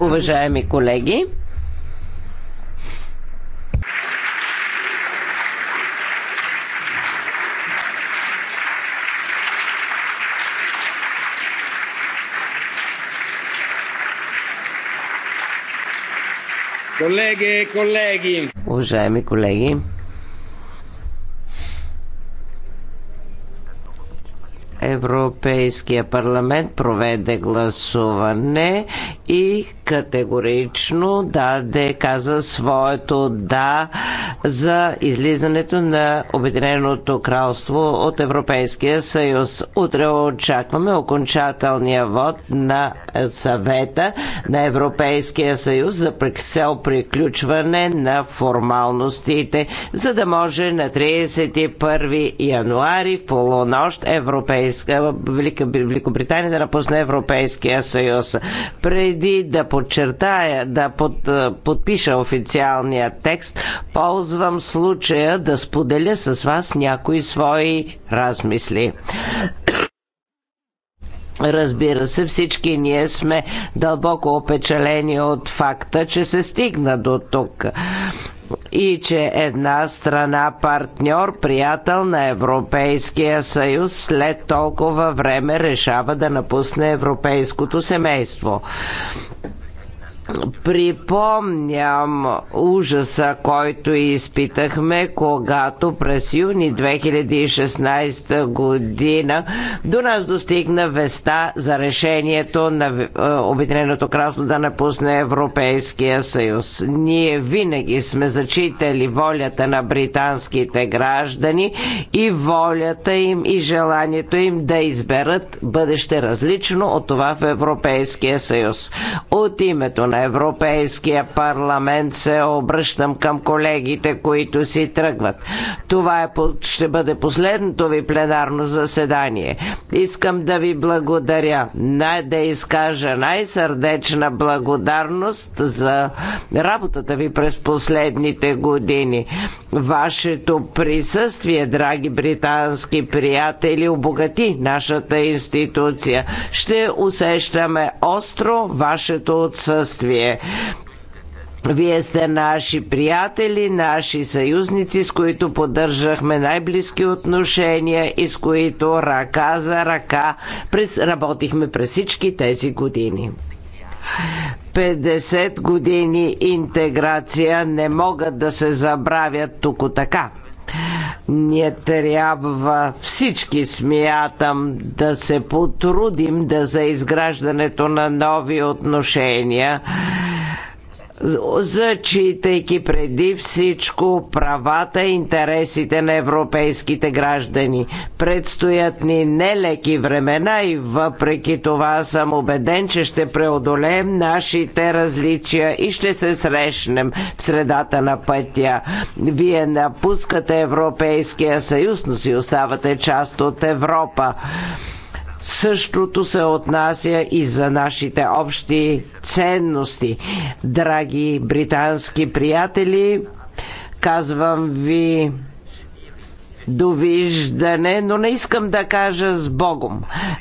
Уважаеми колеги, Колеги, колеги. E уважаеми колеги. Европейския парламент проведе гласуване и категорично даде, каза своето да за излизането на Обединеното кралство от Европейския съюз. Утре очакваме окончателния вод на съвета на Европейския съюз за цел приключване на формалностите, за да може на 31 януари в полунощ Европейска, Велика, Великобритания да напусне Европейския съюз. Преди да подчертая, да под, подпиша официалния текст, ползвам случая да споделя с вас някои свои размисли. Разбира се, всички ние сме дълбоко опечалени от факта, че се стигна до тук и че една страна партньор, приятел на Европейския съюз след толкова време решава да напусне европейското семейство. Припомням ужаса, който изпитахме, когато през юни 2016 година до нас достигна веста за решението на е, Обединеното кралство да напусне Европейския съюз. Ние винаги сме зачитали волята на британските граждани и волята им и желанието им да изберат бъдеще различно от това в Европейския съюз. От името на Европейския парламент се обръщам към колегите, които си тръгват. Това е, ще бъде последното ви пленарно заседание. Искам да ви благодаря, най- да изкажа най-сърдечна благодарност за работата ви през последните години. Вашето присъствие, драги британски приятели, обогати нашата институция. Ще усещаме остро вашето отсъствие вие. Вие сте наши приятели, наши съюзници, с които поддържахме най-близки отношения и с които ръка за ръка през, работихме през всички тези години. 50 години интеграция не могат да се забравят тук така. Ние трябва всички, смятам, да се потрудим да за изграждането на нови отношения зачитайки преди всичко правата и интересите на европейските граждани. Предстоят ни нелеки времена и въпреки това съм убеден, че ще преодолеем нашите различия и ще се срещнем в средата на пътя. Вие напускате Европейския съюз, но си оставате част от Европа. Същото се отнася и за нашите общи ценности. Драги британски приятели, казвам ви довиждане, но не искам да кажа с Богом.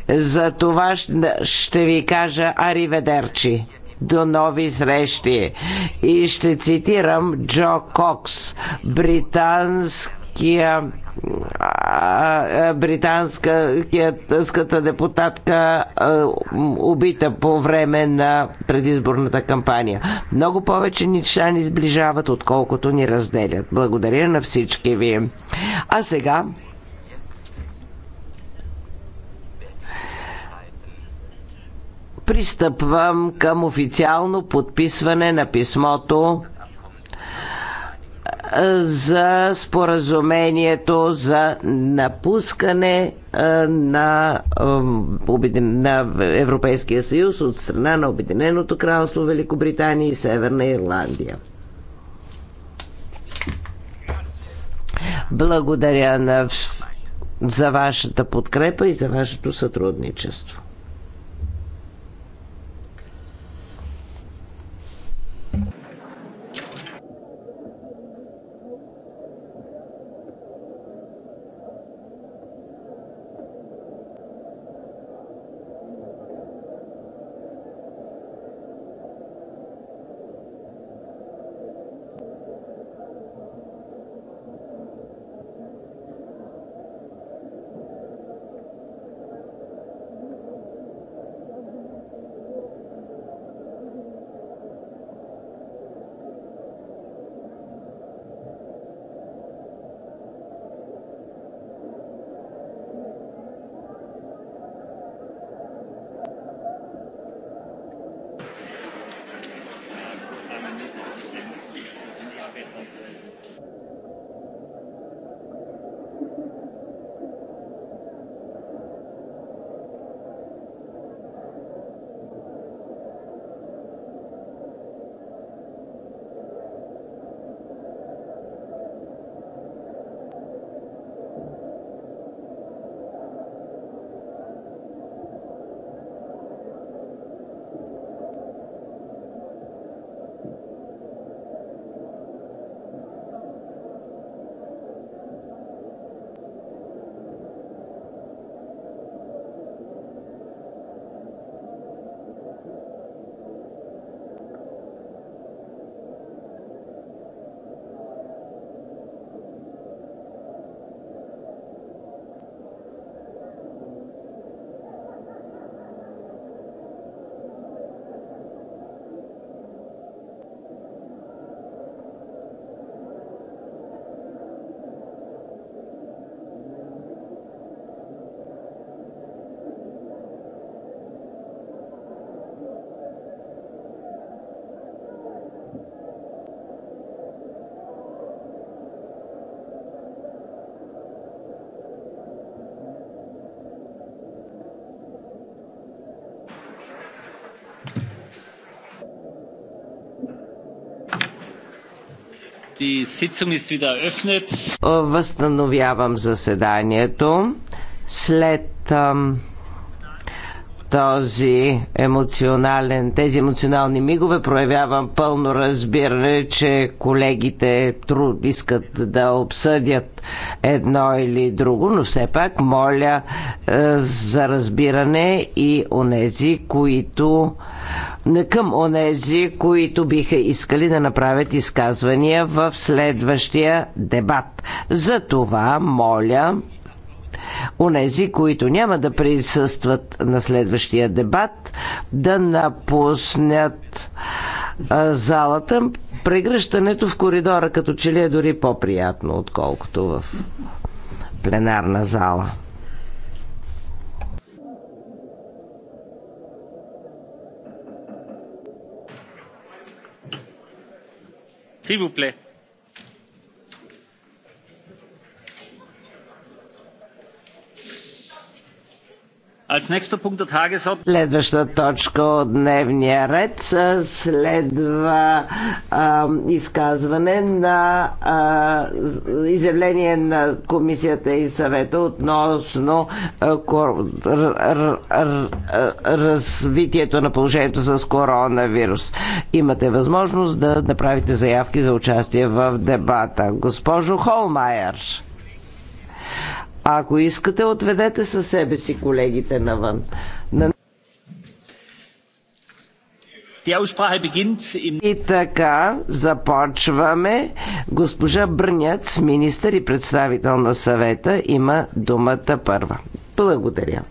За това ще ви кажа Ариведерчи. До нови срещи. И ще цитирам Джо Кокс, британски британския британската депутатка убита по време на предизборната кампания. Много повече неща ни сближават, отколкото ни разделят. Благодаря на всички ви. А сега пристъпвам към официално подписване на писмото за споразумението за напускане на, на Европейския съюз от страна на Обединеното кралство Великобритания и Северна Ирландия. Благодаря на, за вашата подкрепа и за вашето сътрудничество. Възстановявам заседанието след този емоционален, тези емоционални мигове проявявам пълно разбиране, че колегите труд искат да обсъдят едно или друго, но все пак моля е, за разбиране и онези, които към онези, които биха искали да направят изказвания в следващия дебат. За това моля Онези, които няма да присъстват на следващия дебат, да напуснят а, залата. Прегръщането в коридора като че ли е дори по-приятно, отколкото в пленарна зала. s'il vous plaît. Следваща точка от дневния ред следва а, изказване на а, изявление на комисията и съвета относно а, кор, р, р, р, развитието на положението с коронавирус. Имате възможност да направите заявки за участие в дебата. Госпожо Холмайер. А ако искате, отведете със себе си колегите навън. И така започваме. Госпожа Брняц, министър и представител на съвета, има думата първа. Благодаря.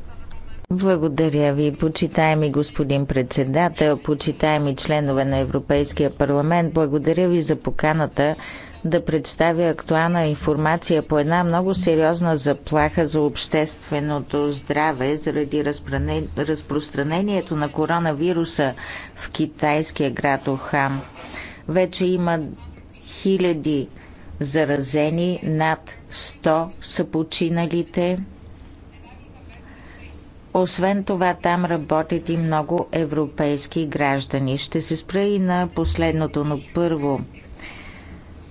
Благодаря ви, почитаеми господин председател, почитаеми членове на Европейския парламент. Благодаря ви за поканата да представя актуална информация по една много сериозна заплаха за общественото здраве заради разпространението на коронавируса в китайския град Охан. Вече има хиляди заразени, над 100 са починалите. Освен това, там работят и много европейски граждани. Ще се спра и на последното, но първо –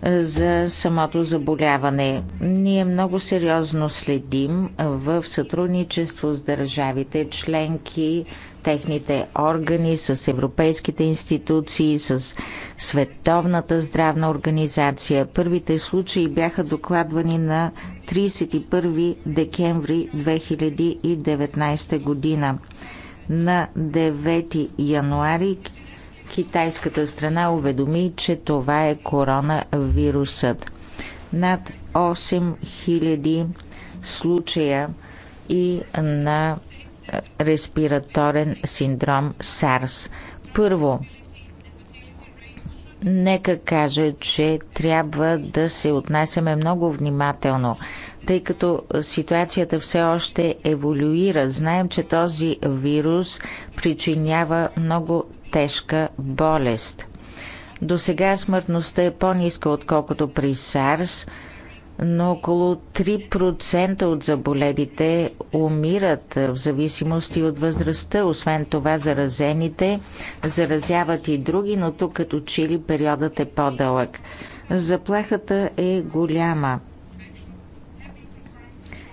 за самото заболяване. Ние много сериозно следим в сътрудничество с държавите членки, техните органи, с европейските институции, с Световната здравна организация. Първите случаи бяха докладвани на 31 декември 2019 година. На 9 януари Китайската страна уведоми, че това е коронавирусът. Над 8000 случая и на е, респираторен синдром САРС. Първо, нека кажа, че трябва да се отнасяме много внимателно, тъй като ситуацията все още еволюира. Знаем, че този вирус причинява много тежка болест. До сега смъртността е по-ниска, отколкото при САРС, но около 3% от заболелите умират в зависимост и от възрастта. Освен това, заразените заразяват и други, но тук като чили периодът е по-дълъг. Заплахата е голяма.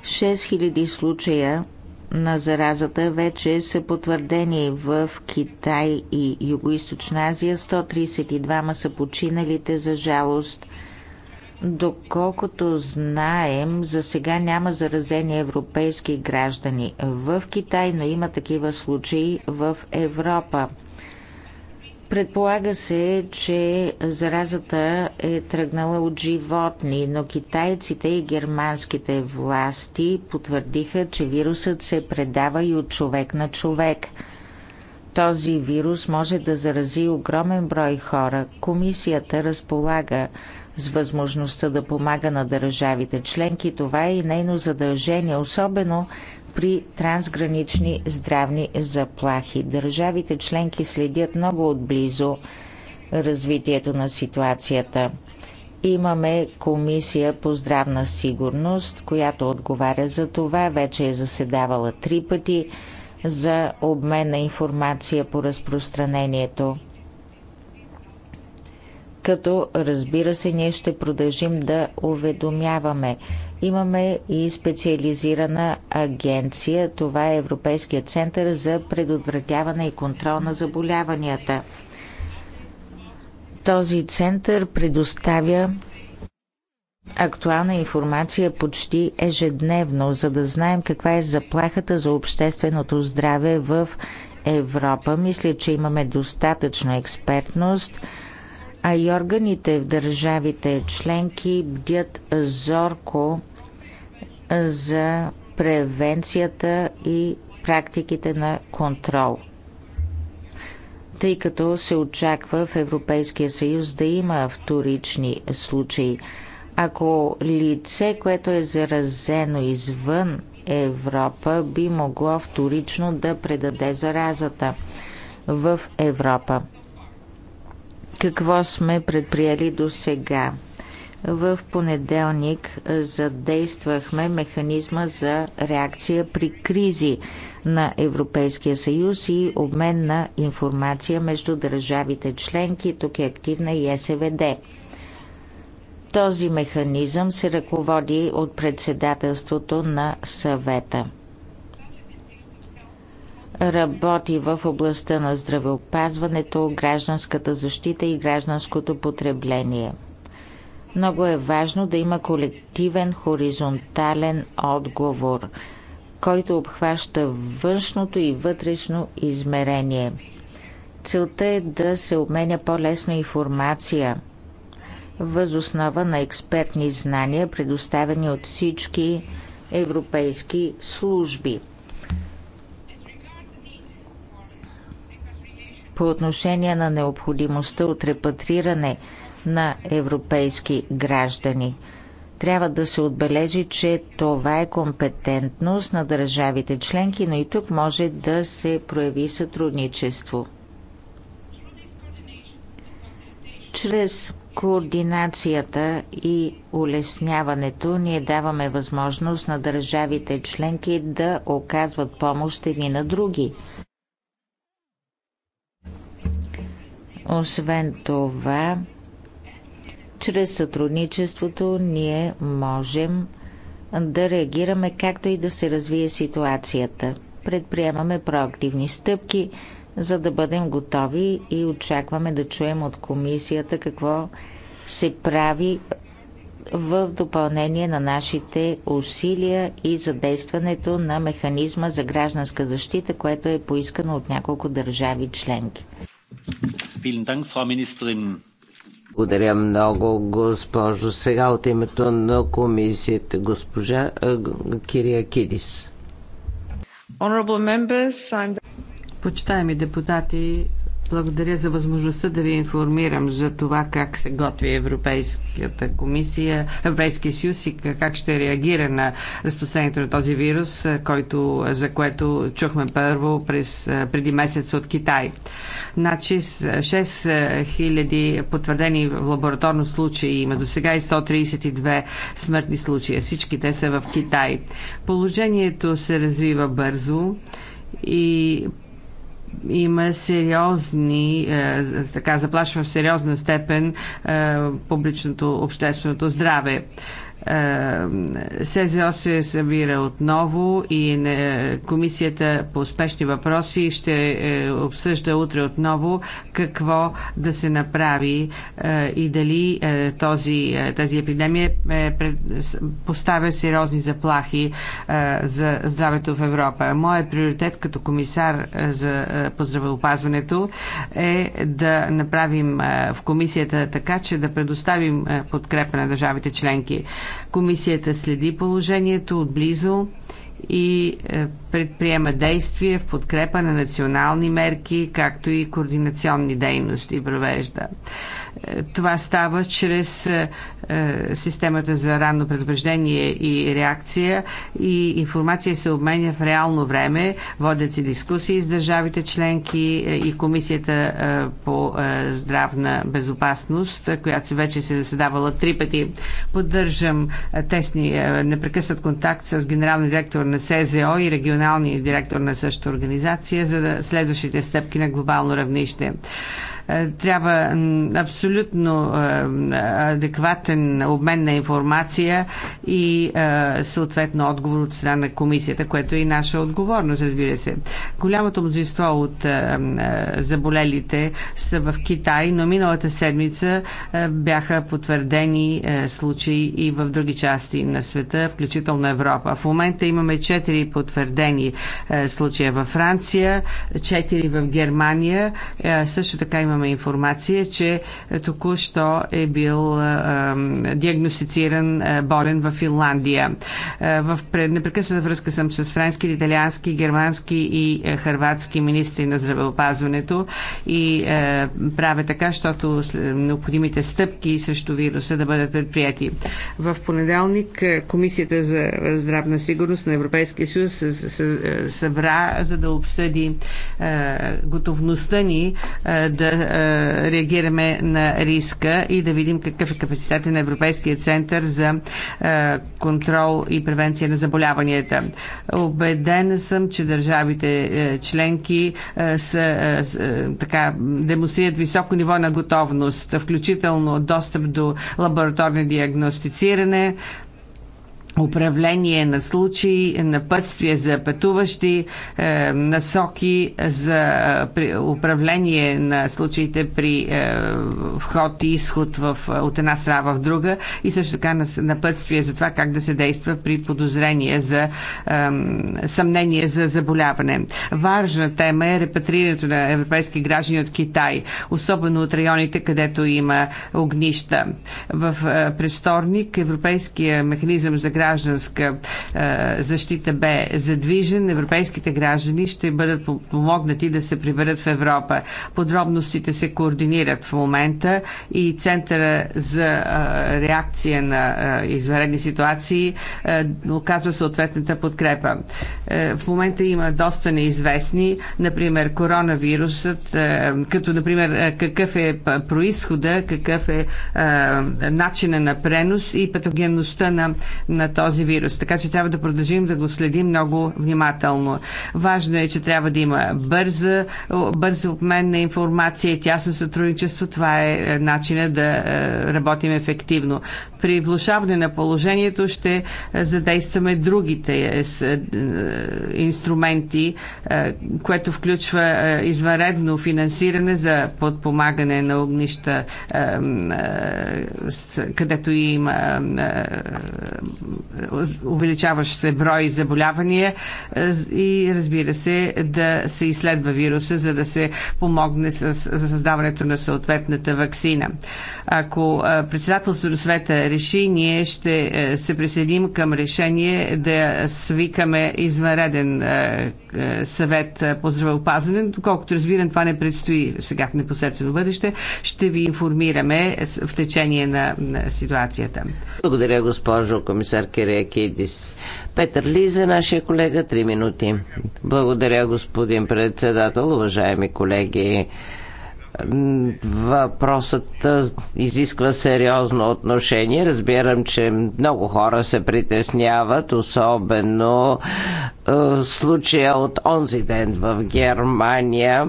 6000 случая на заразата вече са потвърдени в Китай и Юго-Источна Азия. 132 са починалите за жалост. Доколкото знаем, за сега няма заразени европейски граждани в Китай, но има такива случаи в Европа. Предполага се, че заразата е тръгнала от животни, но китайците и германските власти потвърдиха, че вирусът се предава и от човек на човек. Този вирус може да зарази огромен брой хора. Комисията разполага с възможността да помага на държавите членки. Това е и нейно задължение, особено при трансгранични здравни заплахи. Държавите членки следят много отблизо развитието на ситуацията. Имаме комисия по здравна сигурност, която отговаря за това. Вече е заседавала три пъти за обмен на информация по разпространението. Като разбира се, ние ще продължим да уведомяваме Имаме и специализирана агенция. Това е Европейския център за предотвратяване и контрол на заболяванията. Този център предоставя актуална информация почти ежедневно, за да знаем каква е заплахата за общественото здраве в Европа. Мисля, че имаме достатъчна експертност – а и органите в държавите членки бдят зорко за превенцията и практиките на контрол. Тъй като се очаква в Европейския съюз да има вторични случаи. Ако лице, което е заразено извън Европа, би могло вторично да предаде заразата в Европа какво сме предприели до сега. В понеделник задействахме механизма за реакция при кризи на Европейския съюз и обмен на информация между държавите членки. Тук е активна и СВД. Този механизъм се ръководи от председателството на съвета работи в областта на здравеопазването, гражданската защита и гражданското потребление. Много е важно да има колективен хоризонтален отговор, който обхваща външното и вътрешно измерение. Целта е да се обменя по-лесно информация възоснова на експертни знания, предоставени от всички европейски служби – по отношение на необходимостта от репатриране на европейски граждани. Трябва да се отбележи, че това е компетентност на държавите членки, но и тук може да се прояви сътрудничество. Чрез координацията и улесняването ние даваме възможност на държавите членки да оказват помощ едни на други Освен това, чрез сътрудничеството ние можем да реагираме както и да се развие ситуацията. Предприемаме проактивни стъпки, за да бъдем готови и очакваме да чуем от комисията какво се прави в допълнение на нашите усилия и задействането на механизма за гражданска защита, което е поискано от няколко държави членки. Благодаря много, госпожо. Сега от името на комисията, госпожа Кирия Кидис. Почитаеми депутати, благодаря за възможността да ви информирам за това как се готви Европейската комисия, Европейския съюз и как ще реагира на разпространението на този вирус, който, за което чухме първо през, преди месец от Китай. Значи 6000 потвърдени в лабораторно случаи има до сега и 132 смъртни случая. Всички те са в Китай. Положението се развива бързо и има сериозни, е, така заплашва в сериозна степен е, публичното общественото здраве. Е, СЗО се събира отново и комисията по успешни въпроси ще е, обсъжда утре отново какво да се направи е, и дали този, тази епидемия поставя сериозни заплахи за здравето в Европа. Моят приоритет като комисар за, по здравеопазването е да направим в комисията така, че да предоставим подкрепа на държавите членки. Комисията следи положението отблизо и е, предприема действия в подкрепа на национални мерки, както и координационни дейности провежда. Е, това става чрез е, системата за ранно предупреждение и реакция и информация се обменя в реално време. Водят се дискусии с държавите членки е, и Комисията по здравна безопасност, която вече се заседавала три пъти. Поддържам тесни непрекъснат контакт с генералния директор на СЗО и регионалния генералния директор на същата организация за следващите стъпки на глобално равнище. Е, трябва абсолютно е, адекватен обмен на информация и е, съответно отговор от страна на комисията, което е и наша отговорност, разбира се. Голямото мнозинство от заболелите са в Китай, но миналата седмица бяха потвърдени случаи и в други части на света, включително Европа. В момента имаме 4 потвърдени случая във Франция, 4 в Германия. Също така има имаме информация, че току-що е бил диагностициран болен в Финландия. В непрекъсната връзка съм с френски, италиански, германски и хърватски министри на здравеопазването и правя така, защото необходимите стъпки срещу вируса да бъдат предприяти. В понеделник Комисията за здравна сигурност на Европейския съюз събра, за да обсъди готовността ни да е, реагираме на риска и да видим какъв е капацитет на Европейския център за е, контрол и превенция на заболяванията. Обедена съм, че държавите е, членки са, така, демонстрират високо ниво на готовност, включително достъп до лабораторно диагностициране, управление на случаи, напътствия за пътуващи, е, насоки за е, управление на случаите при е, вход и изход в, от една страна в друга и също така напътствия за това как да се действа при подозрение за съмнение за заболяване. Важна тема е репатрирането на европейски граждани от Китай, особено от районите, където има огнища. В престорник Европейския механизъм за граждани гражданска е, защита бе задвижен, европейските граждани ще бъдат помогнати да се приберат в Европа. Подробностите се координират в момента и Центъра за е, реакция на е, изварени ситуации оказва съответната подкрепа. В момента има доста неизвестни, например коронавирусът, като например какъв е происхода, какъв е начина на пренос и патогенността на, на този вирус. Така че трябва да продължим да го следим много внимателно. Важно е, че трябва да има бърза, бърза обмен на информация и тясно сътрудничество. Това е, е начина да е, работим ефективно. При влушаване на положението ще е, задействаме другите инструменти, което включва извънредно финансиране за подпомагане на огнища, където има увеличаващ се брой заболявания е, и разбира се да се изследва вируса, за да се помогне с, за създаването на съответната вакцина. Ако е, председателството света реши, ние ще е, се присъединим към решение да свикаме извънреден съвет по здравеопазване. Доколкото разбирам, това не предстои сега в непосредствено бъдеще. Ще ви информираме в течение на ситуацията. Благодаря, госпожо комисар Кириакидис. Петър Лиза, нашия колега, 3 минути. Благодаря, господин председател, уважаеми колеги въпросът изисква сериозно отношение. Разбирам, че много хора се притесняват, особено в е, случая от онзи ден в Германия.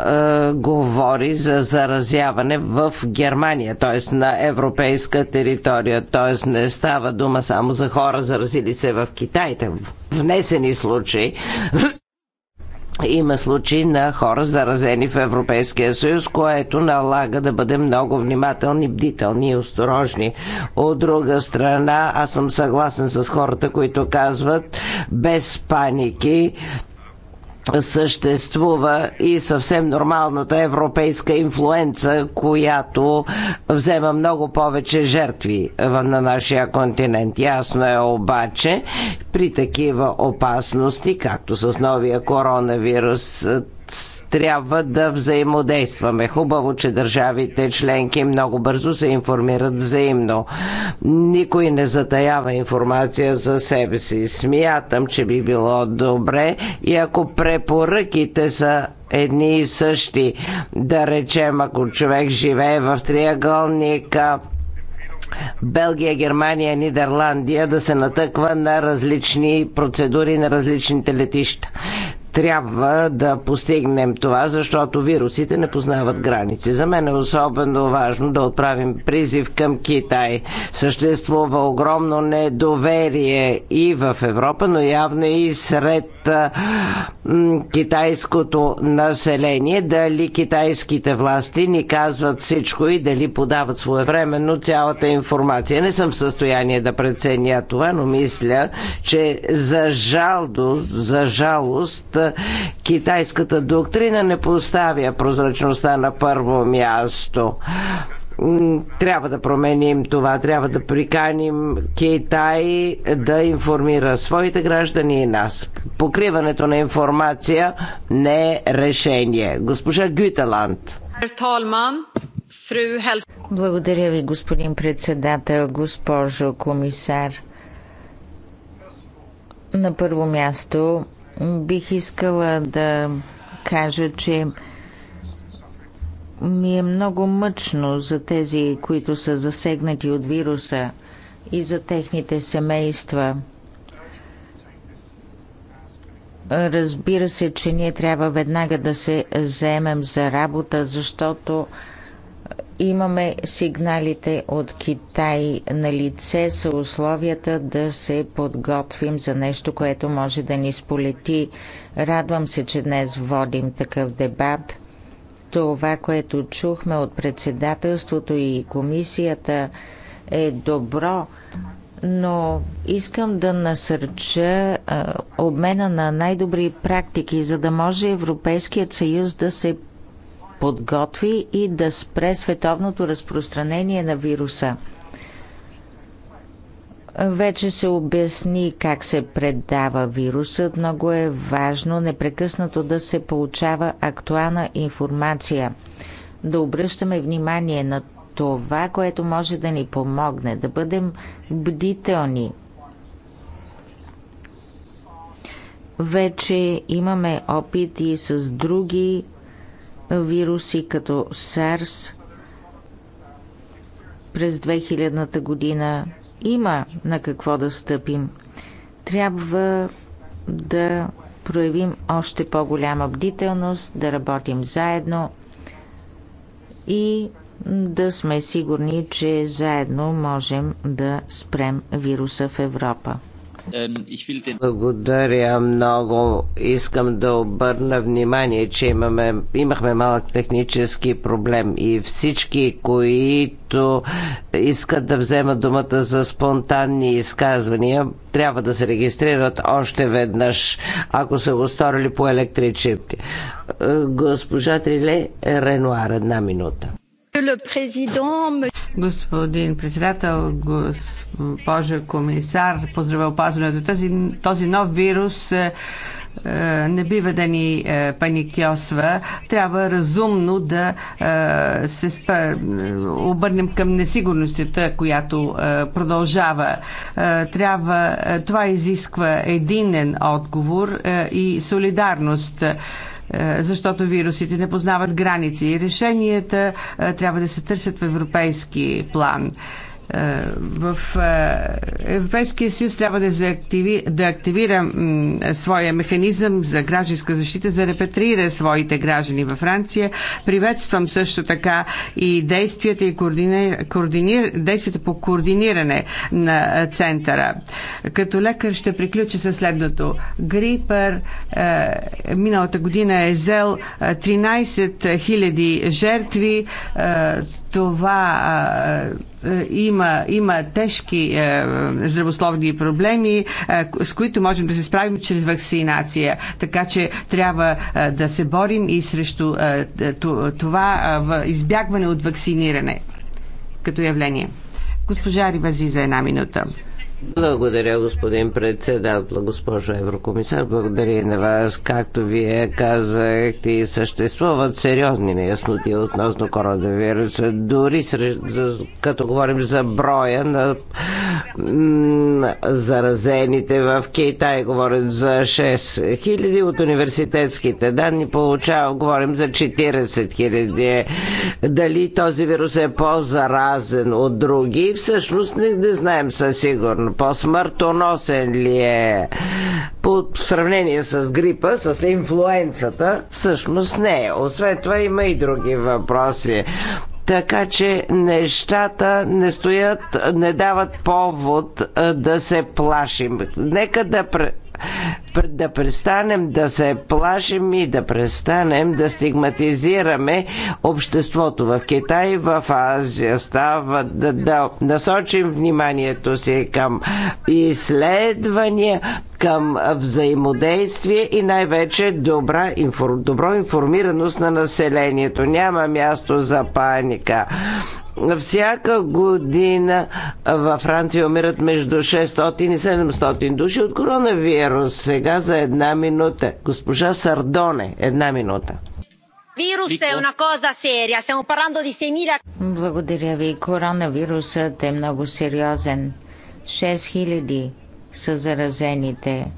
Е, говори за заразяване в Германия, т.е. на европейска територия. Т.е. не става дума само за хора заразили се в Китай. Внесени случаи *clears throat* има случаи на хора заразени в Европейския съюз, което налага да бъдем много внимателни, бдителни и осторожни. От друга страна, аз съм съгласен с хората, които казват без паники съществува и съвсем нормалната европейска инфлуенца, която взема много повече жертви на нашия континент. Ясно е обаче, при такива опасности, както с новия коронавирус, трябва да взаимодействаме. Хубаво, че държавите членки много бързо се информират взаимно. Никой не затаява информация за себе си. Смятам, че би било добре и ако препоръките са едни и същи, да речем, ако човек живее в триъгълника, Белгия, Германия, Нидерландия да се натъква на различни процедури на различните летища трябва да постигнем това, защото вирусите не познават граници. За мен е особено важно да отправим призив към Китай. Съществува огромно недоверие и в Европа, но явно и сред китайското население. Дали китайските власти ни казват всичко и дали подават своевременно цялата информация. Не съм в състояние да преценя това, но мисля, че за жалост, за жалост китайската доктрина не поставя прозрачността на първо място трябва да променим това, трябва да приканим Китай да информира своите граждани и нас. Покриването на информация не е решение. Госпожа Гюталанд. Благодаря ви, господин председател, госпожо комисар. На първо място Бих искала да кажа, че ми е много мъчно за тези, които са засегнати от вируса и за техните семейства. Разбира се, че ние трябва веднага да се заемем за работа, защото Имаме сигналите от Китай. На лице са условията да се подготвим за нещо, което може да ни сполети. Радвам се, че днес водим такъв дебат. Това, което чухме от председателството и комисията е добро, но искам да насърча обмена на най-добри практики, за да може Европейският съюз да се подготви и да спре световното разпространение на вируса. Вече се обясни как се предава вирусът. Много е важно непрекъснато да се получава актуална информация. Да обръщаме внимание на това, което може да ни помогне, да бъдем бдителни. Вече имаме опити с други вируси като SARS през 2000-та година. Има на какво да стъпим. Трябва да проявим още по-голяма бдителност, да работим заедно и да сме сигурни, че заедно можем да спрем вируса в Европа. Благодаря много. Искам да обърна внимание, че имаме, имахме малък технически проблем и всички, които искат да вземат думата за спонтанни изказвания, трябва да се регистрират още веднъж, ако са го сторили по електричепти. Е, госпожа Триле Ренуар, една минута. Господин председател, госпожа комисар по здравеопазването, този, този нов вирус е, е, не бива да ни е, паникьосва. Трябва разумно да се спа, обърнем към несигурността, която продължава. Трябва, това изисква единен отговор и солидарност. Е, защото вирусите не познават граници. Решенията е, трябва да се търсят в европейски план. Е, в е, Европейския съюз трябва да, заактиви, да активира своя механизъм за гражданска защита, за да своите граждани във Франция. Приветствам също така и действията, и координи... Координи... действията по координиране на центъра. Като лекар ще приключа със следното. Грипър е, миналата година е зел 13 000 жертви. Е, това а, има, има тежки а, е, здравословни проблеми, а, е, с които можем да се справим чрез вакцинация. Така че трябва а, е, да се борим и срещу а, това а, избягване от вакциниране като явление. Госпожа Рибази, за една минута. Благодаря, господин председател, госпожо еврокомисар. Благодаря и на вас. Както вие казахте, съществуват сериозни неясноти относно коронавируса. Дори като говорим за броя на заразените в Китай, говорят за 6 хиляди от университетските данни, получава, говорим за 40 хиляди. Дали този вирус е по-заразен от други, всъщност не, не знаем със сигурност по-смъртоносен ли е по сравнение с грипа, с инфлуенцата, всъщност не е. Освен това има и други въпроси. Така че нещата не стоят, не дават повод да се плашим. Нека да да престанем да се плашим и да престанем да стигматизираме обществото в Китай и в Азия. Става да, да насочим вниманието си към изследвания, към взаимодействие и най-вече добра, добро информираност на населението. Няма място за паника. Всяка година във Франция умират между 600 и 700 души от коронавирус. Сега за една минута. Госпожа Сардоне, една минута. Вирус е една коза серия. Stiamo парандо ди 6000. Благодаря ви. Коронавирусът е много сериозен. 6000 са заразените.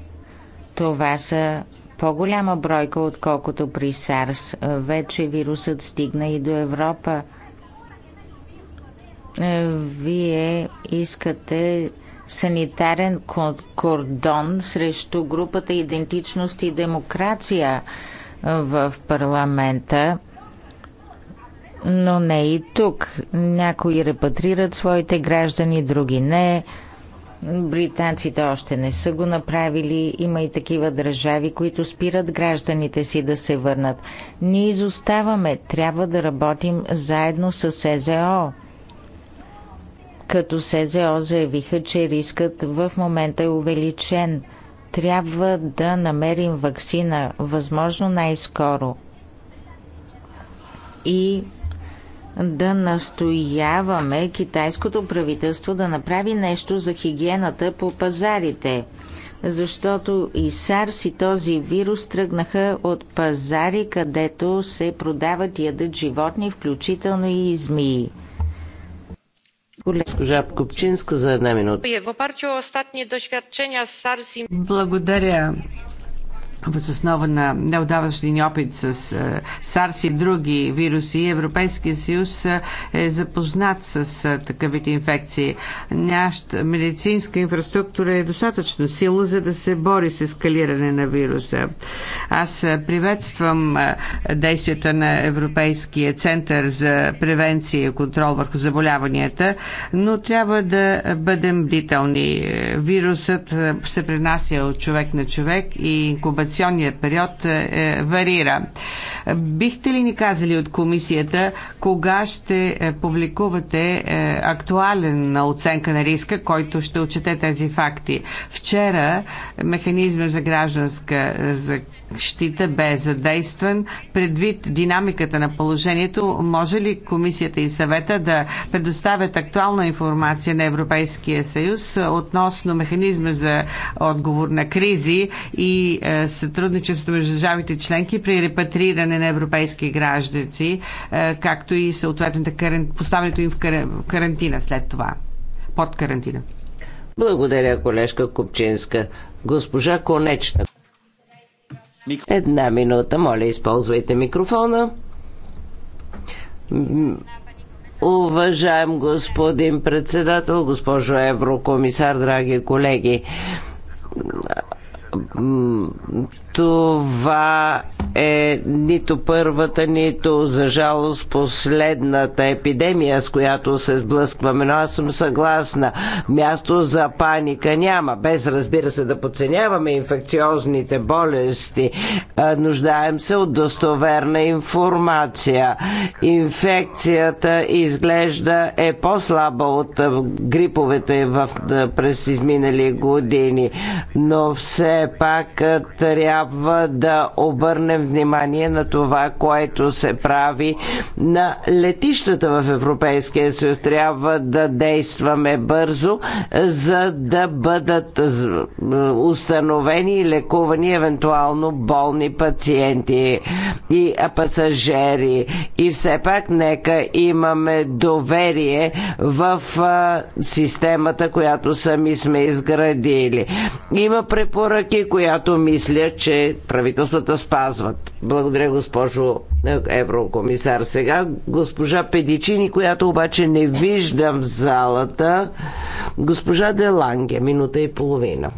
Това са по-голяма бройка, отколкото при САРС. Вече вирусът стигна и до Европа. Е, вие искате санитарен кордон срещу групата Идентичност и демокрация е, в парламента, но не и тук. Някои репатрират своите граждани, други не. Британците още не са го направили. Има и такива държави, които спират гражданите си да се върнат. Ние изоставаме. Трябва да работим заедно с СЗО като СЗО заявиха, че рискът в момента е увеличен. Трябва да намерим вакцина възможно най-скоро и да настояваме китайското правителство да направи нещо за хигиената по пазарите, защото и SARS и този вирус тръгнаха от пазари, където се продават и ядат животни, включително и змии. Госпожа Копчинска за една минута. Благодаря въз основа на неодавнашния ни опит с е, SARS и други вируси, Европейския съюз е, е запознат с е, такъвите инфекции. Нашата медицинска инфраструктура е достатъчно сила, за да се бори с ескалиране на вируса. Аз приветствам действията на Европейския център за превенция и контрол върху заболяванията, но трябва да бъдем бдителни. Вирусът се пренася от човек на човек и инкубация инкубационния период е, е, варира. Бихте ли ни казали от комисията кога ще е, публикувате е, актуален оценка на риска, който ще отчете тези факти? Вчера механизма за гражданска за щита бе задействан. Предвид динамиката на положението, може ли комисията и съвета да предоставят актуална информация на Европейския съюз относно механизма за отговор на кризи и е, сътрудничество между държавите членки при репатриране на европейски граждани, е, както и съответната поставянето им в карантина след това, под карантина? Благодаря, колежка Купчинска. Госпожа Конечна. Една минута, моля, използвайте микрофона. Уважаем господин председател, госпожо еврокомисар, драги колеги това е нито първата, нито за жалост последната епидемия, с която се сблъскваме. Но аз съм съгласна. Място за паника няма. Без, разбира се, да подценяваме инфекциозните болести. Нуждаем се от достоверна информация. Инфекцията изглежда е по-слаба от гриповете в, през изминали години. Но все пак трябва трябва да обърнем внимание на това, което се прави на летищата в Европейския съюз. Трябва да действаме бързо, за да бъдат установени и лекувани евентуално болни пациенти и пасажери. И все пак нека имаме доверие в системата, която сами сме изградили. Има препоръки, която мисля, че че правителствата спазват. Благодаря, госпожо е, еврокомисар. Сега госпожа Педичини, която обаче не виждам в залата. Госпожа Деланге, минута и половина.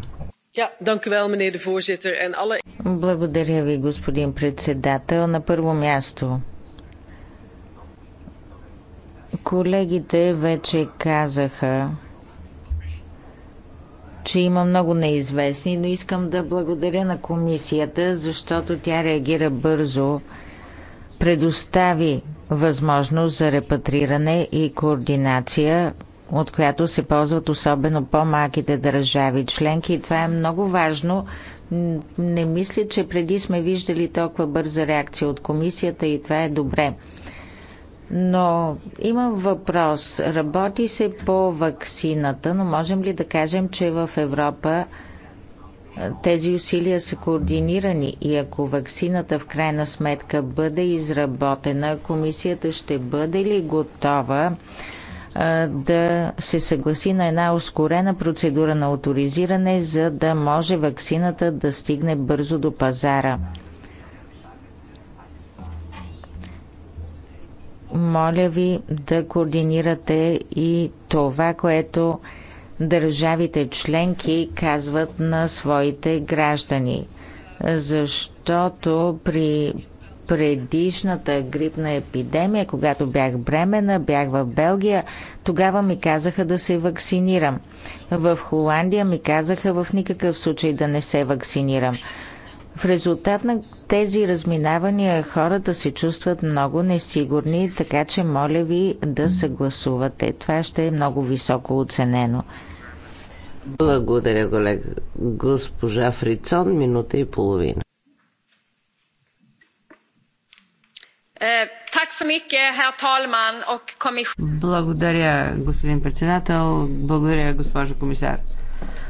Благодаря ви, господин председател. На първо място колегите вече казаха, че има много неизвестни, но искам да благодаря на комисията, защото тя реагира бързо, предостави възможност за репатриране и координация, от която се ползват особено по-малките държави членки. И това е много важно. Не мисля, че преди сме виждали толкова бърза реакция от комисията и това е добре. Но имам въпрос. Работи се по ваксината, но можем ли да кажем, че в Европа е, тези усилия са координирани и ако ваксината в крайна сметка бъде изработена, комисията ще бъде ли готова е, да се съгласи на една ускорена процедура на авторизиране, за да може ваксината да стигне бързо до пазара? моля ви да координирате и това, което държавите членки казват на своите граждани. Защото при предишната грипна епидемия, когато бях бремена, бях в Белгия, тогава ми казаха да се вакцинирам. В Холандия ми казаха в никакъв случай да не се вакцинирам. В резултат на тези разминавания хората се чувстват много несигурни, така че моля ви да съгласувате. Това ще е много високо оценено. Благодаря, колега. Госпожа Фрицон, минута и половина. Е, Благодаря, господин председател. Благодаря, госпожо комисар.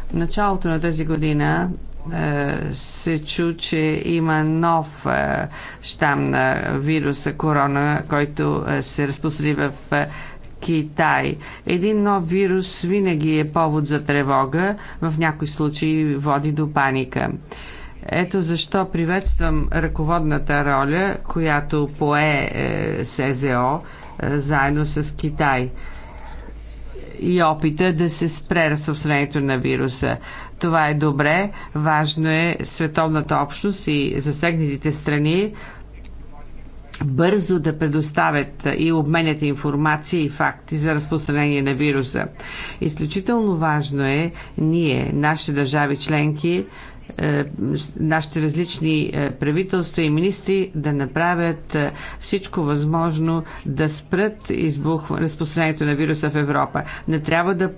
В началото на тази година е, се чу, че има нов е, щам на вируса корона, който е, се разпространи в Китай. Един нов вирус винаги е повод за тревога, в някои случаи води до паника. Ето защо приветствам ръководната роля, която пое СЗО заедно с Китай и опита да се спре разпространението на вируса. Това е добре. Важно е световната общност и засегнатите страни бързо да предоставят и обменят информация и факти за разпространение на вируса. Изключително важно е ние, нашите държави членки, е, нашите различни е, правителства и министри да направят е, всичко възможно да спрат избух разпространението на вируса в Европа. Не трябва да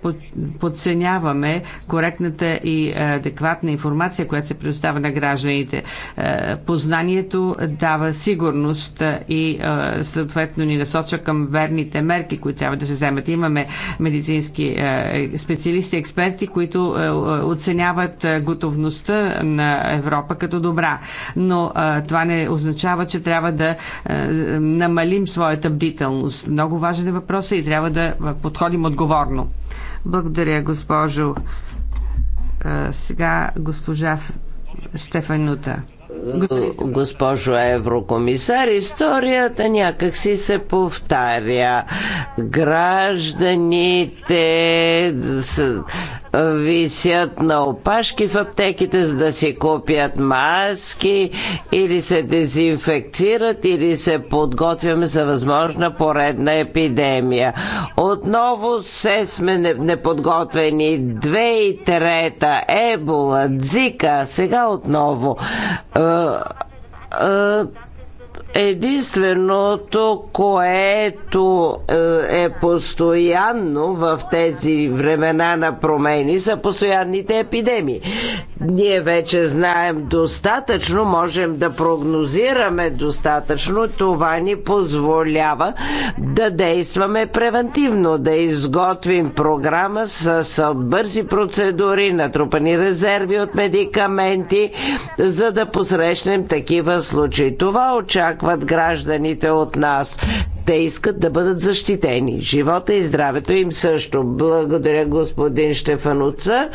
подценяваме коректната и адекватна информация, която се предоставя на гражданите. Познанието дава сигурност и съответно ни насочва към верните мерки, които трябва да се вземат. Имаме медицински специалисти, експерти, които оценяват готовността на Европа като добра. Но а, това не означава, че трябва да а, намалим своята бдителност. Много важен е въпросът и трябва да подходим отговорно. Благодаря, госпожо. А, сега госпожа Стефанута госпожо еврокомисар, историята някак си се повтаря. Гражданите висят на опашки в аптеките, за да си купят маски или се дезинфекцират, или се подготвяме за възможна поредна епидемия. Отново се сме неподготвени. Две и трета, ебола, дзика, сега отново а, а, Единственото, което е, е постоянно в тези времена на промени, са постоянните епидемии. Ние вече знаем достатъчно, можем да прогнозираме достатъчно. Това ни позволява да действаме превентивно, да изготвим програма с бързи процедури, натрупани резерви от медикаменти, за да посрещнем такива случаи. Това очаква очакват гражданите от нас. Те искат да бъдат защитени. Живота и здравето им също. Благодаря господин Штефануца.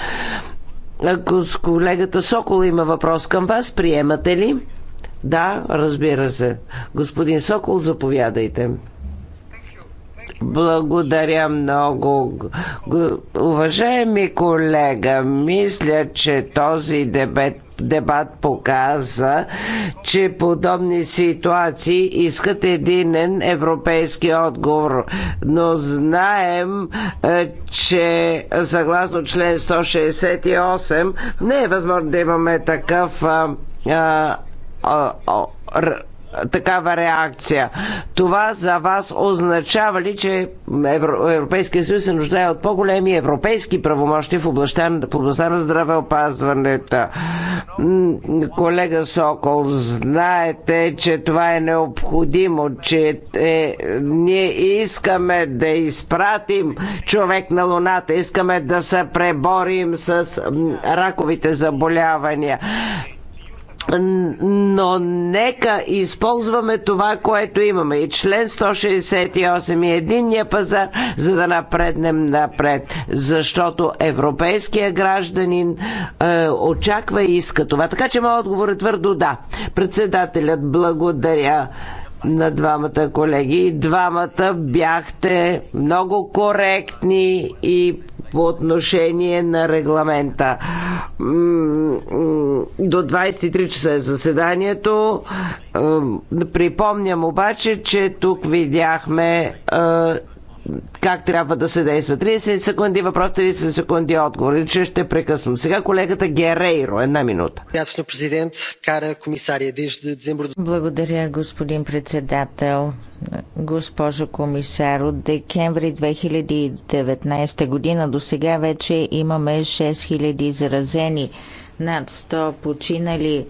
Ако с колегата Сокол има въпрос към вас, приемате ли? Да, разбира се. Господин Сокол, заповядайте. Благодаря много. Уважаеми колега, мисля, че този дебет дебат показа, че подобни ситуации искат единен европейски отговор. Но знаем, е, че съгласно член 168 не е възможно да имаме такъв а, а, а, такава реакция. Това за вас означава ли, че Европейския съюз се нуждае от по-големи европейски правомощи в областта, в областта на здравеопазването? Колега Сокол, знаете, че това е необходимо, че е, ние искаме да изпратим човек на Луната, искаме да се преборим с раковите заболявания но нека използваме това, което имаме. И член 168 и единния пазар, за да напреднем напред. Защото европейския гражданин е, очаква и иска това. Така че моят отговор е твърдо да. Председателят благодаря на двамата колеги. Двамата бяхте много коректни и по отношение на регламента. До 23 часа е заседанието. Припомням обаче, че тук видяхме как трябва да се действа. 30 секунди въпрос, 30 секунди отговор. че ще прекъсвам. Сега колегата Герейро, една минута. Благодаря, господин председател госпожо комисар. От декември 2019 година до сега вече имаме 6000 заразени, над 100 починали.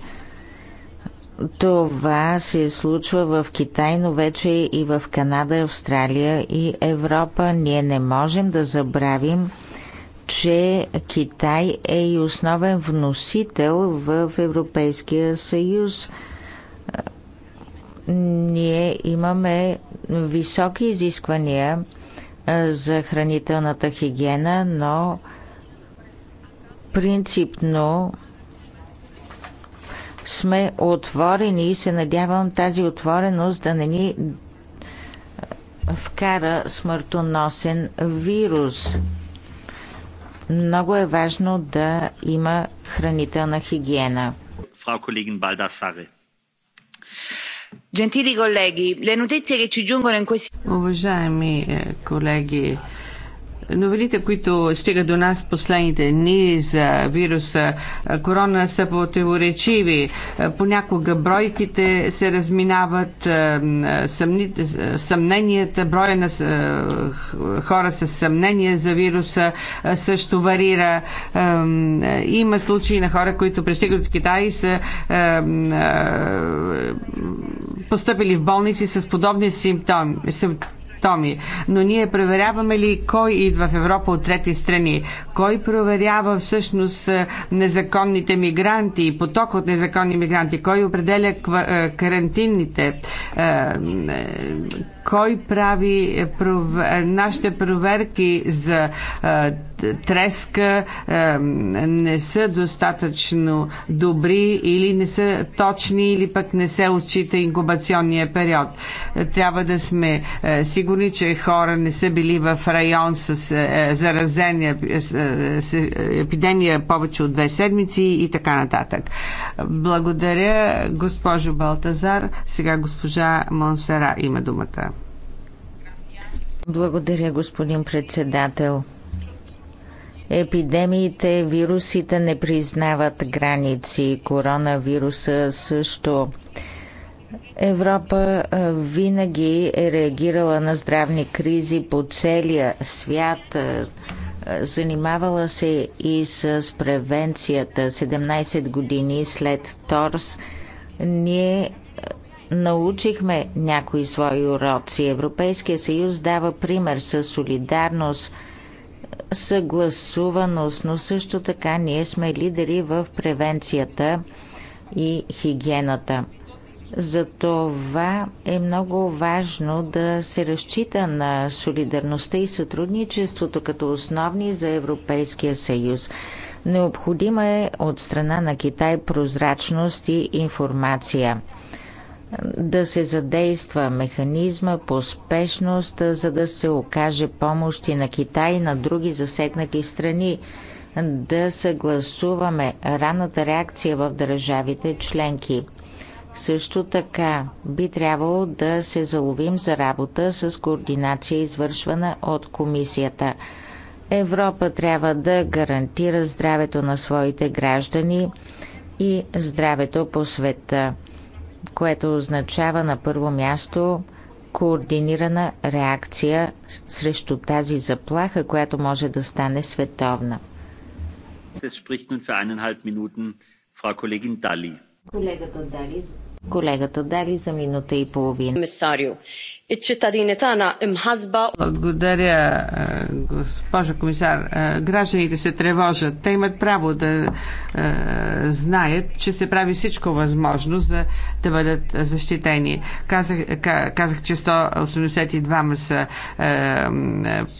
Това се случва в Китай, но вече и в Канада, Австралия и Европа. Ние не можем да забравим, че Китай е и основен вносител в Европейския съюз ние имаме високи изисквания за хранителната хигиена, но принципно сме отворени и се надявам тази отвореност да не ни вкара смъртоносен вирус. Много е важно да има хранителна хигиена. Фрау колегин Балдасаре. Уважаеми колеги, Новелите, които стигат до нас последните дни за вируса корона са противоречиви. Понякога бройките се разминават, съмненията, броя на хора с съмнение за вируса също варира. Има случаи на хора, които пристигат от Китай и са постъпили в болници с подобни симптоми симптоми. Но ние проверяваме ли кой идва в Европа от трети страни? Кой проверява всъщност е, незаконните мигранти и поток от незаконни мигранти? Кой определя е, карантинните? Е, кой прави нашите проверки за треска не са достатъчно добри или не са точни или пък не се отчита инкубационния период. Е, трябва да сме е, сигурни, че хора не са били в район с е, заразения епидемия повече от две седмици и така нататък. Благодаря, госпожо Балтазар. Сега госпожа Монсера има думата. Благодаря, господин председател. Епидемиите, вирусите не признават граници. Коронавируса също. Европа винаги е реагирала на здравни кризи по целия свят. Занимавала се и с превенцията. 17 години след Торс ние научихме някои свои уроци. Европейския съюз дава пример със солидарност – съгласуваност, но също така ние сме лидери в превенцията и хигиената. Затова е много важно да се разчита на солидарността и сътрудничеството като основни за Европейския съюз. Необходима е от страна на Китай прозрачност и информация да се задейства механизма по спешност, за да се окаже помощ и на Китай и на други засегнати страни, да съгласуваме ранната реакция в държавите членки. Също така би трябвало да се заловим за работа с координация, извършвана от комисията. Европа трябва да гарантира здравето на своите граждани и здравето по света което означава на първо място координирана реакция срещу тази заплаха, която може да стане световна. Колегата Дали, за минута и половина. Иċ-ċittadини tagħna imħasba. Благодаря, е, госпожа комисар. Е, гражданите се тревожат. Те имат право да е, знаят, че се прави всичко възможно за да бъдат защитени. Казах, казах че 182 са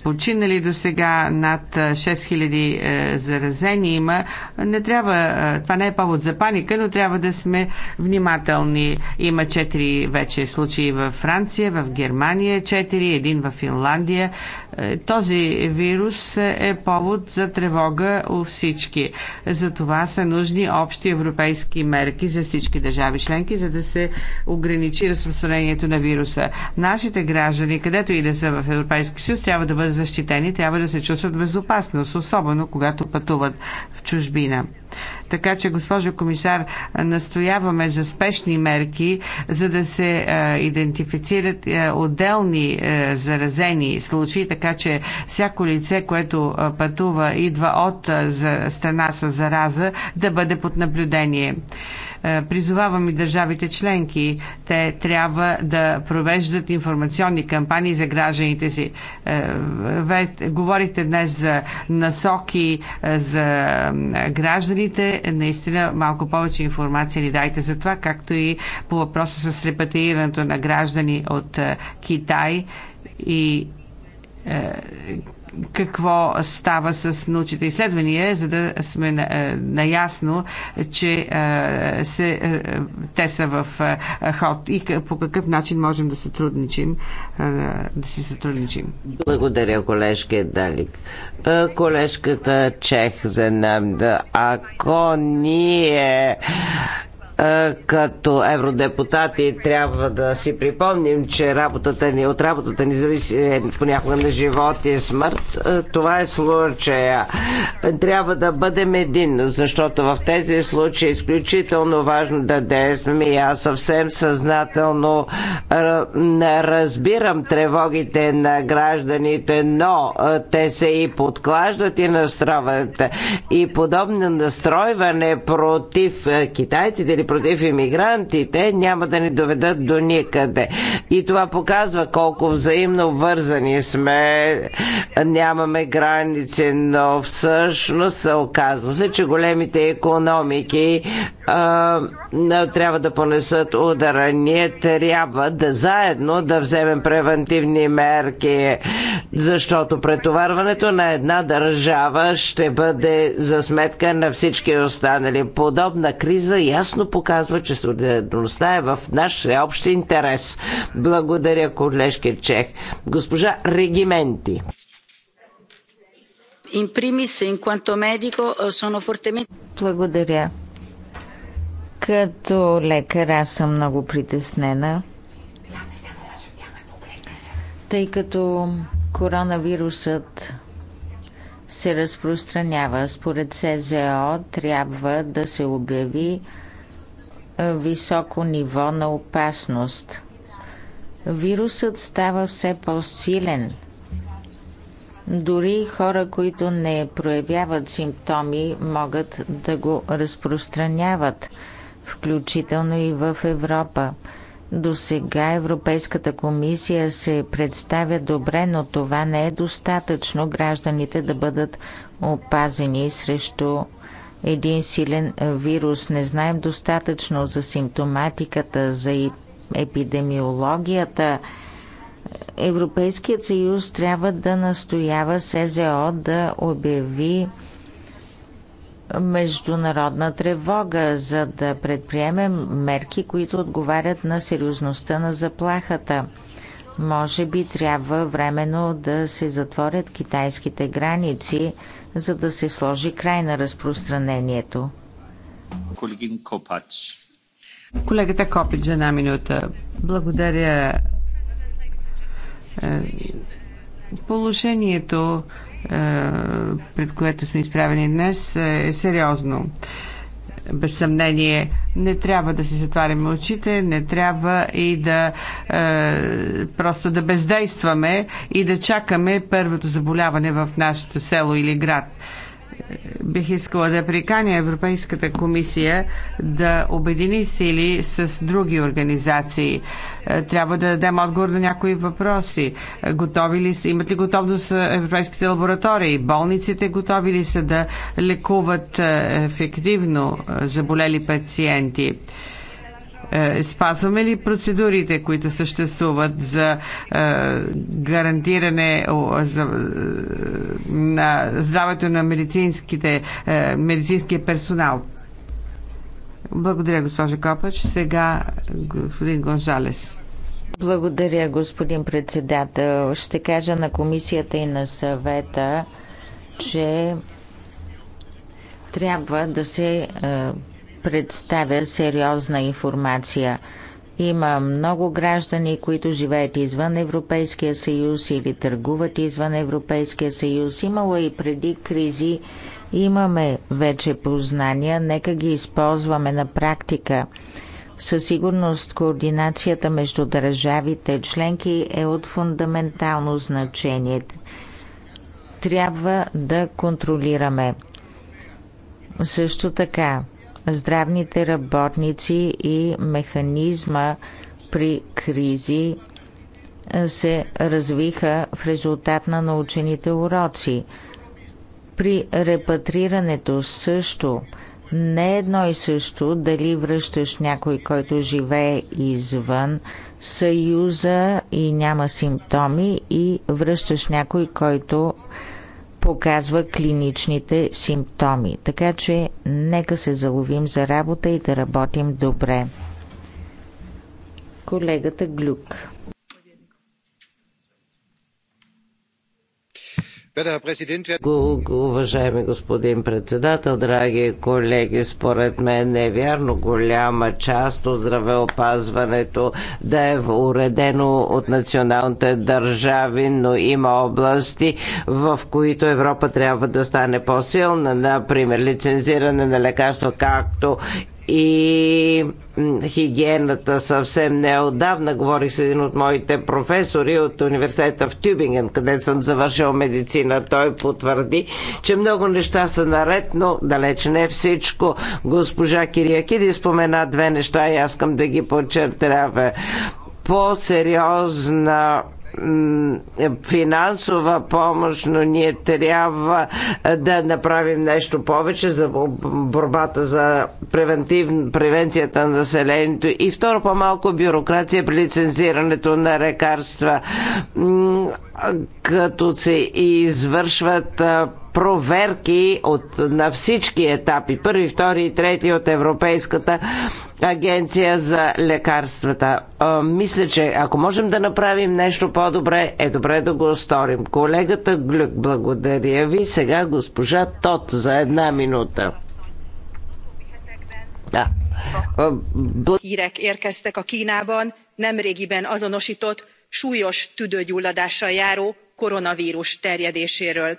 починали до сега, над 6000 заразени има. Не трябва, това не е повод за паника, но трябва да сме внимателни. Има 4 вече случаи във Франция, в Германия 4, един в Финландия, е, този вирус е повод за тревога у всички. За това са нужни общи европейски мерки за всички държави членки, за да се ограничи разпространението на вируса. Нашите граждани, където и да са в Европейски съюз, трябва да бъдат защитени, трябва да се чувстват безопасност, особено когато пътуват в чужбина. Така че, госпожо комисар, настояваме за спешни мерки, за да се е, идентифицират е, отделни заразени случаи, така така че всяко лице, което пътува, идва от страна с зараза, да бъде под наблюдение. Призовавам и държавите членки. Те трябва да провеждат информационни кампании за гражданите си. Е, говорите днес за насоки е, за гражданите. Наистина малко повече информация ни дайте за това, както и по въпроса с репатрирането на граждани от е, Китай и какво става с научните изследвания, за да сме е, наясно, че е, се, е, те са в ход и по какъв начин можем да сътрудничим, да си сътрудничим. Благодаря, колежка Далик. Колежката Чех за нам да ако ние като евродепутати трябва да си припомним, че работата ни, от работата ни зависи е, понякога на живот и е смърт. Това е случая. Трябва да бъдем един, защото в тези случаи е изключително важно да действаме и аз съвсем съзнателно разбирам тревогите на гражданите, но те се и подклаждат и настройват. И подобно настройване против китайците или против иммигрантите няма да ни доведат до никъде. И това показва колко взаимно вързани сме, нямаме граници, но всъщност се оказва се, че големите економики а, трябва да понесат удара. Ние трябва да заедно да вземем превентивни мерки, защото претоварването на една държава ще бъде за сметка на всички останали. Подобна криза ясно показва, че солидарността е в наш общ интерес. Благодаря, колежки Чех. Госпожа Регименти. In primis, in quanto medico, sono fortemente... Благодаря. Като лекар аз съм много притеснена, тъй като коронавирусът се разпространява. Според СЗО трябва да се обяви високо ниво на опасност. Вирусът става все по-силен. Дори хора, които не проявяват симптоми, могат да го разпространяват, включително и в Европа. До сега Европейската комисия се представя добре, но това не е достатъчно гражданите да бъдат опазени срещу един силен вирус. Не знаем достатъчно за симптоматиката, за епидемиологията. Европейският съюз трябва да настоява СЗО да обяви международна тревога, за да предприемем мерки, които отговарят на сериозността на заплахата. Може би трябва временно да се затворят китайските граници, за да се сложи край на разпространението. Колегин Копач. Колегата Копич, една минута. Благодаря. Е, положението, е, пред което сме изправени днес, е сериозно без съмнение не трябва да си затваряме очите, не трябва и да е, просто да бездействаме и да чакаме първото заболяване в нашето село или град бих искала да приканя Европейската комисия да обедини сили с други организации. Е, трябва да дадем отговор на някои въпроси. Е, готови ли са, имат ли готовност европейските лаборатории? Болниците готови ли са да лекуват е, ефективно заболели пациенти? Е, спазваме ли процедурите, които съществуват за е, гарантиране е, на здравето на медицинските, медицинския персонал? Благодаря, госпожа Копач. Сега господин Гонжалес. Благодаря, господин председател. Ще кажа на комисията и на съвета, че трябва да се представя сериозна информация. Има много граждани, които живеят извън Европейския съюз или търгуват извън Европейския съюз. Имало и преди кризи. Имаме вече познания, нека ги използваме на практика. Със сигурност координацията между държавите членки е от фундаментално значение. Трябва да контролираме. Също така, здравните работници и механизма при кризи се развиха в резултат на научените уроци. При репатрирането също не едно и също дали връщаш някой, който живее извън съюза и няма симптоми и връщаш някой, който показва клиничните симптоми. Така че нека се заловим за работа и да работим добре. Колегата Глюк. Уважаеми господин председател, драги колеги, според мен не е вярно голяма част от здравеопазването да е уредено от националните държави, но има области, в които Европа трябва да стане по-силна, например лицензиране на лекарства, както и хигиената съвсем неодавна. Говорих с един от моите професори от университета в Тюбинген, къде съм завършил медицина. Той потвърди, че много неща са наред, но далеч не всичко. Госпожа Кириакиди спомена две неща и аз искам да ги подчертая по-сериозна финансова помощ, но ние трябва да направим нещо повече за борбата за превентив, превенцията на населението и второ по-малко бюрокрация при лицензирането на лекарства, като се извършват проверки от, на всички етапи, първи, втори и трети от Европейската агенция за лекарствата. А, мисля, че ако можем да направим нещо по-добре, е добре да го сторим. Колегата Глюк, благодаря ви. Сега госпожа Тот за една минута. Да. Hírek érkeztek a Kínában nemrégiben azonosított súlyos tüdőgyulladással járó koronavírus terjedéséről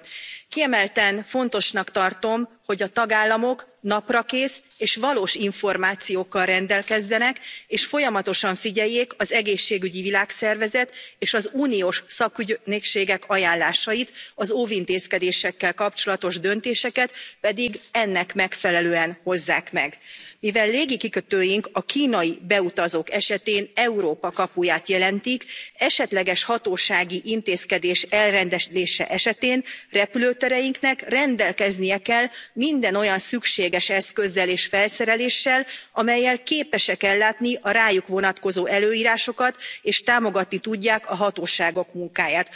kiemelten fontosnak tartom hogy a tagállamok naprakész és valós információkkal rendelkezzenek és folyamatosan figyeljék az egészségügyi világszervezet és az uniós szakügynökségek ajánlásait az óvintézkedésekkel kapcsolatos döntéseket pedig ennek megfelelően hozzák meg mivel légikikötőink a knai beutazók esetén európa kapuját jelentik esetleges hatósági intézkedés elrendelése esetén repülőtereinknek rendelkeznie kell minden olyan szükséges eszközzel és felszereléssel amellyel képesek ellátni a rájuk vonatkozó előrásokat és támogatni tudják a hatóságok munkáját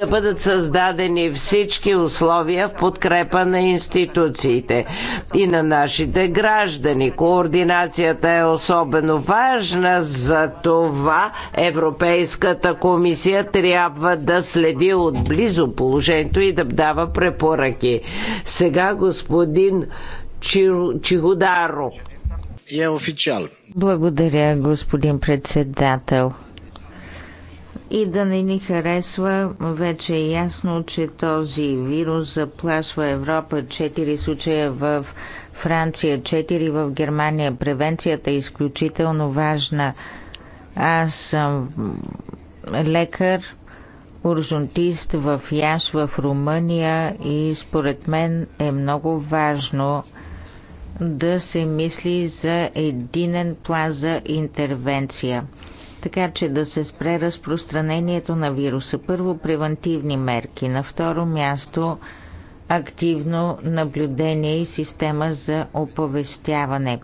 да бъдат създадени всички условия в подкрепа на институциите и на нашите граждани. Координацията е особено важна, за това Европейската комисия трябва да следи отблизо положението и да дава препоръки. Сега господин Чихударо. Е Благодаря, господин председател и да не ни харесва, вече е ясно, че този вирус заплашва Европа. Четири случая в Франция, четири в Германия. Превенцията е изключително важна. Аз съм лекар, уржунтист в Яш, в Румъния и според мен е много важно да се мисли за единен план за интервенция така че да се спре разпространението на вируса. Първо, превентивни мерки. На второ място, активно наблюдение и система за оповестяване.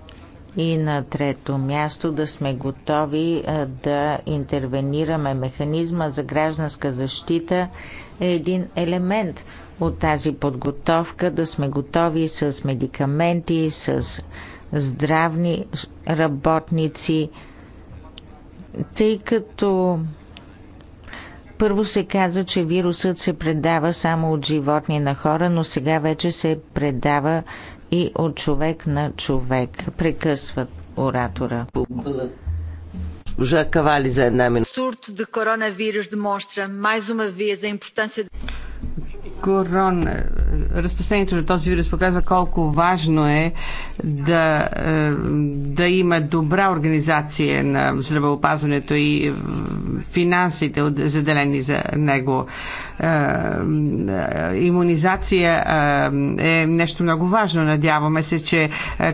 И на трето място да сме готови да интервенираме. Механизма за гражданска защита е един елемент от тази подготовка, да сме готови с медикаменти, с здравни работници, тъй като първо се каза, че вирусът се предава само от животни на хора, но сега вече се предава и от човек на човек. Прекъсват оратора. Госпожа Кавали за една минута. de коронавирус демонстра mais uma vez a importância Корона разпространението на този вирус показва колко важно е да, е, да има добра организация на здравеопазването и финансите заделени за него. Е, е, имунизация е, е нещо много важно. Надяваме се, че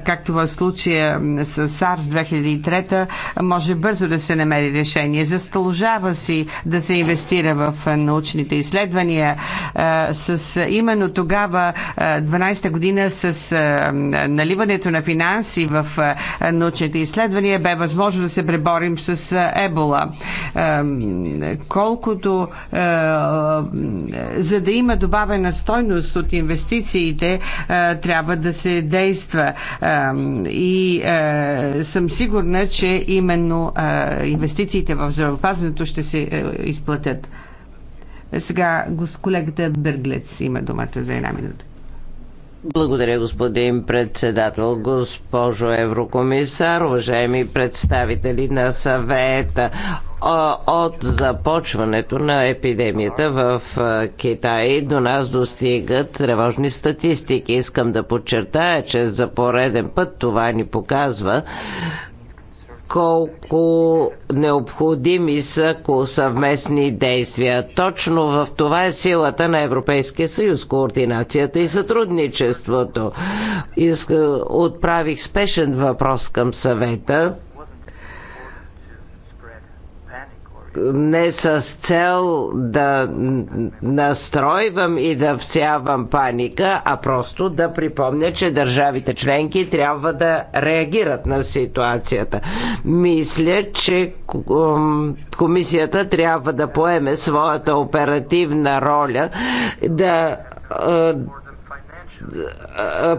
както в случая с SARS 2003 може бързо да се намери решение. Застължава си да се инвестира в научните изследвания. С именно тогава 12-та година с наливането на финанси в научните изследвания бе възможно да се преборим с ебола. Колкото за да има добавена стойност от инвестициите, е, трябва да се действа. Е, и е, съм сигурна, че именно инвестициите в здравеопазването ще се изплатят. Сега колегата Бърглец има думата за една минута. Благодаря, господин председател, госпожо еврокомисар, уважаеми представители на съвета от започването на епидемията в Китай до нас достигат тревожни статистики. Искам да подчертая, че за пореден път това ни показва колко необходими са съвместни действия. Точно в това е силата на Европейския съюз, координацията и сътрудничеството. Отправих спешен въпрос към съвета не с цел да настройвам и да всявам паника, а просто да припомня, че държавите членки трябва да реагират на ситуацията. Мисля, че комисията трябва да поеме своята оперативна роля да е,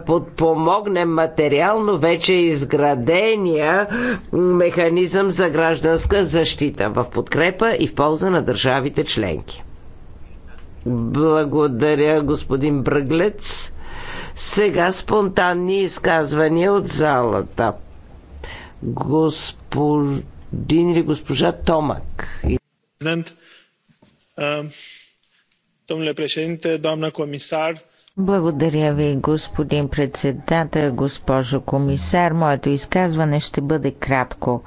подпомогнем материално вече изградения механизъм за гражданска защита в подкрепа и в полза на държавите членки. Благодаря, господин Бръглец. Сега спонтанни изказвания от залата. Господин или госпожа Томак. Domnule președinte, doamnă comisar, благодаря ви, господин председател, госпожо комисар. Моето изказване ще бъде кратко.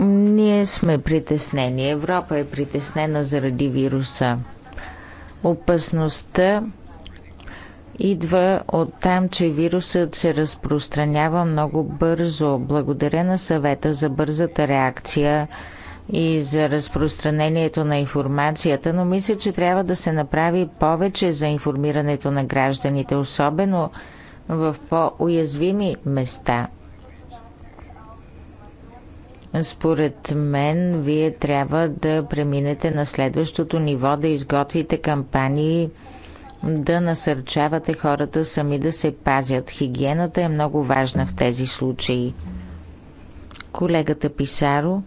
Ние сме притеснени. Европа е притеснена заради вируса. Опасността идва от там, че вирусът се разпространява много бързо. Благодаря на съвета за бързата реакция и за разпространението на информацията, но мисля, че трябва да се направи повече за информирането на гражданите, особено в по-уязвими места. Според мен, вие трябва да преминете на следващото ниво, да изготвите кампании, да насърчавате хората сами да се пазят. Хигиената е много важна в тези случаи. Колегата Писаро.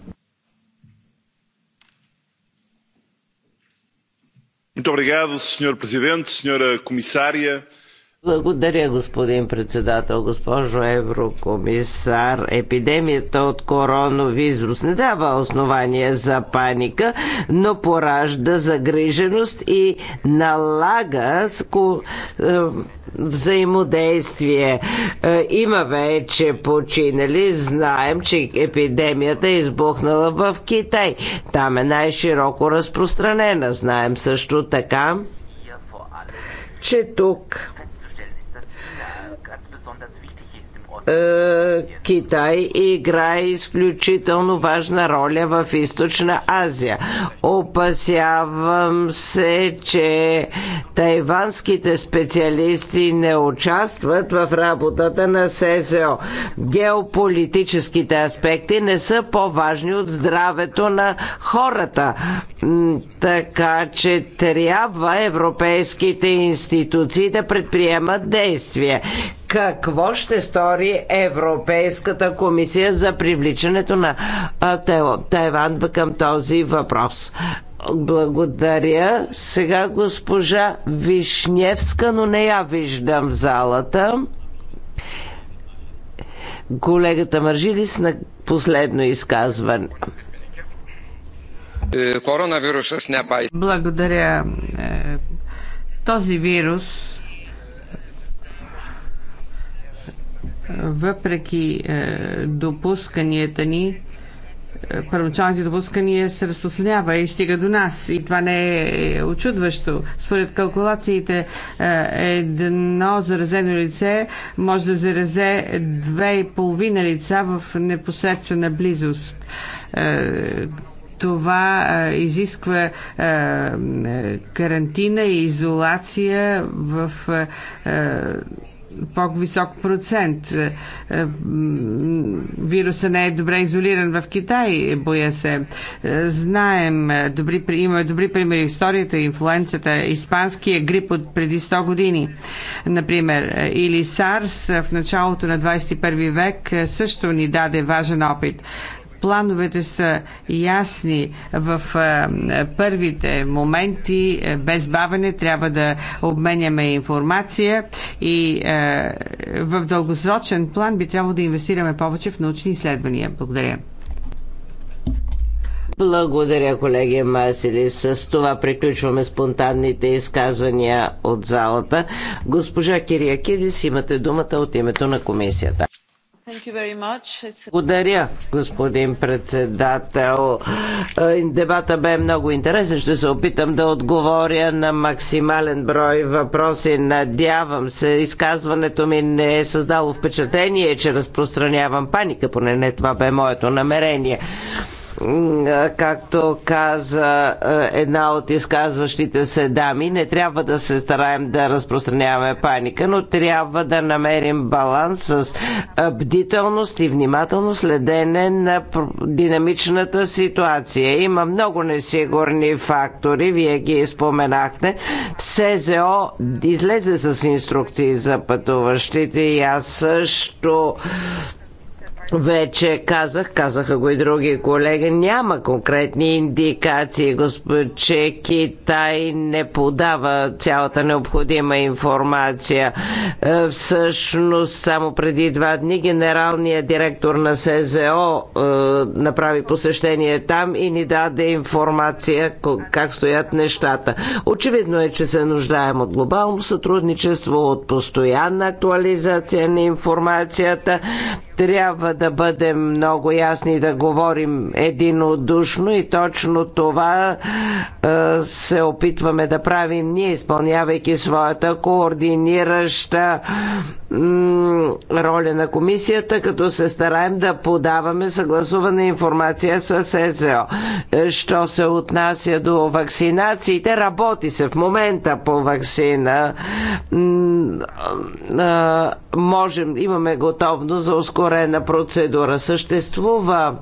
muito obrigado senhor presidente senhora comissária. Благодаря, господин председател, госпожо еврокомисар. Епидемията от коронавирус не дава основания за паника, но поражда загриженост и налага е, взаимодействие. Е, има вече починали. Знаем, че епидемията е избухнала в Китай. Там е най-широко разпространена. Знаем също така, че тук Е, Китай играе изключително важна роля в Източна Азия. Опасявам се, че тайванските специалисти не участват в работата на СЗО. Геополитическите аспекти не са по-важни от здравето на хората. Така че трябва европейските институции да предприемат действия какво ще стори Европейската комисия за привличането на Тайван към този въпрос. Благодаря. Сега госпожа Вишневска, но не я виждам в залата. Колегата Маржилис на последно изказване. Е, коронавирусът не Благодаря. Е, този вирус въпреки е, допусканията ни, е, първоначалните допускания се разпространява и стига до нас. И това не е, е очудващо. Според калкулациите, едно заразено лице може да заразе две и половина лица в непосредствена близост това изисква карантина и изолация в по-висок процент. Е, е, вируса не е добре изолиран в Китай, боя се. Е, знаем, добри, има добри примери в историята, инфлуенцията, испанския грип от преди 100 години, например, или САРС в началото на 21 век също ни даде важен опит. Плановете са ясни в е, първите моменти, е, без бавене трябва да обменяме информация и е, в дългосрочен план би трябвало да инвестираме повече в научни изследвания. Благодаря. Благодаря, колеги Масили. С това приключваме спонтанните изказвания от залата. Госпожа Кириакидис, имате думата от името на комисията. Благодаря, господин председател. Е, дебата бе много интересен. Ще се опитам да отговоря на максимален брой въпроси. Надявам се, изказването ми не е създало впечатление, че разпространявам паника, поне не това бе моето намерение както каза една от изказващите се дами, не трябва да се стараем да разпространяваме паника, но трябва да намерим баланс с бдителност и внимателно следене на динамичната ситуация. Има много несигурни фактори, вие ги споменахте. СЗО излезе с инструкции за пътуващите и аз също вече казах, казаха го и други колеги, няма конкретни индикации, господ, че Китай не подава цялата необходима информация. Е, всъщност, само преди два дни генералният директор на СЗО е, направи посещение там и ни даде информация как стоят нещата. Очевидно е, че се нуждаем от глобално сътрудничество, от постоянна актуализация на информацията. Трябва да бъдем много ясни, и да говорим единодушно и точно това е, се опитваме да правим ние, изпълнявайки своята координираща роля на комисията, като се стараем да подаваме съгласувана информация с ЕЗО. Е, що се отнася до вакцинациите, работи се в момента по вакцина. Можем, имаме готовност за ускорена процедура процедура. Съществува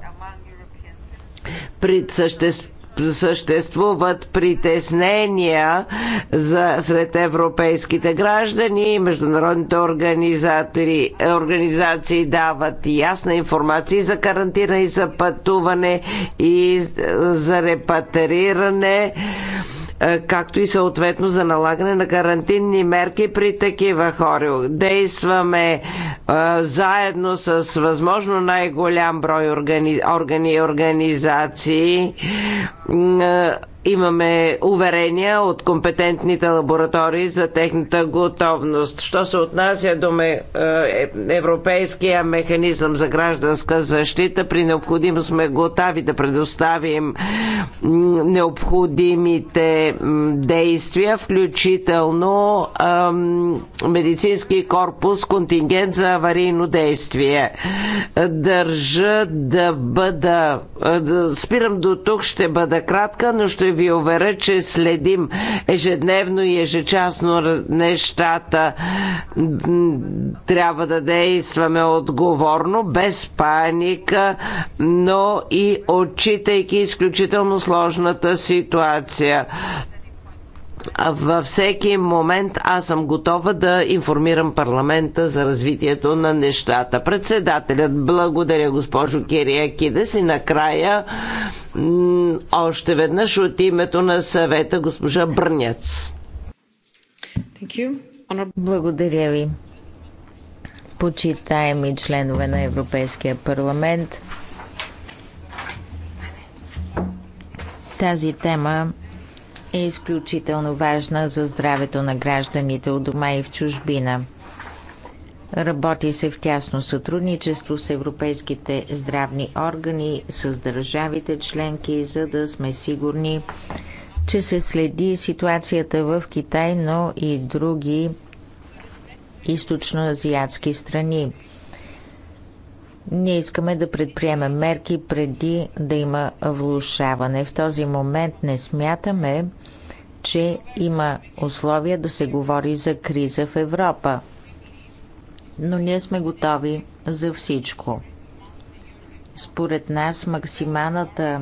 пред съществува съществуват притеснения за, сред европейските граждани и международните организации дават ясна информация за карантина, и за пътуване, и за репатериране е, както и съответно за налагане на карантинни мерки при такива хора. Действаме е, заедно с възможно най-голям брой органи, органи и организации е, имаме уверения от компетентните лаборатории за техната готовност. Що се отнася до ме, е, Европейския механизъм за гражданска защита, при необходимост сме готови да предоставим необходимите действия, включително е, медицински корпус, контингент за аварийно действие. Държа да бъда. Е, да спирам до тук, ще бъда кратка, но ще ви уверя, че следим ежедневно и ежечасно нещата. Трябва да действаме отговорно, без паника, но и отчитайки изключително сложната ситуация във всеки момент аз съм готова да информирам парламента за развитието на нещата. Председателят, благодаря госпожо Кирия Кидес и накрая още веднъж от името на съвета госпожа Брняц. Благодаря ви. Почитаеми членове на Европейския парламент, тази тема е изключително важна за здравето на гражданите от дома и в чужбина. Работи се в тясно сътрудничество с европейските здравни органи, с държавите членки, за да сме сигурни, че се следи ситуацията в Китай, но и други източноазиатски страни. Ние искаме да предприемем мерки преди да има влушаване. В този момент не смятаме, че има условия да се говори за криза в Европа. Но ние сме готови за всичко. Според нас максималната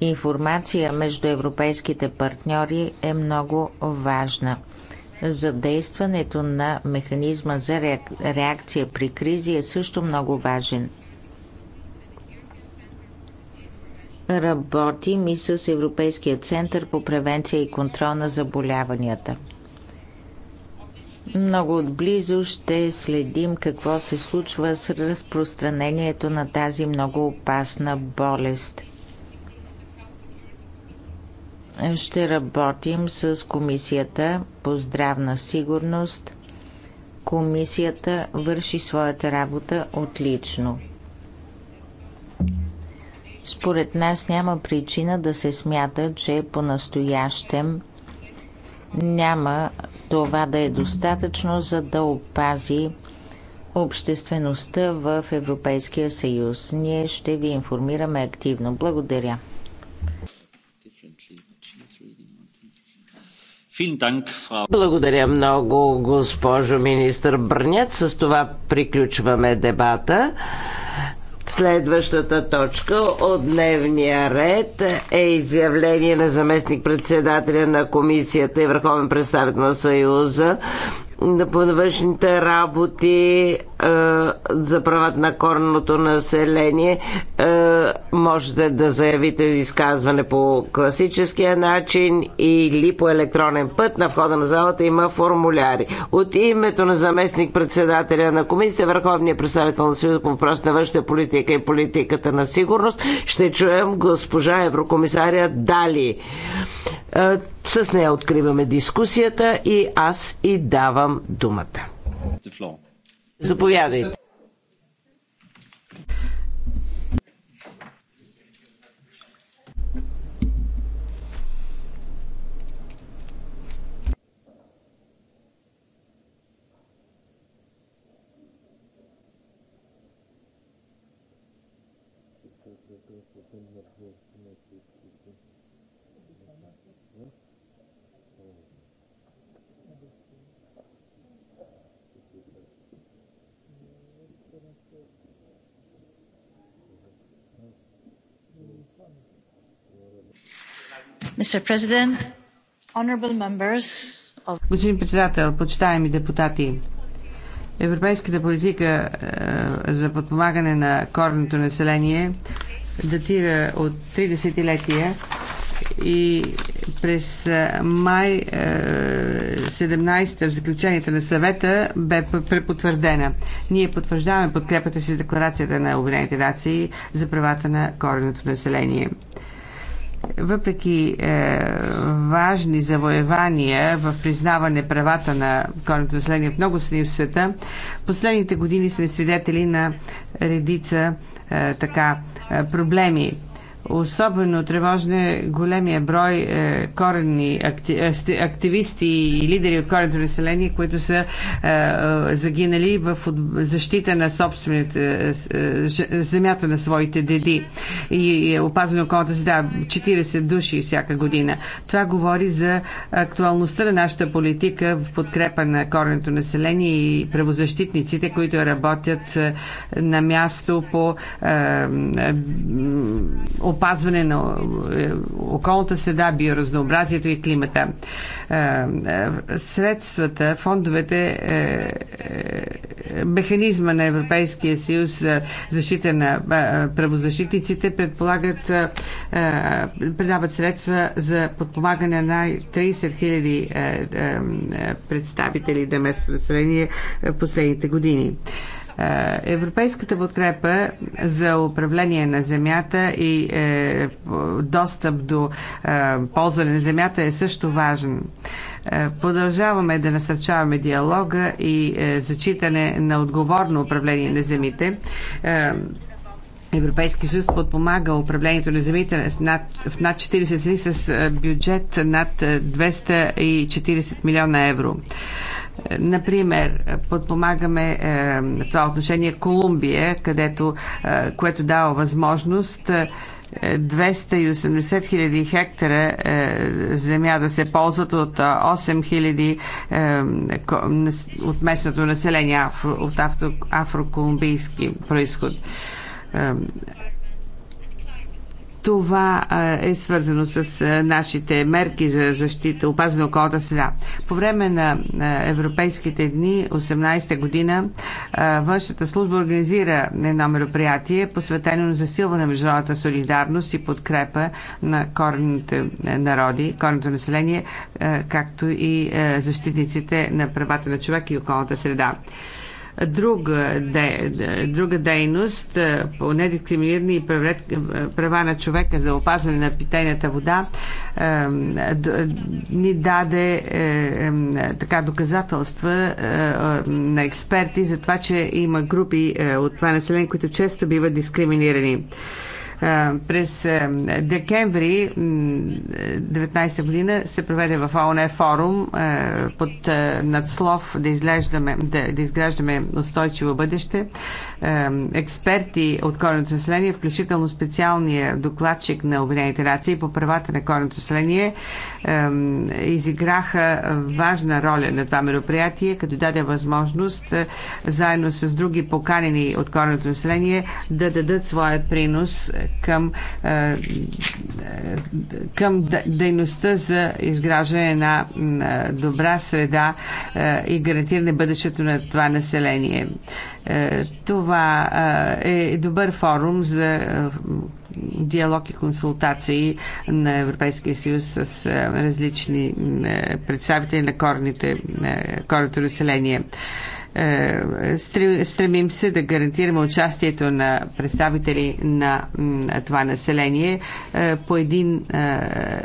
информация между европейските партньори е много важна. За действането на механизма за реакция при кризи е също много важен. Работим и с Европейския център по превенция и контрол на заболяванията. Много отблизо ще следим какво се случва с разпространението на тази много опасна болест. Ще работим с Комисията по здравна сигурност. Комисията върши своята работа отлично. Според нас няма причина да се смята, че по-настоящем няма това да е достатъчно, за да опази обществеността в Европейския съюз. Ние ще ви информираме активно. Благодаря. Благодаря много, госпожо министр Бърнят. С това приключваме дебата. Следващата точка от дневния ред е изявление на заместник-председателя на комисията и върховен представител на Съюза на външните работи за правата на корното население, можете да заявите изказване по класическия начин или по електронен път. На входа на залата има формуляри. От името на заместник председателя на комисията, върховния представител на Съюза по въпросите на външната политика и политиката на сигурност, ще чуем госпожа еврокомисаря Дали. С нея откриваме дискусията и аз и давам думата. The floor. Заповядайте. Господин председател, почитаеми депутати, европейската политика е, за подпомагане на корното население датира от три десетилетия и през е, май 17 е, в заключенията на съвета бе препотвърдена. Ние потвърждаваме подкрепата си с декларацията на Обединените нации за правата на коренното население въпреки е, важни завоевания в признаване правата на коренното население в много страни в света, последните години сме свидетели на редица е, така е, проблеми Особено тревожно е големия брой е, корени е, активисти и лидери от коренното население, които са е, е загинали в защита на собствените е, е земята на своите деди и е опазено околната среда 40 души всяка година. Това говори за актуалността на нашата политика в подкрепа на коренното население и правозащитниците, които работят на място по е, опазване на е, околната среда, биоразнообразието и климата. Е, е, средствата, фондовете, механизма на Европейския съюз за защита на правозащитниците предполагат, предават средства за подпомагане на 30 хиляди представители на местното население в последните години. Е, европейската подкрепа за управление на земята и е, достъп до е, ползване на земята е също важен. Продължаваме да насърчаваме диалога и зачитане на отговорно управление на земите Европейски съюз подпомага управлението на земите над, в над 40 страни с бюджет над 240 милиона евро. Например, подпомагаме е, в това отношение Колумбия, където, е, което дава възможност 280 е, хиляди хектара земя да се ползват от 8 хиляди от местното население от афроколумбийски происход. Това е свързано с нашите мерки за защита, опазване околната среда. По време на европейските дни, 18-та година, външната служба организира едно мероприятие, посветено на засилване на международната солидарност и подкрепа на коренните народи, коренното население, както и защитниците на правата на човека и околната среда друга, де, друга дейност е, по недискриминирани е, права на човека за опазване на питейната вода е, ни даде така доказателства на експерти за това, че има групи от това население, които често биват дискриминирани. През декември 19 година се проведе в ООН форум под надслов да, изглеждаме, да, да изграждаме устойчиво бъдеще. Експерти от коренното население, включително специалния докладчик на Обединените нации по правата на коренното население, изиграха важна роля на това мероприятие, като даде възможност заедно с други поканени от коренното население да дадат своят принос към, е, към дейността за изграждане на добра среда е, и гарантиране бъдещето на това население. Е, това е добър форум за диалог и консултации на Европейския съюз с различни представители на корните, корното население. Е, стремим се да гарантираме участието на представители на това население е, по един е,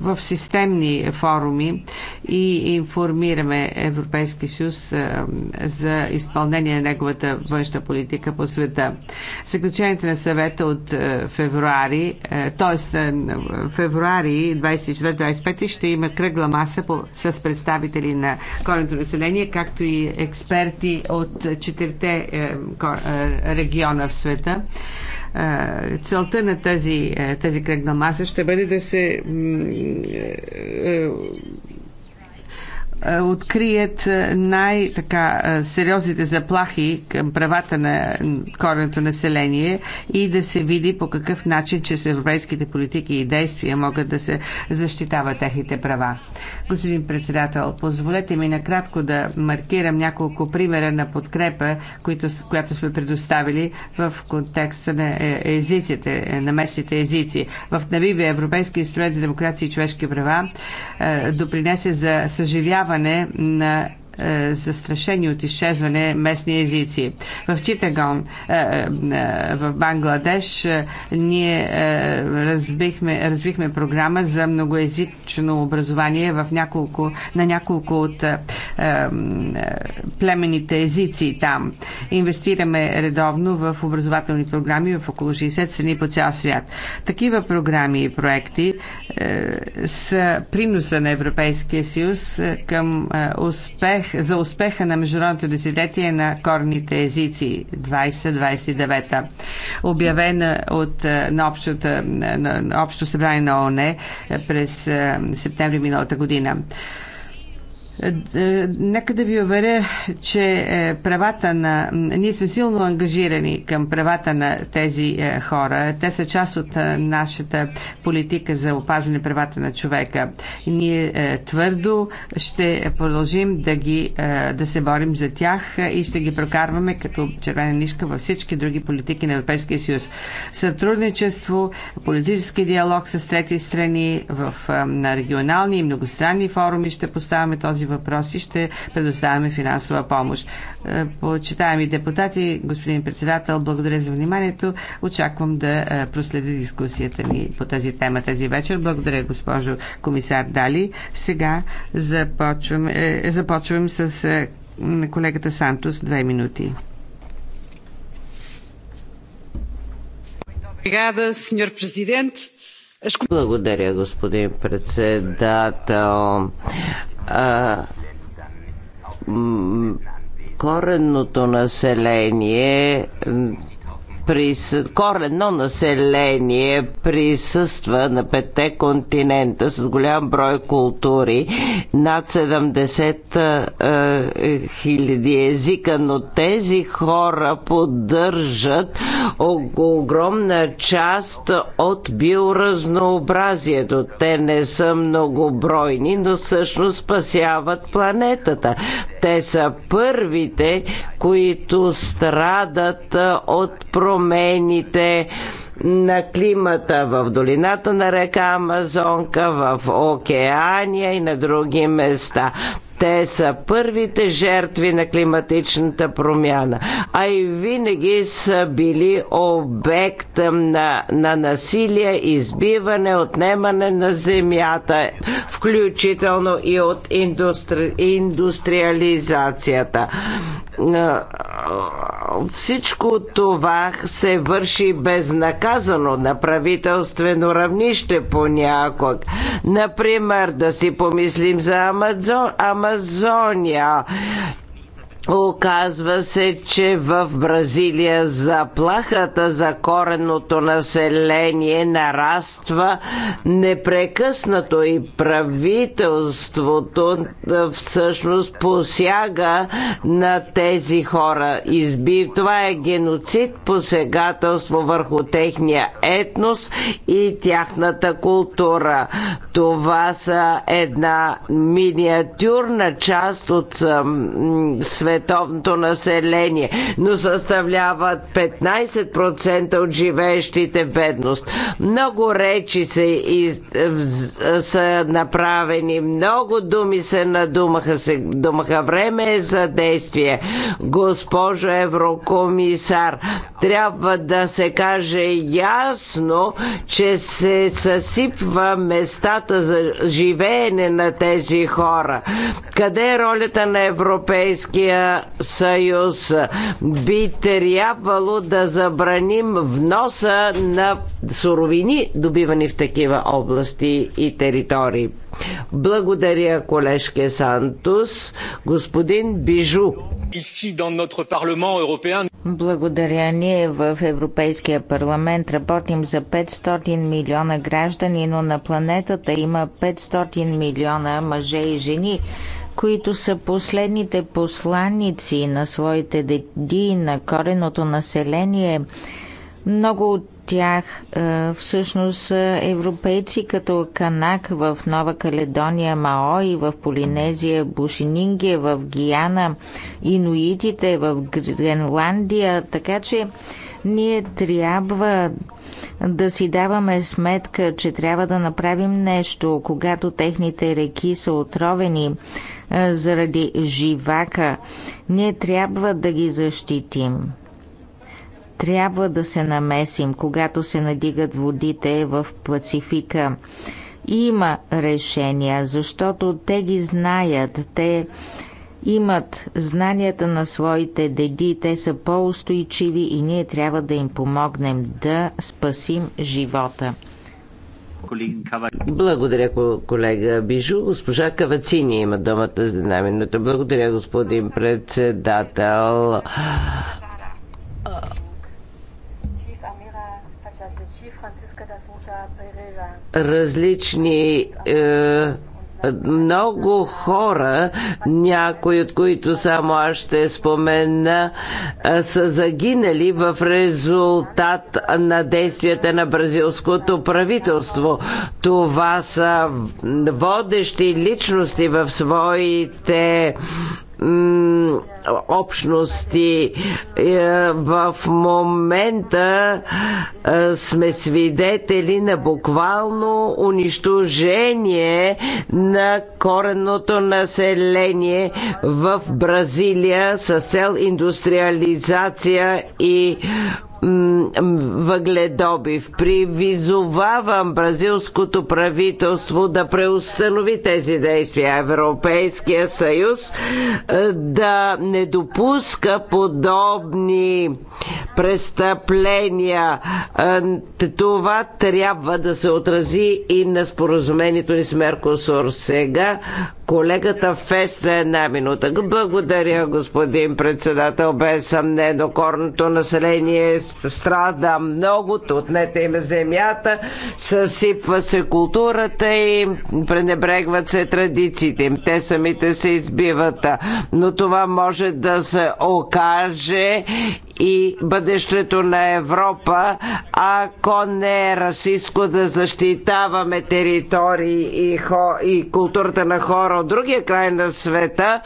в системни форуми и информираме Европейски съюз е, за изпълнение на неговата външна политика по света. Заключението на съвета от е, февруари, т.е. Е, февруари 24-25 ще има кръгла маса по, с представители на коренното население, както и експерти от четирите региона в света Целта на тази, е, тази кръгна маса ще бъде да се е, е, е, открият е, най-така е, сериозните заплахи към правата на коренното население и да се види по какъв начин че с европейските политики и действия могат да се защитават техните права. Господин председател, позволете ми накратко да маркирам няколко примера на подкрепа, които, която сме предоставили в контекста на езиците, на местните езици. В Навибия, Европейски инструмент за демокрация и човешки права допринесе за съживяване намаляване на е, застрашени от изчезване местни езици. В Читагон, е, е, е в Бангладеш, е, ние е, разбихме, програма за многоязично образование в няколко, на няколко от е, е, племените езици там. Инвестираме редовно в образователни програми в около 60 страни по цял свят. Такива програми и проекти е, са приноса на Европейския съюз е, към е, успех успех, за успеха на Международното десетилетие на корните езици 20-29, обявена от, е, на, общото, е, на, на Общо събрание на ОНЕ през е, септември миналата година. Е, е, нека да ви уверя, че е, правата на... Ние сме силно ангажирани към правата на тези хора. Те са част от нашата политика за опазване правата на човека. Ние твърдо ще продължим да, ги, да се борим за тях и ще ги прокарваме като червена нишка във всички други политики на Европейския съюз. Сътрудничество, политически диалог с трети страни в, на регионални и многостранни форуми ще поставяме този въпроси ще предоставяме финансова помощ. Е, почитаеми депутати, господин председател, благодаря за вниманието. Очаквам да е, проследя дискусията ни по тази тема тази вечер. Благодаря, госпожо комисар Дали. Сега започваме с е, колегата Сантос. Две минути. Obrigada, Sr. Presidente. Благодаря, господин председател а, коренното население през коренно население присъства на петте континента с голям брой култури, над 70 хиляди езика, но тези хора поддържат огромна част от биоразнообразието. Те не са многобройни, но всъщност спасяват планетата. Те са първите, които страдат от проблемите промените на климата в долината на река Амазонка, в Океания и на други места. Те са първите жертви на климатичната промяна, а и винаги са били обект на, на насилие, избиване, отнемане на земята, включително и от индустри, индустриализацията. Всичко това се върши безнаказано на правителствено равнище понякога. Например, да си помислим за Амазон, Амазон Амазония. Оказва се, че в Бразилия заплахата за коренното население нараства непрекъснато и правителството всъщност посяга на тези хора. Изби... Това е геноцид, посегателство върху техния етнос и тяхната култура. Това са една миниатюрна част от света световното население, но съставляват 15% от живеещите в бедност. Много речи се и е, е, са направени, много думи се надумаха, се, думаха време е за действие. Госпожо Еврокомисар, трябва да се каже ясно, че се съсипва местата за живеене на тези хора. Къде е ролята на Европейския съюз. Би трябвало да забраним вноса на суровини, добивани в такива области и територии. Благодаря, колежке Сантус. Господин Бижу. Благодаря. Ние в Европейския парламент работим за 500 милиона граждани, но на планетата има 500 милиона мъже и жени, които са последните посланици на своите деди, на кореното население. Много от тях е, всъщност са европейци, като Канак в Нова Каледония, Маои в Полинезия, Бушининге в Гиана, инуитите в Гренландия. Така че ние трябва да си даваме сметка, че трябва да направим нещо, когато техните реки са отровени заради живака. Ние трябва да ги защитим. Трябва да се намесим, когато се надигат водите в Пацифика. Има решения, защото те ги знаят. Те имат знанията на своите деди, те са по-устойчиви и ние трябва да им помогнем да спасим живота. Благодаря, колега Бижу. Госпожа Кавацини има думата една минута. Благодаря, господин председател. Различни е, много хора, някои от които само аз ще спомена, са загинали в резултат на действията на бразилското правителство. Това са водещи личности в своите общности. Е, в момента е, сме свидетели на буквално унищожение на коренното население в Бразилия с цел индустриализация и въгледобив. Привизовавам бразилското правителство да преустанови тези действия. Европейския съюз е, да не допуска подобни престъпления. Е, това трябва да се отрази и на споразумението ни с Меркосур. Сега колегата Фес за една минута. Благодаря, господин председател. Без съмнено, корното население е страда много, отнете им земята, съсипва се културата и пренебрегват се традициите им. Те самите се избиват. Но това може да се окаже и бъдещето на Европа, ако не е расистко да защитаваме територии и, хо, и културата на хора от другия край на света,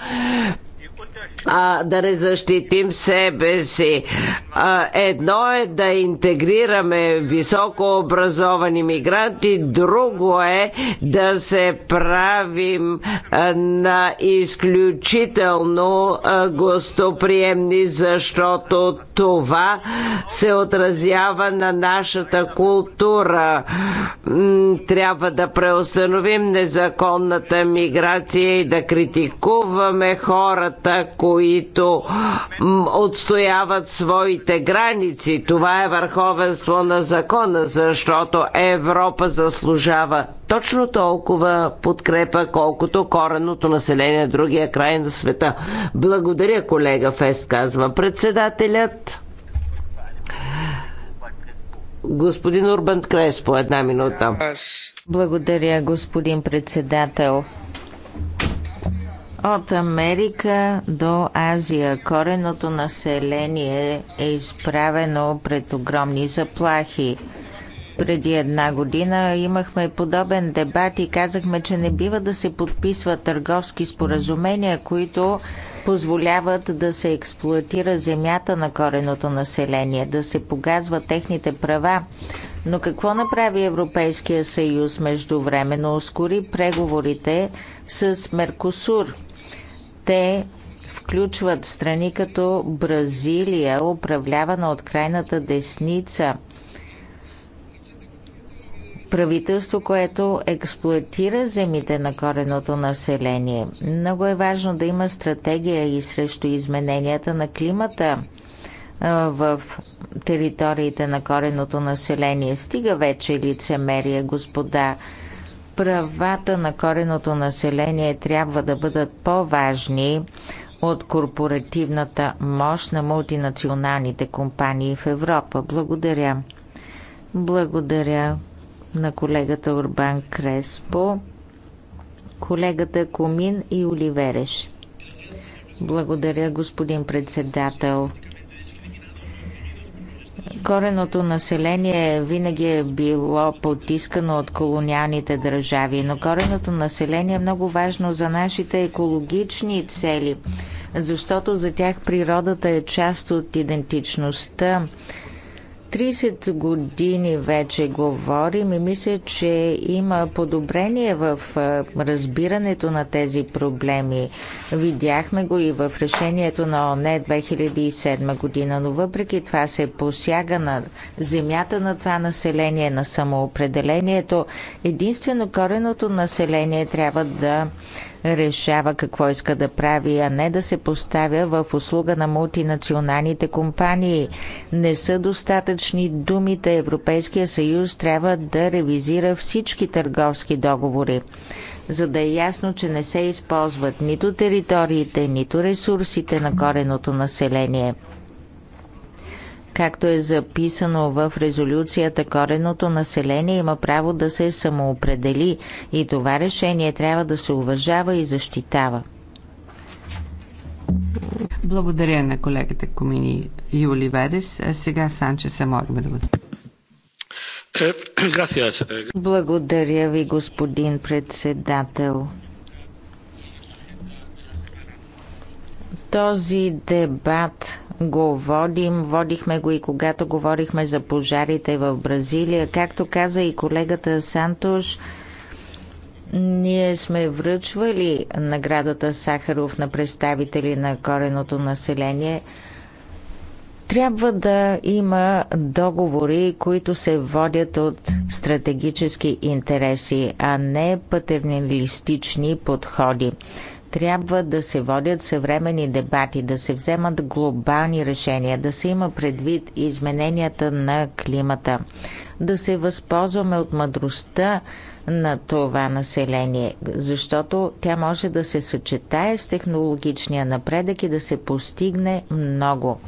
а, да не защитим себе си. А, едно е да интегрираме високообразовани мигранти, друго е да се правим а, на изключително а, гостоприемни, защото това се отразява на нашата култура. Трябва да преустановим незаконната миграция и да критикуваме хората, които които отстояват своите граници. Това е върховенство на закона, защото Европа заслужава точно толкова подкрепа, колкото кореното население на другия край на света. Благодаря, колега Фест, казва председателят. Господин Урбан Креспо, една минута. Благодаря, господин председател. От Америка до Азия кореното население е изправено пред огромни заплахи. Преди една година имахме подобен дебат и казахме, че не бива да се подписват търговски споразумения, които позволяват да се експлуатира земята на кореното население, да се погазват техните права. Но какво направи Европейския съюз между междувременно? Ускори преговорите с Меркосур – те включват страни като Бразилия, управлявана от крайната десница. Правителство, което експлуатира земите на кореното население. Много е важно да има стратегия и срещу измененията на климата в териториите на кореното население. Стига вече лицемерие, господа Правата на кореното население трябва да бъдат по-важни от корпоративната мощ на мултинационалните компании в Европа. Благодаря. Благодаря на колегата Урбан Креспо, колегата Комин и Оливереш. Благодаря, господин председател. Кореното население винаги е било потискано от колониалните държави, но кореното население е много важно за нашите екологични цели, защото за тях природата е част от идентичността. 30 години вече говорим и мисля, че има подобрение в разбирането на тези проблеми. Видяхме го и в решението на ОНЕ 2007 година, но въпреки това се посяга на земята на това население, на самоопределението. Единствено кореното население трябва да решава какво иска да прави, а не да се поставя в услуга на мултинационалните компании. Не са достатъчни думите. Европейския съюз трябва да ревизира всички търговски договори за да е ясно, че не се използват нито териториите, нито ресурсите на кореното население. Както е записано в резолюцията, кореното население има право да се самоопредели и това решение трябва да се уважава и защитава. Благодаря на колегата Комини Юли Верес. А сега Санче молим да бъде. Благодаря ви, господин председател. Този дебат го водим. Водихме го и когато говорихме за пожарите в Бразилия. Както каза и колегата Сантош, ние сме връчвали наградата Сахаров на представители на кореното население. Трябва да има договори, които се водят от стратегически интереси, а не патерналистични подходи. Трябва да се водят съвремени дебати, да се вземат глобални решения, да се има предвид измененията на климата, да се възползваме от мъдростта на това население, защото тя може да се съчетае с технологичния напредък и да се постигне много.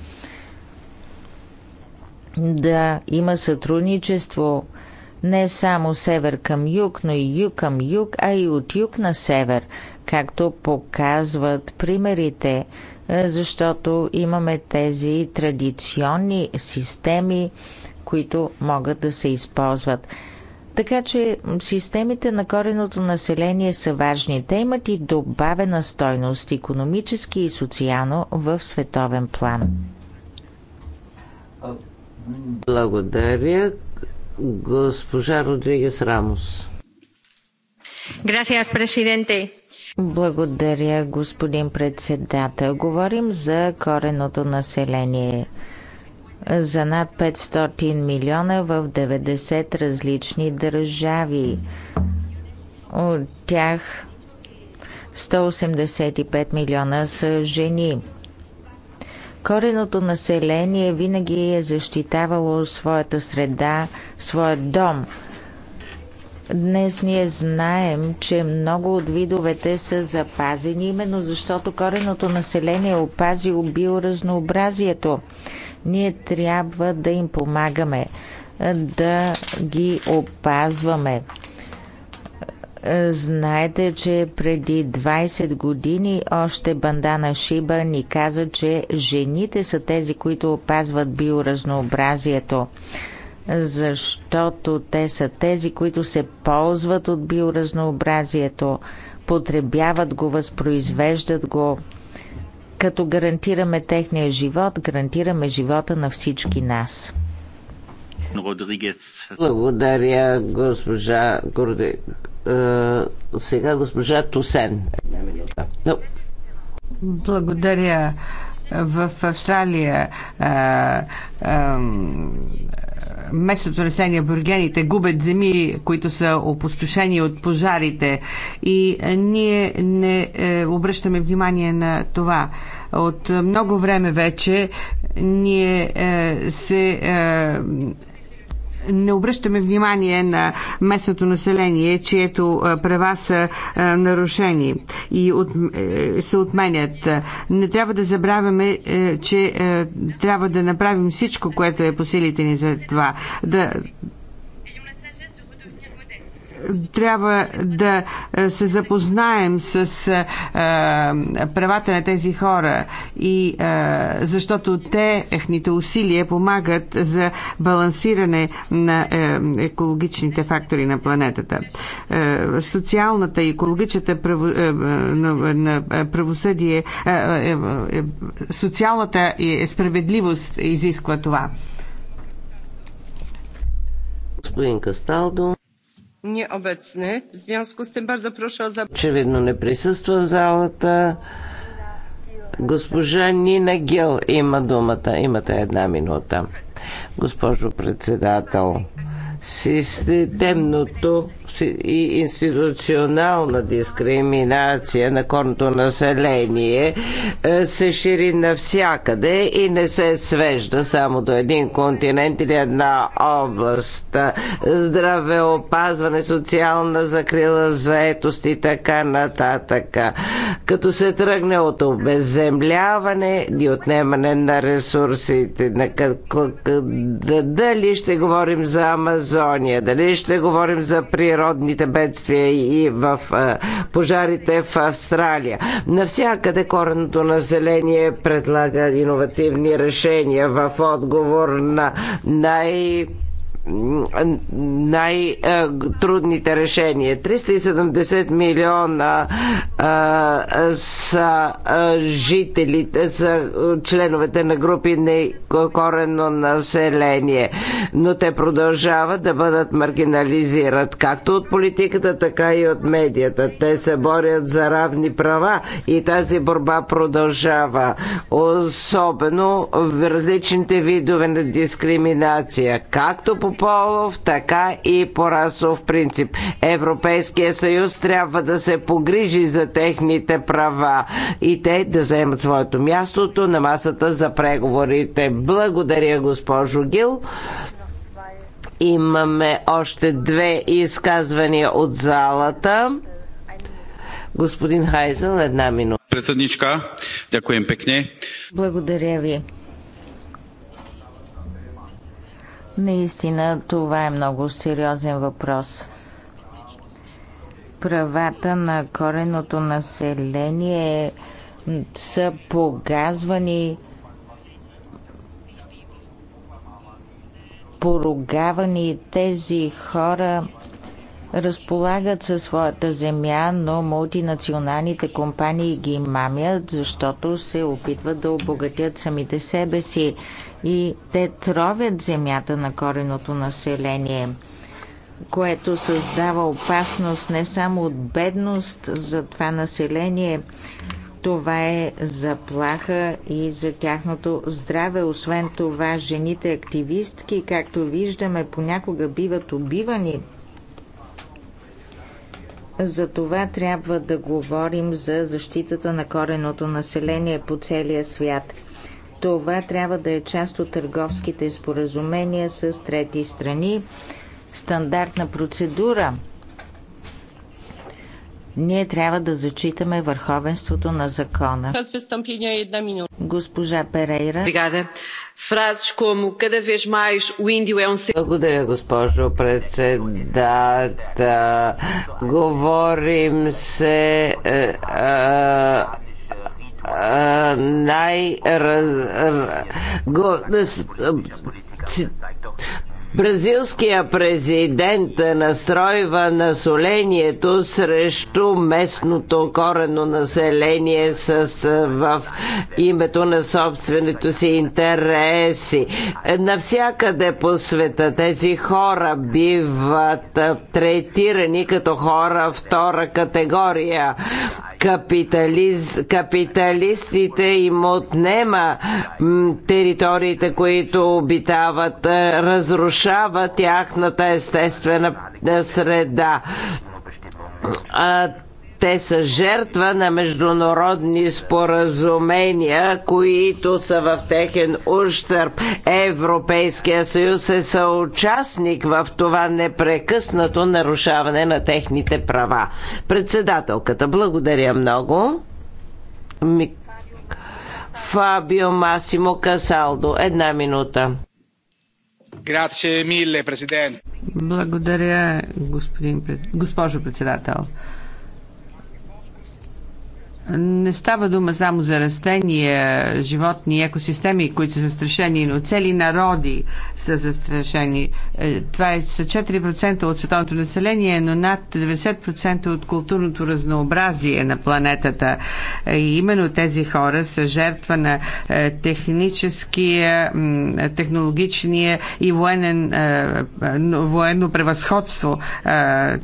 Да има сътрудничество не само север към юг, но и юг към юг, а и от юг на север както показват примерите, е, защото имаме тези традиционни системи, които могат да се използват. Така че системите на кореното население са важни. Те имат и добавена стойност економически и социално в световен план. Благодаря, госпожа Родригес Рамос. Gracias, presidente. Благодаря, господин председател. Говорим за кореното население за над 500 милиона в 90 различни държави. От тях 185 милиона са жени. Кореното население винаги е защитавало своята среда, своят дом – Днес ние знаем, че много от видовете са запазени, именно защото кореното население е опазило биоразнообразието. Ние трябва да им помагаме, да ги опазваме. Знаете, че преди 20 години още Бандана Шиба ни каза, че жените са тези, които опазват биоразнообразието защото те са тези, които се ползват от биоразнообразието, потребяват го, възпроизвеждат го. Като гарантираме техния живот, гарантираме живота на всички нас. Благодаря, госпожа Горде. Сега госпожа Тусен. Благодаря. В Австралия местното население, бургените, губят земи, които са опустошени от пожарите. И ние не е, обръщаме внимание на това. От много време вече ние е, се е, не обръщаме внимание на местното население, чието права са нарушени и от, е, се отменят. Не трябва да забравяме, е, че е, трябва да направим всичко, което е по силите ни за това. Да трябва да е, се запознаем с а, е, правата на тези хора и а, е, защото техните усилия помагат за балансиране на е, екологичните фактори на планетата. Е, социалната и екологичната право, е, на, на правосъдие, е, е, е, социалната и справедливост изисква това. Господин Касталдо nieobecny. W związku z tym bardzo proszę o zabranie. Очевидно не присъства в залата. Госпожа Нина Гил има думата. Имате една минута. Госпожо председател, системното и институционална дискриминация на корното население е, се шири навсякъде и не се свежда само до един континент или една област. Здравеопазване, социална закрила, заетост и така нататък. Като се тръгне от обезземляване и отнемане на ресурсите, дали ще говорим за Амазония, дали ще говорим за природа, природните бедствия и в пожарите в Австралия. Навсякъде коренното население предлага иновативни решения в отговор на най- най-трудните решения. 370 милиона а, са жителите, са членовете на групи на коренно население, но те продължават да бъдат маргинализират както от политиката, така и от медията. Те се борят за равни права и тази борба продължава. Особено в различните видове на дискриминация, както по полов, така и по расов принцип. Европейския съюз трябва да се погрижи за техните права и те да заемат своето мястото на масата за преговорите. Благодаря, госпожо Гил. Имаме още две изказвания от залата. Господин Хайзел, една минута. Председничка, дякуем пекне. Благодаря ви. Наистина това е много сериозен въпрос. Правата на кореното население са погазвани, поругавани тези хора разполагат със своята земя, но мултинационалните компании ги мамят, защото се опитват да обогатят самите себе си и те тровят земята на кореното население, което създава опасност не само от бедност за това население, това е заплаха и за тяхното здраве. Освен това, жените активистки, както виждаме, понякога биват убивани. За това трябва да говорим за защитата на кореното население по целия свят – това трябва да е част от търговските споразумения с трети страни. Стандартна процедура. Ние трябва да зачитаме върховенството на закона. Госпожа Перейра. Е Благодаря, госпожо председател. Говорим се... Е, е, най Бразилския президент настройва насолението срещу местното корено население с, в името на собственото си интереси. Навсякъде по света тези хора биват третирани като хора втора категория. Капитализ, капиталистите им отнема териториите, които обитават разрушението нарушава тяхната естествена е, среда. А, те са жертва на международни споразумения, които са в техен ущърп. Европейския съюз е съучастник в това непрекъснато нарушаване на техните права. Председателката, благодаря много. Фабио Масимо Касалдо, една минута. Благодаря, господин, госпожо председател. Не става дума само за растения, животни, екосистеми, които са застрашени, но цели народи са застрашени. Е, това е, са 4% от световното население, но над 90% от културното разнообразие на планетата. Е, и именно тези хора са жертва на е, техническия, технологичния и военен, военно превъзходство.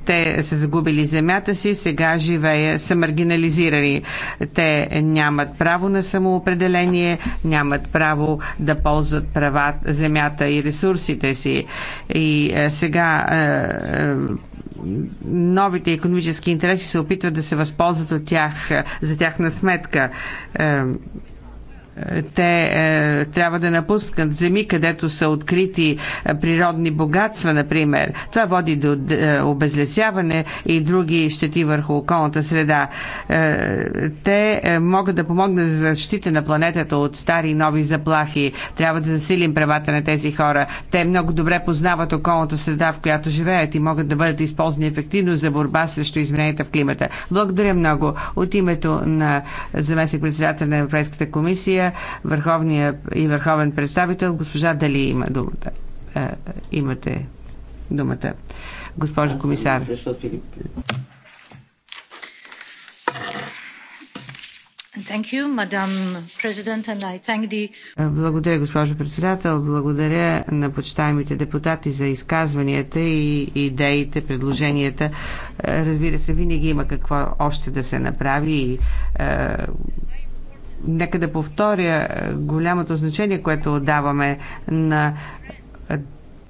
Те са загубили земята си, сега живее, са маргинализирани те нямат право на самоопределение, нямат право да ползват права, земята и ресурсите си. И е, сега е, е, новите економически интереси се опитват да се възползват от тях за тяхна сметка те е, трябва да напускат земи, където са открити е, природни богатства, например. Това води до е, обезлесяване и други щети върху околната среда. Е, те е, могат да помогнат за защита на планетата от стари и нови заплахи. Трябва да засилим правата на тези хора. Те много добре познават околната среда, в която живеят и могат да бъдат използвани ефективно за борба срещу измененията в климата. Благодаря много. От името на заместник председател на Европейската комисия върховния и върховен представител. Госпожа Дали има думата. Е, имате думата. Госпожо комисар. You, благодаря, госпожо председател. Благодаря на почитаемите депутати за изказванията и идеите, предложенията. Разбира се, винаги има какво още да се направи и е, Нека да повторя е, голямото значение, което отдаваме на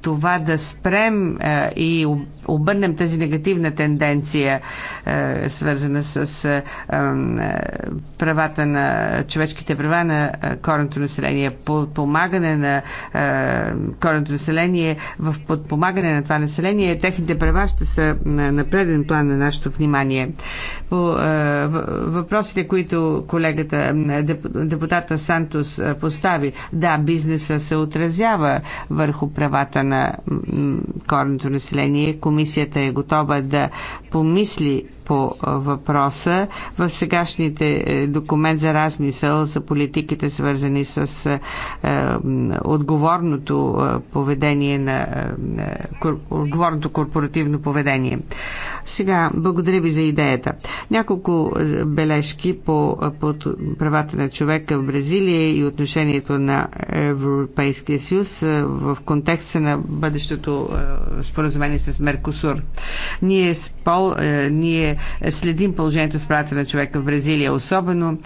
това да спрем е, и обърнем тази негативна тенденция, е, свързана с е, правата на човешките права на корното население, подпомагане на корното население, в подпомагане на това население, техните права ще са на преден план на нашето внимание. По въпросите, които колегата, депутата Сантос постави, да, бизнеса се отразява върху правата на на корното население. Комисията е готова да помисли по въпроса. В сегашните е, документ за размисъл за политиките, свързани с е, е, отговорното поведение на отговорното корпоративно поведение. Сега, благодаря ви за идеята. Няколко бележки по, по правата на човека в Бразилия и отношението на Европейския съюз в контекста на бъдещето споразумение с Меркосур. Ние, спол, ние следим положението с правата на човека в Бразилия, особено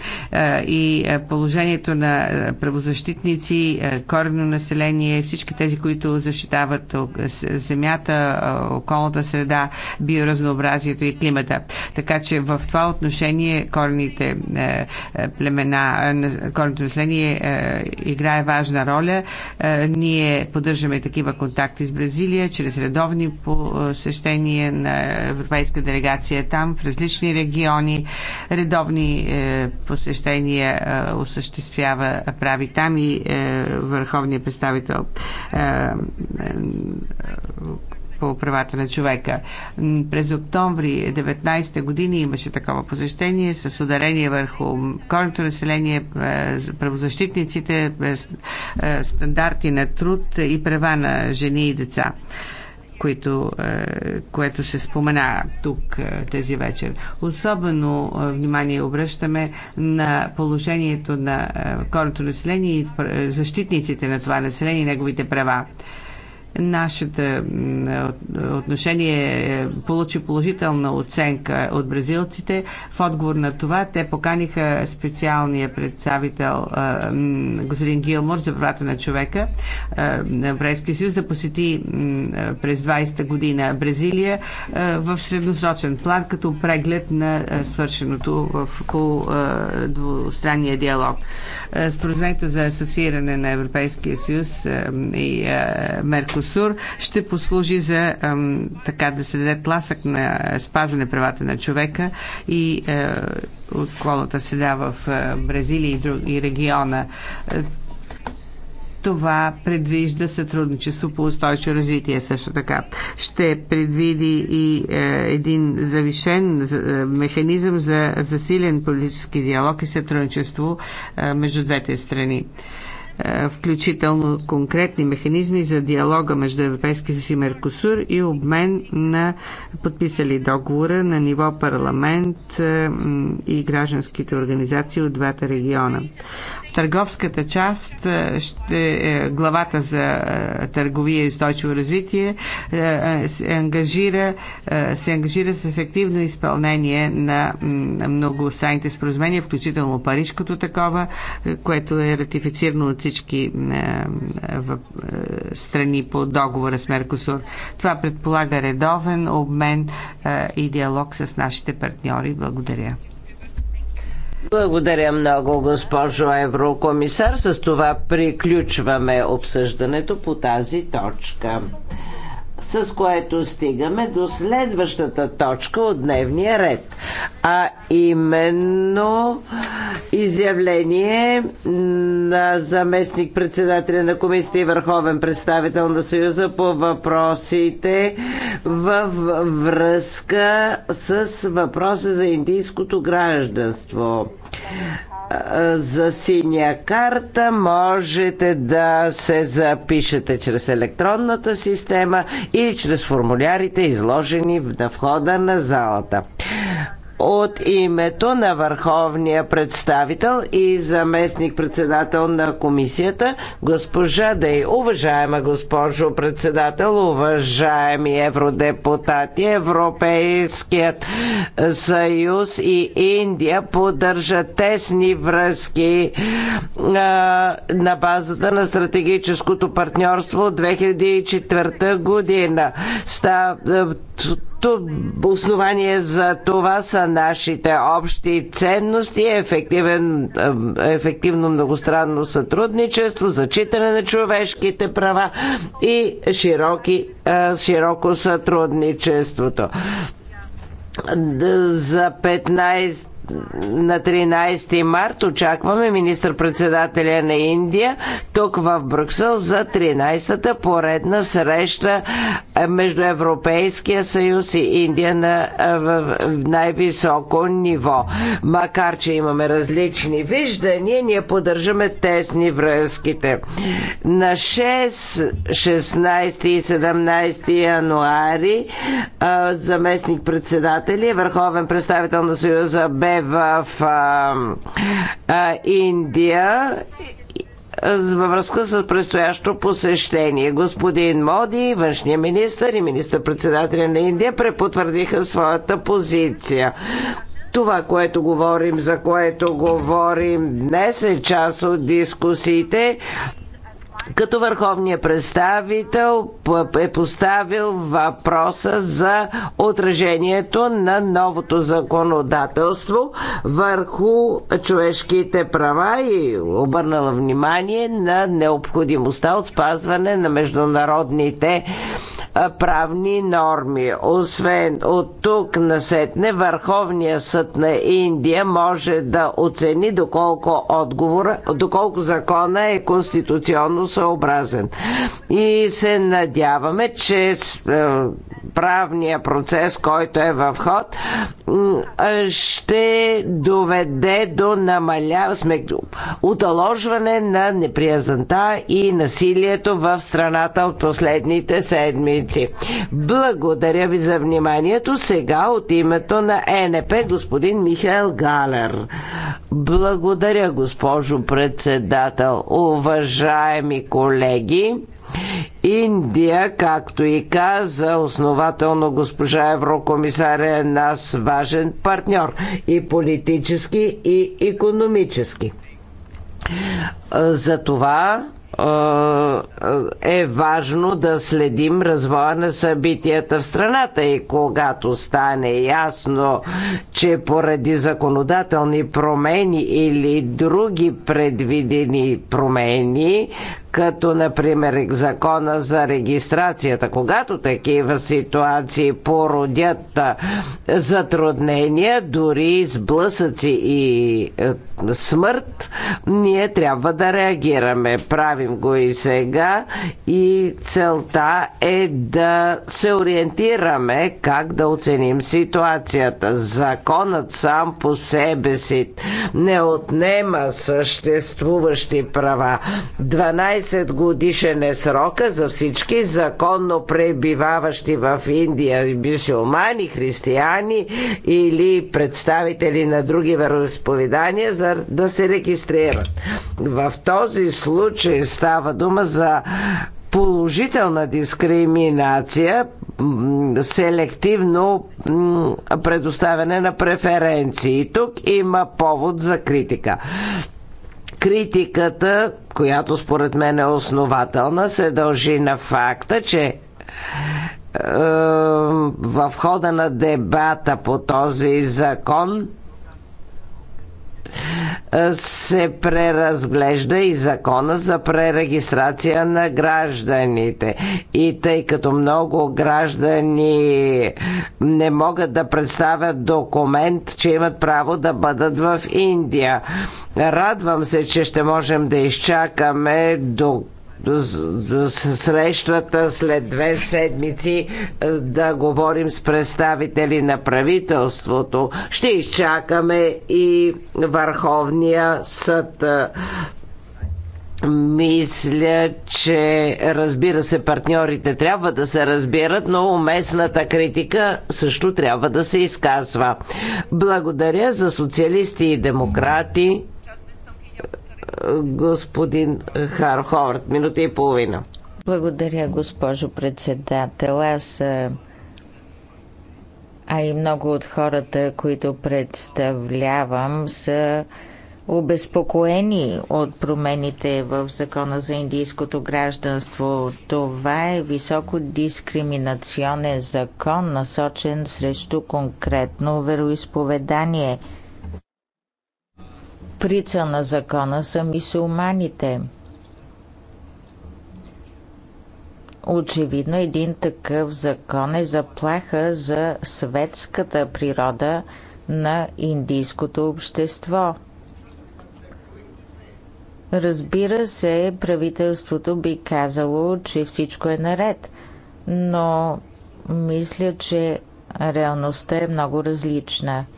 и положението на правозащитници, корено население, всички тези, които защитават земята, околната среда, биоразнообразието и климата. Така че в това отношение корените племена, корените население играе важна роля. Ние поддържаме такива контакти с Бразилия чрез редовни посещения на европейска делегация там там в различни региони, редовни е, посещения е, осъществява, прави там и е, върховният представител е, е, по правата на човека. През октомври 19 години имаше такова посещение с ударение върху корното население, е, правозащитниците, е, е, стандарти на труд и права на жени и деца които, е, което се спомена тук е, тези вечер. Особено е, внимание обръщаме на положението на корното население и защитниците на това население и неговите права. Нашето отношение получи положителна оценка от бразилците. В отговор на това те поканиха специалния представител господин Гилмор за правата на човека на Еврейския съюз да посети през 20-та година Бразилия в средносрочен план като преглед на свършеното в двустранния диалог. Споразумението за асоцииране на Европейския съюз и Меркос Меркосур ще послужи за така да се даде тласък на спазване правата на човека и е, отколната седа в е, Бразилия и, друг, и региона. Е, това предвижда сътрудничество по устойчиво развитие също така. Ще предвиди и е, един завишен е, механизъм за засилен политически диалог и сътрудничество е, между двете страни. Е, е, включително конкретни механизми за диалога между Европейския съюз и Меркосур и обмен на подписали договора на ниво парламент е, и гражданските организации от двата региона търговската част, е, ще, е, главата за е, търговия и устойчиво развитие, се ангажира, се ангажира с ефективно изпълнение на многостранните споразумения, включително парижкото такова, което е ратифицирано от всички страни по договора с Меркосур. Това предполага редовен обмен и диалог с нашите партньори. Благодаря. Благодаря много, госпожо Еврокомисар. С това приключваме обсъждането по тази точка с което стигаме до следващата точка от дневния ред, а именно изявление на заместник председателя на комисията и върховен представител на Съюза по въпросите в връзка с въпроса за индийското гражданство за синя карта можете да се запишете чрез електронната система или чрез формулярите, изложени на входа на залата от името на върховния представител и заместник-председател на комисията госпожа Дей. Уважаема госпожо председател, уважаеми евродепутати, Европейският съюз и Индия поддържат тесни връзки а, на базата на стратегическото партньорство от 2004 година. Ста, Основание за това са нашите общи ценности, ефективен, е, ефективно многостранно сътрудничество, зачитане на човешките права и широки, е, широко сътрудничеството за 15 на 13 март очакваме министр-председателя на Индия тук в Брюксел за 13-та поредна среща е, между Европейския съюз и Индия на е, най-високо ниво. Макар, че имаме различни виждания, ние поддържаме тесни връзките. На 6, 16 и 17 януари е, заместник председатели, върховен представител на Съюза бе в а, а, Индия във връзка с предстоящо посещение. Господин Моди, външния министр и министър-председателя на Индия препотвърдиха своята позиция. Това, което говорим, за което говорим днес е част от дискусиите като върховният представител е поставил въпроса за отражението на новото законодателство върху човешките права и обърнала внимание на необходимостта от спазване на международните правни норми. Освен от тук насетне, Върховния съд на Индия може да оцени доколко отговора, доколко закона е конституционно съобразен. И се надяваме, че правния процес, който е в ход, ще доведе до намаля, удоложване на неприязанта и насилието в страната от последните седмици седмици. Благодаря ви за вниманието. Сега от името на ЕНП господин Михаил Галер. Благодаря, госпожо председател. Уважаеми колеги, Индия, както и каза основателно госпожа Еврокомисаря, е нас важен партньор и политически, и економически. Затова е важно да следим развоя на събитията в страната и когато стане ясно, че поради законодателни промени или други предвидени промени, като например закона за регистрацията. Когато такива ситуации породят затруднения, дори сблъсъци и смърт, ние трябва да реагираме. Правим правим го и сега и целта е да се ориентираме как да оценим ситуацията. Законът сам по себе си не отнема съществуващи права. 12 годишен е срока за всички законно пребиваващи в Индия бисюлмани, християни или представители на други вероисповедания за да се регистрират. В този случай става дума за положителна дискриминация, селективно предоставяне на преференции. Тук има повод за критика. Критиката, която според мен е основателна, се дължи на факта, че в хода на дебата по този закон е, се преразглежда и закона за пререгистрация на гражданите. И тъй като много граждани не могат да представят документ, че имат право да бъдат в Индия. Радвам се, че ще можем да изчакаме до за срещата след две седмици е, да говорим с представители на правителството. Ще изчакаме и Върховния съд. Е, мисля, че разбира се, партньорите трябва да се разбират, но уместната критика също трябва да се изказва. Благодаря за социалисти и демократи господин Хар Ховард. Минута и половина. Благодаря, госпожо председател. Аз а и много от хората, които представлявам, са обезпокоени от промените в закона за индийското гражданство. Това е високо дискриминационен закон, насочен срещу конкретно вероисповедание – прицел на закона са мисулманите. Очевидно един такъв закон е заплаха за светската природа на индийското общество. Разбира се, правителството би казало, че всичко е наред, но мисля, че реалността е много различна –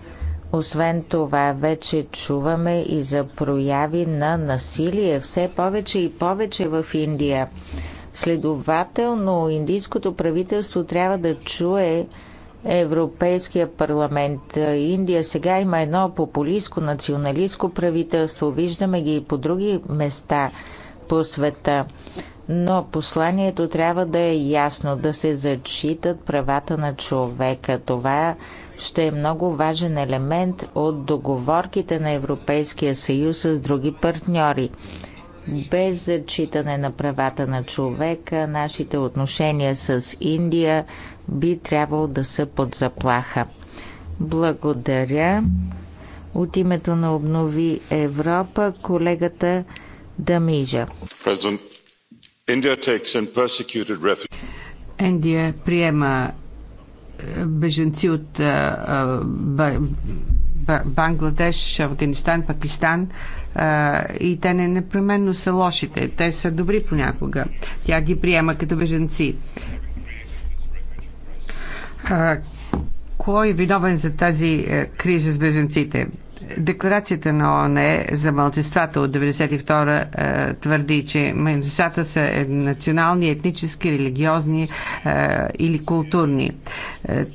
освен това, вече чуваме и за прояви на насилие все повече и повече в Индия. Следователно, индийското правителство трябва да чуе Европейския парламент. Индия сега има едно популистско, националистско правителство. Виждаме ги и по други места по света. Но посланието трябва да е ясно, да се зачитат правата на човека. Това ще е много важен елемент от договорките на Европейския съюз с други партньори. Без зачитане на правата на човека, нашите отношения с Индия би трябвало да са под заплаха. Благодаря. От името на Обнови Европа, колегата Дамижа. Индия приема беженци от Бангладеш, Афганистан, Пакистан и те не непременно са лошите. Те са добри понякога. Тя ги приема като беженци. Кой е виновен за тази е, криза с беженците? Декларацията на ООН е за мълцинствата от 1992 е, твърди, че мълцинствата са национални, етнически, религиозни е, или културни.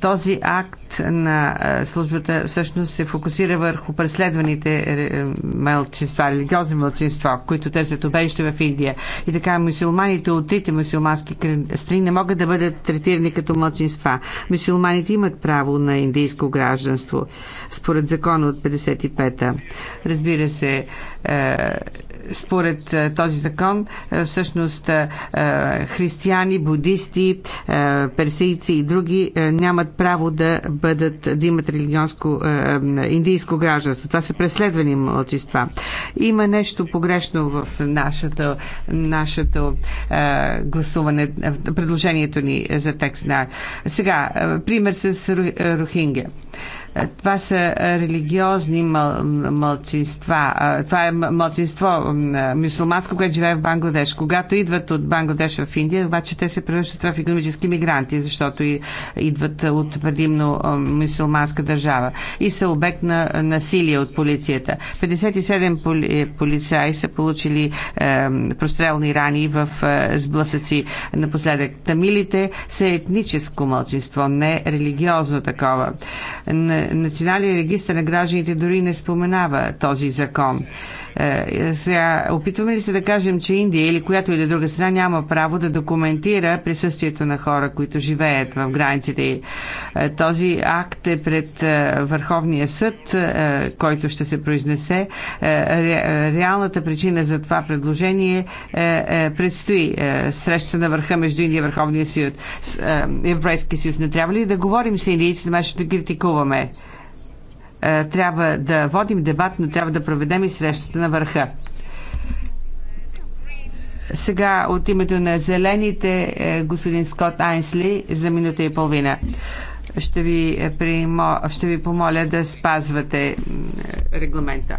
Този акт на е, службата всъщност се фокусира върху преследваните е, е, мълчинства, религиозни мълчинства, които търсят обежище в Индия. И така, мусулманите от трите мусулмански страни не могат да бъдат третирани като мълчинства. Мусулманите имат право на индийско гражданство, според закона от 55-та. Разбира се, според е, този закон е, всъщност е, християни, будисти, персийци и други нямат право да бъдат, да имат религионско индийско гражданство. Това са преследвани мълчества. Има нещо погрешно в нашата, нашата гласуване, предложението ни за текст. Сега, пример с Рухинге. Това са религиозни мъл, мълцинства. Това е мълцинство мюсулманско, което живее в Бангладеш. Когато идват от Бангладеш в Индия, обаче те се превръщат в економически мигранти, защото идват от предимно мусулманска държава и са обект на насилие от полицията. 57 поли, полицаи са получили е, прострелни рани в е, сблъсъци напоследък. Тамилите са етническо мълцинство, не религиозно такова. Не, Национален регистр на гражданите дори не споменава този закон. Е, сега, опитваме ли се да кажем, че Индия или която и да е друга страна няма право да документира присъствието на хора, които живеят в границите? Е, този акт е пред Върховния съд, който ще се произнесе. Реалната причина за това предложение предстои среща на върха между Индия и Върховния съюз. Европейски съюз не трябва ли да говорим с индийците, ще да критикуваме? Е, трябва да водим дебат, но трябва да проведем и срещата на върха. Сега от името на зелените е, господин Скот Айнсли за минута и половина. Ще ви, е, примо, ще ви помоля да спазвате регламента.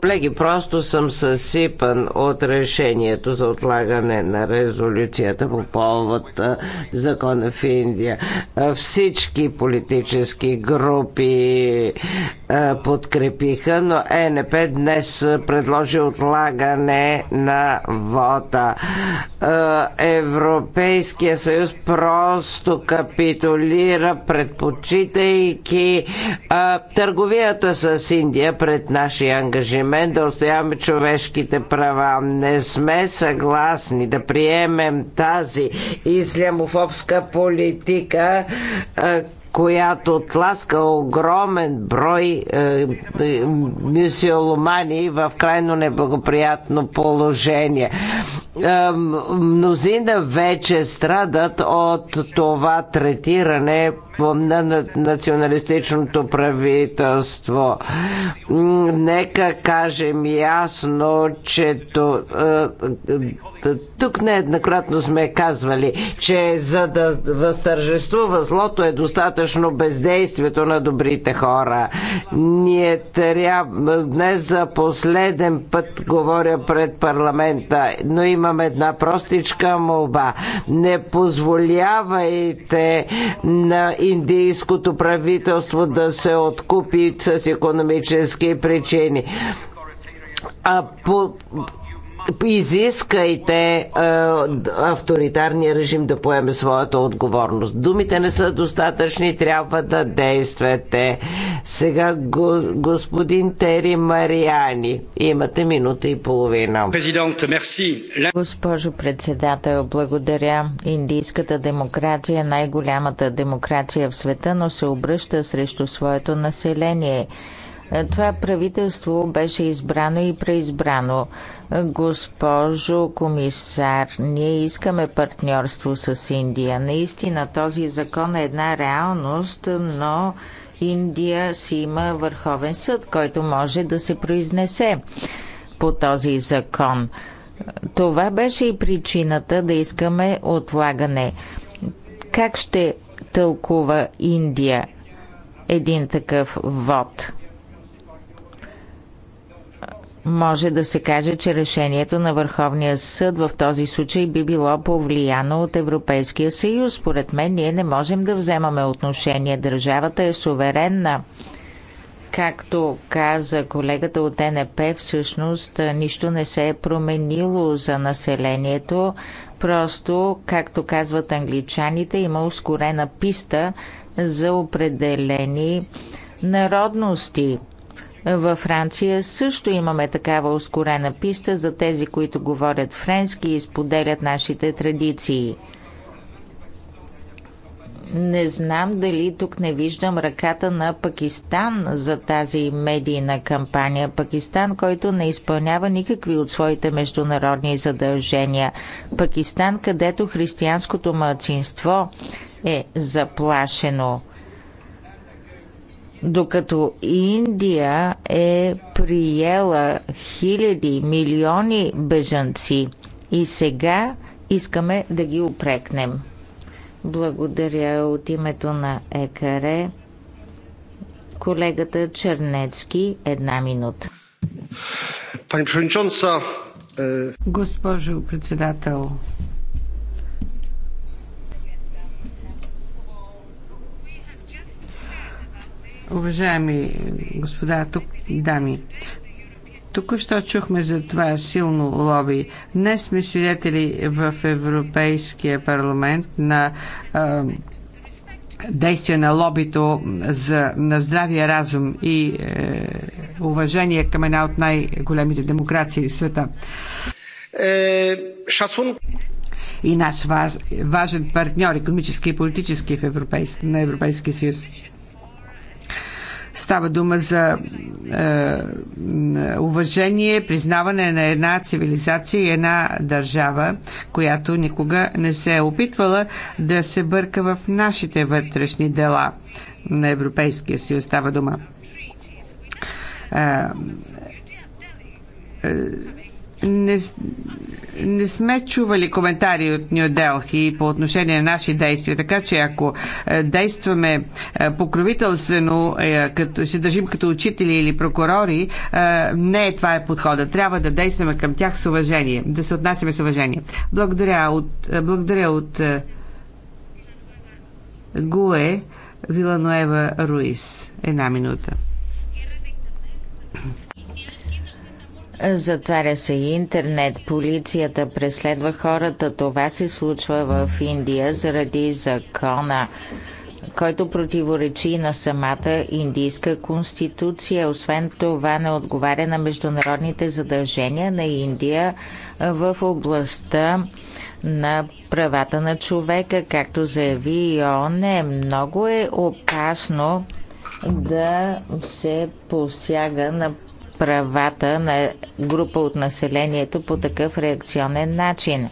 Колеги, просто съм съсипан от решението за отлагане на резолюцията по повод закона в Индия. Всички политически групи подкрепиха, но ЕНП днес предложи отлагане на вота. Европейския съюз просто капитулира, предпочитайки търговията с Индия пред нашия ангажимент да устояваме човешките права. Не сме съгласни да приемем тази ислямофобска политика, която тласка огромен брой е, е, мюсюломани в крайно неблагоприятно положение. Е, мнозина вече страдат от това третиране на националистичното правителство. Нека кажем ясно, че то, е, тук нееднократно сме казвали, че за да възтържествува злото е достатъчно бездействието на добрите хора. Ние трябва днес за последен път говоря пред парламента, но имам една простичка молба. Не позволявайте на индийското правителство да се откупи с економически причини. А по, изискайте е, авторитарния режим да поеме своята отговорност. Думите не са достатъчни, трябва да действате. Сега го, господин Тери Мариани, имате минута и половина. Госпожо председател, благодаря. Индийската демокрация е най-голямата демокрация в света, но се обръща срещу своето население. Е, това правителство беше избрано и преизбрано. Госпожо комисар, ние искаме партньорство с Индия. Наистина този закон е една реалност, но Индия си има Върховен съд, който може да се произнесе по този закон. Това беше и причината да искаме отлагане. Как ще тълкува Индия един такъв вод? може да се каже, че решението на Върховния съд в този случай би било повлияно от Европейския съюз. Според мен ние не можем да вземаме отношение. Държавата е суверенна. Както каза колегата от НП, всъщност нищо не се е променило за населението. Просто, както казват англичаните, има ускорена писта за определени народности. Във Франция също имаме такава ускорена писта за тези, които говорят френски и споделят нашите традиции. Не знам дали тук не виждам ръката на Пакистан за тази медийна кампания. Пакистан, който не изпълнява никакви от своите международни задължения. Пакистан, където християнското младсинство е заплашено. Докато Индия е приела хиляди, милиони бежанци и сега искаме да ги опрекнем. Благодаря от името на ЕКР. Колегата Чернецки, една минута. Е, Госпожо председател, Уважаеми господа, тук, дами, тук що чухме за това силно лоби. Днес сме свидетели в Европейския парламент на а, действие на лобито за, на здравия разум и е, уважение към една от най-големите демокрации в света. Е, шацун и наш важ, важен партньор, економически и политически в Европейски, на Европейския съюз. Става дума за е, уважение, признаване на една цивилизация и една държава, която никога не се е опитвала да се бърка в нашите вътрешни дела на Европейския съюз. Става дума. Е, е, не, не сме чували коментари от Нью Делхи по отношение на наши действия, така че ако е, действаме е, покровителствено, е, като се държим като учители или прокурори, не е това е подхода. Трябва да действаме към тях с уважение, да се отнасяме с уважение. Благодаря от, благодаря от Гуе Виланоева Руис. Една минута. Затваря се и интернет, полицията преследва хората. Това се случва в Индия заради закона, който противоречи на самата индийска конституция. Освен това не отговаря на международните задължения на Индия в областта на правата на човека, както заяви и ООН. Много е опасно да се посяга на правата на група от населението по такъв реакционен начин.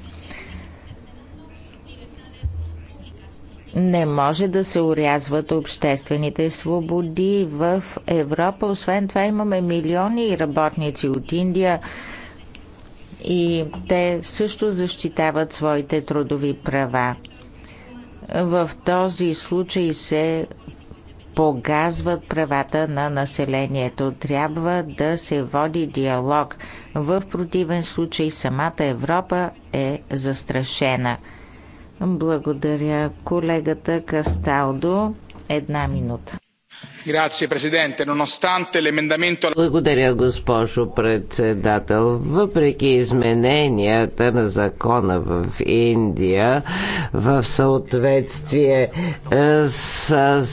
Не може да се урязват обществените свободи в Европа. Освен това имаме милиони работници от Индия и те също защитават своите трудови права. В този случай се погазват правата на населението. Трябва да се води диалог. В противен случай самата Европа е застрашена. Благодаря колегата Касталдо. Една минута. Благодаря, госпожо председател. Въпреки измененията на закона в Индия в съответствие е, с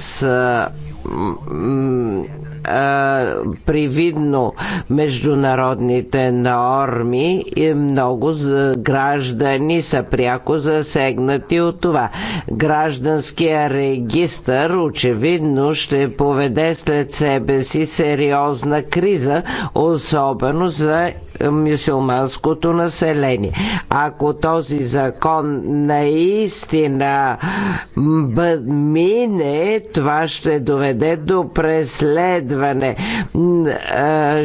привидно международните норми и много граждани са пряко засегнати от това. Гражданския регистр очевидно ще поведе след себе си сериозна криза, особено за мюсюлманското население. Ако този закон наистина мине, това ще доведе до преследване.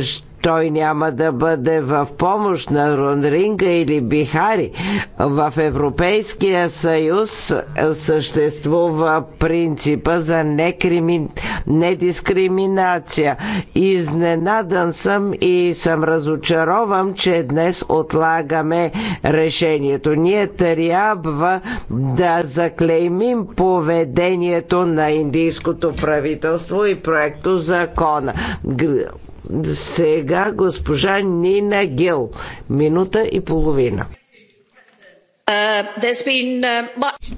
Ще той няма да бъде в помощ на Рунринга или Бихари. В Европейския съюз съществува принципа за некрими... недискриминация. Изненадан съм и съм разочарован, че днес отлагаме решението. Ние трябва да заклеймим поведението на индийското правителство и проекто закона. Сега госпожа Нина Гел. Минута и половина. Uh, uh,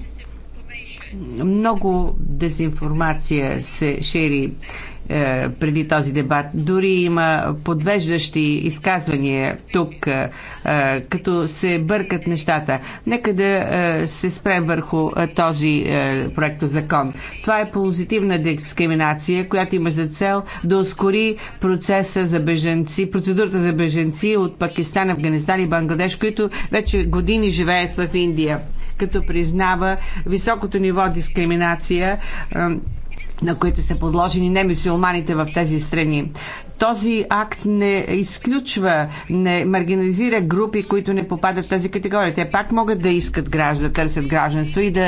Много дезинформация се шири е, преди този дебат. Дори има подвеждащи изказвания тук, е, е, като се бъркат нещата. Нека да се спрем върху този проект закон. Това е позитивна дискриминация, която има за цел да ускори процеса за беженци, процедурата за беженци от Пакистан, Афганистан и Бангладеш, които вече години живеят в Индия, като признава високото ниво дискриминация на които са подложени не мусулманите в тези страни. Този акт не изключва, не маргинализира групи, които не попадат в тази категория. Те пак могат да искат граждан, да търсят гражданство и да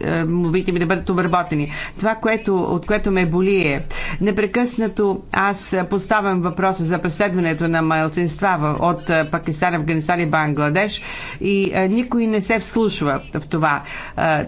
е, молбите ми да бъдат обработени. Това, което, от което ме боли е непрекъснато аз поставям въпроса за преследването на малцинства от е, Пакистан, Афганистан и Бангладеш и е, никой не се вслушва в това.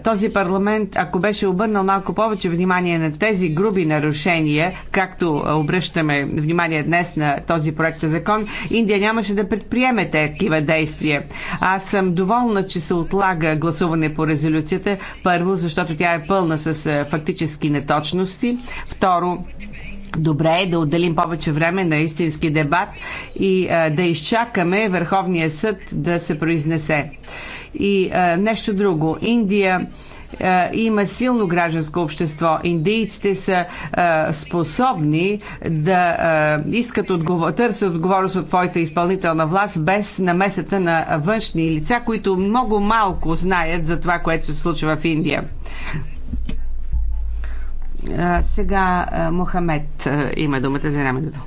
Този парламент, ако беше обърнал малко повече внимание на тези груби нарушения, както обръщаме внимание днес на този проект закон, Индия нямаше да предприеме такива действия. Аз съм доволна, че се отлага гласуване по резолюцията. Първо, защото тя е пълна с е, фактически неточности. Второ, Добре е да отделим повече време на истински дебат и а, е, да изчакаме Върховния съд да се произнесе. И а, е, нещо друго. Индия е, има силно гражданско общество. Индийците са е, способни да е, искат отговор, търсят отговорност от твоята изпълнителна власт без намесата на външни лица, които много малко знаят за това, което се случва в Индия. Сега Мохамед има думата за една минута.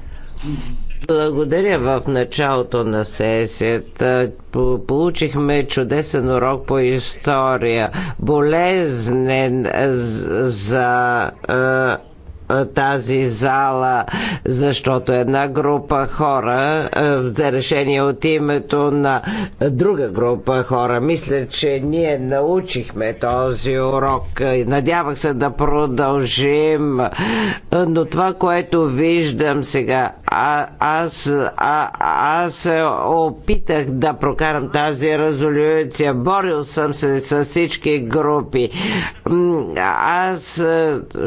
Благодаря в началото на сесията. Получихме чудесен урок по история. Болезнен за тази зала, защото една група хора взе решение от името на друга група хора. Мисля, че ние научихме този урок. Надявах се да продължим, но това, което виждам сега, а, аз, а, аз се опитах да прокарам тази резолюция. Борил съм се с всички групи. Аз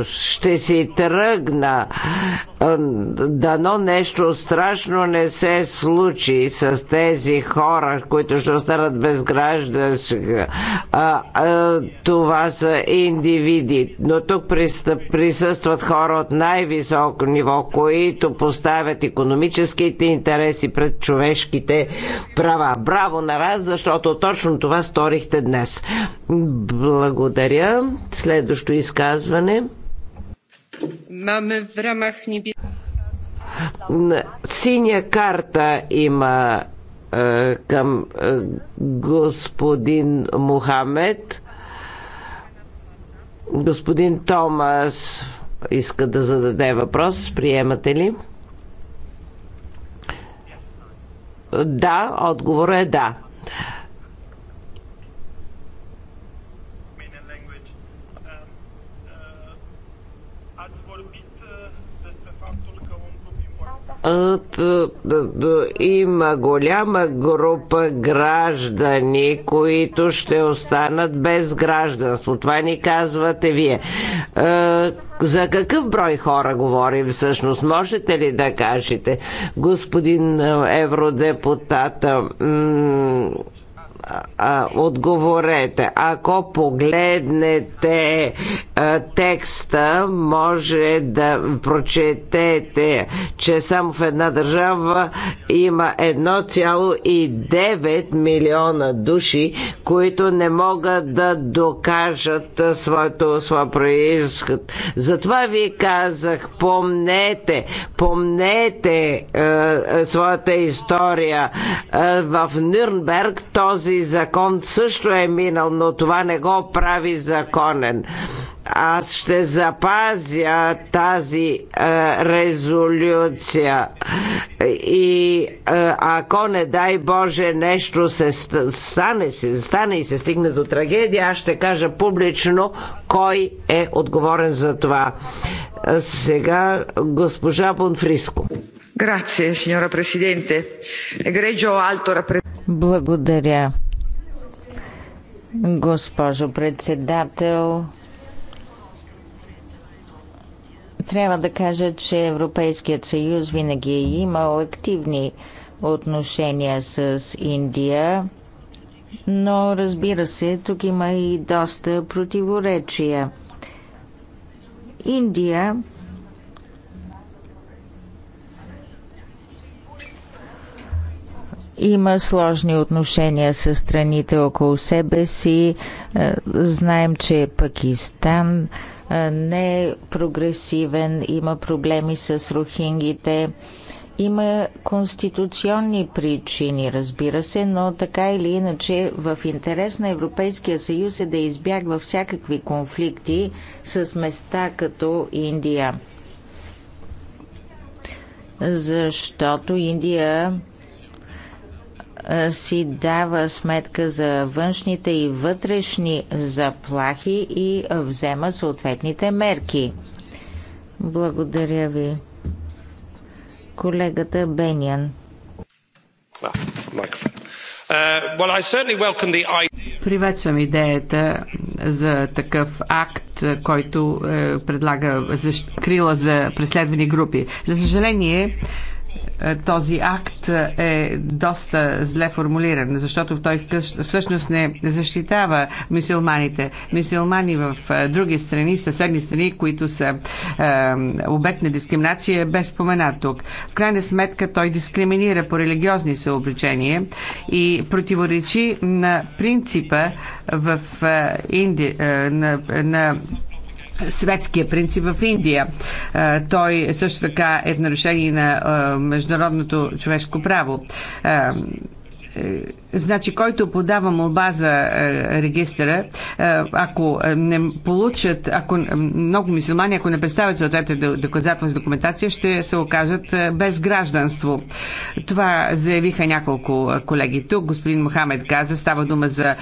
ще си търся тръгна. Дано нещо страшно не се случи с тези хора, които ще останат без гражданство. Това са индивиди. Но тук присъстват хора от най-високо ниво, които поставят економическите интереси пред човешките права. Браво на раз, защото точно това сторихте днес. Благодаря. Следващо изказване. Mamy w ramach Синя карта има е, към е, господин Мухамед. Господин Томас иска да зададе въпрос. Приемате ли? Да, отговорът е да. Е, има голяма група граждани, които ще останат без гражданство. Това ни казвате вие. Е, за какъв брой хора говорим всъщност? Можете ли да кажете? Господин е, евродепутата, а, отговорете. Ако погледнете а, текста, може да прочетете, че само в една държава има 1,9 милиона души, които не могат да докажат своето своя происход. Затова ви казах, помнете, помнете а, своята история. А, в Нюрнберг този този закон също е минал, но това не го прави законен. Аз ще запазя тази е, резолюция и е, ако не дай Боже нещо се стане, се стане и се стигне до трагедия, аз ще кажа публично кой е отговорен за това. Е, сега госпожа Бонфриско. Благодаря, signora Presidente. Egregio alto Благодаря, Госпожо председател, трябва да кажа, че Европейският съюз винаги е имал активни отношения с Индия, но разбира се, тук има и доста противоречия. Индия има сложни отношения с страните около себе си. Е, знаем, че Пакистан е, не е прогресивен, има проблеми с рухингите. Има конституционни причини, разбира се, но така или иначе в интерес на Европейския съюз е да избягва всякакви конфликти с места като Индия. Защото Индия е, си дава сметка за външните и вътрешни заплахи и взема съответните мерки. Благодаря ви. Колегата Бениан. Uh, Приветствам идеята за такъв акт, който е, предлага крила за преследвани групи. За съжаление, е, този акт е доста зле формулиран, защото той всъщност не защитава мисилманите. Мисилмани в е, други страни, съседни страни, които са е, обект на дискриминация, е без спомена тук. В крайна сметка той дискриминира по религиозни съобличения и противоречи на принципа в е, Индия, на, на светския принцип в Индия. Той също така е в нарушение на международното човешко право е, Значи, който подава молба за е, регистъра, е, ако е, не получат, ако много мисулмани, ако не представят съответните доказателства с документация, ще се окажат без гражданство. Това заявиха няколко колеги тук. Господин Мохамед каза, става дума за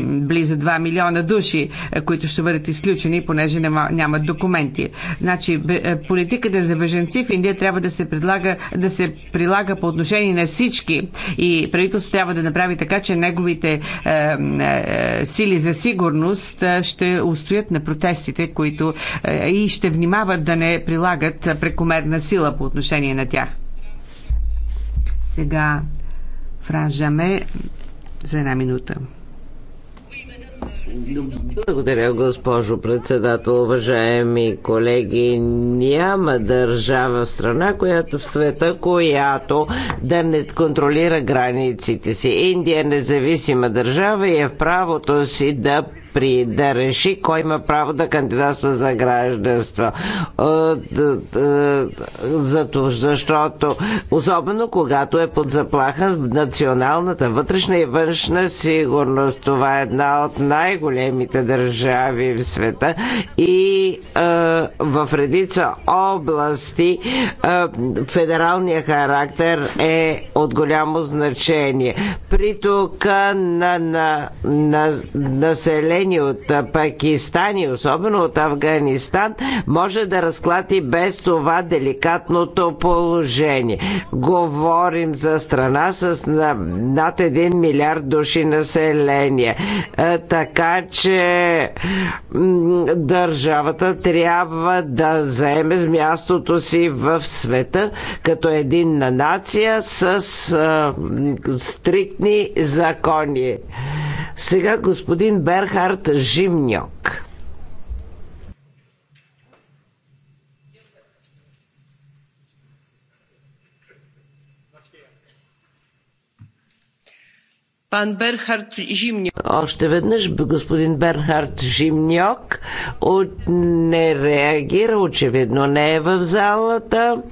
близо 2 милиона души, които ще бъдат изключени, понеже нямат документи. Значи, политиката за беженци в Индия трябва да се, предлага, да се прилага по отношение на всички и правителството трябва да направи направи така, че неговите е, е, сили за сигурност е, ще устоят на протестите, които и ще внимават да не прилагат прекомерна сила по отношение на тях. Сега фражаме за една минута. Благодаря, госпожо председател. Уважаеми колеги, няма държава в страна, която в света, която да не контролира границите си. Индия е независима държава и е в правото си да при да реши кой има право да кандидатства за гражданство. Е, Зато, защото, особено когато е под заплаха в националната вътрешна и външна сигурност, това е една от най-големите държави в света и е, в редица области е, федералния характер е от голямо значение. Притока на, на, на население управление от Пакистан и особено от Афганистан може да разклати без това деликатното положение. Говорим за страна с над 1 милиард души население. Така че държавата трябва да заеме мястото си в света като един на нация с стриктни закони. Сега господин Берхард Жимньок. Пан Берхард Жимньок. Още веднъж господин Берхард Жимньок от... не реагира, очевидно не е в залата.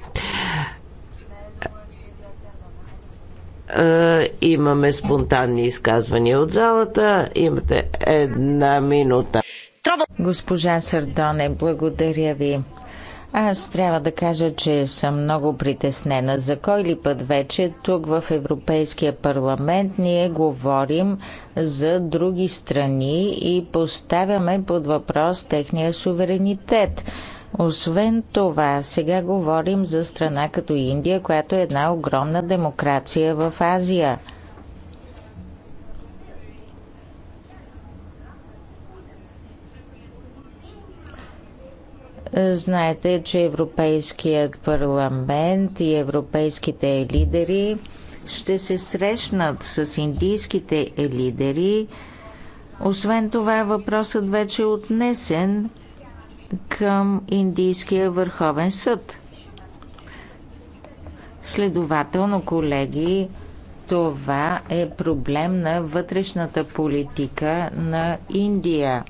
Е, имаме спонтанни изказвания от залата. Имате една минута. Госпожа Сърдоне, благодаря ви. Аз трябва да кажа, че съм много притеснена. За кой ли път вече тук в Европейския парламент ние говорим за други страни и поставяме под въпрос техния суверенитет. Освен това, сега говорим за страна като Индия, която е една огромна демокрация в Азия. Знаете, че Европейският парламент и европейските лидери ще се срещнат с индийските лидери. Освен това, въпросът вече е отнесен към Индийския върховен съд. Следователно, колеги, това е проблем на вътрешната политика на Индия.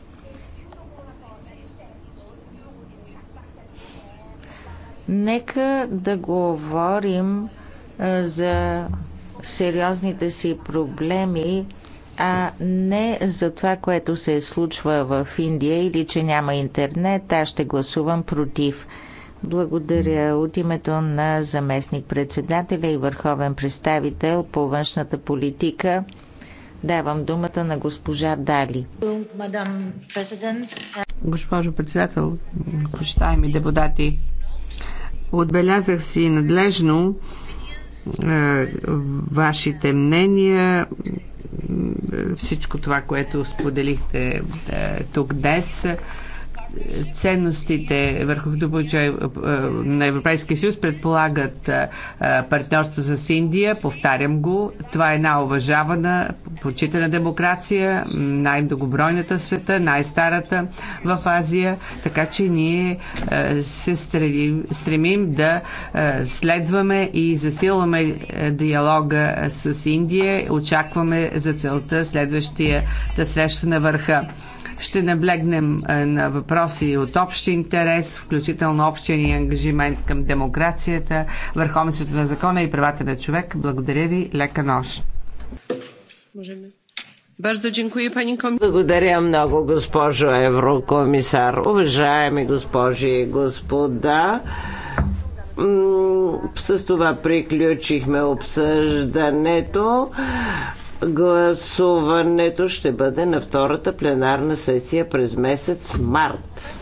Нека да говорим за сериозните си проблеми а не за това, което се случва в Индия или че няма интернет, аз ще гласувам против. Благодаря от името на заместник председателя и върховен представител по външната политика. Давам думата на госпожа Дали. Госпожо председател, почитаеми депутати, отбелязах си надлежно е, вашите мнения, всичко това, което споделихте е, тук днес ценностите върху добуча е, е, на Европейския съюз предполагат е, партньорство с Индия. Повтарям го. Това е една уважавана, почитана демокрация, най-многобройната в света, най-старата в Азия. Така че ние се стремим, стремим да следваме и засилваме диалога с Индия. Очакваме за целта следващия среща на върха. Ще наблегнем е, на въпроси от общ интерес, включително общия ни ангажимент към демокрацията, върховенството на закона и правата на човек. Благодаря ви. Лека нощ. Благодаря много, госпожо Еврокомисар. Уважаеми госпожи и господа, с това приключихме обсъждането. Гласуването ще бъде на втората пленарна сесия през месец март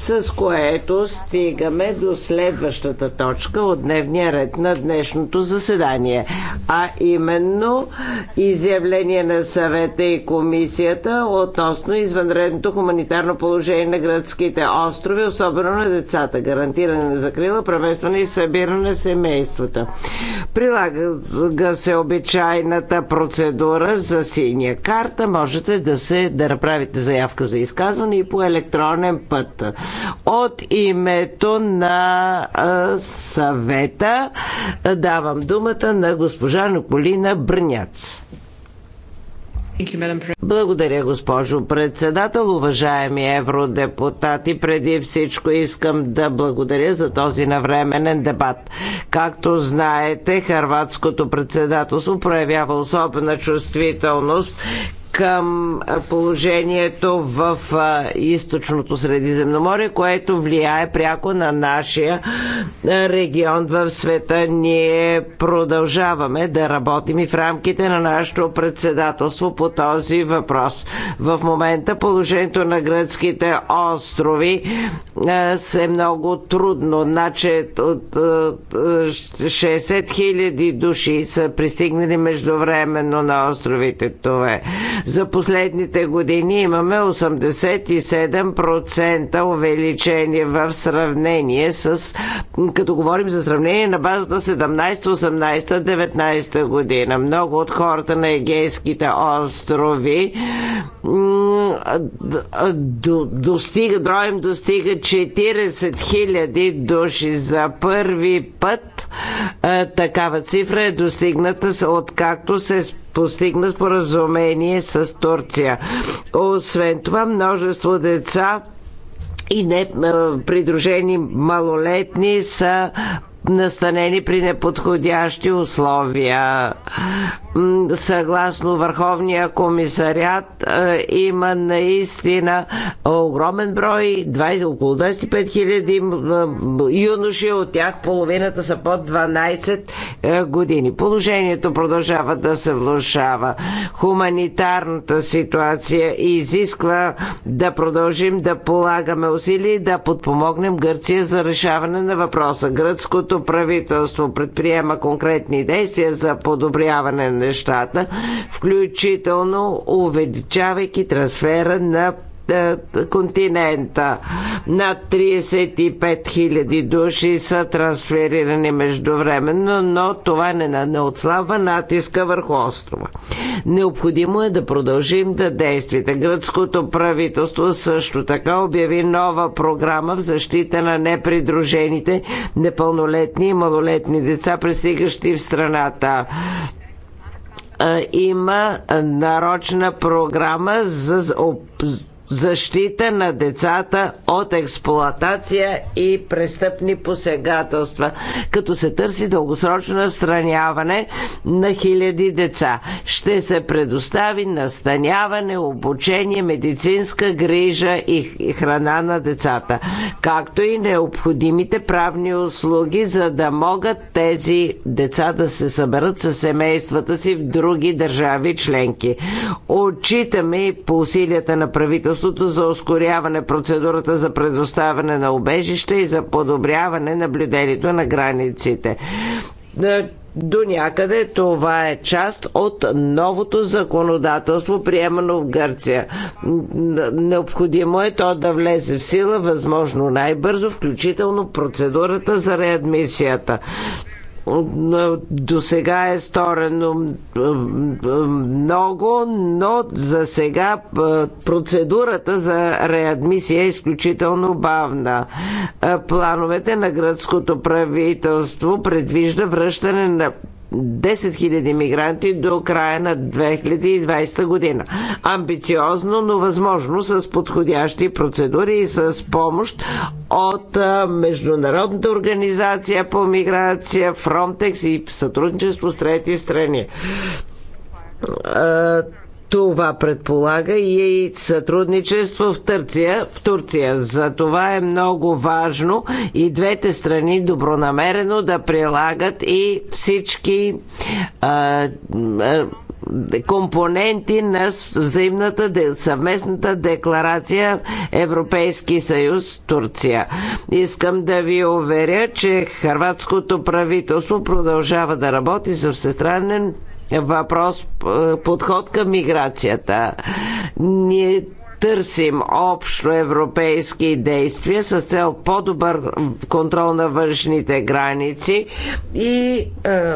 с което стигаме до следващата точка от дневния ред на днешното заседание, а именно изявление на съвета и комисията относно извънредното хуманитарно положение на гръцките острови, особено на децата, гарантиране на закрила, преместване и събиране на семействата. Прилага се обичайната процедура за синя карта. Можете да, се, да направите заявка за изказване и по електронен път. От името на съвета давам думата на госпожа Николина Брняц. Благодаря, госпожо председател. Уважаеми евродепутати, преди всичко искам да благодаря за този навременен дебат. Както знаете, Харватското председателство проявява особена чувствителност към положението в източното Средиземноморие, което влияе пряко на нашия регион в света. Ние продължаваме да работим и в рамките на нашето председателство по този въпрос. В момента положението на гръцките острови е много трудно. Значи от 60 000 души са пристигнали междувременно на островите. Това е за последните години имаме 87% увеличение в сравнение с, като говорим за сравнение на базата 17, 18, 19 година. Много от хората на Егейските острови достига, броем достига 40 000 души за първи път. Такава цифра е достигната откакто се постигна споразумение с Турция. Освен това, множество деца и придружени малолетни са настанени при неподходящи условия. Съгласно Върховния комисарят е, има наистина огромен брой, 20, около 25 000 юноши, от тях половината са под 12 е, години. Положението продължава да се влушава. Хуманитарната ситуация изисква да продължим да полагаме усилия и да подпомогнем Гърция за решаване на въпроса. Гръцкото Румънското правителство предприема конкретни действия за подобряване на нещата, включително увеличавайки трансфера на е, континента. Над 35 000 души са трансферирани междувременно, но това не, не отслабва натиска върху острова. Необходимо е да продължим да действите. Гръцкото правителство също така обяви нова програма в защита на непридружените непълнолетни и малолетни деца, пристигащи в страната е, има нарочна програма за защита на децата от експлоатация и престъпни посегателства, като се търси дългосрочно настраняване на хиляди деца. Ще се предостави настаняване, обучение, медицинска грижа и храна на децата, както и необходимите правни услуги, за да могат тези деца да се съберат със семействата си в други държави членки. Отчитаме по усилията на правителството правителството за ускоряване процедурата за предоставяне на убежище и за подобряване наблюдението на границите. Е, до някъде това е част от новото законодателство, приемано в Гърция. Необходимо е то да влезе в сила възможно най-бързо, включително процедурата за реадмисията. До сега е сторено много, но за сега процедурата за реадмисия е изключително бавна. Е, плановете на гръцкото правителство предвижда връщане на 10 000 мигранти до края на 2020 година. Амбициозно, но възможно с подходящи процедури и с помощ от Международната организация по миграция, Фронтекс и сътрудничество с трети страни това предполага и сътрудничество в Турция. В Турция. За това е много важно и двете страни добронамерено да прилагат и всички а, а, компоненти на взаимната съвместната декларация Европейски съюз Турция. Искам да ви уверя, че хрватското правителство продължава да работи за всестранен въпрос, подход към миграцията. Ние търсим общо европейски действия с цел по-добър контрол на външните граници и е,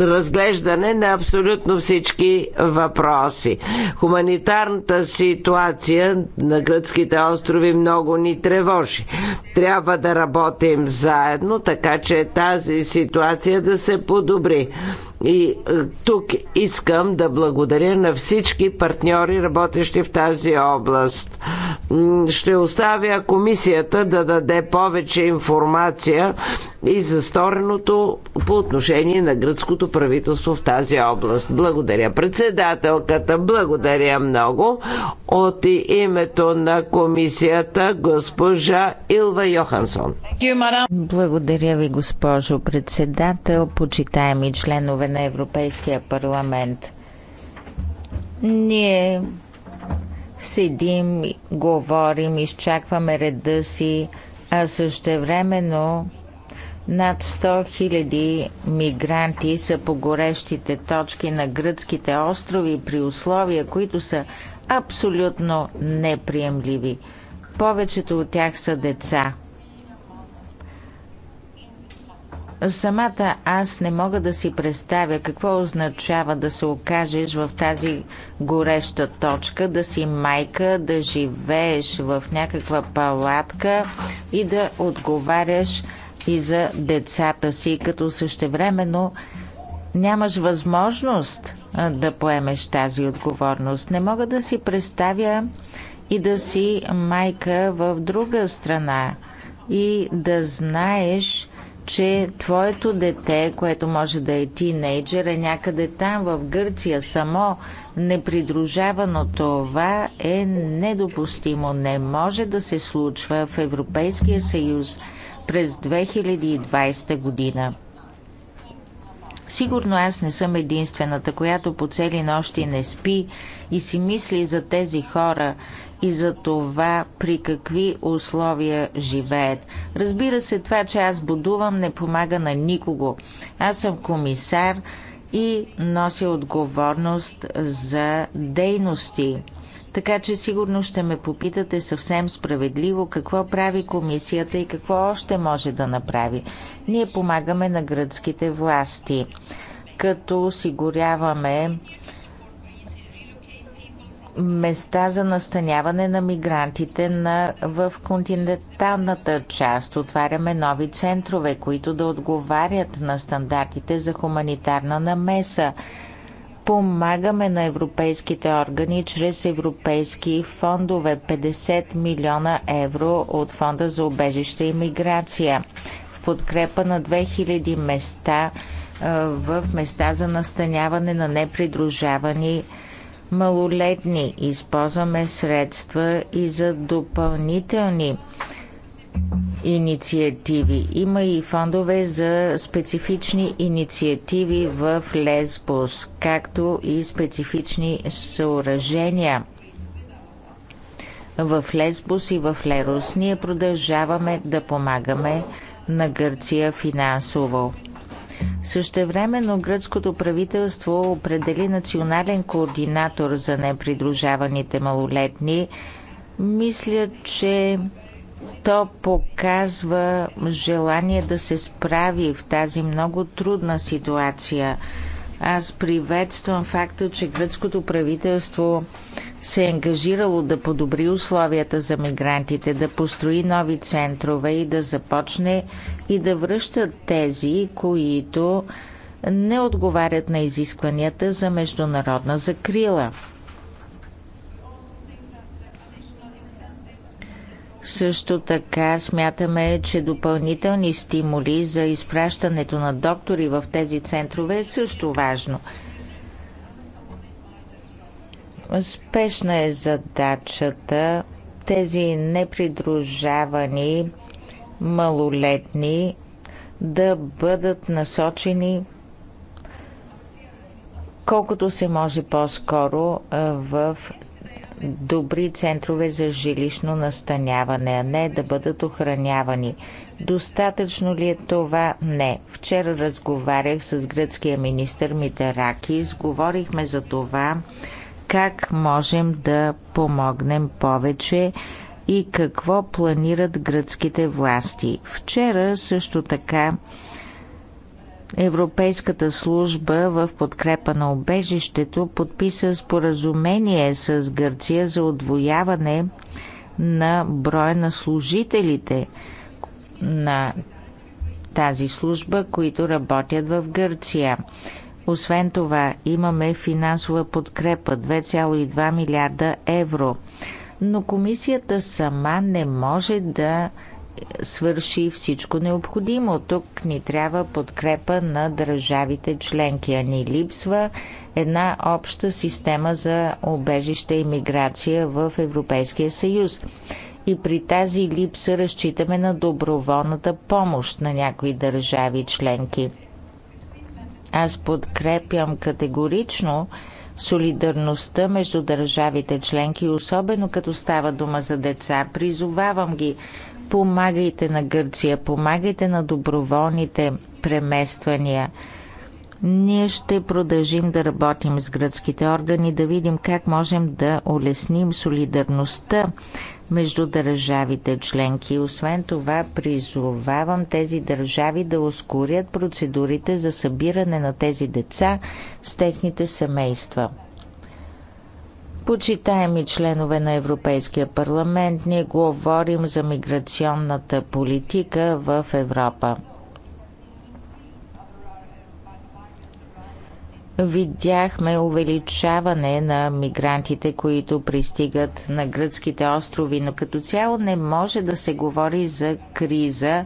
разглеждане на абсолютно всички въпроси. Хуманитарната ситуация на гръцките острови много ни тревожи. Трябва да работим заедно, така че тази ситуация да се подобри. И е, тук искам да благодаря на всички партньори, работещи в тази област. Ще оставя комисията да даде повече информация и за стореното по отношение на гръцкото правителство в тази област. Благодаря председателката, благодаря много. От името на комисията госпожа Илва Йохансон. Благодаря ви, госпожо председател, почитаеми членове на Европейския парламент. Ние седим, говорим, изчакваме реда си, а същевременно над 100 000 мигранти са по горещите точки на гръцките острови при условия, които са абсолютно неприемливи. Повечето от тях са деца. Самата аз не мога да си представя какво означава да се окажеш в тази гореща точка, да си майка, да живееш в някаква палатка и да отговаряш и за децата си, като същевременно нямаш възможност да поемеш тази отговорност. Не мога да си представя и да си майка в друга страна и да знаеш, че твоето дете, което може да е тинейджър, е някъде там в Гърция само непридружавано. Това е недопустимо. Не може да се случва в Европейския съюз през 2020 година. Сигурно аз не съм единствената, която по цели нощи не спи и си мисли за тези хора и за това при какви условия живеят. Разбира се, това, че аз будувам, не помага на никого. Аз съм комисар и нося отговорност за дейности. Така че сигурно ще ме попитате съвсем справедливо какво прави комисията и какво още може да направи. Ние помагаме на гръцките власти, като осигуряваме места за настаняване на мигрантите на, в континенталната част. Отваряме нови центрове, които да отговарят на стандартите за хуманитарна намеса. Помагаме на европейските органи чрез европейски фондове 50 милиона евро от Фонда за обежище и миграция в подкрепа на 2000 места в места за настаняване на непридружавани малолетни. Използваме средства и за допълнителни инициативи. Има и фондове за специфични инициативи в Лесбос, както и специфични съоръжения в Лесбос и в Лерос. Ние продължаваме да помагаме на Гърция финансово. Същевременно гръцкото правителство определи национален координатор за непридружаваните малолетни. Мисля, че то показва желание да се справи в тази много трудна ситуация. Аз приветствам факта, че гръцкото правителство се е ангажирало да подобри условията за мигрантите, да построи нови центрове и да започне и да връща тези, които не отговарят на изискванията за международна закрила. Също така смятаме, че допълнителни стимули за изпращането на доктори в тези центрове е също важно – Спешна е задачата тези непридружавани малолетни да бъдат насочени колкото се може по-скоро в добри центрове за жилищно настаняване, а не да бъдат охранявани. Достатъчно ли е това? Не. Вчера разговарях с гръцкия министр Митеракис, говорихме за това, как можем да помогнем повече и какво планират гръцките власти. Вчера също така Европейската служба в подкрепа на обежището подписа споразумение с Гърция за отвояване на броя на служителите на тази служба, които работят в Гърция. Освен това, имаме финансова подкрепа 2,2 милиарда евро. Но комисията сама не може да свърши всичко необходимо. Тук ни трябва подкрепа на държавите членки, а ни липсва една обща система за обежище и миграция в Европейския съюз. И при тази липса разчитаме на доброволната помощ на някои държави членки – аз подкрепям категорично солидарността между държавите членки, особено като става дума за деца. Призовавам ги, помагайте на Гърция, помагайте на доброволните премествания. Ние ще продължим да работим с гръцките органи, да видим как можем да улесним солидарността между държавите членки. Освен това, призовавам тези държави да ускорят процедурите за събиране на тези деца с техните семейства. Почитаеми членове на Европейския парламент, ние говорим за миграционната политика в Европа. Видяхме увеличаване на мигрантите, които пристигат на гръцките острови, но като цяло не може да се говори за криза.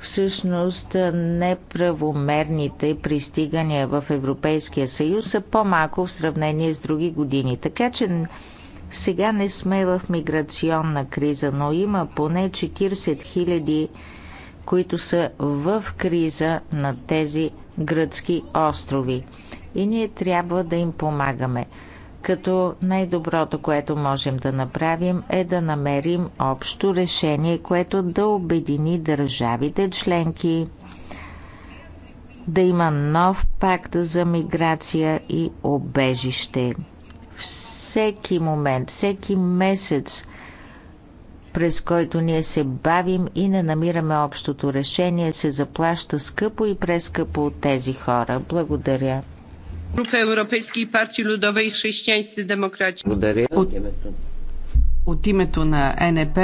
Всъщност неправомерните пристигания в Европейския съюз са по-малко в сравнение с други години. Така че сега не сме в миграционна криза, но има поне 40 хиляди, които са в криза на тези гръцки острови и ние трябва да им помагаме. Като най-доброто, което можем да направим е да намерим общо решение, което да обедини държавите членки, да има нов пакт за миграция и обежище. Всеки момент, всеки месец през който ние се бавим и не намираме общото решение, се заплаща скъпо и прескъпо от тези хора. Благодаря. Група Европейски партии Людове и християнски демократи. Благодаря. От, от името на НП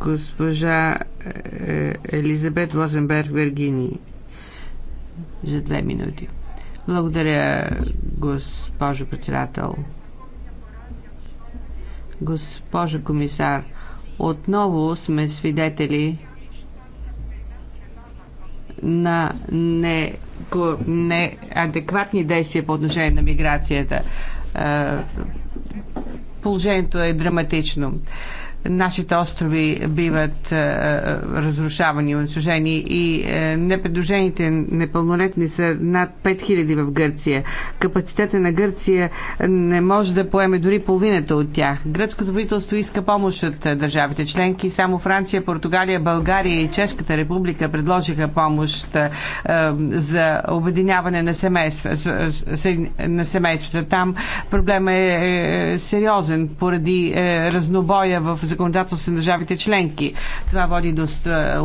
госпожа е, Елизабет Лозенберг Вергини за две минути. Благодаря, госпожо председател. Госпожо комисар, отново сме свидетели на не неадекватни действия по отношение на миграцията. Е, положението е драматично нашите острови биват е, е, разрушавани, унищожени и е, непредложените непълнолетни са над 5000 в Гърция. Капацитета на Гърция не може да поеме дори половината от тях. Гръцкото правителство иска помощ от държавите членки. Само Франция, Португалия, България и Чешката република предложиха помощ за обединяване на, семейства, на семействата. Там проблема е сериозен поради разнобоя в законодателство на държавите членки. Това води до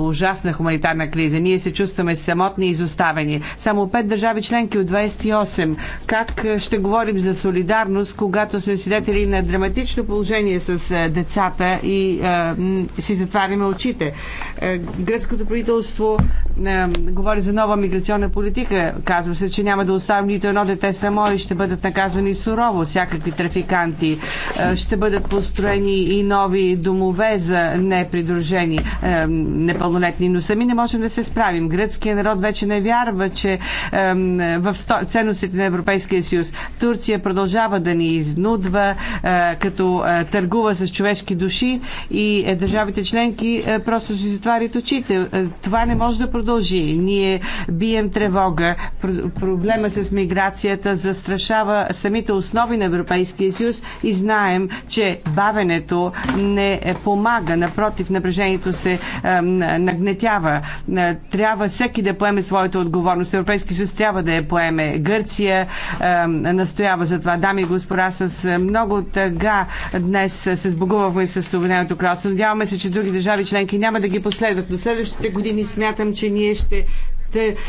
ужасна хуманитарна криза. Ние се чувстваме самотни и изоставени. Само пет държави членки от 28. Как е, ще говорим за солидарност, когато сме свидетели на драматично положение с е, децата и е, си затваряме очите? Е, гръцкото правителство е, говори за нова миграционна политика. Казва се, че няма да оставим нито едно дете само и ще бъдат наказвани сурово всякакви трафиканти. Е, ще бъдат построени и нови домове за непридружени е, непълнолетни, но сами не можем да се справим. Гръцкият народ вече не вярва, че е, в сто... ценностите на Европейския съюз Турция продължава да ни изнудва, е, като е, търгува с човешки души и е, държавите членки е, просто си затварят очите. Е, това не може да продължи. Ние бием тревога. Про- проблема с миграцията застрашава самите основи на Европейския съюз и знаем, че бавенето не не помага. Напротив, напрежението се нагнетява. Трябва всеки да поеме своята отговорност. Европейски съюз трябва да я поеме. Гърция настоява за това. Дами и господа, с много тъга днес се сбогувахме с Съединеното кралство. Надяваме се, че други държави членки няма да ги последват. Но следващите години смятам, че ние ще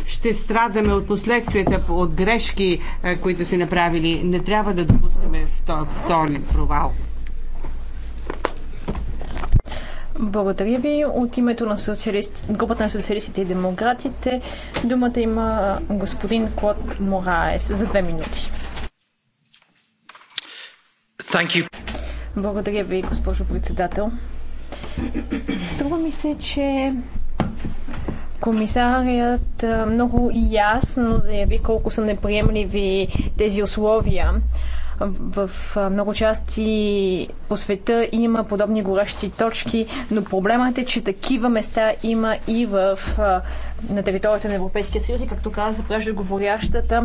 ще страдаме от последствията от грешки, които сме направили. Не трябва да допускаме втори провал. Благодаря ви. От името на социалист... групата на социалистите и демократите думата има господин Клод Мораес за две минути. Благодаря ви, госпожо председател. Струва ми се, че комисарият много ясно заяви колко са неприемливи тези условия в много части по света има подобни горещи точки, но проблемът е, че такива места има и в на територията на Европейския съюз и, както каза преждеговорящата,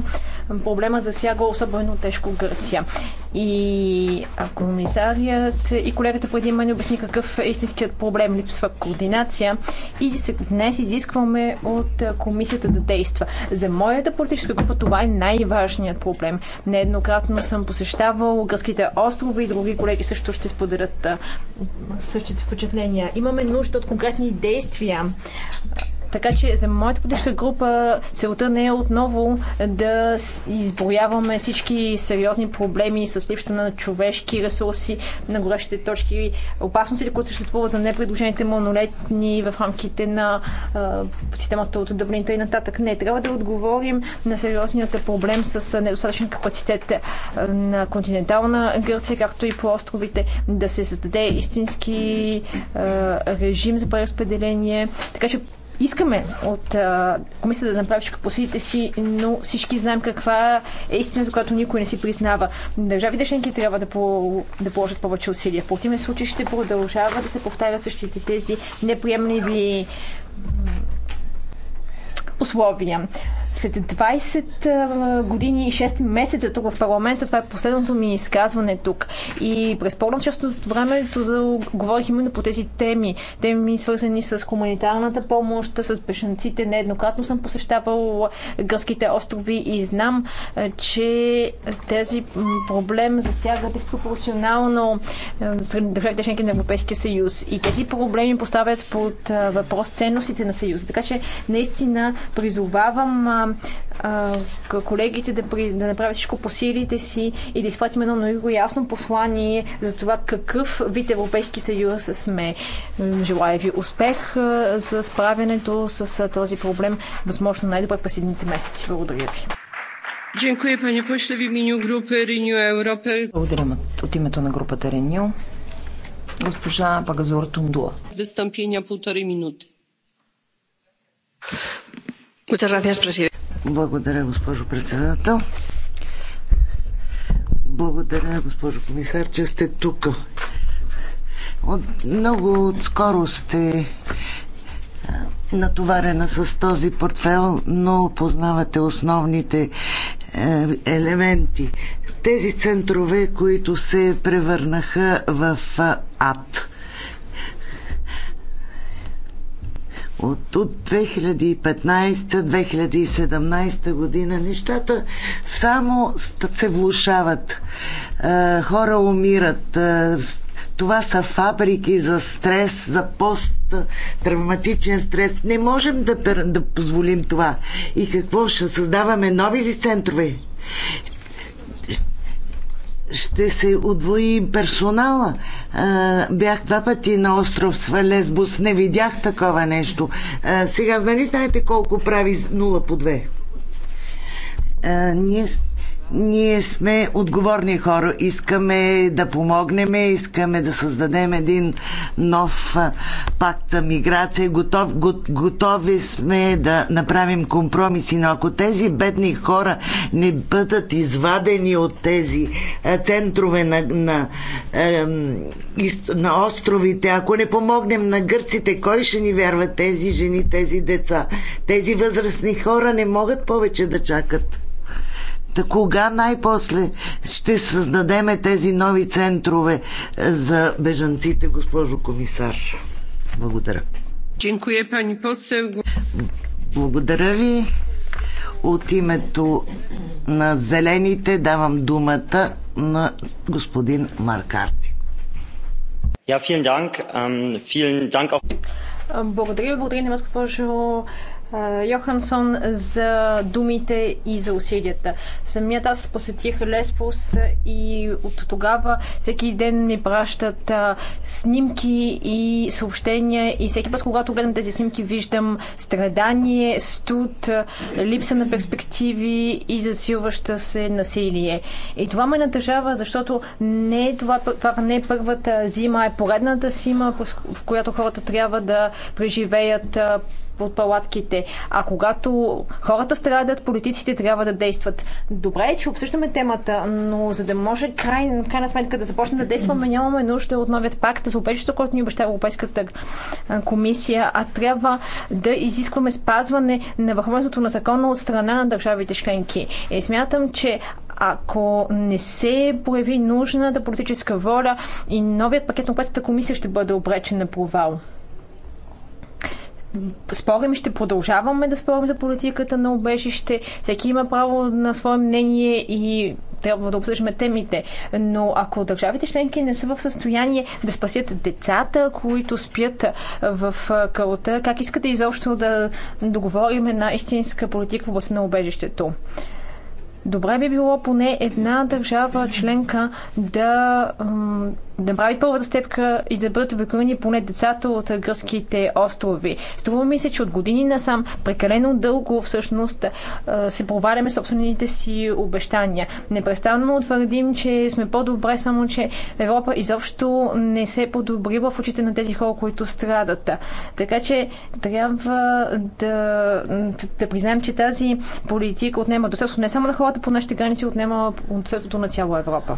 проблема засяга особено тежко Гърция. И комисарият и колегата преди мен обясни какъв е истинският проблем, липсва координация и днес изискваме от комисията да действа. За моята политическа група това е най-важният проблем. Нееднократно съм посещавал гръцките острови и други колеги също ще споделят същите впечатления. Имаме нужда от конкретни действия така че за моята политическа група целта не е отново да изброяваме всички сериозни проблеми с липсата на човешки ресурси, на горещите точки, опасностите, които съществуват за непредложените монолетни в рамките на а, системата от Дъблинта и нататък. Не, трябва да отговорим на сериозният проблем с недостатъчен капацитет на континентална Гърция, както и по островите, да се създаде истински а, режим за преразпределение. Така че искаме от а, комисията да направи всичко по силите си, но всички знаем каква е истината, която никой не си признава. Държавите членки трябва да, по, да положат повече усилия. В противен случай ще продължава да се повтарят същите тези неприемливи условия. След 20 години и 6 месеца тук в парламента, това е последното ми изказване тук. И през по част от времето за... говорих именно по тези теми. Теми свързани с хуманитарната помощ, с бешенците. Нееднократно съм посещавал гръцките острови и знам, че тези проблем засяга диспропорционално държавите членки на Европейския съюз. И тези проблеми поставят под въпрос ценностите на съюза. Така че наистина призовавам колегите да, при, да направят всичко по силите си и да изпратим едно много ясно послание за това какъв вид Европейски съюз сме. Желая ви успех за справянето с този проблем, възможно най-добре през едните месеци. Благодаря ви. Благодаря от името на групата Renew. Госпожа Пагазор Тундула. Wystąpienia półtorej minuty. Muchas gracias, presidente. Благодаря, госпожо председател. Благодаря, госпожо комисар, че сте тук. От, много скоро сте натоварена с този портфел, но познавате основните е, елементи. Тези центрове, които се превърнаха в ад. от, от 2015-2017 година нещата само се влушават. Е, хора умират. Е, това са фабрики за стрес, за посттравматичен стрес. Не можем да, да позволим това. И какво ще създаваме нови ли центрове? ще се удвои персонала. А, бях два пъти на остров Свалесбус, не видях такова нещо. А, сега, нали знаете колко прави 0 по 2? А, ние ние сме отговорни хора. Искаме да помогнем, искаме да създадем един нов пакт за миграция. Готов, готови сме да направим компромиси, но ако тези бедни хора не бъдат извадени от тези центрове на, на, на островите, ако не помогнем на гърците, кой ще ни вярва? Тези жени, тези деца, тези възрастни хора не могат повече да чакат кога най-после ще създадеме тези нови центрове е, за бежанците, госпожо комисар? Благодаря. Благодаря ви. От името на Зелените давам думата на господин Маркарти. Ja, vielen Dank. Um, vielen Dank auch. Благодаря ви, благодаря ви, госпожо Йохансон за думите и за усилията. Самият аз посетих Леспос и от тогава всеки ден ми пращат снимки и съобщения и всеки път, когато гледам тези снимки, виждам страдание, студ, липса на перспективи и засилваща се насилие. И това ме натъжава, защото не е това, това не е първата зима, е поредната зима, в която хората трябва да преживеят под палатките. А когато хората страдат, политиците трябва да действат. Добре е, че обсъждаме темата, но за да може край, крайна сметка да започне да действаме, нямаме нужда от новият пакт за обещането, който ни обеща Европейската комисия, а трябва да изискваме спазване на върховенството на закона от страна на държавите членки. И е, смятам, че ако не се прояви нужната политическа воля и новият пакет на Европейската комисия ще бъде обречен на провал спорим, ще продължаваме да спорим за политиката на убежище. Всеки има право на свое мнение и трябва да обсъждаме темите. Но ако държавите членки не са в състояние да спасят децата, които спят в кълта, как искате изобщо да договорим една истинска политика в областта на убежището? Добре би било поне една държава членка да да направи първата степка и да бъдат увековени поне децата от гръцките острови. Струва ми се, че от години насам прекалено дълго всъщност се проваляме собствените си обещания. Непрестанно твърдим, че сме по-добре, само че Европа изобщо не се е подобри в очите на тези хора, които страдат. Така че трябва да, да признаем, че тази политика отнема достатъчно не само на хората по нашите граници, отнема от на цяла Европа.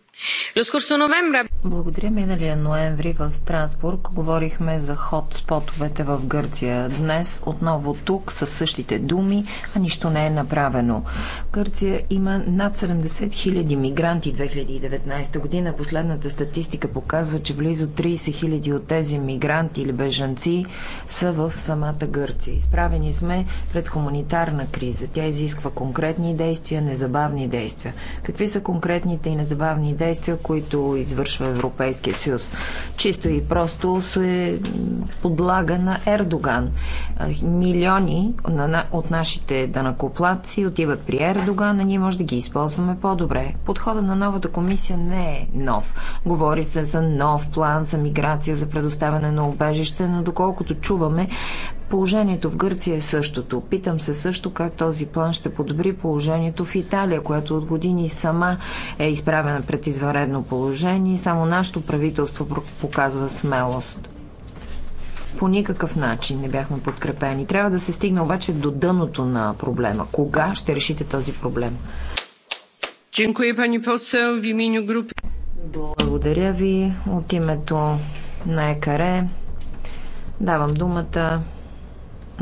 Благодаря. Миналия ноември в Страсбург говорихме за ход спотовете в Гърция. Днес отново тук с същите думи, а нищо не е направено. В Гърция има над 70 000 мигранти 2019 година. Последната статистика показва, че близо 30 000 от тези мигранти или бежанци са в самата Гърция. Изправени сме пред хуманитарна криза. Тя изисква конкретни действия, незабавни действия. Какви са конкретните и незабавни действия? действия, които извършва Европейския съюз. Чисто и просто се подлага на Ердоган. Милиони от нашите данакоплаци отиват при Ердоган, а ние може да ги използваме по-добре. Подхода на новата комисия не е нов. Говори се за нов план за миграция, за предоставяне на убежище, но доколкото чуваме, Положението в Гърция е същото. Питам се също как този план ще подобри положението в Италия, която от години сама е изправена пред извънредно положение. Само нашето правителство показва смелост по никакъв начин не бяхме подкрепени. Трябва да се стигне обаче до дъното на проблема. Кога ще решите този проблем? Благодаря ви от името на ЕКАРЕ. Давам думата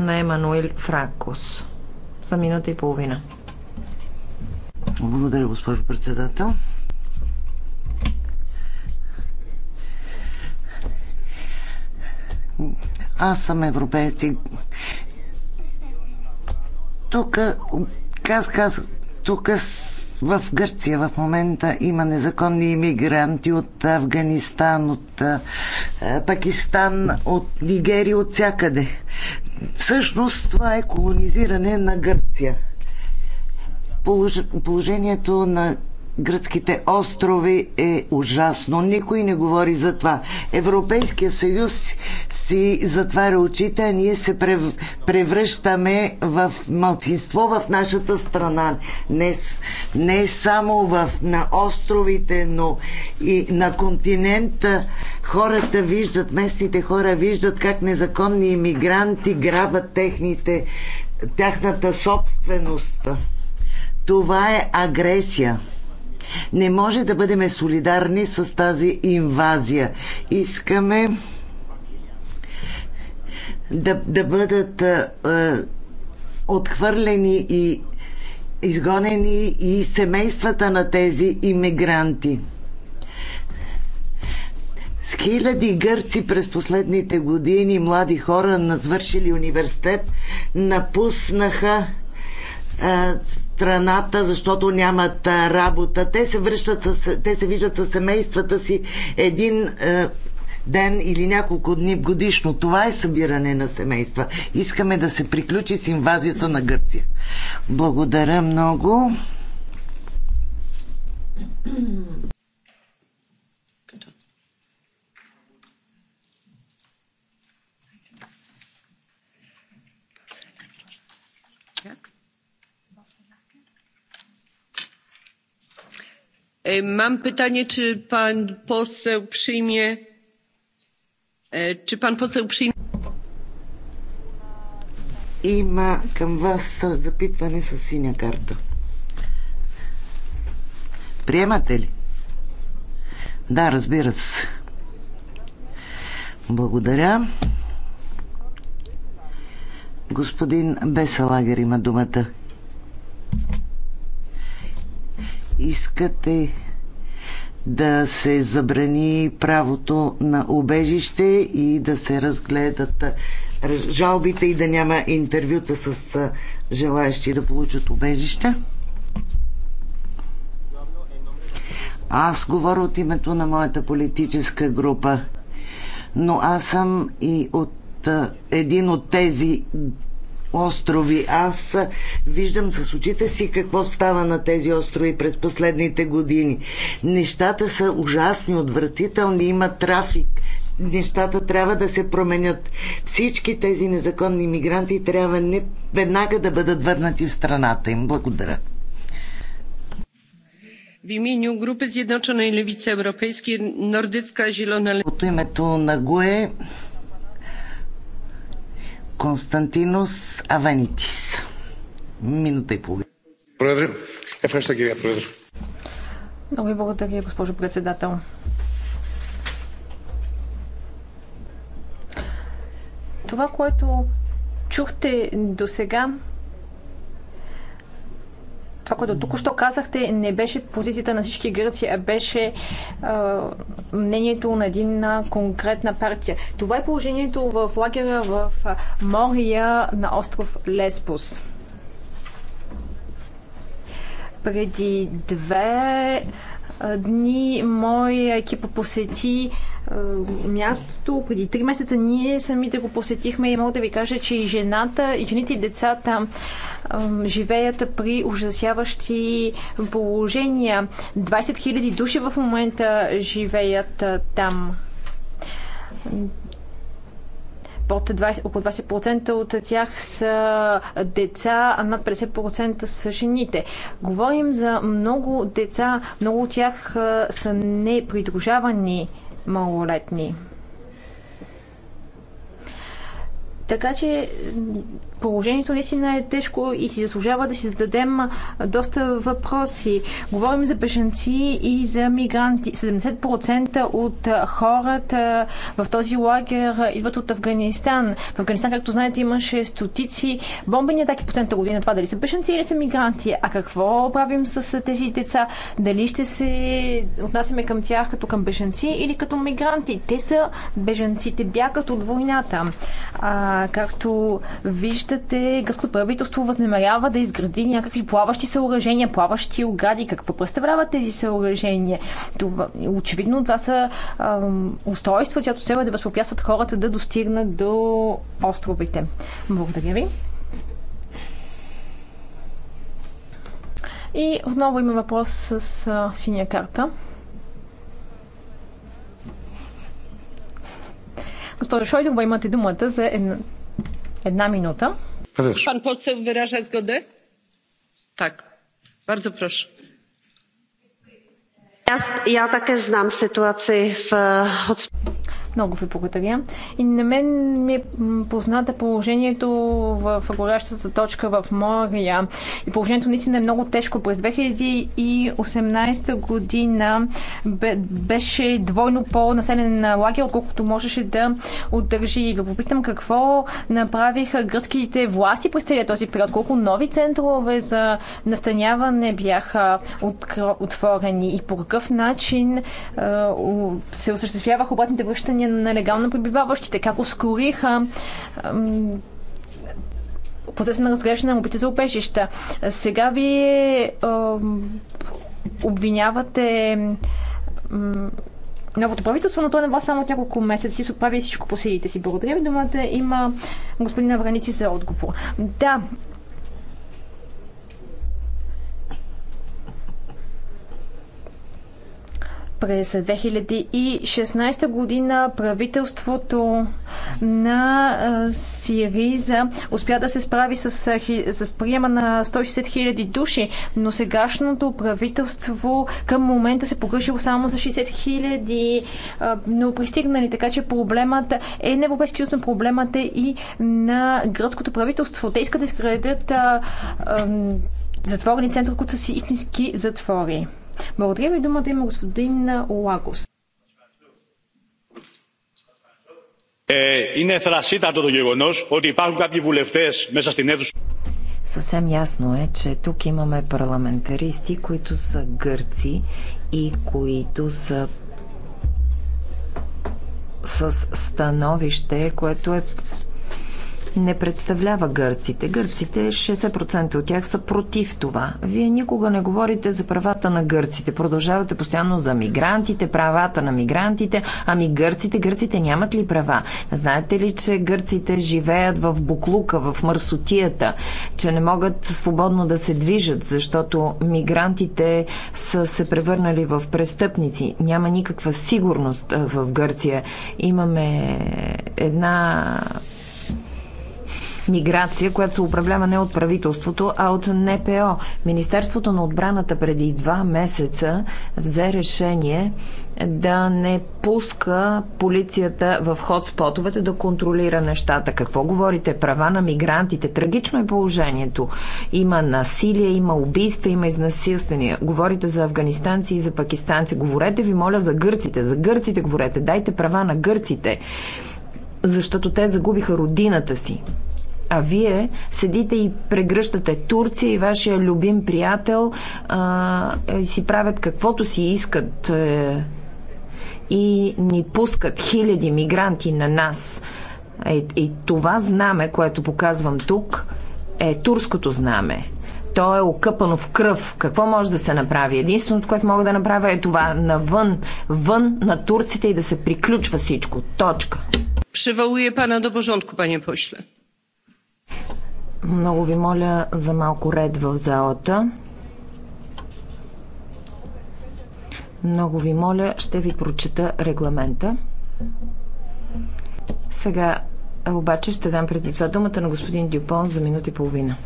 на Емануил Франкос за минута и половина. Благодаря, госпожо председател. Аз съм европеец тук каз, каз, тук в Гърция в момента има незаконни иммигранти от Афганистан, от Пакистан, от Нигерия, от всякъде. Всъщност това е колонизиране на Гърция. Положението на гръцките острови е ужасно. Никой не говори за това. Европейския съюз си затваря очите, а ние се превръщаме в малцинство в нашата страна. Не, не само в, на островите, но и на континента. Хората виждат, местните хора виждат как незаконни иммигранти грабят техните, тяхната собственост. Това е агресия. Не може да бъдем солидарни с тази инвазия. Искаме да, да бъдат а, отхвърлени и изгонени и семействата на тези иммигранти. С хиляди гърци през последните години млади хора, назвършили университет, напуснаха а, страната, защото нямат работа. Те се връщат, с, те се виждат със семействата си един е, ден или няколко дни годишно. Това е събиране на семейства. Искаме да се приключи с инвазията на Гърция. Благодаря много. E, mam pytanie czy pan poseł przyjmie e, czy pan poseł przyjmie Има към вас запитване с синя карта. Приемате ли? Да, разбира се. Благодаря. Господин Беселагер има думата искате да се забрани правото на убежище и да се разгледат жалбите и да няма интервюта с желаящи да получат убежище. Аз говоря от името на моята политическа група, но аз съм и от един от тези острови. Аз виждам с очите си какво става на тези острови през последните години. Нещата са ужасни, отвратителни, има трафик. Нещата трябва да се променят. Всички тези незаконни мигранти трябва не веднага да бъдат върнати в страната им. Благодаря. W imieniu Grupy Zjednoczonej Lewicy Europejskiej Nordycka Zielona Lewica. Od imienia на GUE Константинос Аванитис. Минута и половина. Проведри. ефреща ги, проведри. Много ви благодаря, госпожо председател. Това, което чухте до сега, това, което току-що казахте, не беше позицията на всички гръци, а беше а, мнението на един конкретна партия. Това е положението в лагера в Мория на остров Леспус. Преди две дни моя екип посети мястото. Преди три месеца ние самите го посетихме и мога да ви кажа, че и жената, и жените и децата живеят при ужасяващи положения. 20 000 души в момента живеят там под 20, около 20% от тях са деца, а над 50% са жените. Говорим за много деца, много от тях са непридружавани малолетни. Така че Положението наистина е тежко и си заслужава да си зададем доста въпроси. Говорим за бежанци и за мигранти. 70% от хората в този лагер идват от Афганистан. В Афганистан, както знаете, имаше стотици бомбени атаки по цента година. Това дали са бежанци или са мигранти. А какво правим с тези деца? Дали ще се отнасяме към тях като към бежанци или като мигранти? Те са бежанците, бягат от войната. А, както виждате, питате, гръцкото правителство възнамерява да изгради някакви плаващи съоръжения, плаващи огради. Какво представляват тези съоръжения? Това, очевидно това са ам, устройства, чиято се да възпрепятстват хората да достигнат до островите. Благодаря ви. И отново има въпрос с а, синя карта. Госпожо Шойдова, имате думата за една Една минута. Pan poseł wyraża zgodę? Tak. Bardzo proszę. Já, já také znám situaci v много ви благодаря. И на мен ми е позната положението в горящата точка в Мория. И положението наистина е много тежко. През 2018 година беше двойно по-населен лагер, отколкото можеше да отдържи. И да попитам какво направиха гръцките власти през целия този период. Колко нови центрове за настаняване бяха отворени и по какъв начин се осъществяваха обратните връщания отношение на нелегално пребиваващите, как ускориха процеса на разглеждане на мобите за убежища. Сега вие обвинявате новото правителство, но то не била само от няколко месеца и се отправи всичко по силите си. Благодаря ви. Думата има господин Авраници за отговор. Да, През 2016 година правителството на Сириза успя да се справи с, с приема на 160 хиляди души, но сегашното правителство към момента се погрешило само за 60 хиляди новопристигнали, така че проблемът е на Европейския съюз, но проблемът е и на гръцкото правителство. Те искат да изградят затворени центрове, които са си истински затвори. Благодаря ви думата има господин Лагос. Е, είναι θρασίτατο το γεγονό ότι υπάρχουν κάποιοι βουλευτέ μέσα στην αίθουσα. Съвсем ясно е, че тук имаме парламентаристи, които са гърци и които са с становище, което е не представлява гърците. Гърците, 60% от тях са против това. Вие никога не говорите за правата на гърците. Продължавате постоянно за мигрантите, правата на мигрантите. Ами гърците, гърците нямат ли права? Знаете ли, че гърците живеят в буклука, в мърсотията, че не могат свободно да се движат, защото мигрантите са се превърнали в престъпници. Няма никаква сигурност в Гърция. Имаме една миграция, която се управлява не от правителството, а от НПО. Министерството на отбраната преди два месеца взе решение да не пуска полицията в ходспотовете да контролира нещата. Какво говорите? Права на мигрантите. Трагично е положението. Има насилие, има убийства, има изнасилствения. Говорите за афганистанци и за пакистанци. Говорете ви, моля, за гърците. За гърците говорете. Дайте права на гърците. Защото те загубиха родината си. А вие седите и прегръщате Турция и вашия любим приятел а, и е, си правят каквото си искат е, и ни пускат хиляди мигранти на нас. И, е, и това знаме, което показвам тук, е турското знаме. То е окъпано в кръв. Какво може да се направи? Единственото, което мога да направя е това навън, вън на турците и да се приключва всичко. Точка. Przywołuję pana do porządku, panie pośle. Много ви моля за малко ред в залата. Много ви моля, ще ви прочета регламента. Сега обаче ще дам преди това думата на господин Дюпон за минута и половина.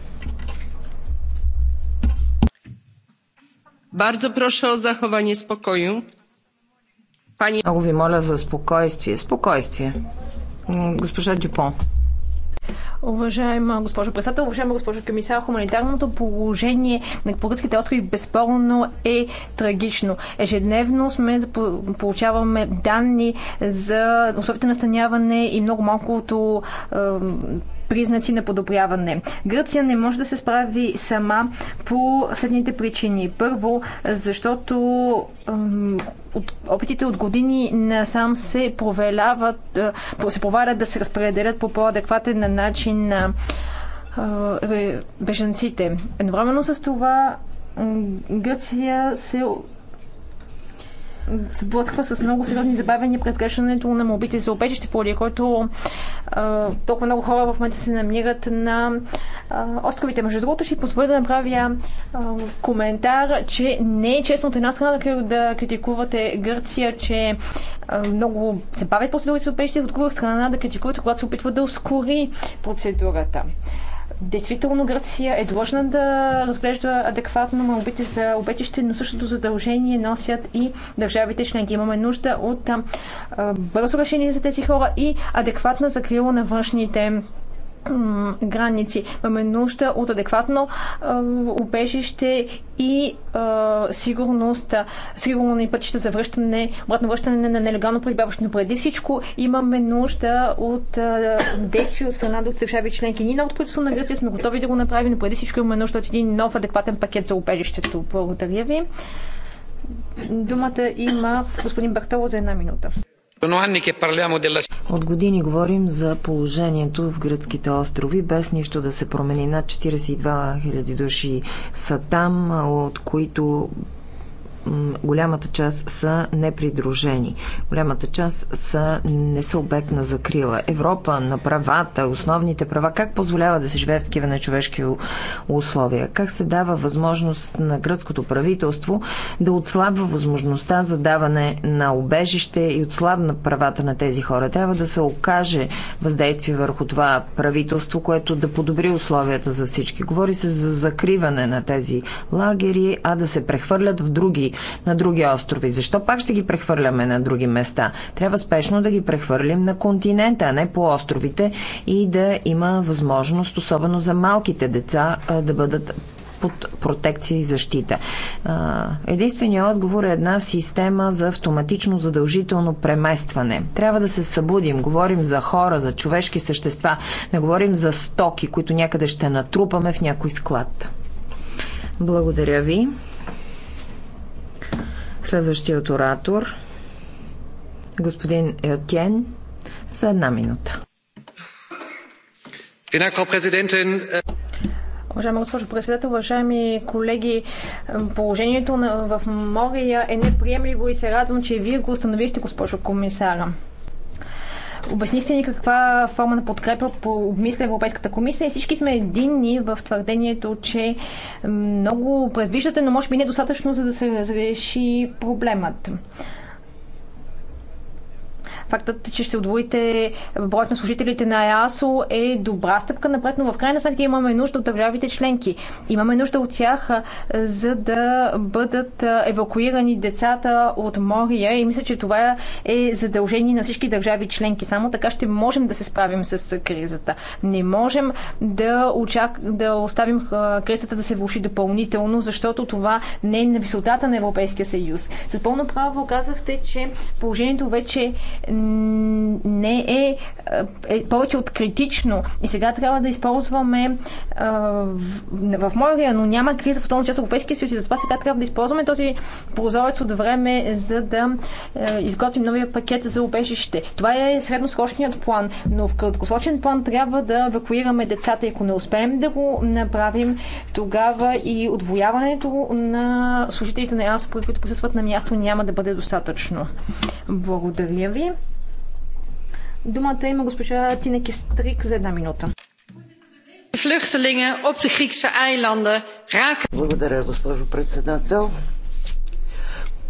Бързо proszę o zachowanie спокою. Много ви моля за спокойствие. Спокойствие. Госпожа Дюпон. Уважаема госпожо председател, уважаема госпожо комисар, хуманитарното положение на българските острови безспорно е трагично. Ежедневно сме получаваме данни за условията на настаняване и много малкото е, признаци на подобряване. Гърция не може да се справи сама по следните причини. Първо, защото опитите от години насам се провеляват, се провалят да се разпределят по по-адекватен на начин на бежанците. Едновременно с това Гърция се се блъсква с много сериозни забавени, през грешането на мобите за обечище, поради който а, толкова много хора в момента се намират на а, островите. Между другото, ще позволя да направя а, коментар, че не е честно от една страна да, да критикувате Гърция, че а, много се бавят процедурите за обечище, от друга страна да критикувате, когато се опитва да ускори процедурата. Действително Гръция е длъжна да разглежда адекватно молбите за обетище, но същото задължение носят и държавите членки. Имаме нужда от бързо решение за тези хора и адекватна закрила на външните граници. Имаме нужда от адекватно убежище и сигурност, сигурно ни пътища за връщане, обратно връщане на нелегално прибаващо. Но преди всичко имаме нужда от действия от страна до държави членки. Ние новото правителство на Гърция сме готови да го направим, но преди всичко имаме нужда от един нов адекватен пакет за убежището. Благодаря ви. Думата има господин Бартоло за една минута. От години говорим за положението в гръцките острови, без нищо да се промени. Над 42 000 души са там, от които голямата част са непридружени. Голямата част са, не са обект на закрила. Европа на правата, основните права, как позволява да се живее в такива нечовешки условия? Как се дава възможност на гръцкото правителство да отслабва възможността за даване на обежище и отслабна правата на тези хора? Трябва да се окаже въздействие върху това правителство, което да подобри условията за всички. Говори се за закриване на тези лагери, а да се прехвърлят в други на други острови. Защо пак ще ги прехвърляме на други места? Трябва спешно да ги прехвърлим на континента, а не по островите и да има възможност, особено за малките деца, да бъдат под протекция и защита. Единственият отговор е една система за автоматично задължително преместване. Трябва да се събудим. Говорим за хора, за човешки същества. Не говорим за стоки, които някъде ще натрупаме в някой склад. Благодаря ви. Следващият оратор господин Еотен за една минута. Уважаема госпожо председател, уважаеми колеги, положението в Мория е неприемливо и се радвам, че вие го установихте, госпожо комисара. Обяснихте ни каква форма на подкрепа по обмисля Европейската комисия и всички сме единни в твърдението, че много предвиждате, но може би недостатъчно, за да се разреши проблемът. Фактът, че ще отвоите броят на служителите на ЕАСО е добра стъпка напред, но в крайна сметка имаме нужда от държавите членки. Имаме нужда от тях, за да бъдат евакуирани децата от Мория, и мисля, че това е задължение на всички държави членки. Само така ще можем да се справим с кризата. Не можем да, очак... да оставим кризата да се влуши допълнително, защото това не е на висотата на Европейския съюз. С пълно право казахте, че положението вече не е, е повече от критично. И сега трябва да използваме Е, в, в моя район, няма криза в този част Европейския съюз и затова сега трябва да използваме този прозорец от време, за да е, изготвим новия пакет за убежище. Това е средносрочният план, но в краткосрочен план трябва да евакуираме децата. Ако не успеем да го направим, тогава и отвояването на служителите на ЕАСО, които присъстват на място, няма да бъде достатъчно. Благодаря ви. Думата има госпожа Тинеки Стрик за една минута. Благодаря, госпожо председател.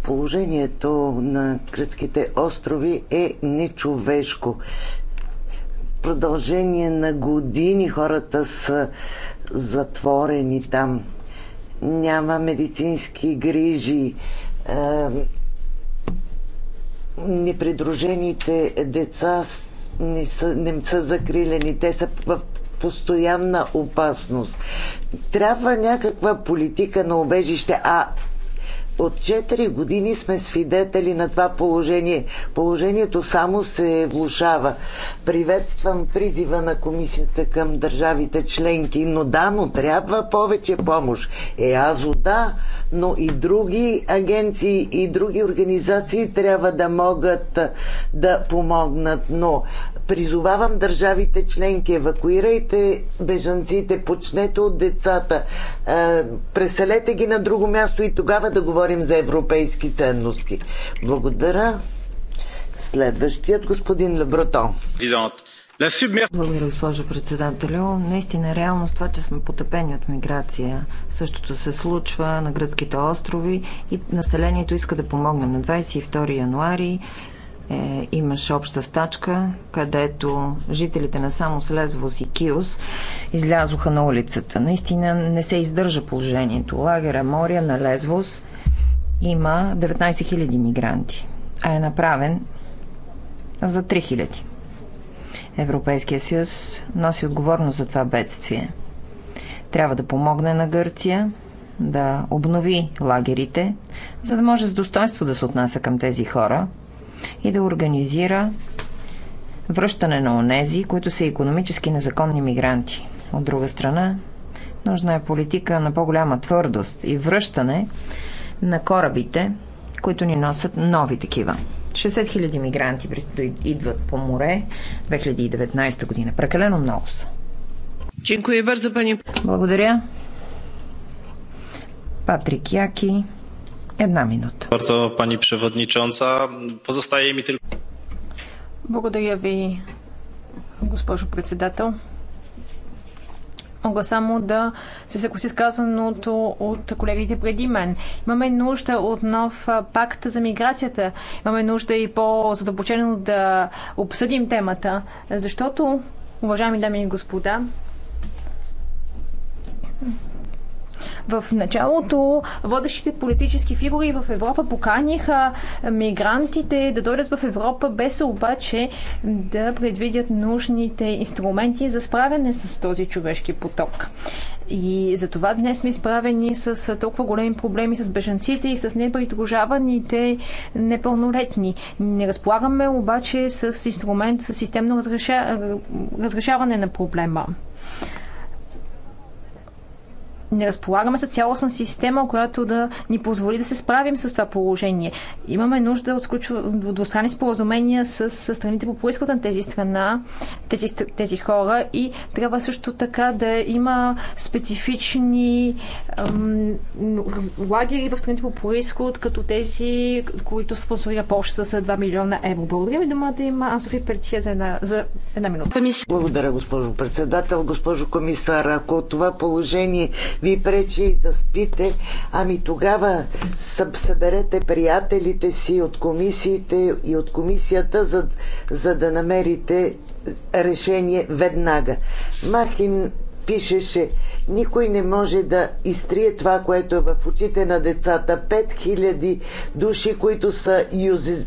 Положението на гръцките острови е нечовешко. Продължение на години хората са затворени там. Няма медицински грижи непридружените деца не са, не са закрилени. Те са в постоянна опасност. Трябва някаква политика на обежище, а от 4 години сме свидетели на това положение. Положението само се влушава. Приветствам призива на комисията към държавите членки, но да, но трябва повече помощ. аз да, но и други агенции и други организации трябва да могат да помогнат. Но Призовавам държавите членки, евакуирайте бежанците, почнете от децата, преселете ги на друго място и тогава да говорим за европейски ценности. Благодаря. Следващият господин Лебротон. Благодаря, госпожо председателю. Наистина реално с това, че сме потъпени от миграция. Същото се случва на гръцките острови и населението иска да помогне На 22 януари е, имаше обща стачка, където жителите на само Слезвос и Киос излязоха на улицата. Наистина не се издържа положението. Лагера Моря на Лезвос има 19 000 мигранти, а е направен за 3 000. Европейския съюз носи отговорност за това бедствие. Трябва да помогне на Гърция да обнови лагерите, за да може с достоинство да се отнася към тези хора – и да организира връщане на онези, които са економически незаконни мигранти. От друга страна, нужна е политика на по-голяма твърдост и връщане на корабите, които ни носят нови такива. 60 000 мигранти идват по море 2019 година. Прекалено много са. Благодаря. Патрик Яки. Една минута. Благодаря ви, госпожо председател. Мога само да се съгласи с казаното от колегите преди мен. Имаме нужда от нов пакт за миграцията. Имаме нужда и по-задълбочено да обсъдим темата, защото, уважаеми дами и господа, в началото водещите политически фигури в Европа поканиха мигрантите да дойдат в Европа, без обаче да предвидят нужните инструменти за справяне с този човешки поток. И за това днес сме изправени с толкова големи проблеми с бежанците и с непридружаваните непълнолетни. Не разполагаме обаче с инструмент, с системно разреша... разрешаване на проблема не разполагаме с цялостна система, която да ни позволи да се справим с това положение. Имаме нужда от сключва, двустранни споразумения с, с страните по происход на тези страна, тези, тези хора и трябва също така да има специфични ам, лагери в страните по происход, като тези, които спонсорира Польша с 2 милиона евро. Благодаря ви, думата да има Асофи Пертия за една, за една минута. Благодаря, госпожо председател, госпожо комисар. Ако това положение ви пречи да спите, ами тогава съберете приятелите си от комисиите и от комисията, за, за да намерите решение веднага. Махин пишеше, никой не може да изтрие това, което е в очите на децата. 5000 души, които са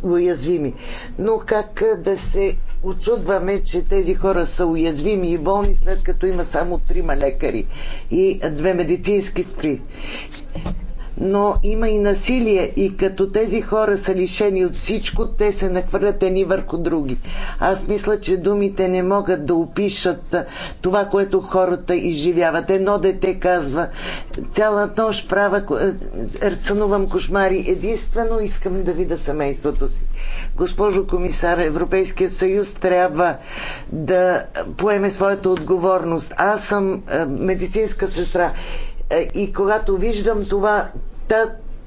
уязвими. Но как да се очудваме, че тези хора са уязвими и болни, след като има само трима лекари и две медицински стри но има и насилие и като тези хора са лишени от всичко, те се нахвърлят едни върху други. Аз мисля, че думите не могат да опишат това, което хората изживяват. Едно дете казва, цяла нощ права, сънувам кошмари, единствено искам да видя семейството си. Госпожо комисар, Европейския съюз трябва да поеме своята отговорност. Аз съм медицинска сестра е, и когато виждам това,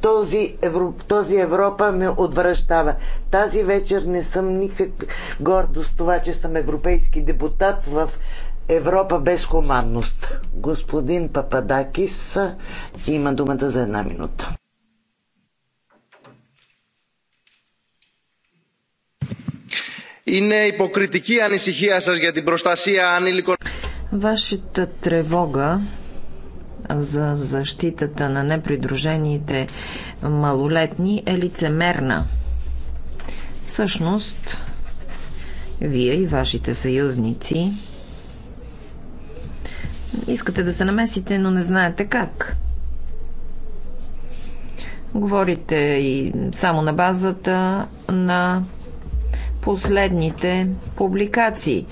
този, Европ, този Европа ме отвръщава. Тази вечер не съм никак гордо с това, че съм европейски депутат в Европа без хуманност. Господин Пападакис има думата за една минута. Είναι υποκριτική ανησυχία σας για την προστασία ανήλικων. Вашата тревога за защитата на непридружените малолетни е лицемерна. Всъщност, вие и вашите съюзници искате да се намесите, но не знаете как. Говорите и само на базата на последните публикации.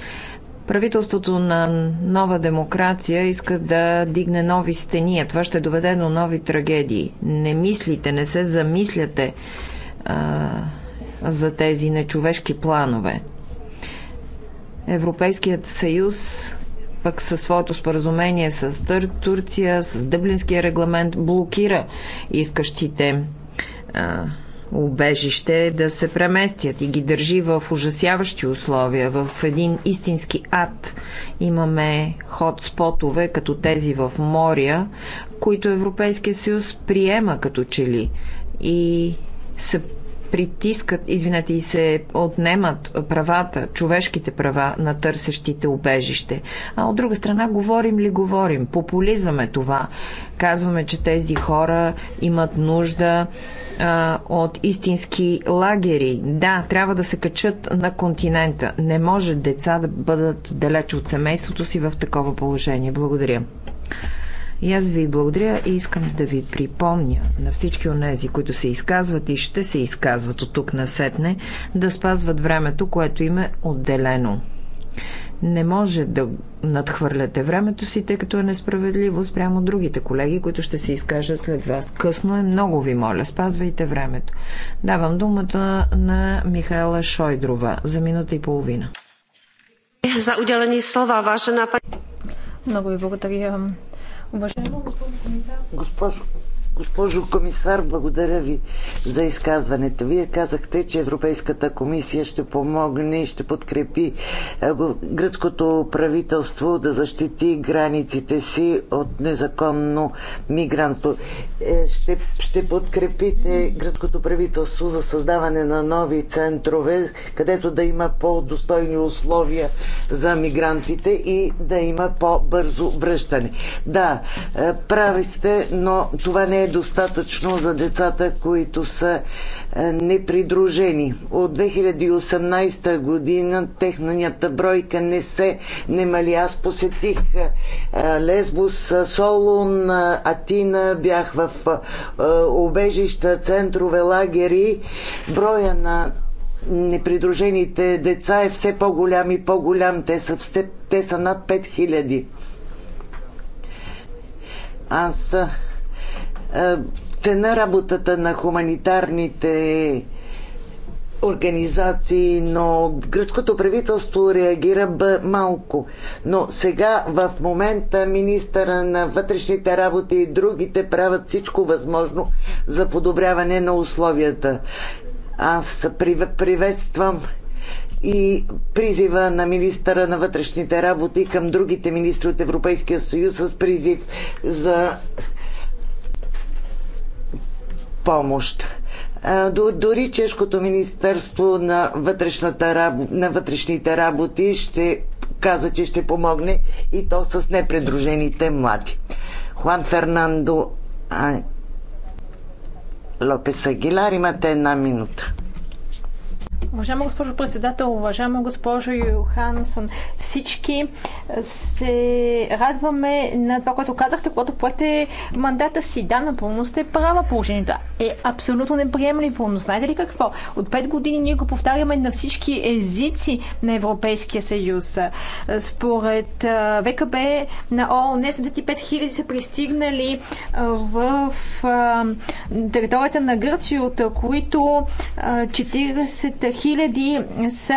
Правителството на нова демокрация иска да дигне нови стени, а това ще доведе до нови трагедии. Не мислите, не се замисляте а, за тези нечовешки планове. Европейският съюз пък със своето споразумение с Турция, с Дъблинския регламент, блокира искащите а, убежище да се преместят и ги държи в ужасяващи условия, в един истински ад. Имаме хотспотове като тези в моря, които Европейския съюз приема като чели и се притискат, извинете, и се отнемат правата, човешките права на търсещите убежище. А от друга страна, говорим ли говорим, популизаме това. Казваме, че тези хора имат нужда а, от истински лагери. Да, трябва да се качат на континента. Не може деца да бъдат далеч от семейството си в такова положение. Благодаря. И аз ви благодаря и искам да ви припомня на всички онези, които се изказват и ще се изказват от тук насетне, да спазват времето, което им е отделено. Не може да надхвърляте времето си, тъй като е несправедливо спрямо другите колеги, които ще се изкажат след вас. Късно е, много ви моля, спазвайте времето. Давам думата на Михайла Шойдрова за минута и половина. За уделени слова, ваша напад. Много ви благодаря, Уважаема госпожо комисар. Госпожо Госпожо комисар, благодаря ви за изказването. Вие казахте, че Европейската комисия ще помогне и ще подкрепи е, гръцкото правителство да защити границите си от незаконно мигрантство. Е, ще, ще подкрепите гръцкото правителство за създаване на нови центрове, където да има по-достойни условия за мигрантите и да има по-бързо връщане. Да, е, прави сте, но това не е недостатъчно за децата, които са е, непридружени. От 2018 година техната бройка не се немали. Аз посетих е, Лесбос, Солун, е, Атина, бях в обежища, центрове, лагери. Броя на непридружените деца е все по-голям и по-голям. Те са, те са над 5000. Аз е, цена работата на хуманитарните организации, но гръцкото правителство реагира малко. Но сега в момента министъра на вътрешните работи и другите правят всичко възможно за подобряване на условията. Аз приветствам и призива на министъра на вътрешните работи към другите министри от Европейския съюз с призив за помощ. Дори Чешкото Министерство на, на вътрешните работи ще каза, че ще помогне и то с непредружените млади. Хуан Фернандо Лопес Агилар, имате една минута. Уважаема госпожо председател, уважаема госпожо Йохансон, всички се радваме на това, което казахте, когато поете мандата си. Да, напълно сте права положението. Е абсолютно неприемливо, но знаете ли какво? От 5 години ние го повтаряме на всички езици на Европейския съюз. Според ВКБ на ООН 75 хиляди са пристигнали в територията на Гърция, от които 40 хиляди са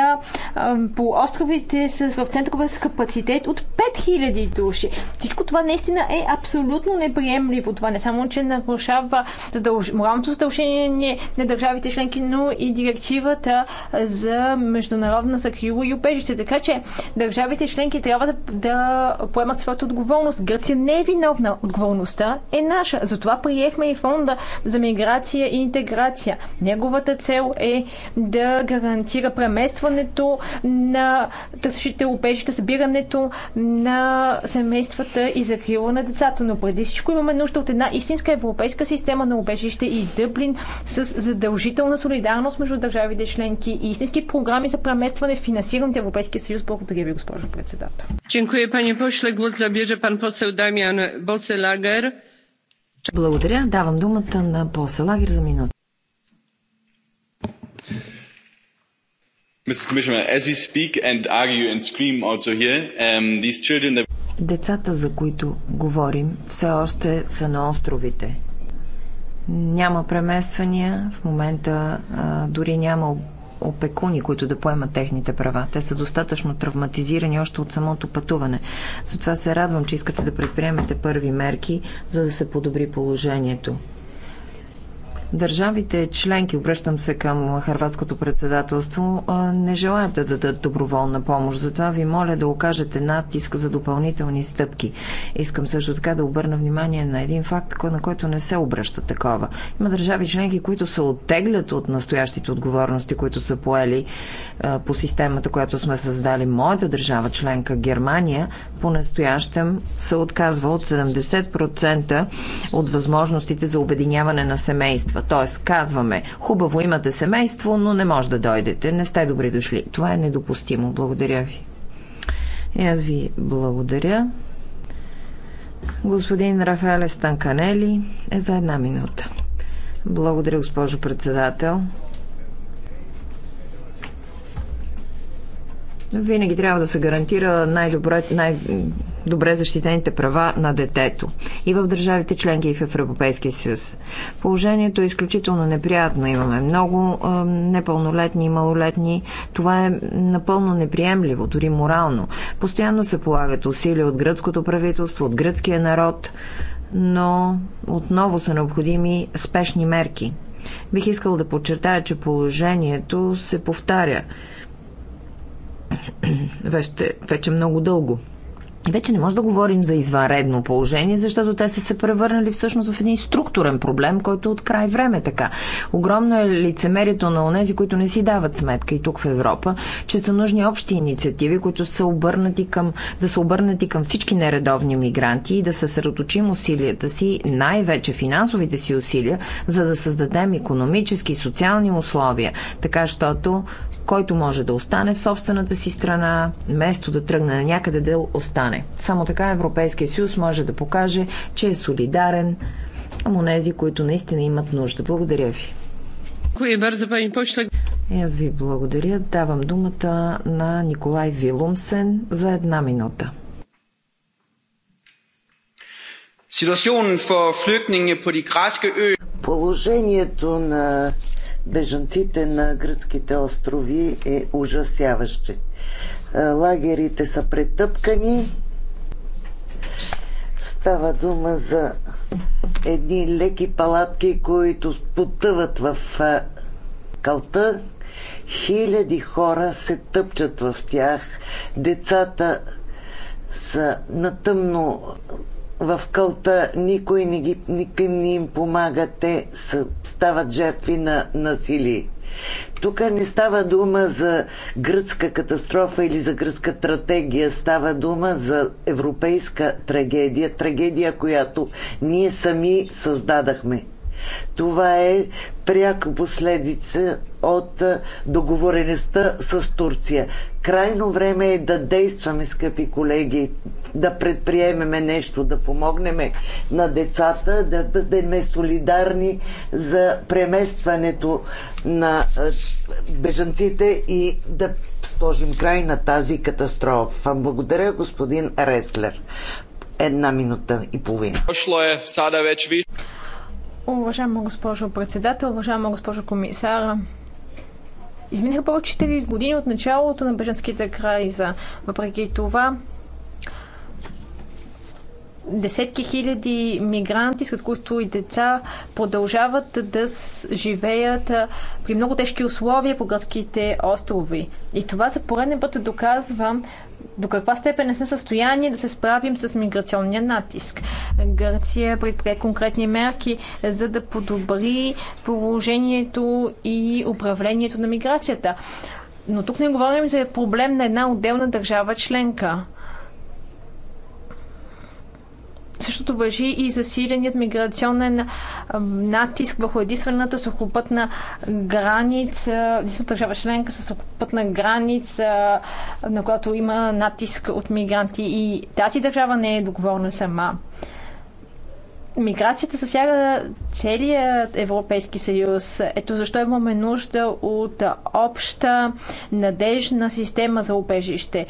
по островите с, в центрове с капацитет от 5000 души. Всичко това наистина е абсолютно неприемливо. Това не само, че нарушава задълж... моралното задължение на държавите членки, но и директивата за международна закрила и убежище. Така че държавите членки трябва да, да поемат своята отговорност. Гърция не е виновна. Отговорността е наша. Затова приехме и фонда за миграция и интеграция. Неговата цел е да гарантира преместването на търсещите обежища, събирането на семействата и закрила на децата. Но преди всичко имаме нужда от една истинска европейска система на обежище и Дъблин с задължителна солидарност между държавите членки и истински програми за преместване, финансиран от Европейския съюз. Благодаря ви, госпожо председател. Дякую, пани пошле, глас забежа пан посел Дамиан Боселагер. Благодаря. Давам думата на боселагер за минута. Децата, за които говорим, все още са на островите. Няма премествания, в момента а, дори няма опекуни, които да поемат техните права. Те са достатъчно травматизирани още от самото пътуване. Затова се радвам, че искате да предприемете първи мерки, за да се подобри положението. Държавите членки, обръщам се към Харватското председателство, не желаят да дадат доброволна помощ. Затова ви моля да окажете натиск за допълнителни стъпки. Искам също така да обърна внимание на един факт, на който не се обръща такова. Има държави членки, които се оттеглят от настоящите отговорности, които са поели по системата, която сме създали. Моята държава членка Германия по-настоящем се отказва от 70% от възможностите за обединяване на семейства т.е. казваме, хубаво имате семейство, но не може да дойдете. Не сте добре дошли. Това е недопустимо. Благодаря ви. И аз ви благодаря. Господин Рафаеле Станканели е за една минута. Благодаря, госпожо председател. винаги трябва да се гарантира най-добре, най-добре защитените права на детето и в държавите членки и в Европейския съюз. Положението е изключително неприятно. Имаме много е, непълнолетни и малолетни. Това е напълно неприемливо, дори морално. Постоянно се полагат усилия от гръцкото правителство, от гръцкия народ, но отново са необходими спешни мерки. Бих искал да подчертая, че положението се повтаря вече, вече много дълго. Вече не може да говорим за извънредно положение, защото те са се превърнали всъщност в един структурен проблем, който от край време е така. Огромно е лицемерието на онези, които не си дават сметка и тук в Европа, че са нужни общи инициативи, които са обърнати към, да са обърнати към всички нередовни мигранти и да съсредоточим усилията си, най-вече финансовите си усилия, за да създадем економически и социални условия, така щото който може да остане в собствената си страна, вместо да тръгне на някъде да остане. Само така Европейския съюз може да покаже, че е солидарен към онези, които наистина имат нужда. Благодаря ви. И аз ви благодаря. Давам думата на Николай Вилумсен за една минута. Положението на бежанците на гръцките острови е ужасяващи. Лагерите са претъпкани. Става дума за едни леки палатки, които потъват в калта. Хиляди хора се тъпчат в тях. Децата са натъмно в кълта, никой не, ги, никой не им помага, те стават жертви на насилие. Тук не става дума за гръцка катастрофа или за гръцка стратегия, става дума за европейска трагедия, трагедия, която ние сами създадахме. Това е пряка последица от договореността с Турция. Крайно време е да действаме, скъпи колеги, да предприемеме нещо, да помогнем на децата, да бъдем солидарни за преместването на бежанците и да сложим край на тази катастрофа. Благодаря, господин Реслер. Една минута и половина. Уважаема госпожо председател, уважаема госпожо комисар, изминаха повече 4 години от началото на беженските за Въпреки това, десетки хиляди мигранти, след които и деца, продължават да живеят при много тежки условия по гръцките острови. И това за пореден път доказва, до каква степен не сме в състояние да се справим с миграционния натиск. Гърция предприе конкретни мерки за да подобри положението и управлението на миграцията. Но тук не говорим за проблем на една отделна държава членка. Същото въжи и за силеният миграционен натиск върху единствената сухопътна граница, единствената държава членка с сухопътна граница, на която има натиск от мигранти. И тази държава не е договорна сама миграцията засяга целият Европейски съюз. Ето защо имаме нужда от обща надежна система за убежище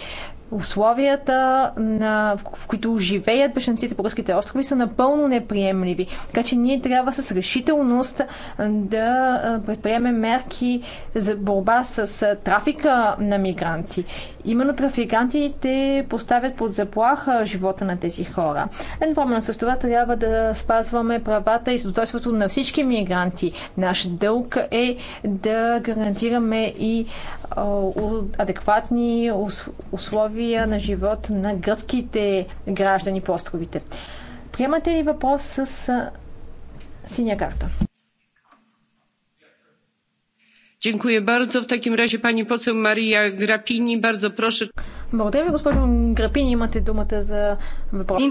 условията, на, в които живеят бешенците по гръцките острови, са напълно неприемливи. Така че ние трябва с решителност да предприемем мерки за борба с трафика на мигранти. Именно трафикантите поставят под заплаха живота на тези хора. Едновременно с това трябва да спазваме правата и достоинството на всички мигранти. Наш дълг е да гарантираме и адекватни условия на живот на гръцките граждани по островите. Приемате ли въпрос с синя карта? Благодаря ви, госпожо Грапини. Имате думата за въпрос.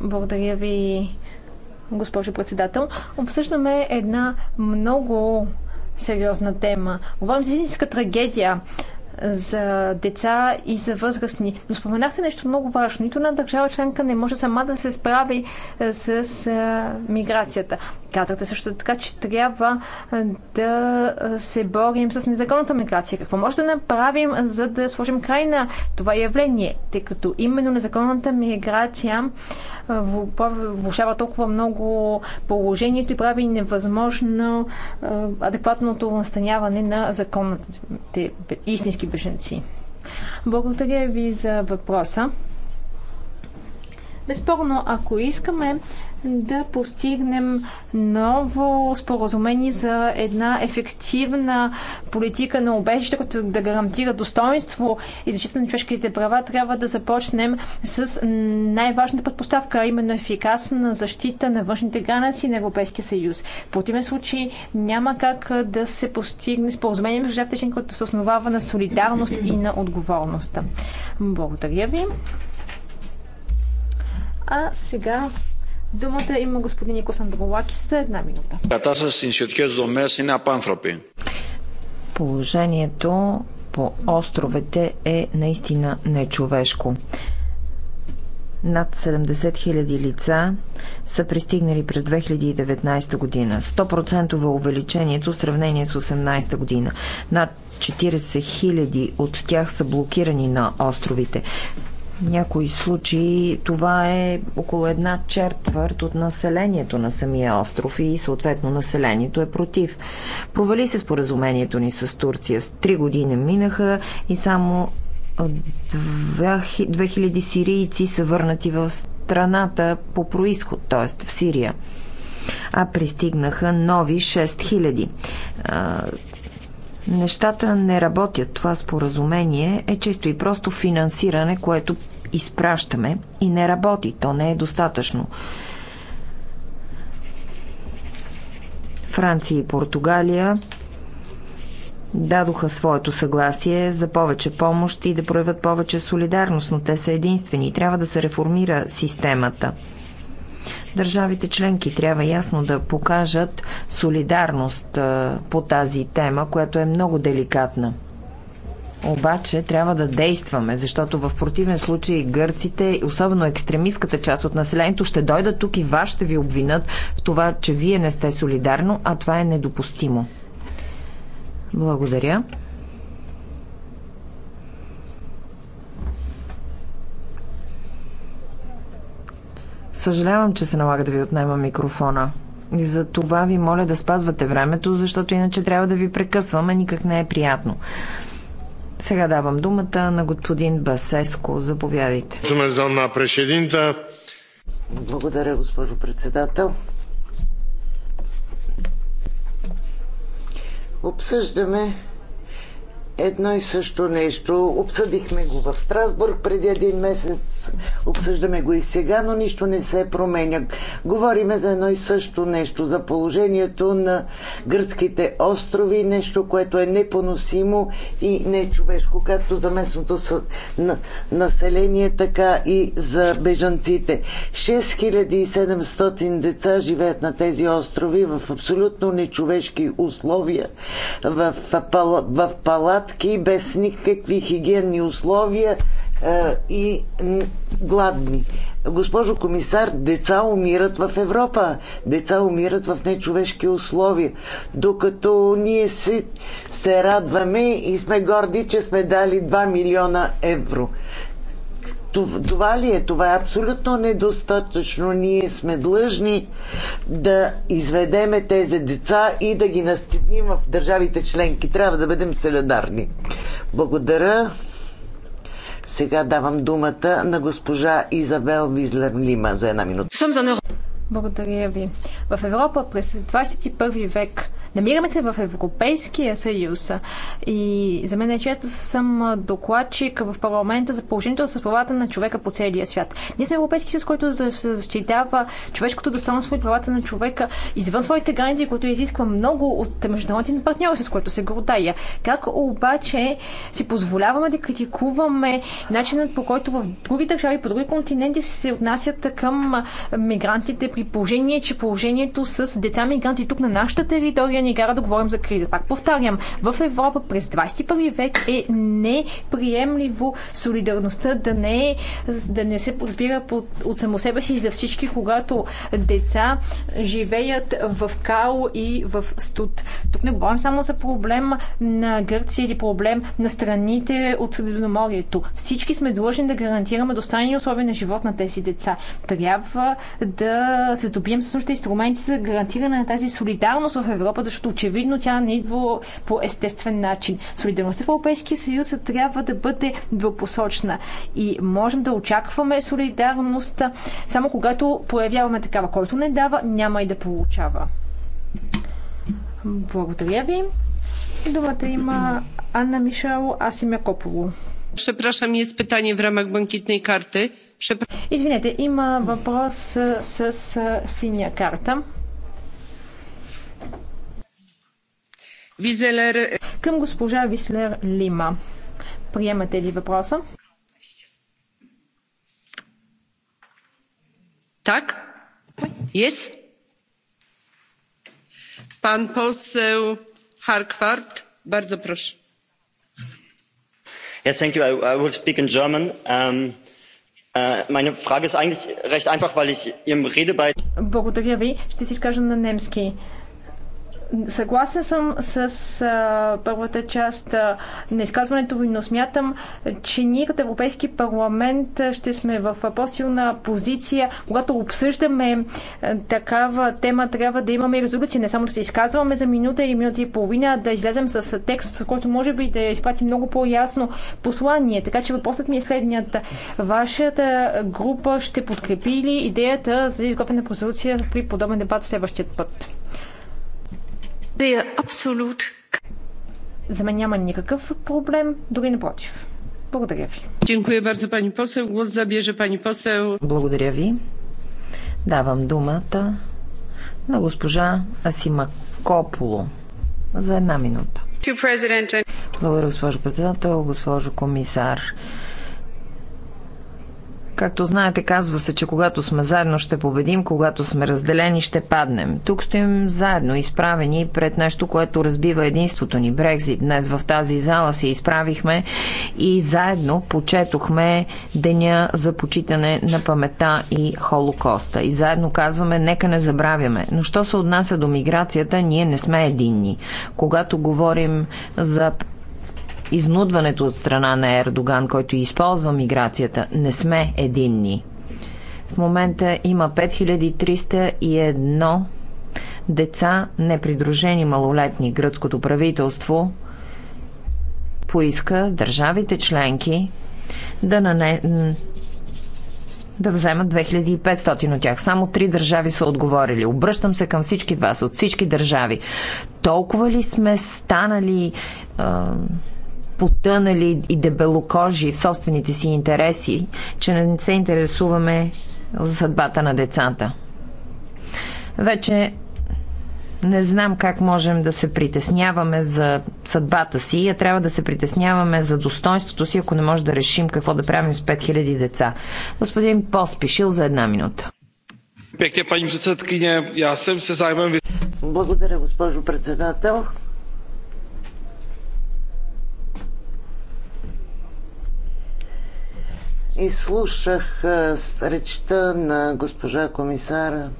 благодаря ви, госпожо председател. Обсъждаме една много сериозна тема. Говорим за истинска трагедия за деца и за възрастни. Но споменахте нещо много важно. Нито една държава членка не може сама да се справи е, с е, миграцията. Казахте също така, че трябва е, да се борим с незаконната миграция. Какво може да направим, за да сложим край на това явление? Тъй като именно незаконната миграция влушава толкова много положението и прави невъзможно адекватното настаняване на законните истински всички беженци. Благодаря ви за въпроса. Безспорно, ако искаме да постигнем ново споразумение за една ефективна политика на убежище, която да гарантира достоинство и защита на човешките права, трябва да започнем с най-важната предпоставка, а именно ефикасна защита на външните граници на Европейския съюз. В противен случай няма как да се постигне споразумение между жертвите, което се основава на солидарност и на отговорността. Благодаря ви. А сега Думата има господин Никос Андролакис за една минута. Положението по островете е наистина нечовешко. Над 70 000 лица са пристигнали през 2019 година. 100% увеличението в сравнение с 2018 година. Над 40 000 от тях са блокирани на островите някои случаи това е около една четвърт от населението на самия остров и съответно населението е против. Провали се споразумението ни с Турция. С три години минаха и само 2000 сирийци са върнати в страната по происход, т.е. в Сирия а пристигнаха нови 6000. Нещата не работят. Това споразумение е чисто и просто финансиране, което изпращаме и не работи. То не е достатъчно. Франция и Португалия дадоха своето съгласие за повече помощ и да проявят повече солидарност, но те са единствени. Трябва да се реформира системата. Държавите членки трябва ясно да покажат солидарност по тази тема, която е много деликатна. Обаче трябва да действаме, защото в противен случай гърците, особено екстремистката част от населението, ще дойдат тук и вас ще ви обвинат в това, че вие не сте солидарно, а това е недопустимо. Благодаря. Съжалявам, че се налага да ви отнема микрофона. И за това ви моля да спазвате времето, защото иначе трябва да ви прекъсваме, никак не е приятно. Сега давам думата на господин Басеско. Заповядайте. Благодаря, госпожо председател. Обсъждаме едно и също нещо. Обсъдихме го в Страсбург преди един месец, обсъждаме го и сега, но нищо не се променя. Говориме за едно и също нещо, за положението на гръцките острови, нещо, което е непоносимо и нечовешко, както за местното население, така и за бежанците. 6700 деца живеят на тези острови в абсолютно нечовешки условия, в, в, в палат палатки, без никакви хигиенни условия е, и гладни. Госпожо комисар, деца умират в Европа, деца умират в нечовешки условия, докато ние се, се радваме и сме горди, че сме дали 2 милиона евро това ли е? Това е абсолютно недостатъчно. Ние сме длъжни да изведеме тези деца и да ги настигнем в държавите членки. Трябва да бъдем солидарни. Благодаря. Сега давам думата на госпожа Изабел Визлер Лима за една минута. Благодаря ви. В Европа през 21 век намираме се в Европейския съюз и за мен е често съм докладчик в парламента за положението с правата на човека по целия свят. Ние сме Европейски съюз, който защитава човешкото достоинство и правата на човека извън своите граници, които изисква много от международните партньори, с които се гордая. Как обаче си позволяваме да критикуваме начинът по който в други държави, по други континенти се отнасят към мигрантите при при положение, че положението с деца мигранти тук на нашата територия ни кара да говорим за криза. Пак повтарям, в Европа през 21 век е неприемливо солидарността да не, е, да не се разбира под, от само себе си за всички, когато деца живеят в као и в студ. Тук не говорим само за проблем на Гърция или проблем на страните от Средиземноморието. Всички сме длъжни да гарантираме достойни условия на живот на тези деца. Трябва да се добием с нужните инструменти за гарантиране на тази солидарност в Европа, защото очевидно тя не идва по естествен начин. Солидарността в Европейския съюз трябва да бъде двупосочна и можем да очакваме солидарност само когато проявяваме такава. Който не дава, няма и да получава. Благодаря ви. Думата има Анна Мишао Асимякопово. Przepraszam, jest pytanie w ramach банкитни karty. Извинете, има въпрос с, с, синя карта. Визелер. Към госпожа Вислер Лима. Приемате ли въпроса? Так? Yes? Пан посел Harkwart, бързо прошу. Yes, thank you. I, I will speak in German. Um, Meine Frage ist eigentlich recht einfach, weil ich Ihrem Redebeitrag... Благодаря ви. Ще се изкажа на немски. Съгласен съм с а, първата част а, на изказването ви, но смятам, че ние като Европейски парламент ще сме в по-силна позиция. Когато обсъждаме а, такава тема, трябва да имаме резолюция. Не само да се изказваме за минута или минута и половина, а да излезем с текст, с който може би да изпрати много по-ясно послание. Така че въпросът ми е следният. Вашата група ще подкрепи ли идеята за изготвяне на резолюция при подобен дебат следващия път? За мен няма никакъв проблем, дори напротив. Благодаря ви. Дякую бързо, пани посел. Глас пани посел. Благодаря ви. Давам думата на госпожа Асима Кополо за една минута. Благодаря, госпожо председател, госпожо комисар. Както знаете, казва се, че когато сме заедно ще победим, когато сме разделени ще паднем. Тук стоим заедно, изправени пред нещо, което разбива единството ни. Брекзит. Днес в тази зала се изправихме и заедно почетохме деня за почитане на памета и Холокоста. И заедно казваме, нека не забравяме. Но що се отнася до миграцията, ние не сме единни. Когато говорим за изнудването от страна на Ердоган, който използва миграцията, не сме единни. В момента има 5301 деца, непридружени малолетни. Гръцкото правителство поиска държавите членки да, нане... да вземат 2500 от тях. Само три държави са отговорили. Обръщам се към всички вас, от всички държави. Толкова ли сме станали. А потънали и дебелокожи в собствените си интереси, че не се интересуваме за съдбата на децата. Вече не знам как можем да се притесняваме за съдбата си, а трябва да се притесняваме за достоинството си, ако не може да решим какво да правим с 5000 деца. Господин Поспишил за една минута. Благодаря, госпожо председател. изслушах речта на госпожа комисара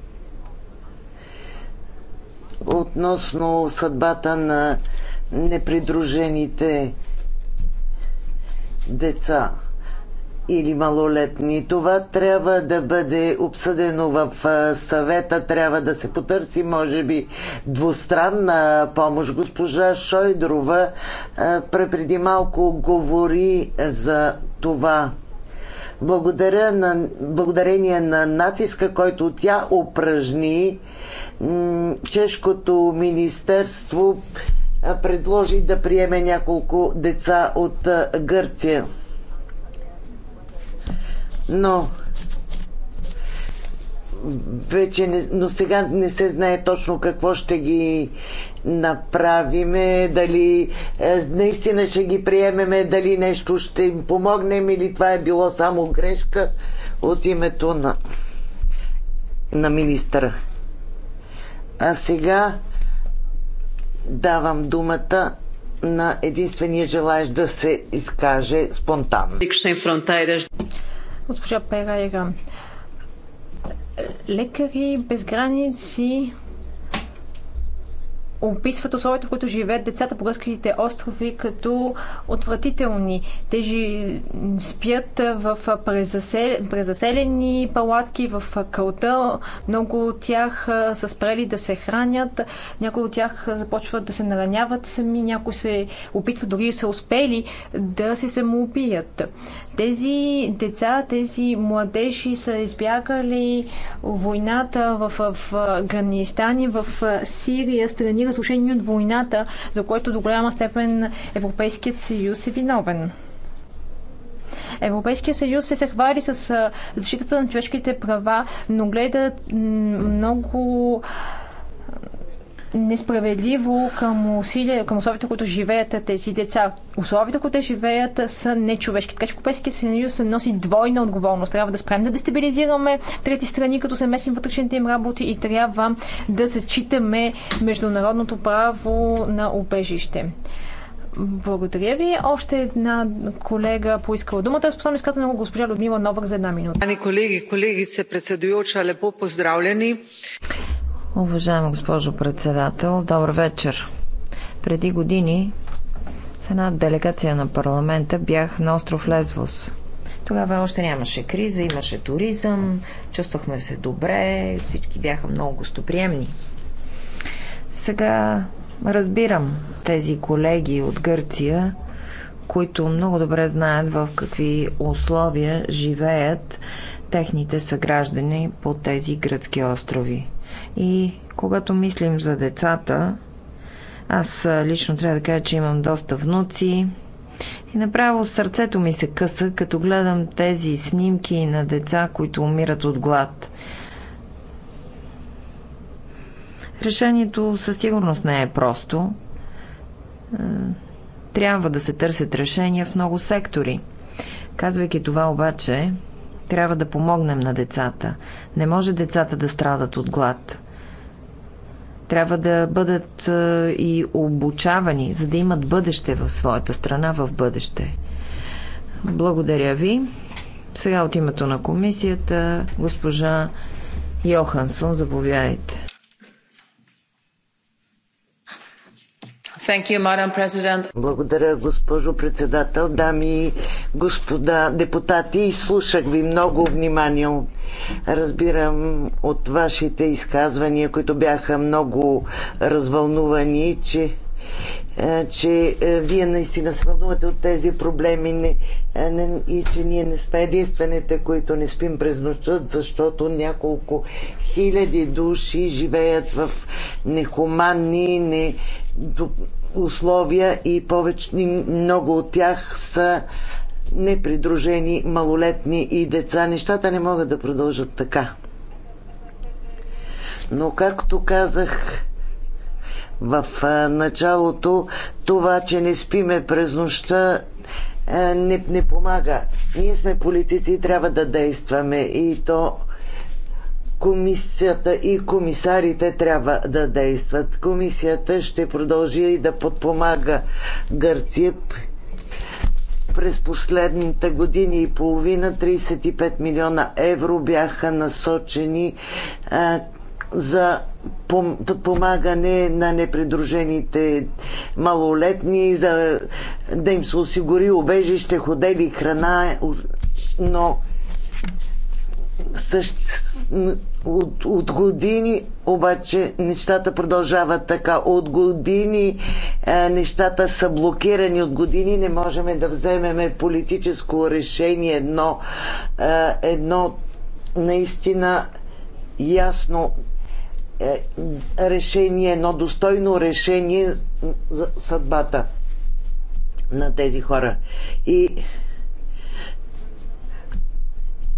относно съдбата на непридружените деца или малолетни. Това трябва да бъде обсъдено в съвета, трябва да се потърси, може би, двустранна помощ. Госпожа Шойдрова преди малко говори за това благодаря на, благодарение на натиска, който тя упражни, чешкото министерство предложи да приеме няколко деца от Гърция. Но вече не, но сега не се знае точно какво ще ги направиме, дали е, наистина ще ги приемеме, дали нещо ще им помогнем или това е било само грешка от името на, на министъра. А сега давам думата на единствения желаящ да се изкаже спонтанно. Госпожа Перайра, лекари без граници описват условията, в които живеят децата по гръцките острови като отвратителни. Те жи... спят в презасел... презаселени палатки, в кълта. Много от тях са спрели да се хранят, някои от тях започват да се нараняват сами, някои се опитват дори са успели да се самоубият. Тези деца, тези младежи са избягали войната в Афганистан и в Сирия, страни разрушени от войната, за което до голяма степен Европейският съюз е виновен. Европейския съюз се съхвали с защитата на човешките права, но гледа много несправедливо към, усилия, към условията, които живеят тези деца. Условията, които живеят, са нечовешки. Така че Европейския съюз се носи двойна отговорност. Трябва да спрем да дестабилизираме трети страни, като се месим вътрешните им работи и трябва да зачитаме международното право на убежище. Благодаря ви. Още една колега поискала думата. способно последно много госпожа Людмила Новак за една минута. Ани колеги, колеги се председуюча, лепо поздравлени. Уважаема госпожо председател, добър вечер. Преди години с една делегация на парламента бях на остров Лезвос. Тогава още нямаше криза, имаше туризъм, чувствахме се добре, всички бяха много гостоприемни. Сега разбирам тези колеги от Гърция, които много добре знаят в какви условия живеят техните съграждани по тези гръцки острови. И когато мислим за децата, аз лично трябва да кажа, че имам доста внуци. И направо сърцето ми се къса, като гледам тези снимки на деца, които умират от глад. Решението със сигурност не е просто. Е, трябва да се търсят решения в много сектори. Казвайки това обаче, трябва да помогнем на децата. Не може децата да страдат от глад трябва да бъдат и обучавани, за да имат бъдеще в своята страна в бъдеще. Благодаря ви. Сега от името на комисията, госпожа Йохансон, заповядайте. You, Благодаря, госпожо председател, дами и господа депутати. Слушах ви много внимателно. Разбирам от вашите изказвания, които бяха много развълнувани, че е, че е, вие наистина се вълнувате от тези проблеми не, е, не, и че ние не сме единствените, които не спим през нощта, защото няколко хиляди души живеят в нехуманни, не, условия и повече много от тях са непридружени малолетни и деца. Нещата не могат да продължат така. Но както казах в началото, това, че не спиме през нощта, не, не помага. Ние сме политици и трябва да действаме и то комисията и комисарите трябва да действат. Комисията ще продължи и да подпомага Гърция през последните години и половина 35 милиона евро бяха насочени а, за подпомагане на непридружените малолетни, за да им се осигури обежище, ходели, храна, но същи, От, от години обаче нещата продължават така. От години е, нещата са блокирани. От години не можем да вземем политическо решение, едно, е, едно наистина ясно е, решение, едно достойно решение за съдбата на тези хора. И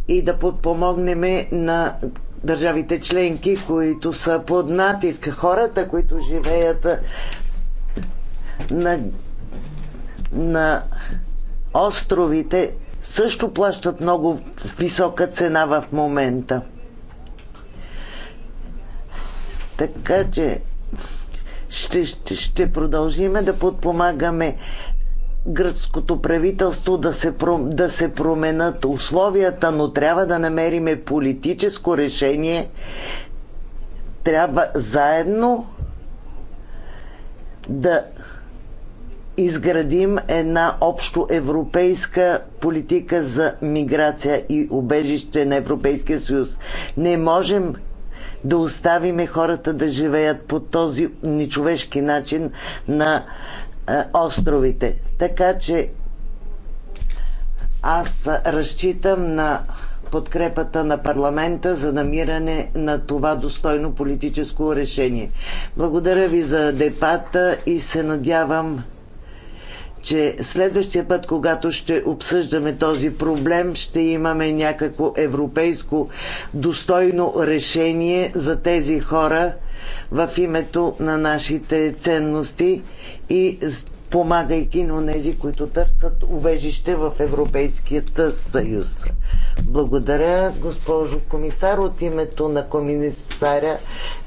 и да подпомогнем на държавите членки, които са под натиск, хората, които живеят на, на островите, също плащат много висока цена в момента. Така че ще, ще, ще продължиме да подпомагаме гръцкото правителство да се, да се променят условията, но трябва да намериме политическо решение. Трябва заедно да изградим една общо европейска политика за миграция и убежище на Европейския съюз. Не можем да оставиме хората да живеят по този нечовешки начин на е, островите. Така че аз разчитам на подкрепата на парламента за намиране на това достойно политическо решение. Благодаря ви за депата и се надявам, че следващия път, когато ще обсъждаме този проблем, ще имаме някакво европейско достойно решение за тези хора, в името на нашите ценности и помагайки на тези, които търсят увежище в Европейският съюз. Благодаря, госпожо комисар. От името на комисаря,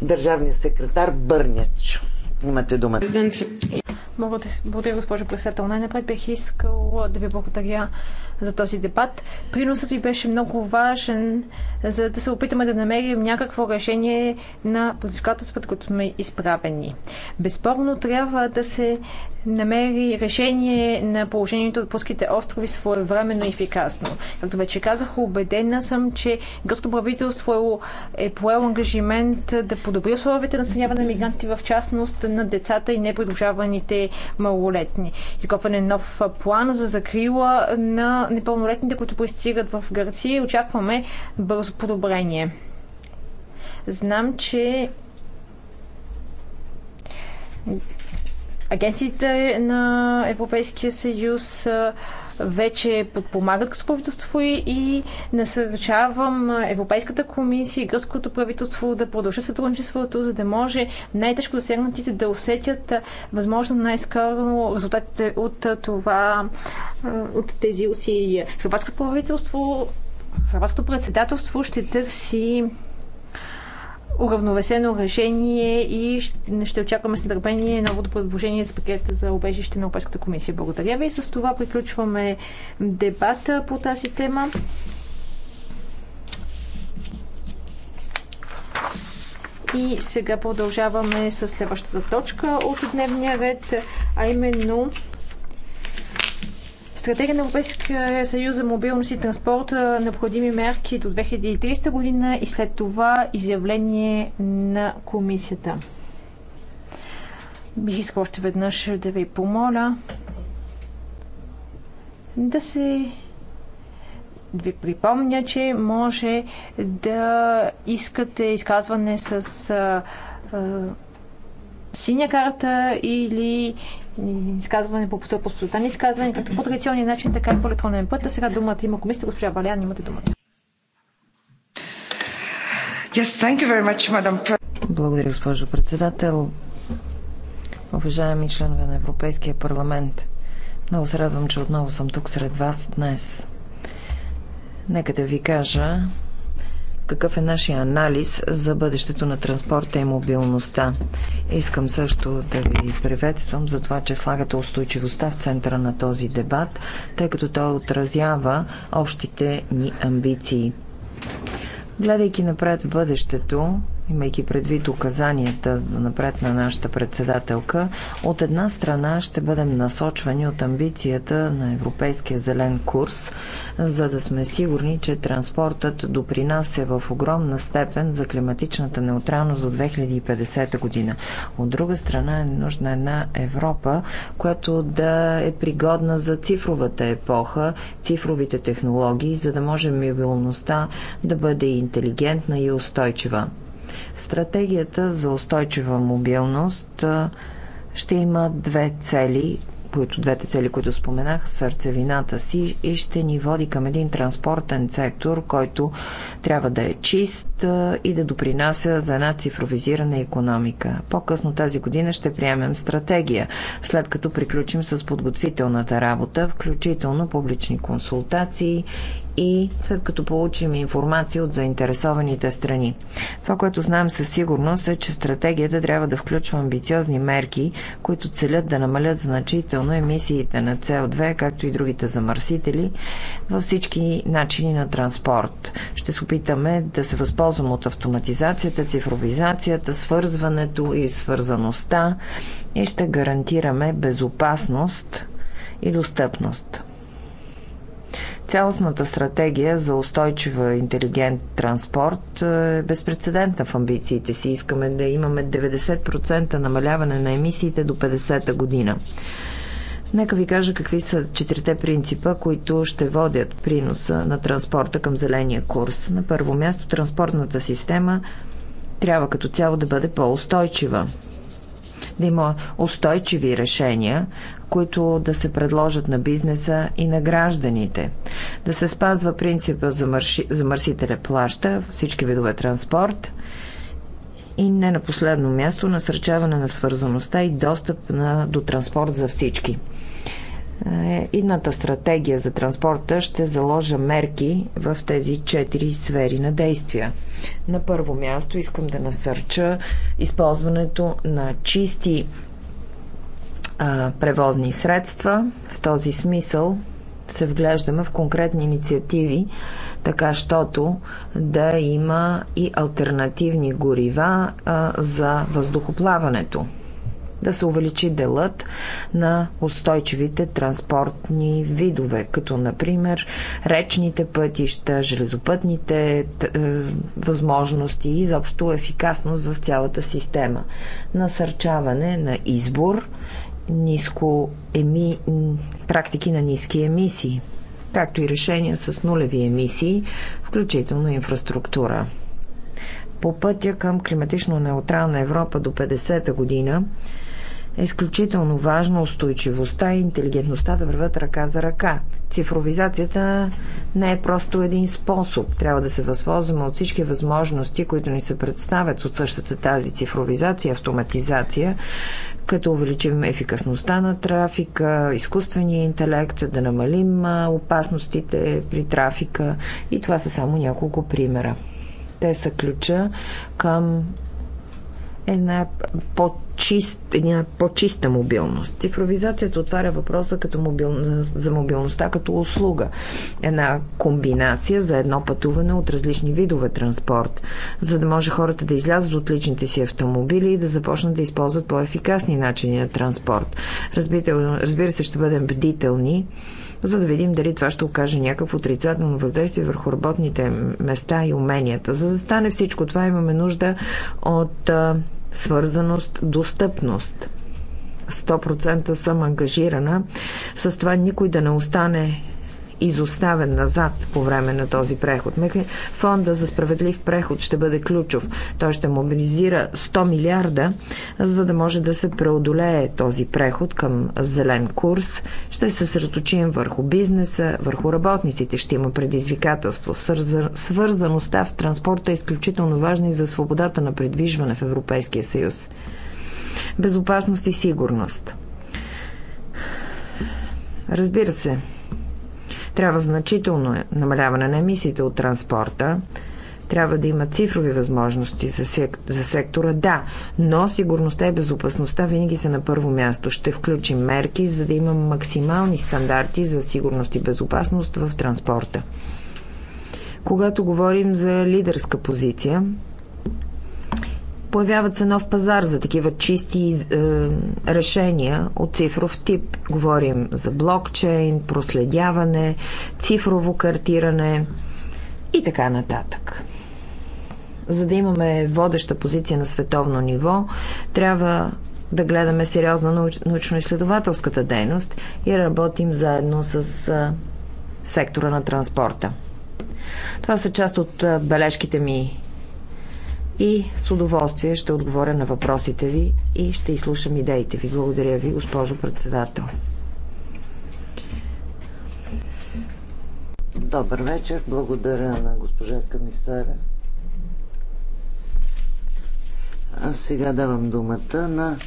държавния секретар Бърняч. Имате думата. Благодаря, госпожо председател. Най-напред бих искал да ви благодаря за този дебат. Приносът ви беше много важен, за да се опитаме да намерим някакво решение на предизвикателствата, които сме изправени. Безспорно трябва да се намери решение на положението от пуските острови своевременно и ефикасно. Както вече казах, убедена съм, че гръцкото правителство е поел ангажимент да подобри условията на съняване на мигранти, в частност на децата и непридружаваните малолетни. Изготвяне нов план за закрила на непълнолетните, които пристигат в Гърция и очакваме бързо подобрение. Знам, че агенциите на Европейския съюз вече подпомагат с правителство и, и насърчавам Европейската комисия и гръцкото правителство да продължат сътрудничеството, за да може най-тежко засегнатите да усетят възможно най-скоро резултатите от това, от тези усилия. Хрватското правителство, хрватското председателство ще търси уравновесено решение и ще очакваме с нетърпение новото предложение за пакета за обежище на Европейската комисия. Благодаря ви. С това приключваме дебата по тази тема. И сега продължаваме с следващата точка от дневния ред, а именно Стратегия на Европейския съюз за мобилност и транспорт, необходими мерки до 2030 година и след това изявление на комисията. Бих искал още веднъж да ви помоля да се да ви припомня, че може да искате изказване с а, а, синя карта или изказване по посъпостотани изказване, като по традиционния начин, така и по електронен път. А сега думата има комисията. Госпожа Валян, имате думата. Yes, thank you very much, madam. Благодаря, госпожо председател. Уважаеми членове на Европейския парламент, много се радвам, че отново съм тук сред вас днес. Нека да ви кажа, какъв е нашия анализ за бъдещето на транспорта и мобилността. Искам също да ви приветствам за това, че слагате устойчивостта в центъра на този дебат, тъй като той отразява общите ни амбиции. Гледайки напред в бъдещето, имайки предвид указанията за напред на нашата председателка, от една страна ще бъдем насочвани от амбицията на Европейския зелен курс, за да сме сигурни, че транспортът допринася в огромна степен за климатичната неутралност до 2050 година. От друга страна е нужна една Европа, която да е пригодна за цифровата епоха, цифровите технологии, за да може мобилността да бъде интелигентна и устойчива. Стратегията за устойчива мобилност ще има две цели, които, двете цели, които споменах в сърцевината си и ще ни води към един транспортен сектор, който трябва да е чист и да допринася за една цифровизирана економика. По-късно тази година ще приемем стратегия, след като приключим с подготвителната работа, включително публични консултации и след като получим информация от заинтересованите страни. Това, което знаем със сигурност е, че стратегията трябва да включва амбициозни мерки, които целят да намалят значително емисиите на CO2, както и другите замърсители, във всички начини на транспорт. Ще се опитаме да се възползваме от автоматизацията, цифровизацията, свързването и свързаността и ще гарантираме безопасност и достъпност. Цялостната стратегия за устойчива интелигент транспорт е безпредседентна в амбициите си. Искаме да имаме 90% намаляване на емисиите до 50-та година. Нека ви кажа какви са четирите принципа, които ще водят приноса на транспорта към зеления курс. На първо място, транспортната система трябва като цяло да бъде по-устойчива. Да има устойчиви решения, които да се предложат на бизнеса и на гражданите. Да се спазва принципа замърсителя плаща, всички видове транспорт и не на последно място насърчаване на свързаността и достъп на, до транспорт за всички. Идната е, стратегия за транспорта ще заложа мерки в тези четири сфери на действия. На първо място искам да насърча използването на чисти а, превозни средства. В този смисъл се вглеждаме в конкретни инициативи, така щото да има и альтернативни горива а, за въздухоплаването. Да се увеличи делът на устойчивите транспортни видове, като например речните пътища, железопътните е, възможности и изобщо ефикасност в цялата система. Насърчаване на избор ниско еми... практики на ниски емисии, както и решения с нулеви емисии, включително инфраструктура. По пътя към климатично неутрална Европа до 50-та година е изключително важно устойчивостта и интелигентността да върват ръка за ръка. Цифровизацията не е просто един способ. Трябва да се възползваме от всички възможности, които ни се представят от същата тази цифровизация, автоматизация, като увеличим ефикасността на трафика, изкуствения интелект, да намалим опасностите при трафика. И това са само няколко примера. Те са ключа към една по-чист, една по-чиста мобилност. Цифровизацията отваря въпроса като мобил... за мобилността като услуга. Една комбинация за едно пътуване от различни видове транспорт, за да може хората да излязат от личните си автомобили и да започнат да използват по-ефикасни начини на транспорт. Разбител... Разбира се, ще бъдем бдителни за да видим дали това ще окаже някакво отрицателно въздействие върху работните места и уменията. За да стане всичко това, имаме нужда от свързаност, достъпност. 100% съм ангажирана с това никой да не остане изоставен назад по време на този преход. Фонда за справедлив преход ще бъде ключов. Той ще мобилизира 100 милиарда, за да може да се преодолее този преход към зелен курс. Ще се съсредоточим върху бизнеса, върху работниците. Ще има предизвикателство. Свързаността в транспорта е изключително важна и за свободата на предвижване в Европейския съюз. Безопасност и сигурност. Разбира се, трябва значително е намаляване на емисиите от транспорта. Трябва да има цифрови възможности за, сек... за сектора, да, но сигурността и безопасността винаги са на първо място. Ще включим мерки, за да има максимални стандарти за сигурност и безопасност в транспорта. Когато говорим за лидерска позиция, Появяват се нов пазар за такива чисти е, решения от цифров тип. Говорим за блокчейн, проследяване, цифрово картиране и така нататък. За да имаме водеща позиция на световно ниво, трябва да гледаме сериозно научно-изследователската дейност и работим заедно с е, сектора на транспорта. Това са част от е, бележките ми и с удоволствие ще отговоря на въпросите ви и ще изслушам идеите ви. Благодаря ви, госпожо председател. Добър вечер. Благодаря на госпожа комисара. А сега давам думата на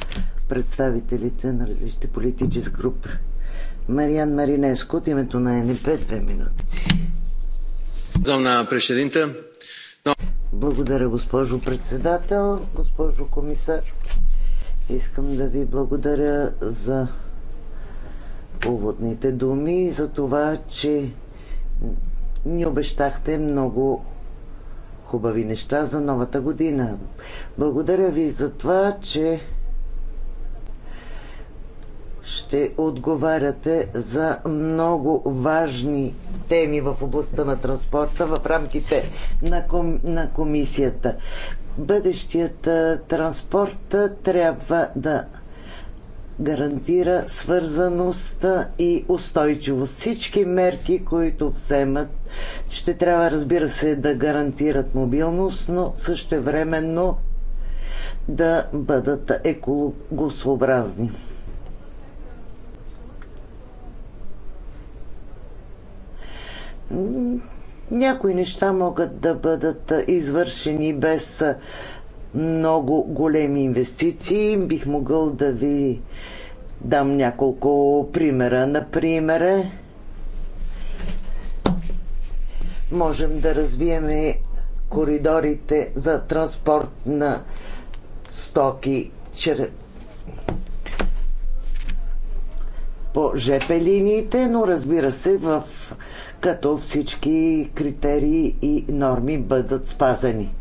представителите на различните политически групи. Мариан Маринеско от името на НП 2 минути. на președintă, благодаря, госпожо председател, госпожо комисар. Искам да ви благодаря за поводните думи и за това, че ни обещахте много хубави неща за новата година. Благодаря ви за това, че ще отговаряте за много важни теми в областта на транспорта в рамките на, ком, на комисията. Бъдещият транспорт трябва да гарантира свързаност и устойчивост. Всички мерки, които вземат, ще трябва, разбира се, да гарантират мобилност, но времено да бъдат екологосообразни. някои неща могат да бъдат извършени без много големи инвестиции. Бих могъл да ви дам няколко примера. Например, можем да развиеме коридорите за транспорт на стоки чер... по ЖП линиите, но разбира се в като всички критерии и норми бъдат спазени.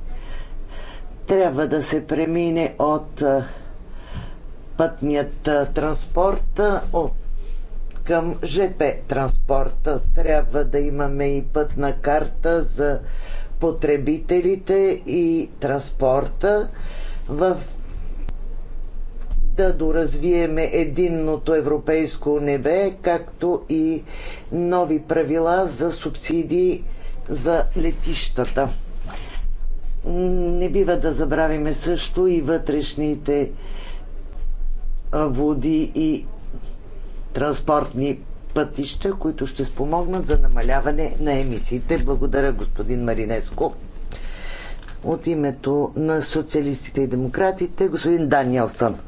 Трябва да се премине от пътният транспорт от към ЖП транспорта. Трябва да имаме и пътна карта за потребителите и транспорта в да доразвиеме единното европейско небе, както и нови правила за субсидии за летищата. Не бива да забравиме също и вътрешните води и транспортни пътища, които ще спомогнат за намаляване на емисиите. Благодаря, господин Маринеско. От името на социалистите и демократите, господин Даниелсън.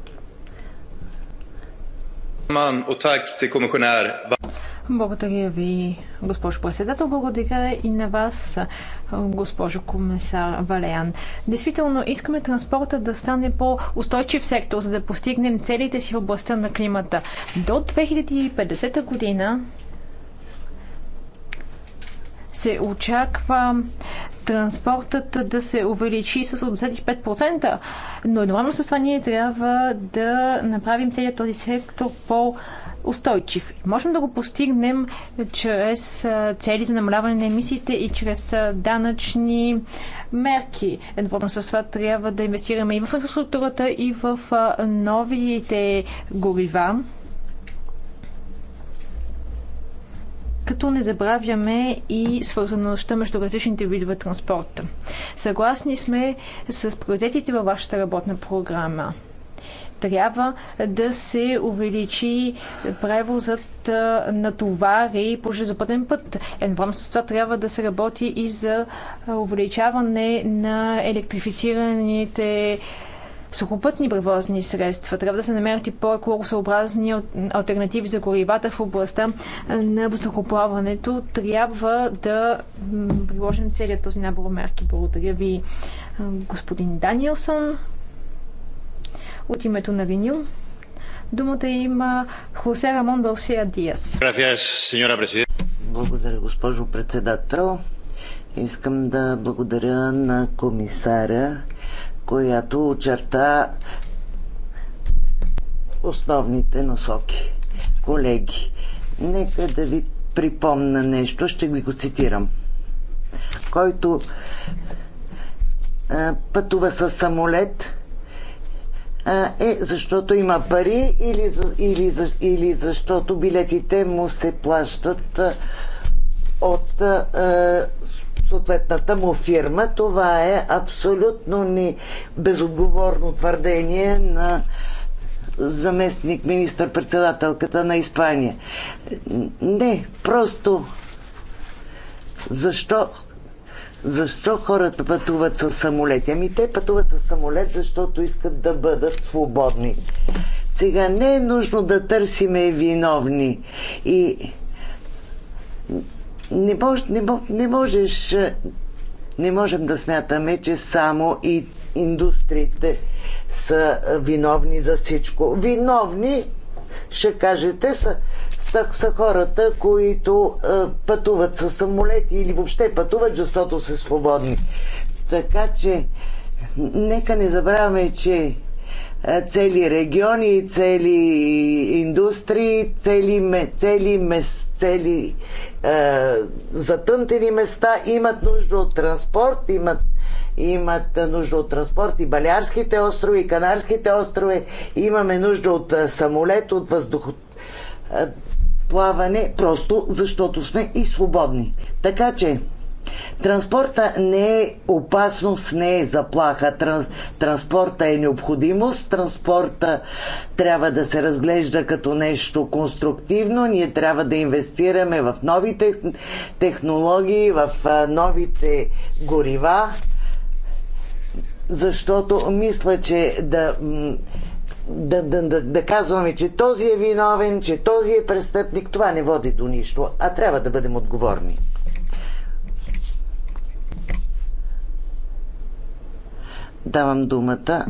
Благодаря ви, госпожо председател. Благодаря и на вас, госпожо комисар Валеян. Действително искаме транспорта да стане по-устойчив сектор, за да постигнем целите си в областта на климата. До 2050 година се очаква транспортът да се увеличи с 85%, но едновременно с това ние трябва да направим целият този сектор по устойчив. Можем да го постигнем чрез цели за намаляване на емисиите и чрез данъчни мерки. Едновременно с това трябва да инвестираме и в инфраструктурата, и в новите горива. като не забравяме и свързаността между различните видове транспорта. Съгласни сме с приоритетите във вашата работна програма. Трябва да се увеличи превозът на товари по железопътен път. Едновременно с това трябва да се работи и за увеличаване на електрифицираните сухопътни превозни средства. Трябва да се намерят и по-екологосъобразни альтернативи за горивата в областта на въздухоплаването. Трябва да приложим целият този набор мерки. Благодаря ви, господин Даниелсон. От името на Виню. Думата има Хосе Рамон Балсия Диас. Благодаря, госпожо председател. Искам да благодаря на комисаря която очерта основните насоки. Колеги, нека да ви припомна нещо, ще ви го цитирам. Който а, пътува с самолет, а, е защото има пари или, или, или защото билетите му се плащат а, от а, съответната му фирма. Това е абсолютно ни безотговорно твърдение на заместник министър-председателката на Испания. Не, просто защо защо хората пътуват с самолет? Ами те пътуват с самолет, защото искат да бъдат свободни. Сега не е нужно да търсиме виновни и не, мож, не, мож, не можеш, е, не можем да смятаме, че само и индустриите са е, виновни за всичко. Виновни, ще кажете, са, са, са хората, които а, е, пътуват със самолети или въобще пътуват, защото са свободни. Така че, нека не забравяме, че е, цели региони, цели индустрии, цели, цели, цели е, затънтени места имат нужда от транспорт, имат, имат нужда от транспорт и Балярските острови, и Канарските острови. Имаме нужда от е, самолет, от е, плаване, просто защото сме и свободни. Така че, Транспорта не е опасност, не е заплаха. Транс, транспорта е необходимост. Транспорта трябва да се разглежда като нещо конструктивно. Ние трябва да инвестираме в новите технологии, в новите горива, защото мисля, че да да, да, да, да казваме, че този е виновен, че този е престъпник, това не води до нищо, а трябва да бъдем отговорни. Давам думата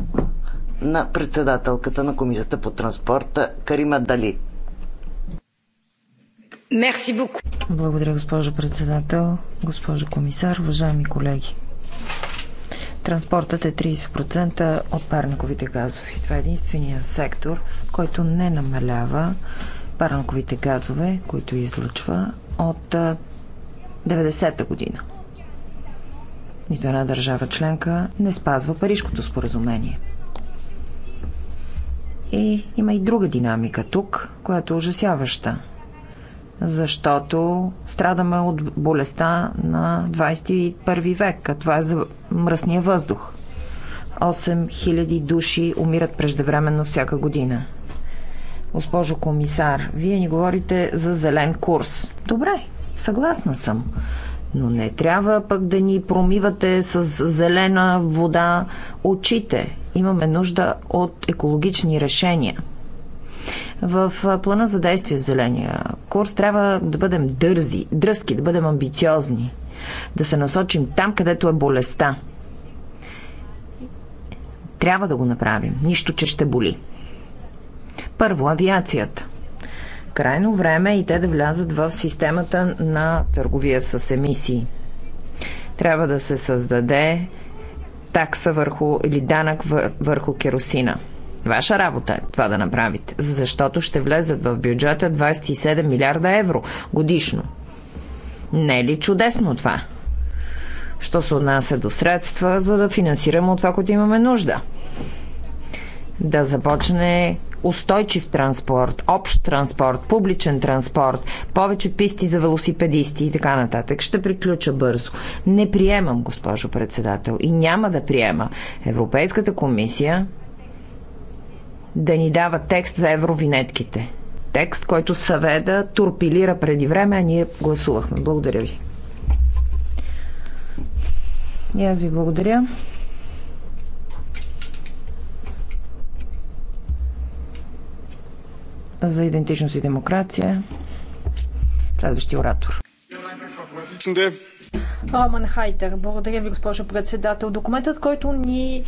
на председателката на Комисията по транспорта Карима Дали. Мерси Благодаря, госпожо председател, госпожо комисар, уважаеми колеги. Транспортът е 30% от парниковите газови. Това е единствения сектор, който не намалява парниковите газове, които излъчва от 90-та година. Нито една държава членка не спазва Парижкото споразумение. И има и друга динамика тук, която е ужасяваща. Защото страдаме от болестта на 21 век, а това е за мръсния въздух. 8000 души умират преждевременно всяка година. Госпожо комисар, вие ни говорите за зелен курс. Добре, съгласна съм. Но не трябва пък да ни промивате с зелена вода очите. Имаме нужда от екологични решения. В плана за действие в зеления курс трябва да бъдем дързи, дръзки, да бъдем амбициозни, да се насочим там, където е болестта. Трябва да го направим. Нищо, че ще боли. Първо, авиацията. Крайно време и те да влязат в системата на търговия с емисии. Трябва да се създаде такса върху или данък върху керосина. Ваша работа е това да направите, защото ще влезат в бюджета 27 милиарда евро годишно. Не е ли чудесно това? Що се отнася до средства, за да финансираме от това, което имаме нужда? Да започне устойчив транспорт, общ транспорт, публичен транспорт, повече писти за велосипедисти и така нататък. Ще приключа бързо. Не приемам, госпожо председател, и няма да приема Европейската комисия да ни дава текст за евровинетките. Текст, който съведа турпилира преди време, а ние гласувахме. Благодаря ви. И аз ви благодаря. за идентичност и демокрация. Следващия оратор. Роман Хайтер. Благодаря ви, госпожо председател. Документът, който ни е,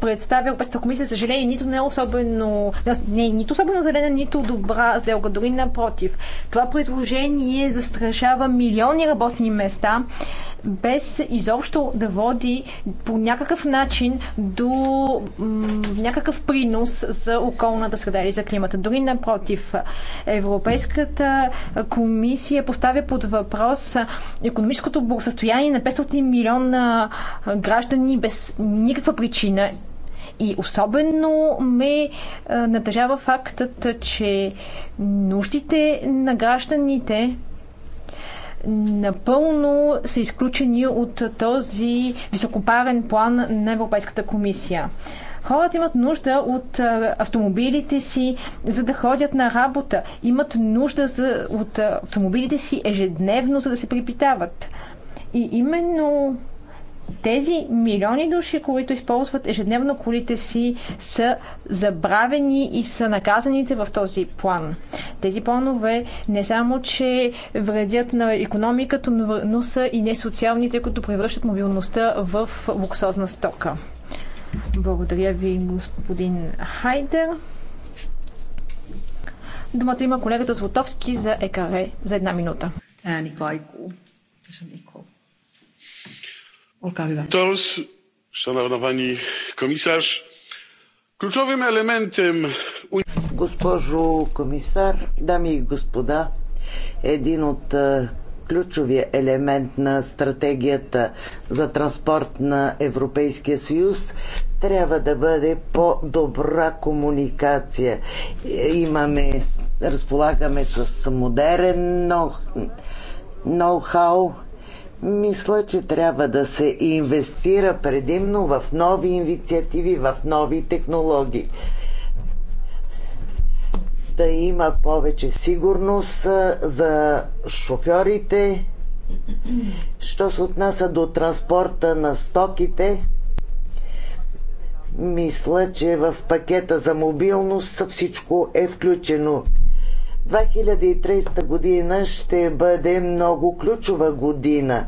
представя Европейската комисия, съжаление, нито не е особено, не, нито особено зелена, нито добра сделка, дори напротив. Това предложение застрашава милиони работни места без изобщо да води по някакъв начин до някакъв принос за околната среда или за климата. Дори напротив, Европейската комисия поставя под въпрос економическото благосъстояние на 500 милиона граждани без никаква причина. И особено ме е, натъжава фактът, че нуждите на гражданите напълно са изключени от този високопарен план на Европейската комисия. Хората имат нужда от автомобилите си, за да ходят на работа. Имат нужда за, от автомобилите си ежедневно, за да се припитават. И именно тези милиони души, които използват ежедневно колите си, са забравени и са наказаните в този план. Тези планове не само, че вредят на економиката, но са и несоциалните, които превръщат мобилността в луксозна стока. Благодаря ви, господин Хайдер. Думата има колегата Златовски за ЕКАРЕ за една минута. Ääni kaikuu. Tässä szanowna pani komisarz! kluczowym elementem. госпожо комисар дами и господа един от е, ключовия елемент на стратегията за транспорт на Европейския съюз трябва да бъде по-добра комуникация. Имаме, разполагаме с модерен ноу-хау, мисля, че трябва да се инвестира предимно в нови инициативи, в нови технологии. Да има повече сигурност за шофьорите. Що се отнася до транспорта на стоките, мисля, че в пакета за мобилност всичко е включено. 2030 година ще бъде много ключова година.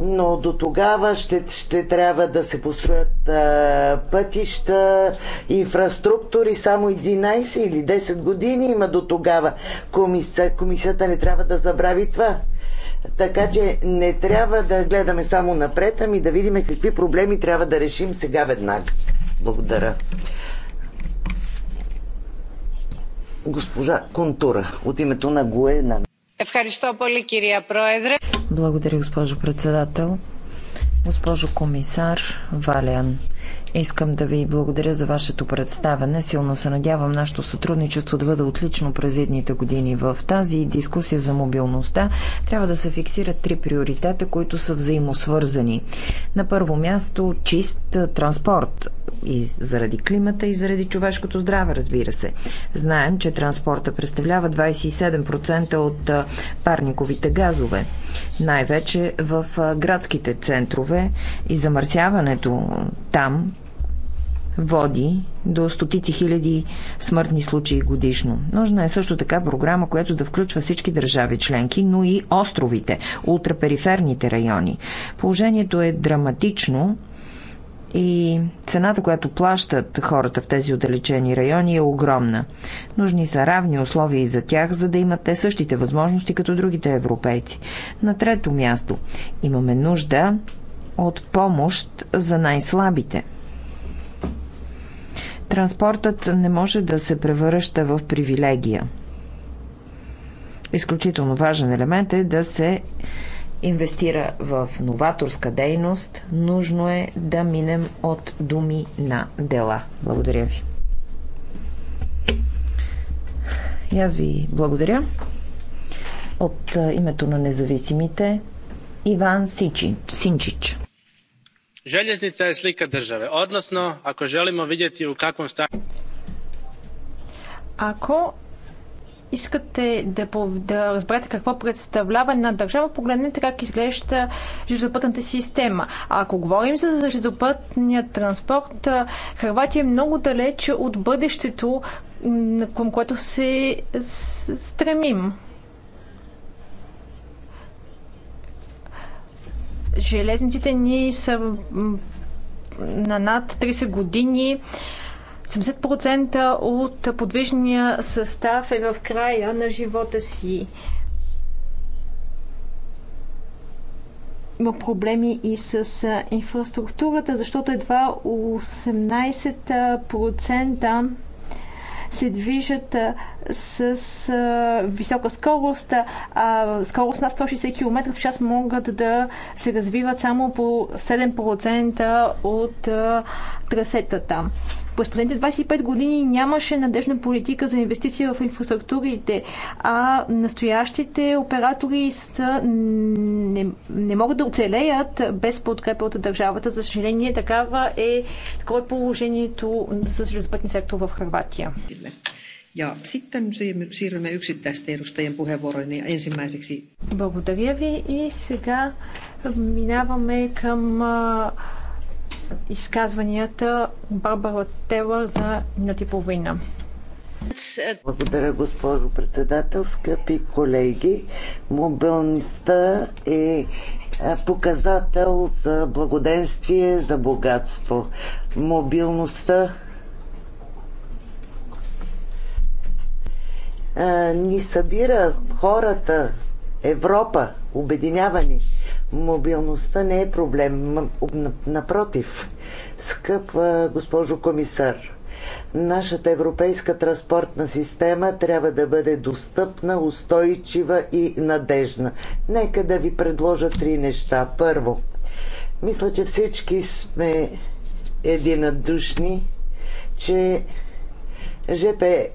но до тогава ще, ще трябва да се построят а, пътища, инфраструктури. Само 11 или 10 години има до тогава. Комисията, комисията не трябва да забрави това. Така че не трябва да гледаме само напред, ами да видим какви проблеми трябва да решим сега веднага. Благодаря госпожа Контура от името на Гуена. Благодаря, госпожо председател. Госпожо комисар Валян, Искам да ви благодаря за вашето представене. Силно се надявам нашето сътрудничество да бъде отлично през едните години. В тази дискусия за мобилността трябва да се фиксират три приоритета, които са взаимосвързани. На първо място чист транспорт и заради климата и заради човешкото здраве, разбира се. Знаем, че транспорта представлява 27% от парниковите газове най-вече в градските центрове и замърсяването там води до стотици хиляди смъртни случаи годишно. Нужна е също така програма, която да включва всички държави членки, но и островите, ултрапериферните райони. Положението е драматично и цената, която плащат хората в тези отдалечени райони е огромна. Нужни са равни условия и за тях, за да имат те същите възможности като другите европейци. На трето място имаме нужда от помощ за най-слабите. Транспортът не може да се превръща в привилегия. Изключително важен елемент е да се инвестира в новаторска дейност, нужно е да минем от думи на дела. Благодаря ви. И аз ви благодаря. От името на независимите Иван Синчич. Железница е слика države, Относно, ако желимо vidjeti u kakvom стане... Ако искате да, да разберете какво представлява една държава, погледнете как изглежда железопътната система. А ако говорим за железопътния транспорт, Харватия е много далеч от бъдещето, към което се стремим. Железниците ни са на над 30 години. 70% от подвижния състав е в края на живота си. има проблеми и с инфраструктурата, защото едва 18% се движат с висока скорост, а скорост на 160 км в час могат да се развиват само по 7% от трасетата. През последните 25 години нямаше надежна политика за инвестиции в инфраструктурите, а настоящите оператори са, не, не могат да оцелеят без подкрепа от държавата. За съжаление, такава е, такова е положението с железопътния сектор в Харватия. Ja sitten siirrymme yksittäisten edustajien puheenvuoroihin ja ensimmäiseksi. Благодаря ви и сега минаваме към изказванията Барбара Телър за минути и половина. Благодаря, госпожо председател, скъпи колеги. Мобилността е, е показател за благоденствие, за богатство. Мобилността е, ни събира хората, Европа, обединявани. Мобилността не е проблем. Напротив, скъпа госпожо комисар, нашата европейска транспортна система трябва да бъде достъпна, устойчива и надежна. Нека да ви предложа три неща. Първо, мисля, че всички сме единадушни, че ЖП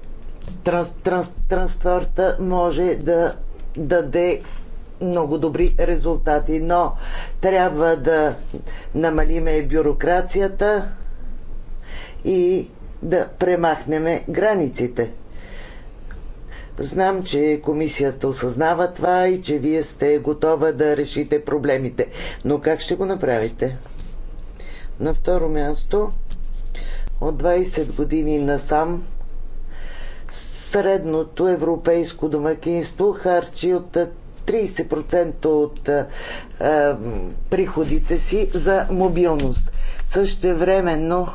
транс, транс, транспорта може да даде много добри резултати, но трябва да намалиме бюрокрацията и да премахнеме границите. Знам, че комисията осъзнава това и че вие сте готова да решите проблемите. Но как ще го направите? На второ място, от 20 години насам, средното европейско домакинство харчи от 30% от а, а, приходите си за мобилност. Същевременно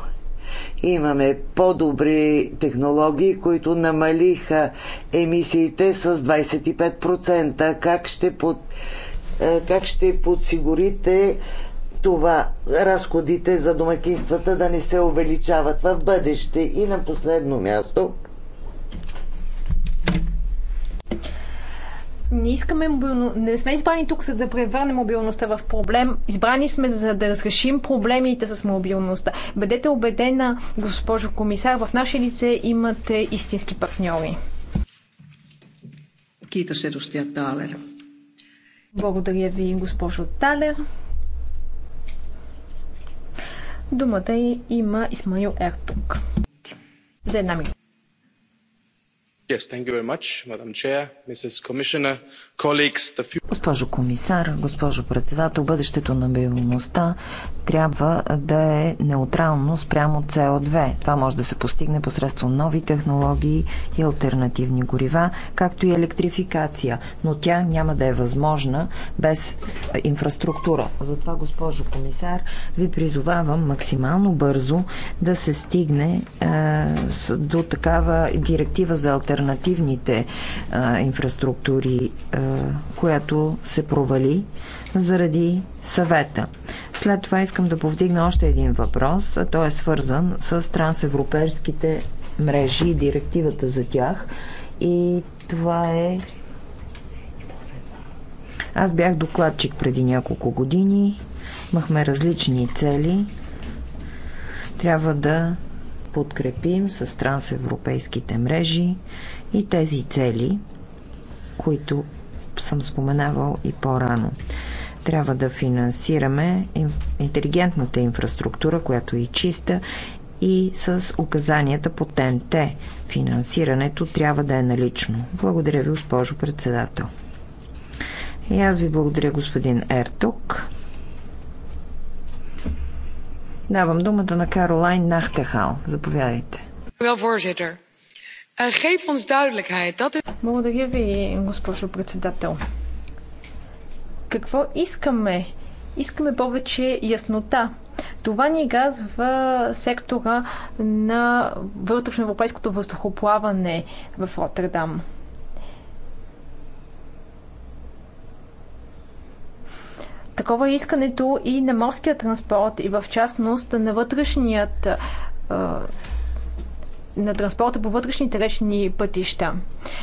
имаме по-добри технологии, които намалиха емисиите с 25%. Как ще, под, а, как ще подсигурите това разходите за домакинствата да не се увеличават в бъдеще? И на последно място не искаме мобилно... Не сме избрани тук, за да превърнем мобилността в проблем. Избрани сме, за да разрешим проблемите с мобилността. Бъдете убедена, госпожо комисар, в наше лице имате истински партньори. се edustaja Талер. Благодаря ви, госпожо Талер. Думата има Исмаил Ертук. За една минута. Thank you very much, madam president commissioner Госпожо комисар, госпожо председател, бъдещето на мобилността трябва да е неутрално спрямо CO2. Това може да се постигне посредством нови технологии и альтернативни горива, както и електрификация, но тя няма да е възможна без е, инфраструктура. Затова, госпожо комисар, ви призовавам максимално бързо да се стигне е, до такава директива за альтернативните е, инфраструктури е, която се провали заради съвета. След това искам да повдигна още един въпрос, а той е свързан с трансевропейските мрежи и директивата за тях. И това е аз бях докладчик преди няколко години. Имахме различни цели. Трябва да подкрепим с трансевропейските мрежи и тези цели, които съм споменавал и по-рано. Трябва да финансираме интелигентната инфраструктура, която е чиста, и с указанията по ТНТ. Финансирането трябва да е налично. Благодаря ви, госпожо председател. И аз ви благодаря, господин Ертук. Давам думата на Каролайн Нахтехал. Заповядайте. Eh, geef ons duidelijkheid. Благодаря ви, госпожо председател. Какво искаме? Искаме повече яснота. Това ни в сектора на вътрешноевропейското въздухоплаване в Роттердам. Такова е искането и на морския транспорт, и в частност на вътрешният на транспорта по вътрешните речни пътища.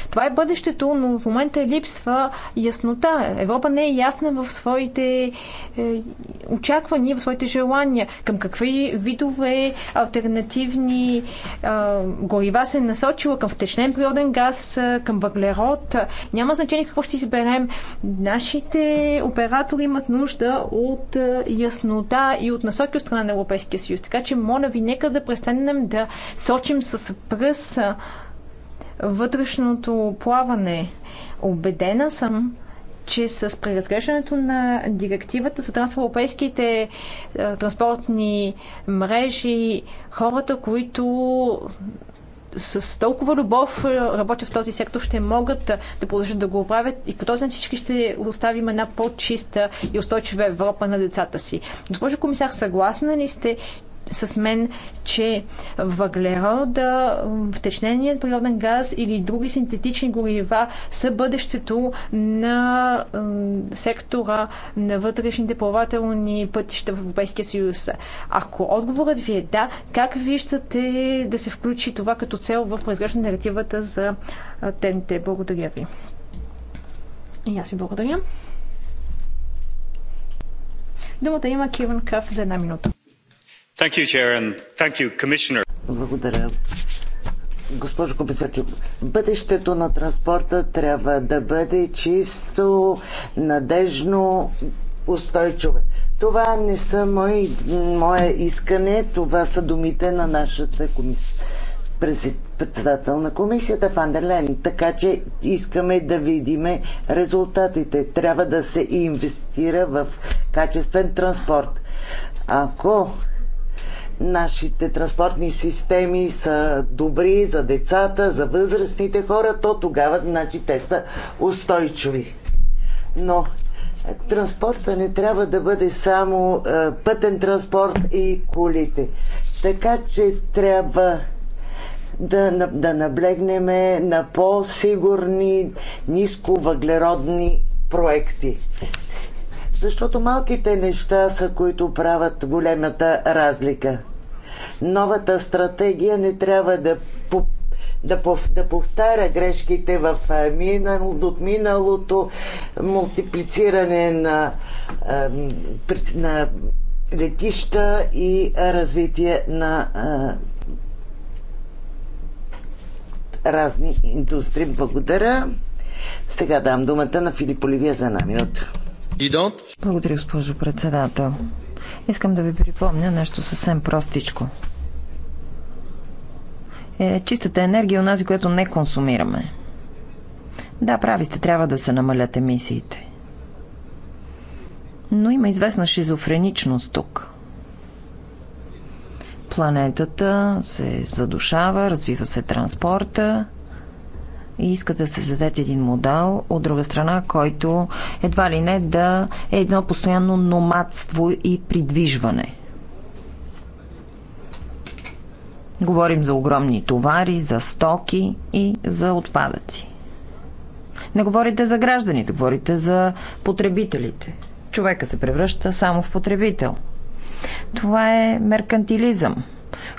Това е бъдещето, но в момента липсва яснота. Европа не е ясна в своите е, очаквания, в своите желания. Към какви видове альтернативни е, горива се е насочила, към втечнен природен газ, е, към въглерод. Няма значение какво ще изберем. Нашите оператори имат нужда от е, яснота и от насоки от страна на Европейския съюз. Така че, моля ви, нека да престанем да сочим с с пръст вътрешното плаване. Обедена съм, че с преразглеждането на директивата за трансевропейските е, транспортни мрежи, хората, които с толкова любов е, работят в този сектор, ще могат да продължат да го правят и по този начин всички ще оставим една по-чиста и устойчива Европа на децата си. Госпожо комисар, съгласна ли сте, с мен, че въглерода, втечненият природен газ или други синтетични горива са бъдещето на сектора на вътрешните плавателни пътища в Европейския съюз. Ако отговорът ви е да, как виждате да се включи това като цел в произгръщане на директивата за ТНТ? Благодаря ви. И аз ви благодаря. Думата има Киван Кръв за една минута. Благодаря. Госпожо комисар, бъдещето на транспорта трябва да бъде чисто, надежно, устойчиво. Това не са мои, мое искане, това са думите на нашата комисия председател на комисията Фандерлен. Така че искаме да видим резултатите. Трябва да се инвестира в качествен транспорт. Ако нашите транспортни системи са добри за децата, за възрастните хора, то тогава значи те са устойчиви. Но е, транспорта не трябва да бъде само е, пътен транспорт и колите. Така че трябва да, да наблегнеме на по-сигурни, нисковъглеродни проекти. Защото малките неща са, които правят големата разлика. Новата стратегия не трябва да, да, да повтаря грешките в е, миналото, от миналото мултиплициране на, на летища и развитие на е, разни индустрии. Благодаря. Сега дам думата на Филип Оливия за една минута. Благодаря, госпожо председател. Искам да ви припомня нещо съвсем простичко. Е, чистата енергия е онази, която не консумираме. Да, прави сте, трябва да се намалят емисиите. Но има известна шизофреничност тук. Планетата се задушава, развива се транспорта, и искате да създадете един модел, от друга страна, който едва ли не да е едно постоянно номадство и придвижване. Говорим за огромни товари, за стоки и за отпадъци. Не говорите за гражданите, говорите за потребителите. Човека се превръща само в потребител. Това е меркантилизъм,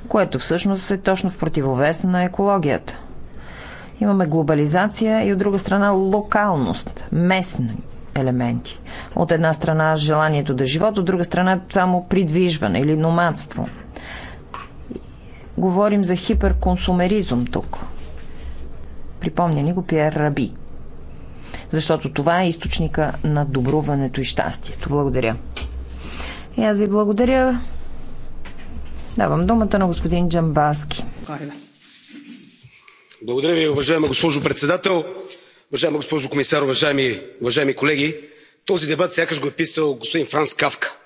което всъщност е точно в противовес на екологията – Имаме глобализация и от друга страна локалност, местни елементи. От една страна желанието да живот, от друга страна само придвижване или номадство. Говорим за хиперконсумеризъм тук. Припомня ни го Пьер Раби. Защото това е източника на добруването и щастието. Благодаря. И аз ви благодаря. Давам думата на господин Джамбаски. Благодаря. Благодаря ви, уважаема госпожо председател. Уважаема госпожо комисар, уважаеми колеги! Този дебат сякаш го е писал господин Франц Кавка.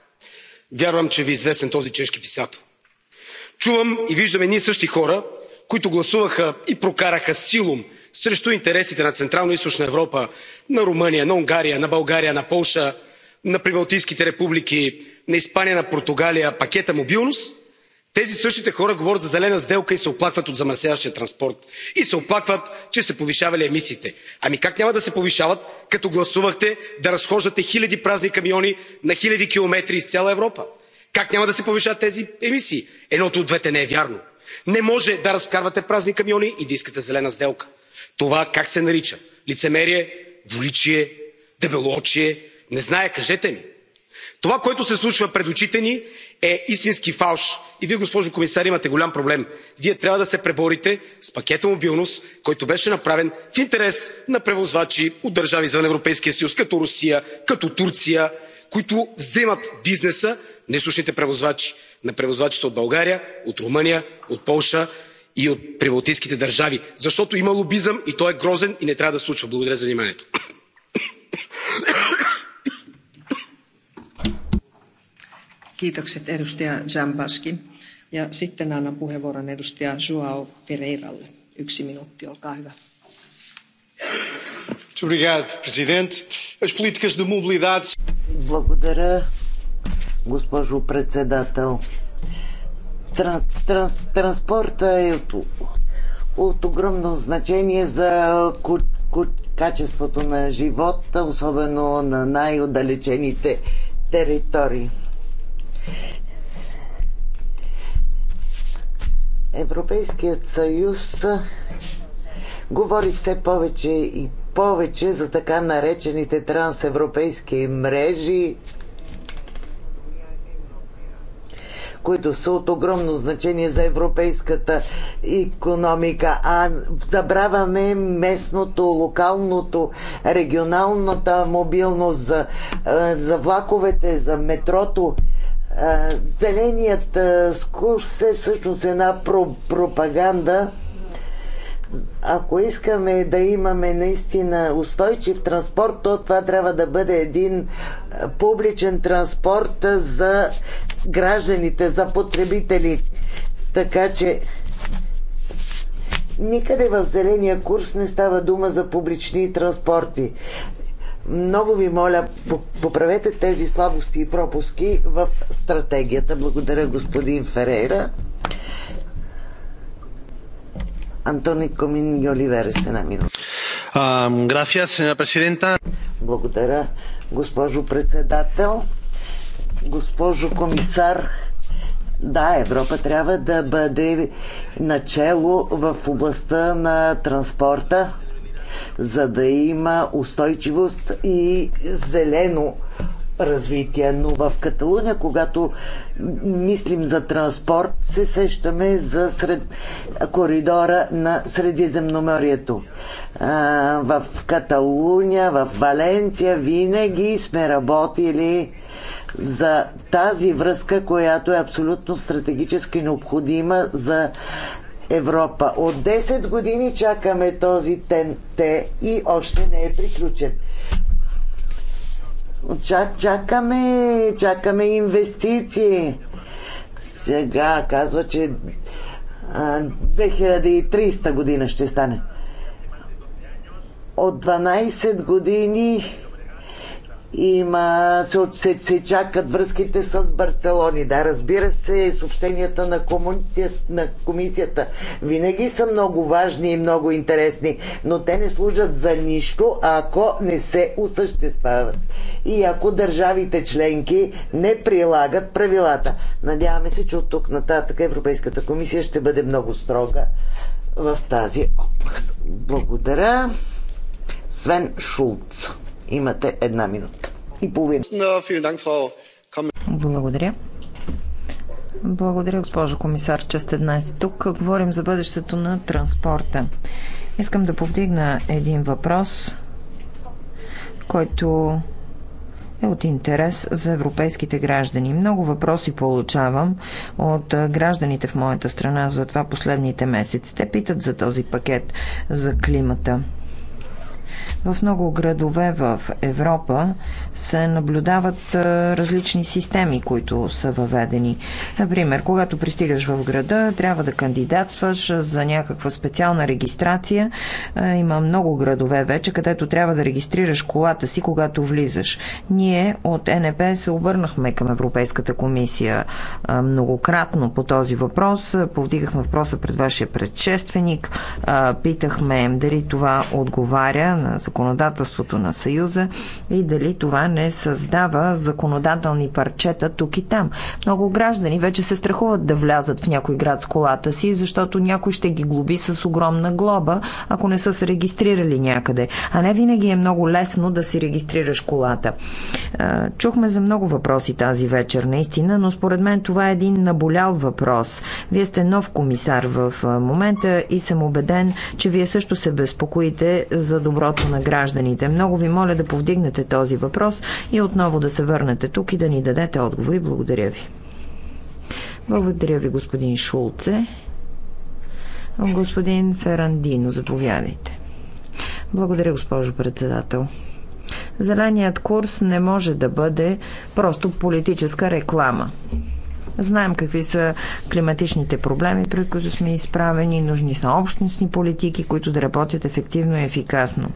Вярвам, че ви е известен този чешки писател. Чувам и виждам едни същи хора, които гласуваха и прокараха силум срещу интересите на централно и Източна Европа, на Румъния, на Унгария, на България, на Полша, на прибалтийските републики, на Испания, на Португалия пакета мобилност тези същите хора говорят за зелена сделка и се оплакват от замърсяващия транспорт и се оплакват че се повишавали емисиите. ами как няма да се повишават като гласувахте да разхождате хиляди празни камиони на хиляди километри из цяла европа? как няма да се повишават тези емисии? едното от двете не е вярно. не може да разкарвате празни камиони и да искате зелена сделка. това как се нарича? лицемерие? двуличие? дебелоочие? не зная кажете ми. това което се случва пред очите ни е истински фалш. И вие, госпожо комисар, имате голям проблем. Вие трябва да се преборите с пакета мобилност, който беше направен в интерес на превозвачи от държави извън Европейския съюз, като Русия, като Турция, които вземат бизнеса на източните превозвачи, на превозвачите от България, от Румъния, от Полша и от прибалтийските държави. Защото има лобизъм и той е грозен и не трябва да се случва. Благодаря за вниманието. Kiitokset edustaja Jambaski. Ja sitten annan puheenvuoron edustaja Joao Ferreiralle. Yksi minuutti, olkaa hyvä. Благодаря, госпожо председател. транспорта е от, от огромно значение за качеството на живота, особено на най-отдалечените територии. Европейският съюз говори все повече и повече за така наречените трансевропейски мрежи, които са от огромно значение за европейската економика, а забравяме местното, локалното, регионалната мобилност за, за влаковете, за метрото зеленият скус е всъщност една пропаганда. Ако искаме да имаме наистина устойчив транспорт, то това трябва да бъде един публичен транспорт за гражданите, за потребители. Така че Никъде в зеления курс не става дума за публични транспорти. Много ви моля, поправете тези слабости и пропуски в стратегията. Благодаря, господин Ферейра. Антони Комин и Оливер с една минута. Благодаря, госпожо председател. Госпожо комисар, да, Европа трябва да бъде начало в областта на транспорта за да има устойчивост и зелено развитие. Но в Каталуния, когато мислим за транспорт, се сещаме за сред... коридора на Средиземноморието. в Каталуния, в Валенция винаги сме работили за тази връзка, която е абсолютно стратегически необходима за Европа. От 10 години чакаме този ТНТ и още не е приключен. Чак, чакаме, чакаме инвестиции. Сега казва, че 2300 година ще стане. От 12 години има, се, се, се чакат връзките с Барселони. Да, разбира се, съобщенията на, кому, на комисията винаги са много важни и много интересни, но те не служат за нищо, ако не се осъществяват. И ако държавите членки не прилагат правилата. Надяваме се, че от тук нататък Европейската комисия ще бъде много строга в тази област. Благодаря. Свен Шулц. Имате една минута и половина. Благодаря. Благодаря, госпожо комисар, че сте днес тук. Говорим за бъдещето на транспорта. Искам да повдигна един въпрос, който е от интерес за европейските граждани. Много въпроси получавам от гражданите в моята страна за това последните месеци. Те питат за този пакет за климата. В много градове в Европа се наблюдават различни системи, които са въведени. Например, когато пристигаш в града, трябва да кандидатстваш за някаква специална регистрация. Има много градове вече, където трябва да регистрираш колата си, когато влизаш. Ние от НП се обърнахме към Европейската комисия многократно по този въпрос. Повдигахме въпроса пред вашия предшественик. Питахме дали това отговаря на законодателството на Съюза и дали това не създава законодателни парчета тук и там. Много граждани вече се страхуват да влязат в някой град с колата си, защото някой ще ги глоби с огромна глоба, ако не са се регистрирали някъде. А не винаги е много лесно да си регистрираш колата. Чухме за много въпроси тази вечер, наистина, но според мен това е един наболял въпрос. Вие сте нов комисар в момента и съм убеден, че вие също се безпокоите за доброто на гражданите. Много ви моля да повдигнете този въпрос и отново да се върнете тук и да ни дадете отговори. Благодаря ви. Благодаря ви, господин Шулце. Господин Ферандино, заповядайте. Благодаря, госпожо председател. Зеленият курс не може да бъде просто политическа реклама. Знаем какви са климатичните проблеми, при които сме изправени. Нужни са общностни политики, които да работят ефективно и ефикасно.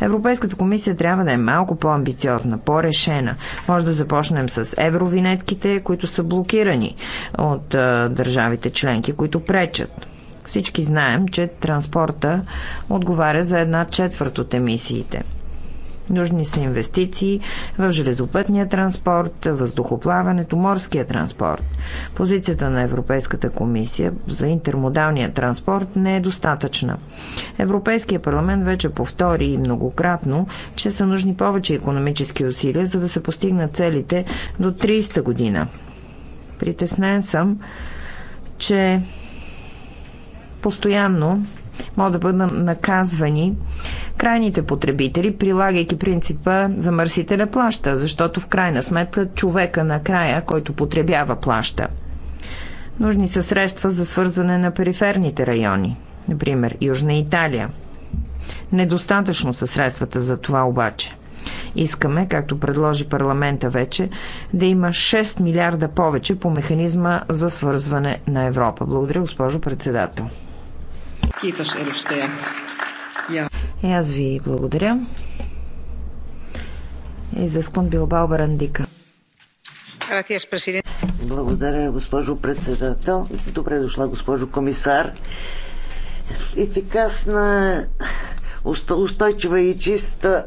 Европейската комисия трябва да е малко по-амбициозна, по-решена. Може да започнем с евровинетките, които са блокирани от а, държавите членки, които пречат. Всички знаем, че транспорта отговаря за една четвърт от емисиите – Нужни са инвестиции в железопътния транспорт, въздухоплаването, морския транспорт. Позицията на Европейската комисия за интермодалния транспорт не е достатъчна. Европейския парламент вече повтори многократно, че са нужни повече економически усилия, за да се постигнат целите до 30-та година. Притеснен съм, че постоянно могат да бъдат наказвани крайните потребители, прилагайки принципа замърсителя плаща, защото в крайна сметка човека накрая, който потребява, плаща. Нужни са средства за свързване на периферните райони, например Южна Италия. Недостатъчно са средствата за това обаче. Искаме, както предложи парламента вече, да има 6 милиарда повече по механизма за свързване на Европа. Благодаря, госпожо председател. И аз ви благодаря. И за Изискван Билбао Барандика. Благодаря, госпожо председател. Добре дошла, госпожо комисар. Ефикасна, устойчива и чиста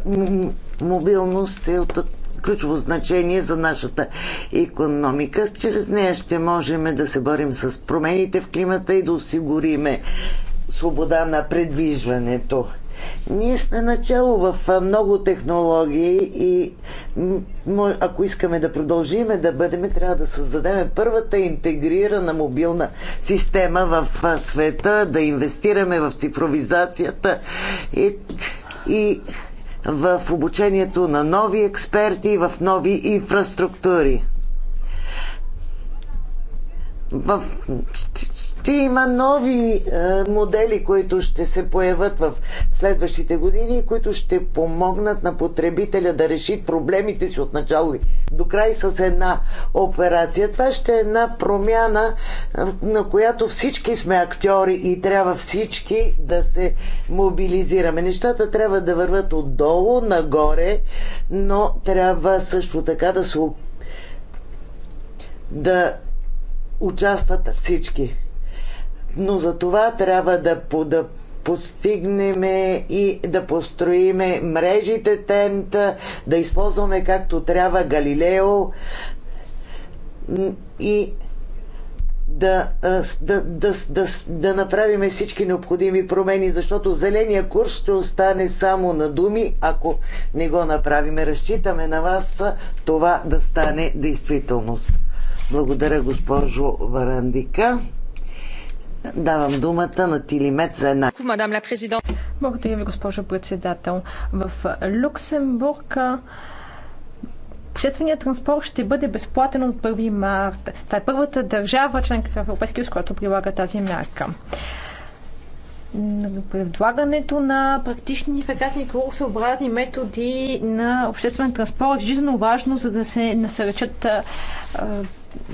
мобилност е от ключово значение за нашата економика. Чрез нея ще можем да се борим с промените в климата и да осигуриме свобода на предвижването. Ние сме начало в много технологии и ако искаме да продължиме да бъдем, трябва да създадем първата интегрирана мобилна система в света, да инвестираме в цифровизацията и, и в обучението на нови експерти и в нови инфраструктури. В че има нови е, модели, които ще се появят в следващите години и които ще помогнат на потребителя да реши проблемите си от начало до край с една операция. Това ще е една промяна, е, на която всички сме актьори и трябва всички да се мобилизираме. Нещата трябва да върват отдолу нагоре, но трябва също така да се да участват всички но за това трябва да, да постигнем и да построиме мрежите тента, да използваме както трябва Галилео и да, да, да, да, да направим всички необходими промени, защото зеления курс ще остане само на думи, ако не го направиме. Разчитаме на вас това да стане действителност. Благодаря, госпожо Варандика. Давам думата на Тилимет за една. Благодаря ви, госпожо председател. В Люксембург Общественият транспорт ще бъде безплатен от 1 март. Та е първата държава, членка в Европейския съюз, която прилага тази мярка. Предлагането на практични, ефикасни и съобразни методи на обществен транспорт е жизненно важно, за да се насърчат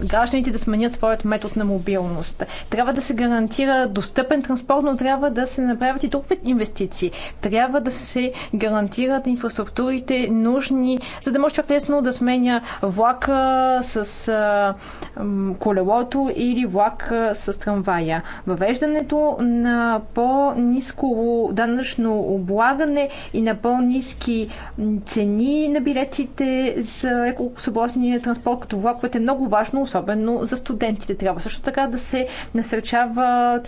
гражданите да сменят своят метод на мобилност. Трябва да се гарантира достъпен транспорт, но трябва да се направят и друг вид инвестиции. Трябва да се гарантират инфраструктурите нужни, за да може лесно да сменя влака с а, колелото или влак с трамвая. Въвеждането на по-низко данъчно облагане и на по-низки цени на билетите за екосъобразния транспорт, като влаковете е много важно важно, особено за студентите. Трябва също така да се насърчават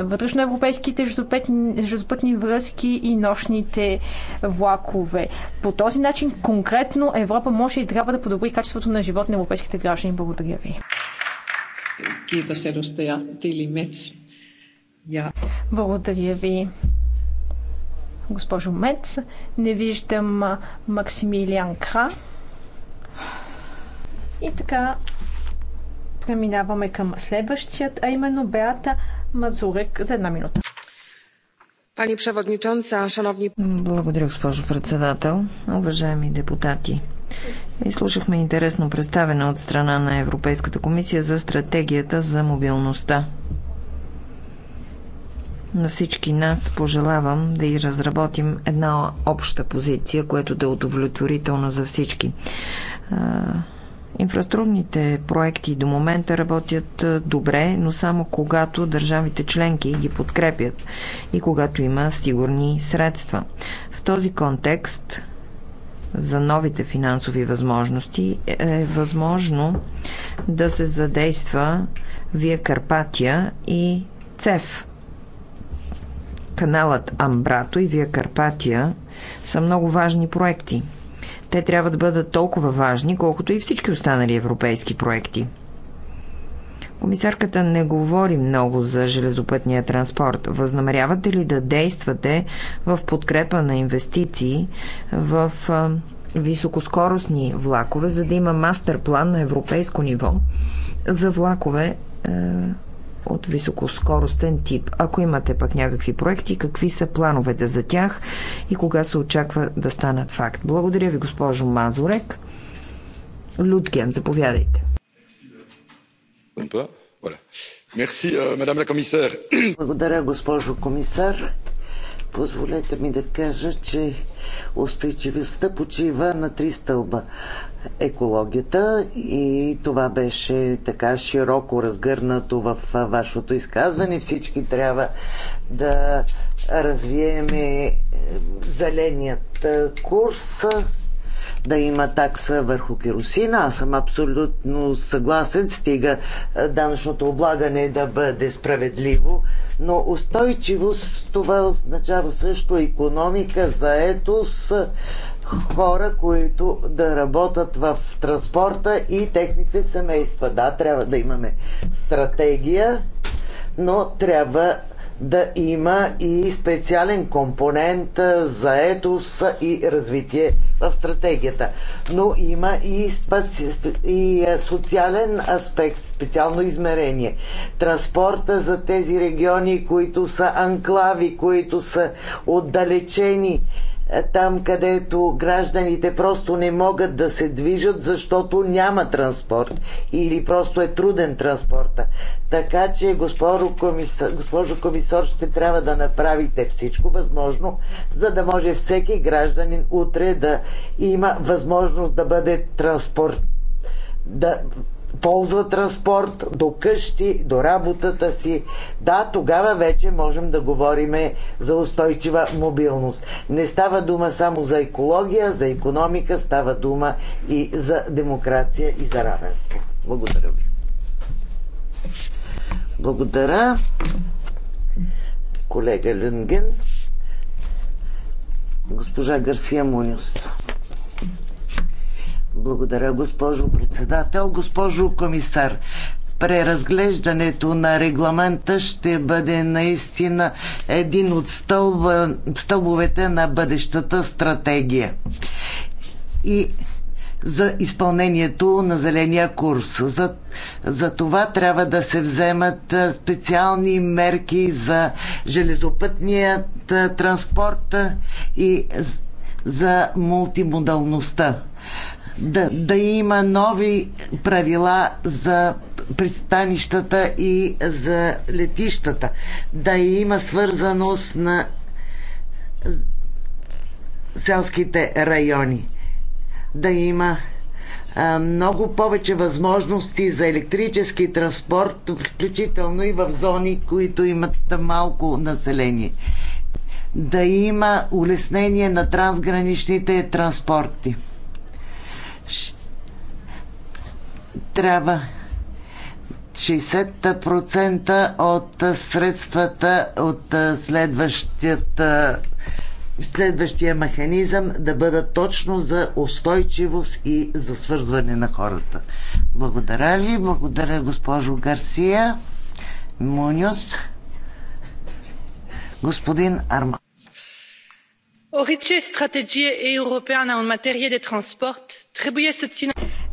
вътрешноевропейските железопътни връзки и нощните влакове. По този начин конкретно Европа може и трябва да подобри качеството на живот на европейските граждани. Благодаря ви. Благодаря ви, госпожо Мец. Не виждам Максимилиан Кра. И така преминаваме към следващият, а именно Беата Мазурек за една минута. Пани Преводничанца, шановни... Благодаря, госпожо председател. Уважаеми депутати, слушахме интересно представене от страна на Европейската комисия за стратегията за мобилността. На всички нас пожелавам да и разработим една обща позиция, която да е удовлетворителна за всички. Инфраструктурните проекти до момента работят добре, но само когато държавите членки ги подкрепят и когато има сигурни средства. В този контекст за новите финансови възможности е, е възможно да се задейства Вие Карпатия и ЦЕФ. Каналът Амбрато и Вия Карпатия са много важни проекти – те трябва да бъдат толкова важни, колкото и всички останали европейски проекти. Комисарката не говори много за железопътния транспорт. Възнамерявате ли да действате в подкрепа на инвестиции в високоскоростни влакове, за да има мастер план на европейско ниво за влакове от високоскоростен тип. Ако имате пък някакви проекти, какви са плановете за тях и кога се очаква да станат факт? Благодаря ви, госпожо Мазорек. Людген, заповядайте. Euh, Благодаря, госпожо комисар. Позволете ми да кажа, че Устойчивостта почива на три стълба. Екологията и това беше така широко разгърнато в вашето изказване. Всички трябва да развиеме е, зеленият курс да има такса върху керосина. Аз съм абсолютно съгласен, стига е, данъчното облагане да бъде справедливо, но устойчивост това означава също економика, заетост, хора, които да работят в транспорта и техните семейства. Да, трябва да имаме стратегия, но трябва да има и специален компонент за етос и развитие в стратегията. Но има и, специ... и социален аспект, специално измерение. Транспорта за тези региони, които са анклави, които са отдалечени там където гражданите просто не могат да се движат, защото няма транспорт или просто е труден транспорта. Така че, госпожо комисар, госпожо комисар ще трябва да направите всичко възможно, за да може всеки гражданин утре да има възможност да бъде транспорт да ползва транспорт до къщи, до работата си. Да, тогава вече можем да говорим за устойчива мобилност. Не става дума само за екология, за економика, става дума и за демокрация и за равенство. Благодаря ви. Благодаря, колега Люнген. Госпожа Гарсия Муниус. Благодаря, госпожо председател. Госпожо комисар, преразглеждането на регламента ще бъде наистина един от стълба, стълбовете на бъдещата стратегия. И за изпълнението на зеления курс. За, за това трябва да се вземат специални мерки за железопътният транспорт и за мултимодалността да, да има нови правила за пристанищата и за летищата, да има свързаност на селските райони, да има много повече възможности за електрически транспорт, включително и в зони, които имат малко население. Да има улеснение на трансграничните транспорти трябва 60% от средствата от следващия механизъм да бъдат точно за устойчивост и за свързване на хората. Благодаря ви, благодаря госпожо Гарсия, Мунюс, господин Арман. Ориче стратегия европеана в материя де транспорт трябва да се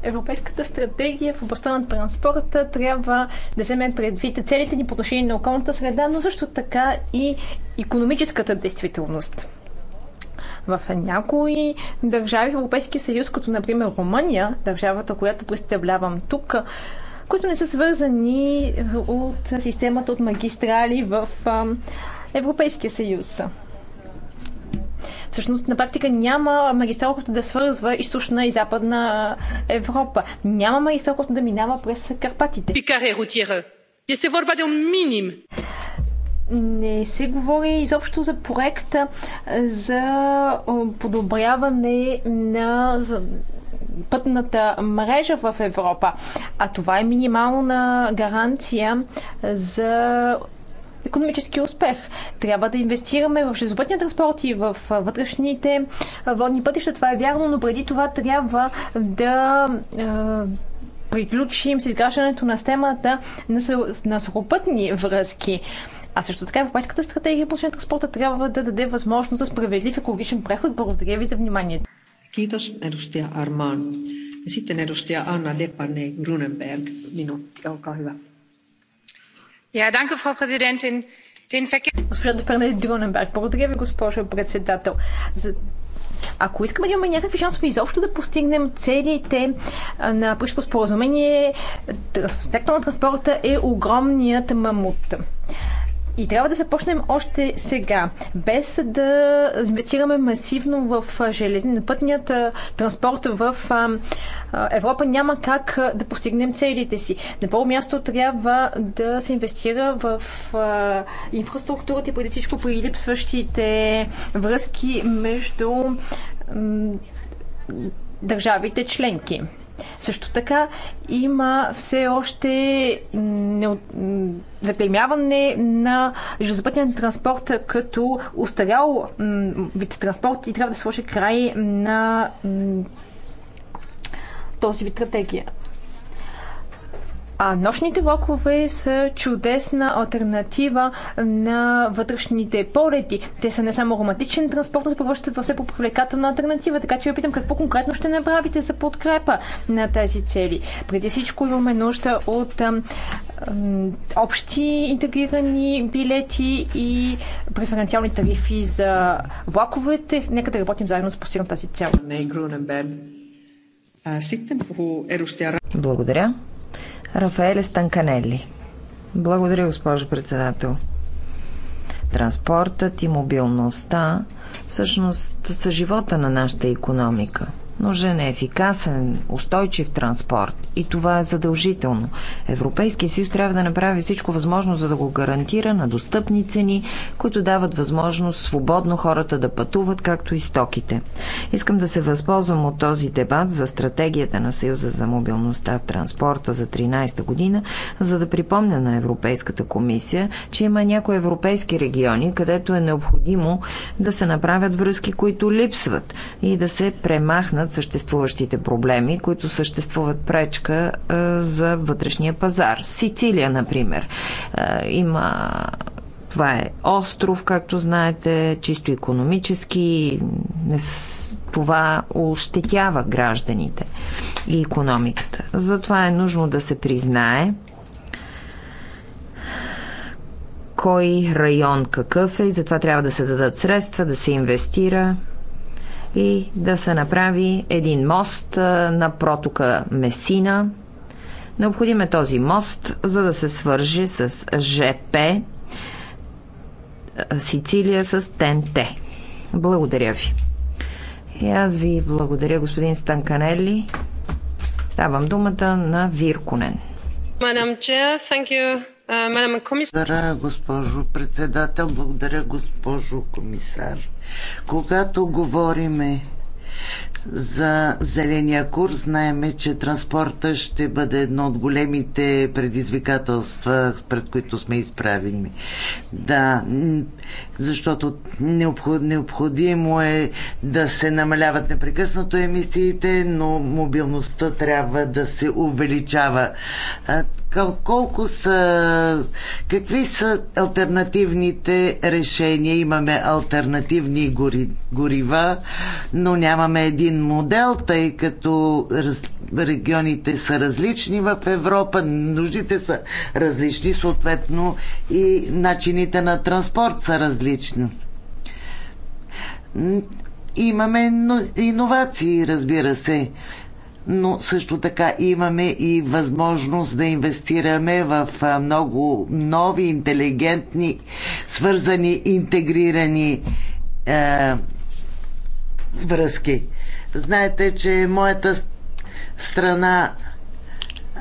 Европейската стратегия в областта на транспорта трябва да вземе предвид целите ни по отношение на околната среда, но също така и економическата действителност. В някои държави в Европейския съюз, като например Румъния, държавата, която представлявам тук, които не са свързани от системата от магистрали в Европейския съюз. Всъщност на практика няма магистрал, който да свързва източна и западна Европа. Няма магистрал, който да минава през Карпатите. Пикаре е се миним! Не се говори изобщо за проекта за подобряване на пътната мрежа в Европа. А това е минимална гаранция за економически успех. Трябва да инвестираме в железопътния транспорт и в вътрешните водни пътища. Това е вярно, но преди това трябва да приключим с изграждането на системата на сухопътни връзки. А също така Европейската стратегия по транспорта трябва да даде възможност за справедлив екологичен преход. Благодаря ви за вниманието. Kiitos, edustaja Armaan. Ja sitten edustaja Anna Depane Grunenberg, minuutti, olkaa hyvä frau präsidentin! Благодаря ви, госпожо председател. Ако искаме да имаме някакви шансове изобщо да постигнем целите на пришто споразумение, сектор на транспорта е огромният мамут. И трябва да започнем още сега, без да инвестираме масивно в железнопътният транспорт в Европа няма как да постигнем целите си. На първо място трябва да се инвестира в инфраструктурата и преди всичко при липсващите връзки между държавите членки. Също така има все още не... заклемяване на железопътния транспорт като устарял вид транспорт и трябва да сложи край на този вид стратегия. А нощните влакове са чудесна альтернатива на вътрешните полети. Те са не само романтичен транспорт, но се превръщат в все по-привлекателна альтернатива. Така че ви питам какво конкретно ще направите за подкрепа на тези цели. Преди всичко имаме нужда от ам, ам, общи интегрирани билети и преференциални тарифи за влаковете. Нека да работим заедно с постигнем тази цел. Е Благодаря. Рафаеле Станканели. Благодаря, госпожо председател. Транспортът и мобилността всъщност са живота на нашата економика – Нужен е ефикасен, устойчив транспорт и това е задължително. Европейския съюз трябва да направи всичко възможно, за да го гарантира на достъпни цени, които дават възможност свободно хората да пътуват, както и стоките. Искам да се възползвам от този дебат за стратегията на Съюза за мобилността в транспорта за 13-та година, за да припомня на Европейската комисия, че има някои европейски региони, където е необходимо да се направят връзки, които липсват и да се премахнат премахнат съществуващите проблеми, които съществуват пречка за вътрешния пазар. Сицилия, например, има това е остров, както знаете, чисто економически. Това ощетява гражданите и економиката. Затова е нужно да се признае кой район какъв е и затова трябва да се дадат средства, да се инвестира и да се направи един мост на протока Месина. Необходим е този мост, за да се свържи с ЖП Сицилия с ТНТ. Благодаря ви. И аз ви благодаря, господин Станканели. Ставам думата на Вирконен. Мадам Chair, thank you благодаря, госпожо председател. Благодаря, госпожо комисар. Когато говориме за зеления курс. Знаеме, че транспорта ще бъде едно от големите предизвикателства, пред които сме изправени. Да, защото необходимо е да се намаляват непрекъснато емисиите, но мобилността трябва да се увеличава. Колко са, какви са альтернативните решения? Имаме альтернативни гори, горива, но нямаме един един модел, тъй като раз, регионите са различни в Европа, нуждите са различни, съответно и начините на транспорт са различни. Имаме иновации, разбира се, но също така имаме и възможност да инвестираме в много нови, интелигентни, свързани, интегрирани е, връзки. Знаете, че моята страна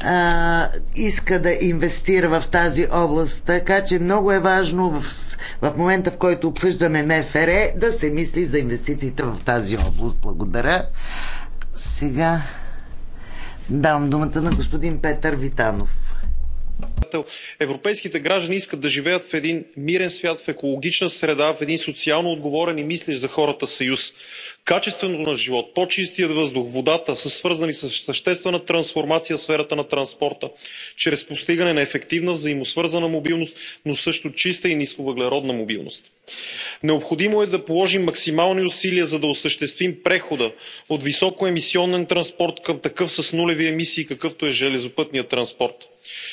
а, иска да инвестира в тази област, така че много е важно в, в момента, в който обсъждаме МФР, да се мисли за инвестициите в тази област. Благодаря. Сега давам думата на господин Петър Витанов европейските граждани искат да живеят в един мирен свят в екологична среда в един социално отговорен и мислещ за хората съюз. качественото на живот по чистия въздух водата са свързани със съществена трансформация в сферата на транспорта чрез постигане на ефективна взаимосвързана мобилност но също чиста и нисковъглеродна мобилност. необходимо е да положим максимални усилия за да осъществим прехода от високоемисионен транспорт към такъв с нулеви емисии какъвто е железопътният транспорт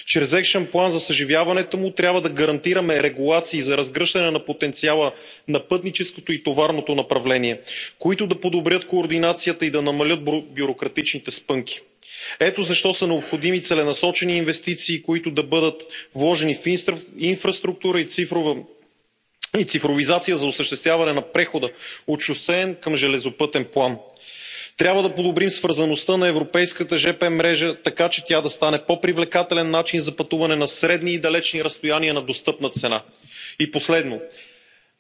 чрез екшън план за съживяването му трябва да гарантираме регулации за разгръщане на потенциала на пътническото и товарното направление които да подобрят координацията и да намалят бюрократичните спънки. ето защо са необходими целенасочени инвестиции които да бъдат вложени в инфраструктура и цифровизация за осъществяване на прехода от шосеен към железопътен план трябва да подобрим свързаността на европейската жп мрежа така че тя да стане по привлекателен начин за пътуване на средни и далечни разстояния на достъпна цена. и последно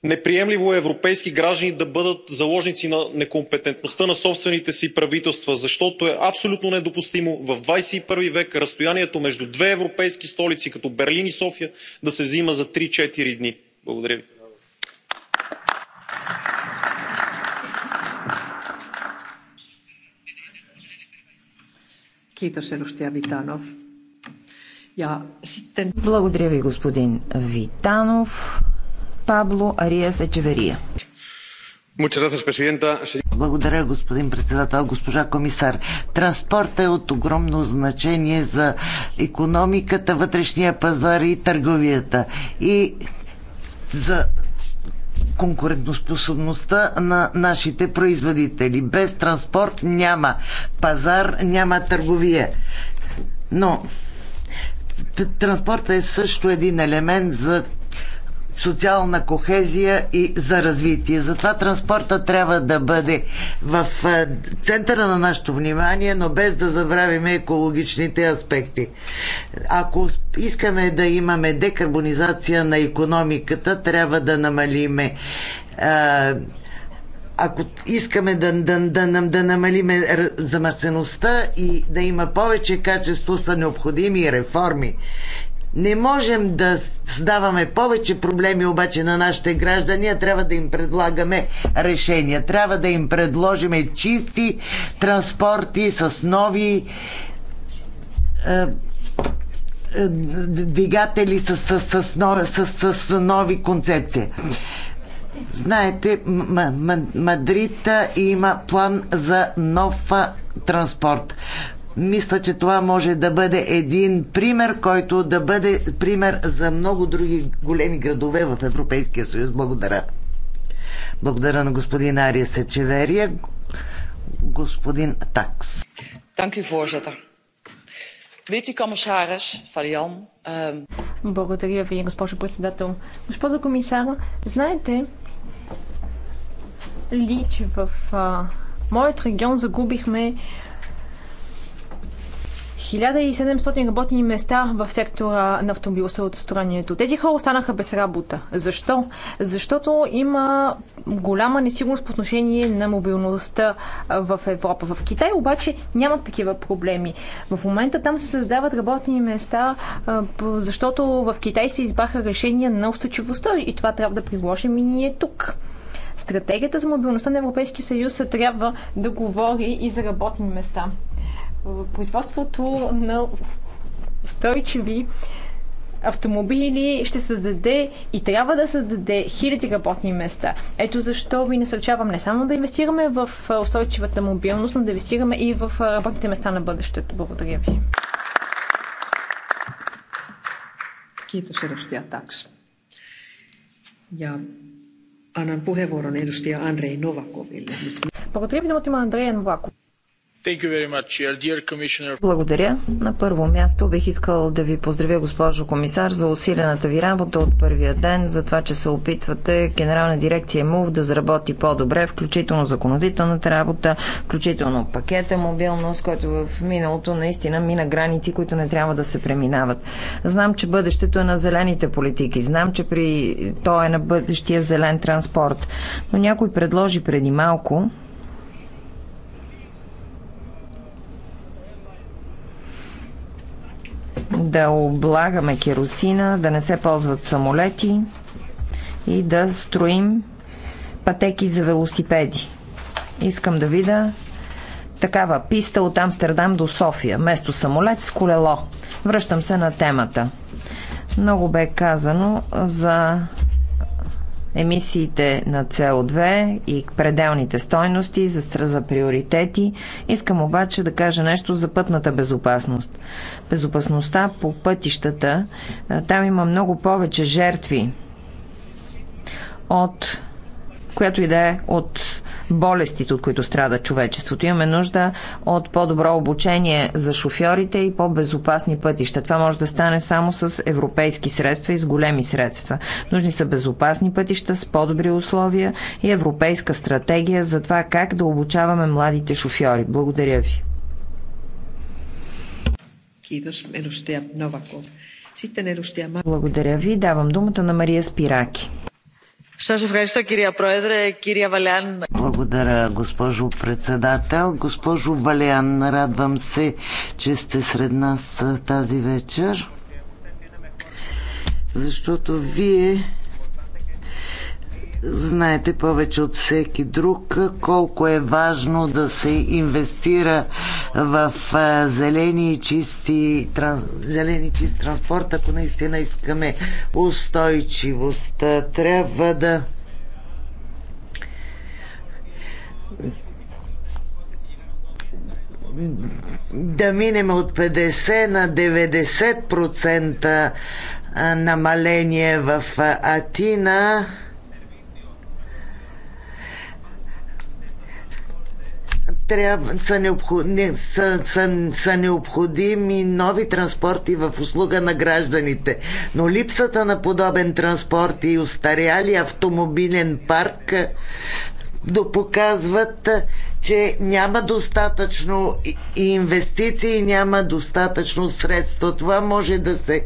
неприемливо е европейски граждани да бъдат заложници на некомпетентността на собствените си правителства защото е абсолютно недопустимо в първи век разстоянието между две европейски столици като берлин и софия да се взима за три четири дни. благодаря ви. Kiitos, edustaja Vitanov. Ja sitten... Благодаря ви, господин Витанов. Пабло Ариас Ечеверия. Благодаря, господин председател, госпожа комисар. Транспорт е от огромно значение за економиката, вътрешния пазар и търговията. И за конкурентоспособността на нашите производители. Без транспорт няма пазар, няма търговия. Но транспорта е също един елемент за социална кохезия и за развитие. Затова транспорта трябва да бъде в центъра на нашето внимание, но без да забравяме екологичните аспекти. Ако искаме да имаме декарбонизация на економиката, трябва да намалиме ако искаме да, да, да, да, да намалиме замърсеността и да има повече качество, са необходими реформи. Не можем да създаваме повече проблеми обаче на нашите граждани, а трябва да им предлагаме решения. Трябва да им предложиме чисти транспорти с нови двигатели с, е, двигатели с, с, с, с, с, с нови концепции. Знаете, Мадрид има план за нов транспорт мисля, че това може да бъде един пример, който да бъде пример за много други големи градове в Европейския съюз. Благодаря. Благодаря на господин Ария Сечеверия, господин Такс. Ehm, Благодаря ви, госпожо председател. Госпожо комисар, знаете ли, че в а, моят регион загубихме 1700 работни места в сектора на автобилса Тези хора останаха без работа. Защо? Защото има голяма несигурност по отношение на мобилността в Европа. В Китай обаче нямат такива проблеми. В момента там се създават работни места, защото в Китай се избраха решения на устойчивостта и това трябва да приложим и ние тук. Стратегията за мобилността на Европейския съюз трябва да говори и за работни места производството на устойчиви автомобили ще създаде и трябва да създаде хиляди работни места. Ето защо ви насърчавам не само да инвестираме в устойчивата мобилност, но да инвестираме и в работните места на бъдещето. Благодаря ви. Kiitos edustaja Taks. Ja annan puheenvuoron edustaja Andrei Novakoville. Благодаря ви, думата има Андрея Новаков. Much, Благодаря. На първо място бих искал да ви поздравя, госпожо комисар, за усилената ви работа от първия ден, за това, че се опитвате Генерална дирекция МУВ да заработи по-добре, включително законодителната работа, включително пакета мобилност, който в миналото наистина мина граници, които не трябва да се преминават. Знам, че бъдещето е на зелените политики. Знам, че при... то е на бъдещия зелен транспорт. Но някой предложи преди малко да облагаме керосина, да не се ползват самолети и да строим пътеки за велосипеди. Искам да видя такава писта от Амстердам до София, вместо самолет с колело. Връщам се на темата. Много бе казано за емисиите на CO2 и пределните стойности, за, за приоритети. Искам обаче да кажа нещо за пътната безопасност. Безопасността по пътищата, там има много повече жертви от която и да е от болестите, от които страда човечеството. Имаме нужда от по-добро обучение за шофьорите и по-безопасни пътища. Това може да стане само с европейски средства и с големи средства. Нужни са безопасни пътища с по-добри условия и европейска стратегия за това как да обучаваме младите шофьори. Благодаря ви. Благодаря ви. Давам думата на Мария Спираки. Благодаря, госпожо председател. Госпожо Валян, радвам се, че сте сред нас тази вечер, защото вие знаете повече от всеки друг колко е важно да се инвестира в зелени и чисти, зелени и чист транспорт, ако наистина искаме устойчивост. Трябва да да минем от 50 на 90% намаление в Атина. трябва, са, необход, не, са, са, са необходими нови транспорти в услуга на гражданите. Но липсата на подобен транспорт и устаряли автомобилен парк е, допоказват, е, че няма достатъчно инвестиции, няма достатъчно средства. Това може да се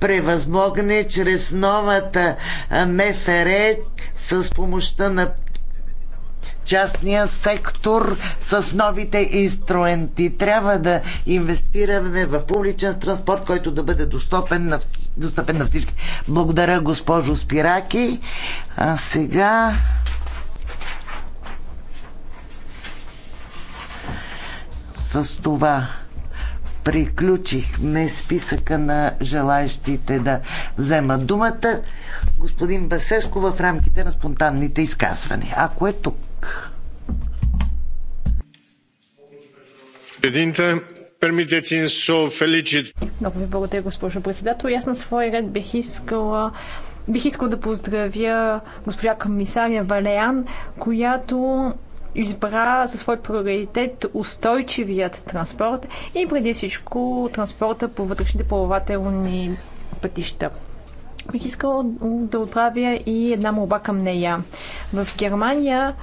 превъзмогне чрез новата е, МФР с помощта на частния сектор с новите инструменти. Трябва да инвестираме в публичен транспорт, който да бъде достъпен на, достъпен на всички. Благодаря, госпожо Спираки. А сега. С това приключихме списъка на желаящите да вземат думата. Господин Басеско в рамките на спонтанните изказвания. Ако е тук. Много ви благодаря, госпожо председател. Аз на своя ред бих искала Бих искал да поздравя госпожа Камисария Валеян, която избра за свой приоритет устойчивият транспорт и преди всичко транспорта по вътрешните плавателни пътища. Бих искала да отправя и една молба към нея. В Германия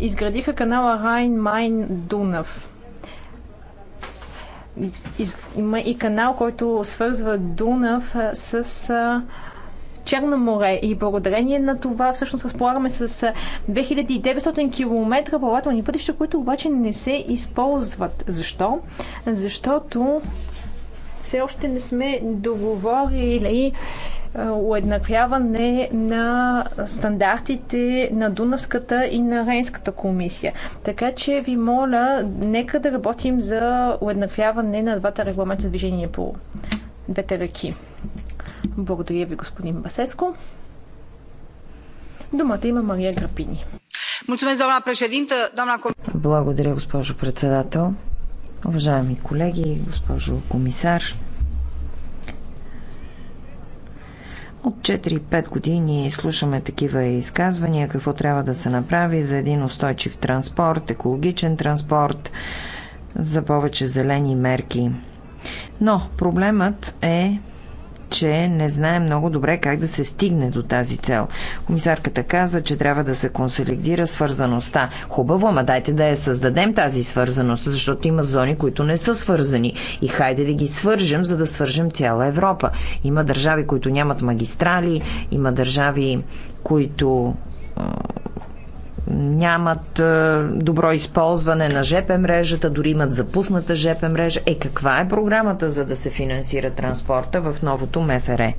изградиха канала Райн-Майн-Дунав. Има и канал, който свързва Дунав с Черно море и благодарение на това всъщност разполагаме с 2900 км плавателни пътища, които обаче не се използват. Защо? Защото все още не сме договорили е, уеднаквяване на стандартите на Дунавската и на Рейнската комисия. Така че ви моля, нека да работим за уеднаквяване на двата регламента за движение по двете реки. Благодаря ви, господин Басеско. Думата има Мария Грапини. Благодаря, госпожо председател. Уважаеми колеги, госпожо комисар, От 4-5 години слушаме такива изказвания, какво трябва да се направи за един устойчив транспорт, екологичен транспорт, за повече зелени мерки. Но проблемът е че не знае много добре как да се стигне до тази цел. Комисарката каза, че трябва да се консолидира свързаността. Хубаво, ама дайте да я създадем тази свързаност, защото има зони, които не са свързани. И хайде да ги свържем, за да свържем цяла Европа. Има държави, които нямат магистрали, има държави, които нямат е, добро използване на ЖП мрежата, дори имат запусната ЖП мрежа. Е, каква е програмата за да се финансира транспорта в новото МФР?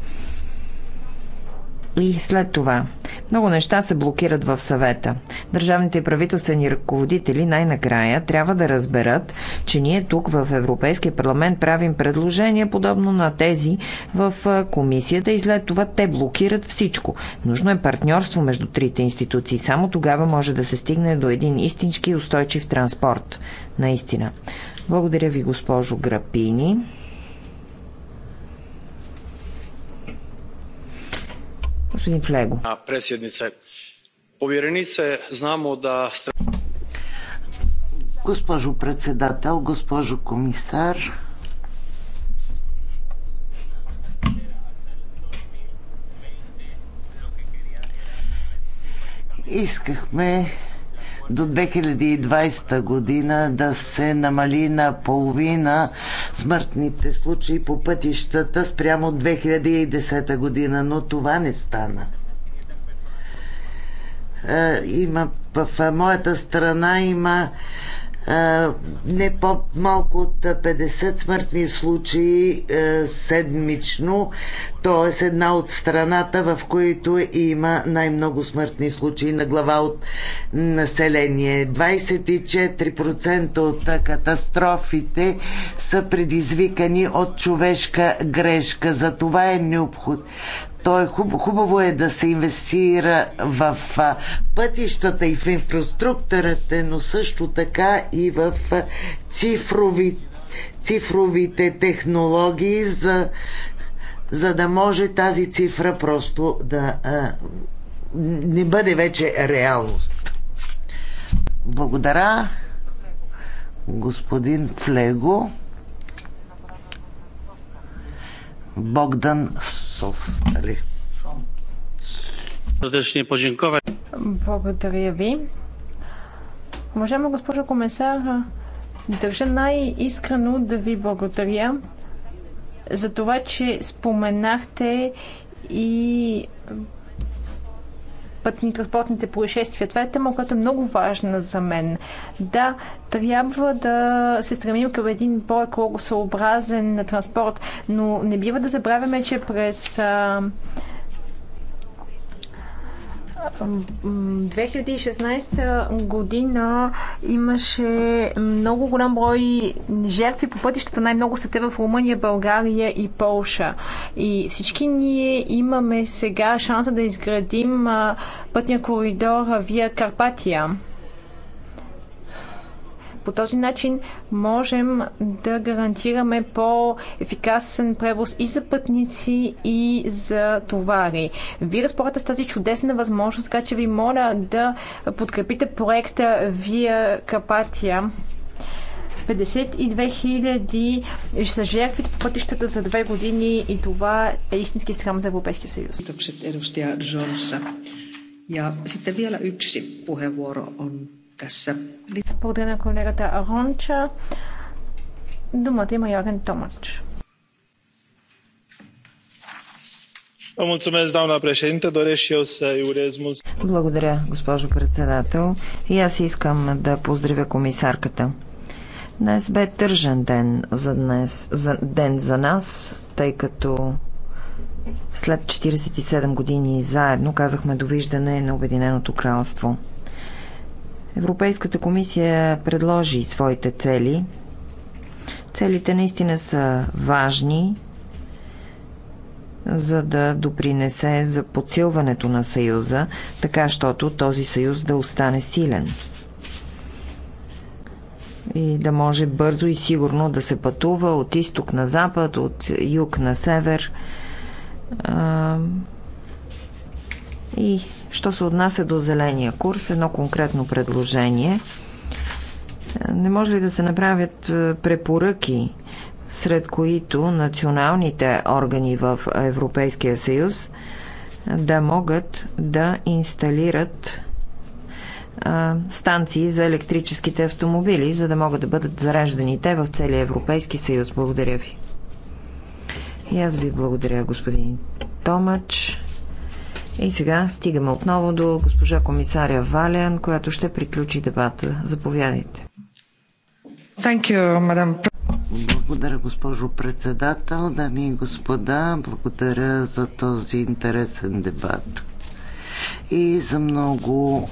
И след това много неща се блокират в съвета. Държавните и правителствени ръководители най-накрая трябва да разберат, че ние тук в Европейския парламент правим предложения подобно на тези в комисията и след това те блокират всичко. Нужно е партньорство между трите институции. Само тогава може да се стигне до един истински устойчив транспорт. Наистина. Благодаря ви, госпожо Грапини. Господин Флего. Пресjednice, povjerenice, znamo da... Госпожо председател, госпожо комисар, искахме до 2020 година да се намали на половина смъртните случаи по пътищата спрямо 2010 година, но това не стана. Е, има в моята страна има не по-малко от 50 смъртни случаи седмично, т.е. една от страната, в които има най-много смъртни случаи на глава от население. 24% от катастрофите са предизвикани от човешка грешка. За това е необходимо то е хуб, хубаво е да се инвестира в пътищата и в инфраструктурата, но също така и в цифрови, цифровите технологии, за, за да може тази цифра просто да а, не бъде вече реалност. Благодаря, господин Флего. Богдан нали? Благодаря ви. Уважаема госпожо комисар, държа най-искрено да ви благодаря за това, че споменахте и Пътни транспортните происшествия. Това е тема, която е много важна за мен. Да, трябва да се стремим към един по-екологосъобразен транспорт, но не бива да забравяме, че през 2016 година имаше много голям брой жертви по пътищата. Най-много са те в Румъния, България и Полша. И всички ние имаме сега шанса да изградим пътния коридор Вия Карпатия по този начин можем да гарантираме по-ефикасен превоз и за пътници, и за товари. Вие разполагате с тази чудесна възможност, така че ви моля да подкрепите проекта Вия Капатия. 52 000 са жертви по пътищата за две години и това е истински срам за Европейския съюз. Ja sitten vielä yksi puheenvuoro on tässä. на колегата Аронча. Думата има Йорген Томач. Благодаря, госпожо председател. И аз искам да поздравя комисарката. Днес бе тържен ден за, днес, за, ден за нас, тъй като след 47 години заедно казахме довиждане на Обединеното кралство – Европейската комисия предложи своите цели. Целите наистина са важни, за да допринесе за подсилването на Съюза, така щото този Съюз да остане силен и да може бързо и сигурно да се пътува от изток на запад, от юг на север и Що се отнася до зеления курс, едно конкретно предложение. Не може ли да се направят е, препоръки, сред които националните органи в Европейския съюз е, да могат да инсталират е, станции за електрическите автомобили, за да могат да бъдат зареждани те в целия Европейски съюз. Благодаря ви. И аз ви благодаря, господин Томач. И сега стигаме отново до госпожа комисаря Валян, която ще приключи дебата. Заповядайте. Thank you, madam. Благодаря, госпожо председател, дами и господа. Благодаря за този интересен дебат и за много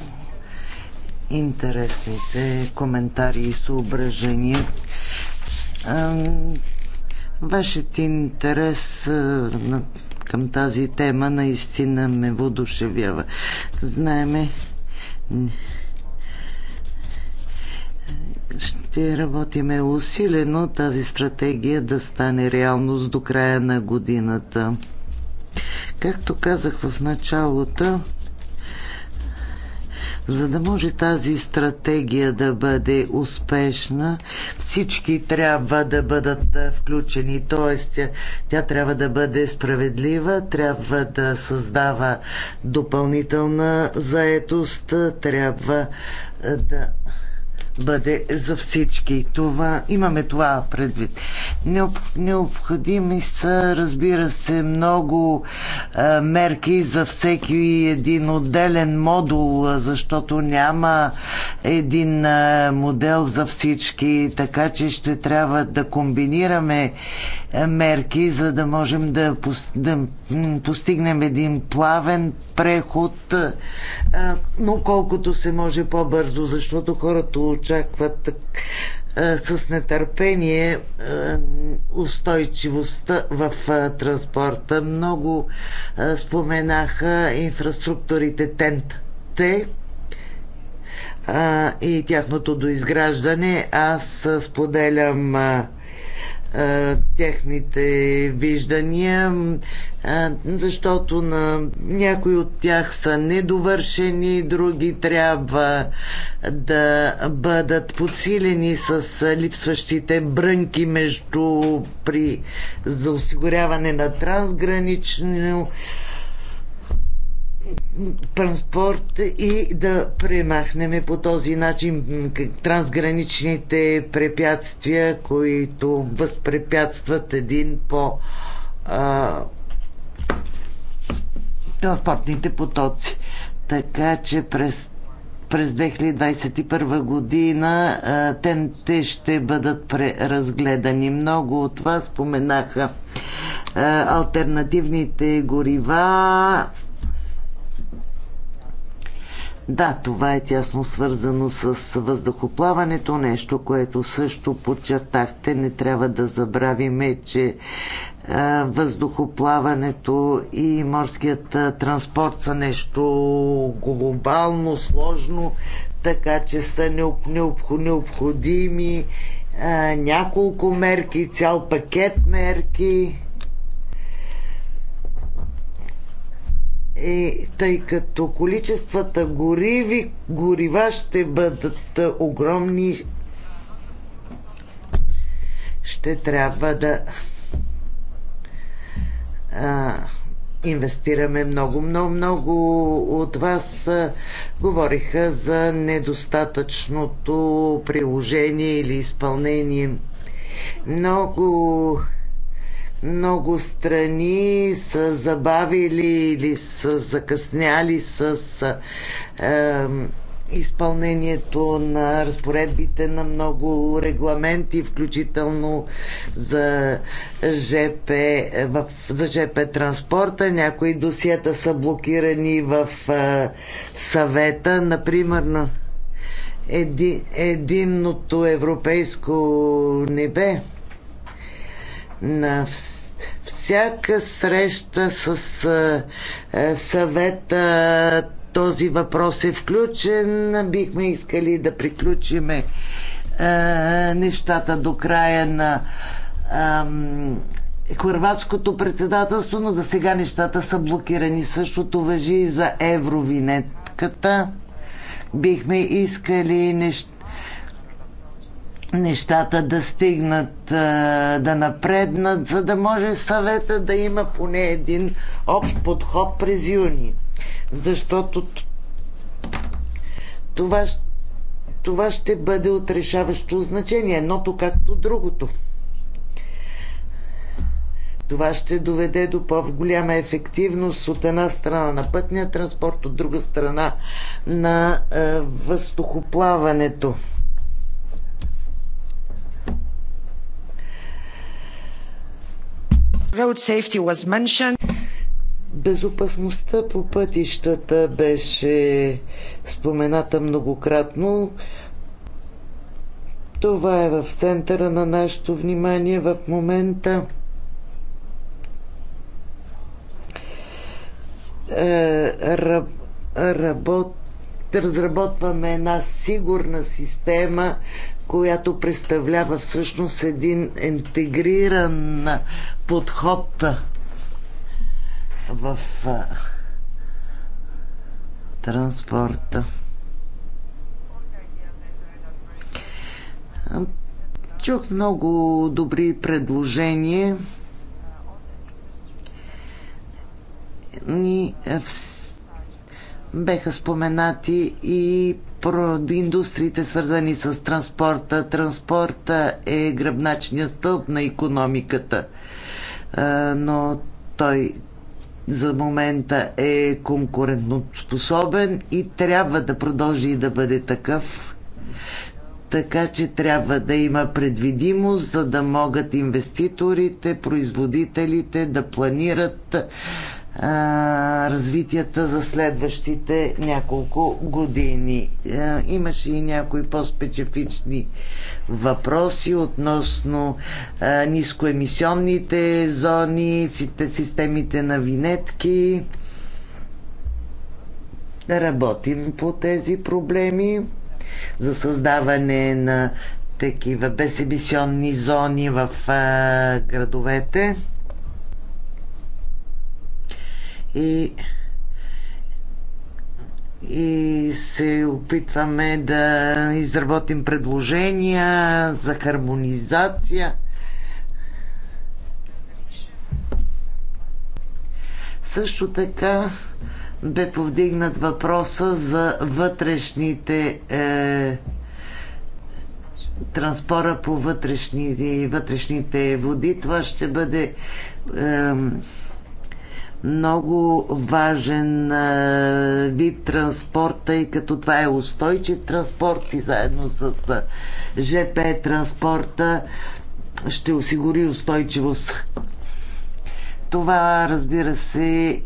интересните коментари и съображения. Вашият интерес към тази тема наистина ме водушевява. Знаеме, ще работиме усилено тази стратегия да стане реалност до края на годината. Както казах в началото, за да може тази стратегия да бъде успешна, всички трябва да бъдат включени, т.е. Тя, тя трябва да бъде справедлива, трябва да създава допълнителна заетост, трябва да бъде за всички. Това, имаме това предвид. Необ, необходими са, разбира се, много а, мерки за всеки един отделен модул, защото няма един а, модел за всички, така че ще трябва да комбинираме мерки, за да можем да, да постигнем един плавен преход, но колкото се може по-бързо, защото хората очакват с нетърпение устойчивостта в транспорта. Много споменаха инфраструктурите ТЕНТ. Те и тяхното доизграждане. Аз споделям техните виждания, защото на някои от тях са недовършени, други трябва да бъдат подсилени с липсващите брънки между при, за осигуряване на трансгранично транспорт и да премахнем по този начин трансграничните препятствия, които възпрепятстват един по а, транспортните потоци. Така че през през 2021 година те, те ще бъдат преразгледани. Много от вас споменаха альтернативните горива, да, това е тясно свързано с въздухоплаването, нещо, което също подчертахте. Не трябва да забравиме, че въздухоплаването и морският транспорт са нещо глобално, сложно, така че са необходими няколко мерки, цял пакет мерки е, тъй като количествата гориви, горива ще бъдат е, огромни. Ще трябва да а, инвестираме много, много, много от вас а, говориха за недостатъчното приложение или изпълнение. Много много страни са забавили или са закъсняли с е, изпълнението на разпоредбите на много регламенти, включително за ЖП, в, за ЖП транспорта. Някои досиета са блокирани в е, съвета, например на еди, единното европейско небе на всяка среща с съвета този въпрос е включен. Бихме искали да приключиме нещата до края на хорватското председателство, но за сега нещата са блокирани. Същото въжи и за евровинетката. Бихме искали нещ нещата да стигнат, да напреднат, за да може съвета да има поне един общ подход през юни. Защото това, това ще бъде от решаващо значение, едното както другото. Това ще доведе до по-голяма ефективност от една страна на пътния транспорт, от друга страна на е, въздухоплаването. Road safety was mentioned. Безопасността по пътищата беше спомената многократно. Това е в центъра на нашето внимание в момента. Е, работ, разработваме една сигурна система която представлява всъщност един интегриран подход в транспорта. Чух много добри предложения. Ни беха споменати и индустриите, свързани с транспорта. Транспорта е гръбначният стълб на економиката, но той за момента е конкурентоспособен и трябва да продължи да бъде такъв. Така че трябва да има предвидимост, за да могат инвеститорите, производителите да планират развитията за следващите няколко години. Имаше и някои по-специфични въпроси относно нискоемисионните зони, системите на винетки. Работим по тези проблеми за създаване на такива беземисионни зони в градовете и и се опитваме да изработим предложения за хармонизация. Също така бе повдигнат въпроса за вътрешните е, транспора по вътрешни, вътрешните води. Това ще бъде е, много важен вид транспорт, тъй като това е устойчив транспорт и заедно с ЖП транспорта ще осигури устойчивост. Това, разбира се,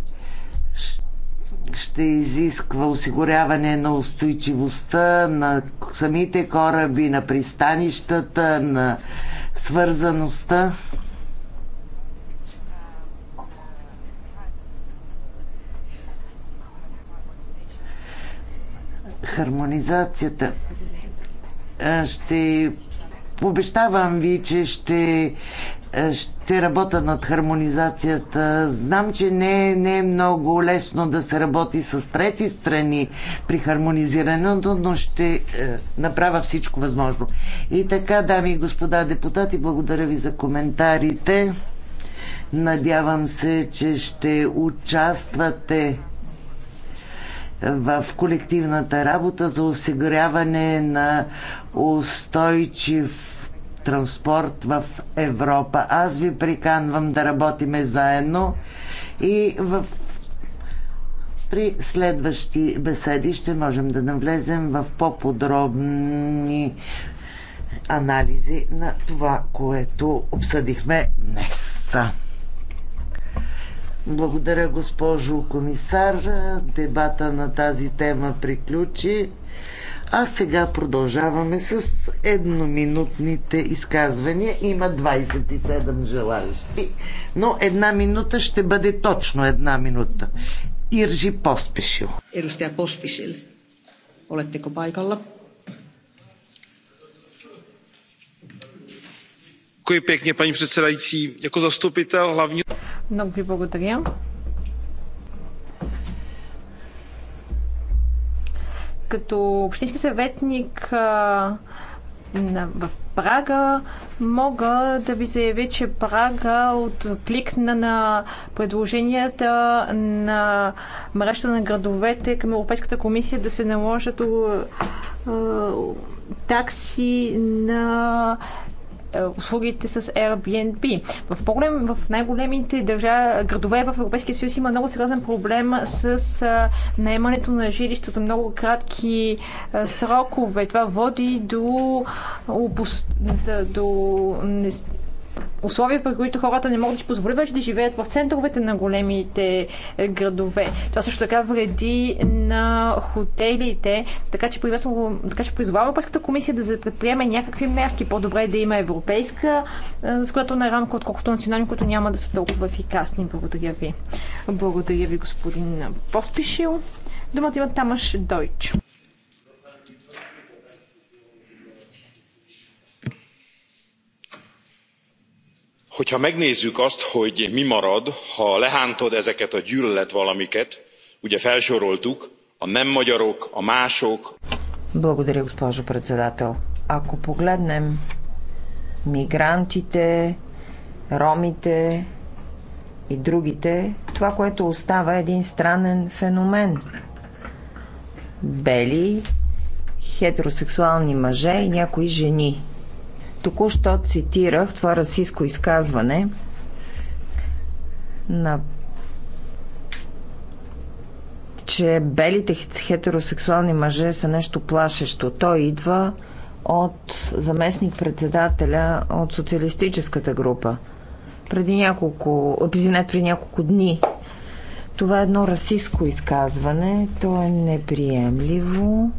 ще изисква осигуряване на устойчивостта на самите кораби, на пристанищата, на свързаността. хармонизацията. Ще обещавам ви, че ще ще работя над хармонизацията. Знам, че не, не е много лесно да се работи с трети страни при хармонизирането, но ще направя всичко възможно. И така, дами и господа депутати, благодаря ви за коментарите. Надявам се, че ще участвате в колективната работа за осигуряване на устойчив транспорт в Европа. Аз ви приканвам да работиме заедно и в при следващи беседи ще можем да навлезем в по-подробни анализи на това, което обсъдихме днес. Благодаря, госпожо комисар. Дебата на тази тема приключи. А сега продължаваме с едноминутните изказвания. Има 27 желаящи, но една минута ще бъде точно една минута. Иржи Поспешил. Edustaja Поспешил, oletteko paikalla? Děkuji pěkně, paní předsedající. Jako zastupitel hlavního... Много ви благодаря. Като общински съветник в Прага, мога да ви заявя, че Прага откликна на предложенията на мрежата на градовете към Европейската комисия да се наложат такси на е, услугите с Airbnb. В, в най-големите държави, градове в Европейския съюз има много сериозен проблем с а, е, наемането на жилища за много кратки а, е, срокове. Това води до, обос... до не условия, при които хората не могат да си позволят вече да живеят в центровете на големите е, градове. Това също така вреди на хотелите, така че, така че призвава Европейската комисия да предприеме някакви мерки. По-добре е да има европейска е, на рамка, отколкото национални, които няма да са толкова ефикасни. Благодаря ви. Благодаря ви, господин Поспишил. Думата има Тамаш Дойч. hogyha megnézzük azt hogy mi marad ha lehántod ezeket a gyűlöletvalamiket ugye felsoroltuk a nem magyarok, a mások. Благодаря, госпожо председател. Ако погледнем мигрантите, ромите и другите, това, което остава е един странен феномен. Бели, хетеросексуални мъже и някои жени – Току-що цитирах това расистско изказване на че белите хетеросексуални мъже са нещо плашещо. Той идва от заместник-председателя от социалистическата група. Преди няколко, извинете, преди няколко дни. Това е едно расистско изказване. То е неприемливо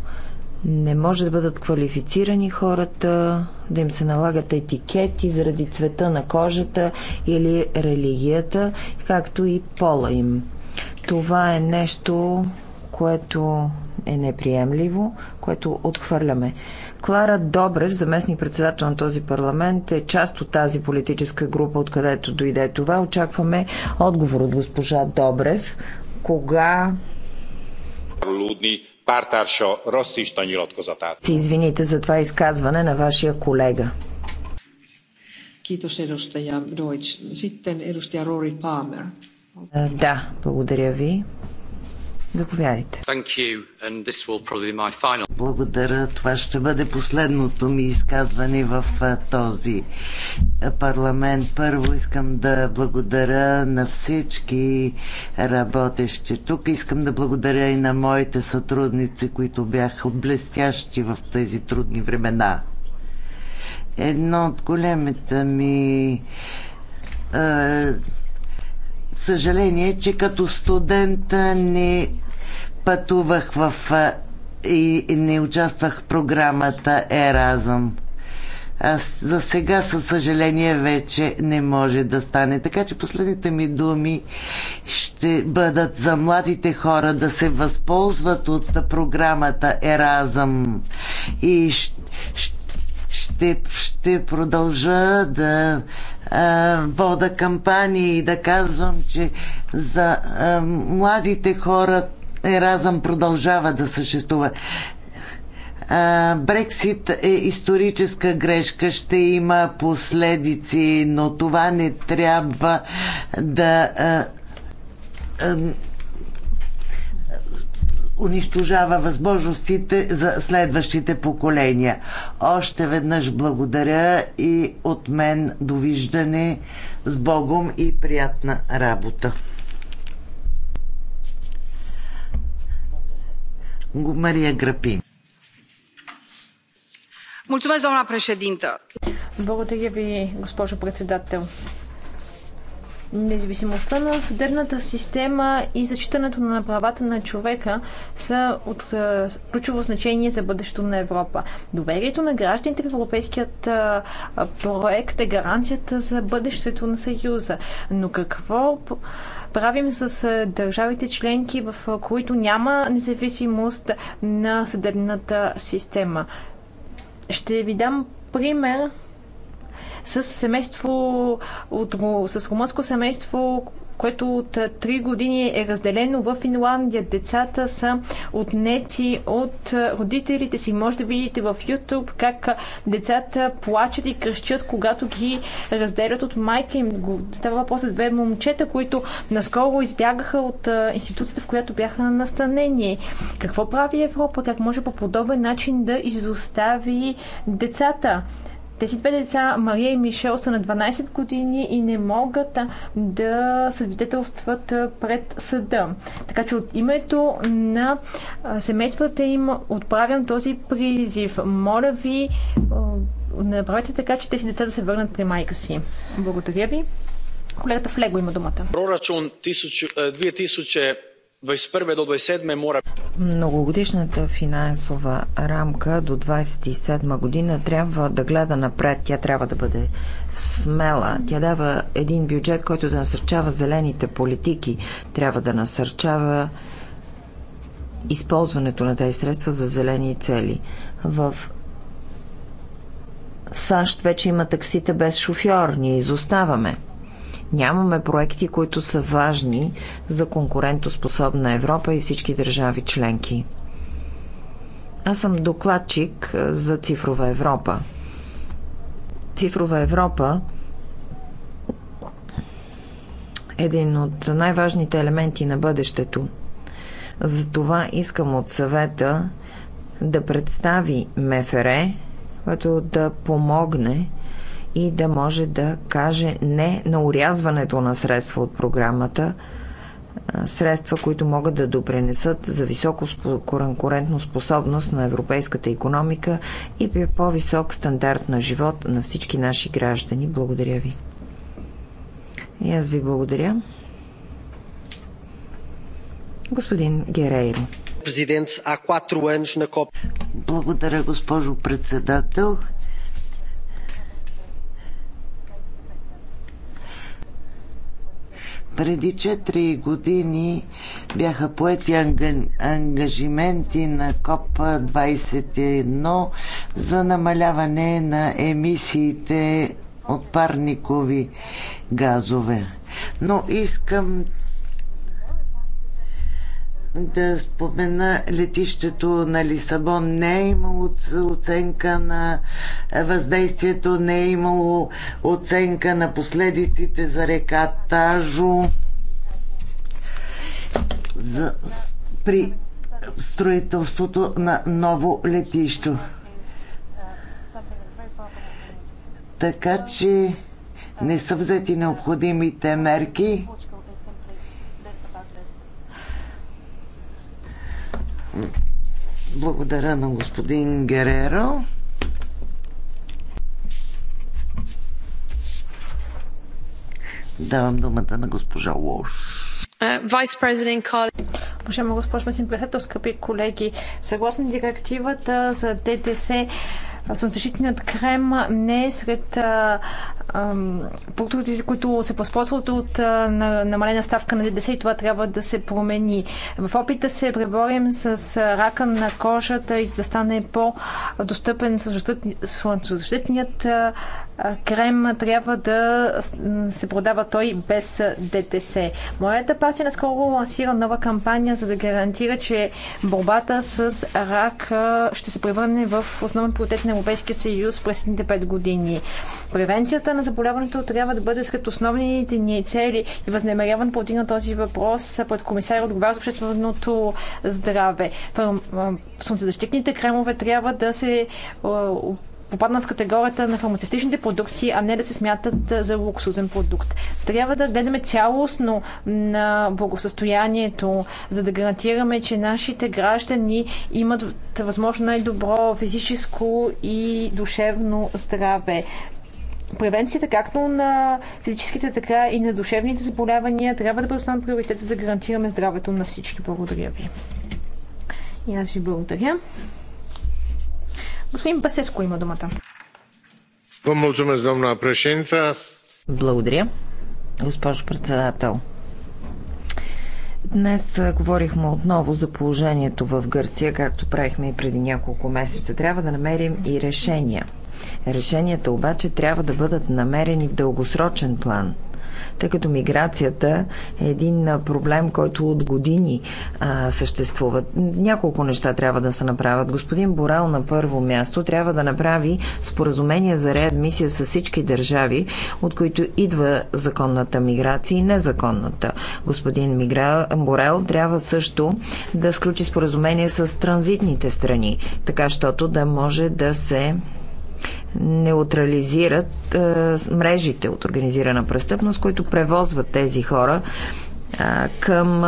не може да бъдат квалифицирани хората, да им се налагат етикети заради цвета на кожата или религията, както и пола им. Това е нещо, което е неприемливо, което отхвърляме. Клара Добрев, заместник председател на този парламент, е част от тази политическа група, откъдето дойде това. Очакваме отговор от госпожа Добрев. Кога... Лудни pártársa rasszista nyilatkozatát. Извините за това изказване на вашия колега. Kiitos edustaja Deutsch. Sitten edustaja Rory Palmer. Да, благодаря ви. Заповядайте. Благодаря. Това ще бъде последното ми изказване в този парламент. Първо искам да благодаря на всички работещи тук. Искам да благодаря и на моите сътрудници, които бяха блестящи в тези трудни времена. Едно от големите ми е съжаление, че като студент не пътувах в и не участвах в програмата Еразъм. Аз за сега, със съжаление, вече не може да стане. Така че последните ми думи ще бъдат за младите хора да се възползват от програмата Еразъм и ще, ще продължа да вода кампании и да казвам, че за младите хора Еразъм продължава да съществува. Брексит е историческа грешка, ще има последици, но това не трябва да унищожава възможностите за следващите поколения. Още веднъж благодаря и от мен довиждане с Богом и приятна работа. Мария Грапин. Mulțumesc, doamna președintă. Благодаря ви, госпожо председател. Независимостта на съдебната система и зачитането на правата на човека са от ключово значение за бъдещето на Европа. Доверието на гражданите в европейският проект е гаранцията за бъдещето на Съюза. Но какво правим с държавите членки, в които няма независимост на съдебната система? Ще ви дам пример с семейство, от, с румънско семейство, което от три години е разделено в Финландия. Децата са отнети от родителите си. Може да видите в YouTube как децата плачат и кръщят, когато ги разделят от майка им. Става въпрос за две момчета, които наскоро избягаха от институцията, в която бяха настанени. Какво прави Европа? Как може по подобен начин да изостави децата? Тези две деца, Мария и Мишел, са на 12 години и не могат да свидетелстват пред съда. Така че от името на семействата им отправям този призив. Моля ви, направете така, че тези деца да се върнат при майка си. Благодаря ви. Колегата Флего има думата. Прорачун 2000 21 до 27 мора. Многогодишната финансова рамка до 27 година трябва да гледа напред. Тя трябва да бъде смела. Тя дава един бюджет, който да насърчава зелените политики. Трябва да насърчава използването на тези средства за зелени цели. В САЩ вече има таксита без шофьор. Ние изоставаме. Нямаме проекти, които са важни за конкурентоспособна Европа и всички държави членки. Аз съм докладчик е, за Цифрова Европа. Цифрова Европа е един от най-важните елементи на бъдещето. Затова искам от съвета да представи МФР, което да помогне и да може да каже не на урязването на средства от програмата, средства, които могат да допренесат за високо конкурентно способност на европейската економика и по-висок стандарт на живот на всички наши граждани. Благодаря ви. И аз ви благодаря. Господин Герейро. Благодаря, госпожо председател. Преди 4 години бяха поети ангажименти на КОП-21 за намаляване на емисиите от парникови газове. Но искам да спомена летището на Лисабон. Не е имало оценка на въздействието, не е имало оценка на последиците за река Тажо. За, при строителството на ново летище. Така че не са взети необходимите мерки Благодаря на господин Гереро. Давам думата на госпожа Лош. Уважаема госпожа Месин председател, скъпи колеги, съгласно директивата за ДДС, слънцезащитният крем не е сред а, а, продуктите, които се възползват от а, на, намалена ставка на ДДС и това трябва да се промени. В опита се преборим с рака на кожата и за да стане по-достъпен слънцезащитният крем трябва да се продава той без ДТС. Моята партия наскоро лансира нова кампания, за да гарантира, че борбата с рак ще се превърне в основен приоритет на Европейския съюз през следните 5 години. Превенцията на заболяването трябва да бъде сред основните ни цели и възнамеряван по на този въпрос пред комисаря отговаря за общественото здраве. Слънцезащитните кремове трябва да се попадна в категорията на фармацевтичните продукти, а не да се смятат за луксузен продукт. Трябва да гледаме цялостно на благосъстоянието, за да гарантираме, че нашите граждани имат възможно най-добро физическо и душевно здраве превенцията както на физическите, така и на душевните заболявания трябва да бъде основен приоритет, за да гарантираме здравето на всички. Благодаря ви. И аз ви благодаря. Господин Басеско има думата. Благодаря, госпожо председател. Днес говорихме отново за положението в Гърция, както правихме и преди няколко месеца. Трябва да намерим и решения. Решенията обаче трябва да бъдат намерени в дългосрочен план – тъй като миграцията е един проблем, който от години а, съществува. Няколко неща трябва да се направят. Господин Борал на първо място трябва да направи споразумение за реадмисия с всички държави, от които идва законната миграция и незаконната. Господин Мигра... Борел трябва също да сключи споразумение с транзитните страни, така щото да може да се неутрализират мрежите от организирана престъпност, които превозват тези хора към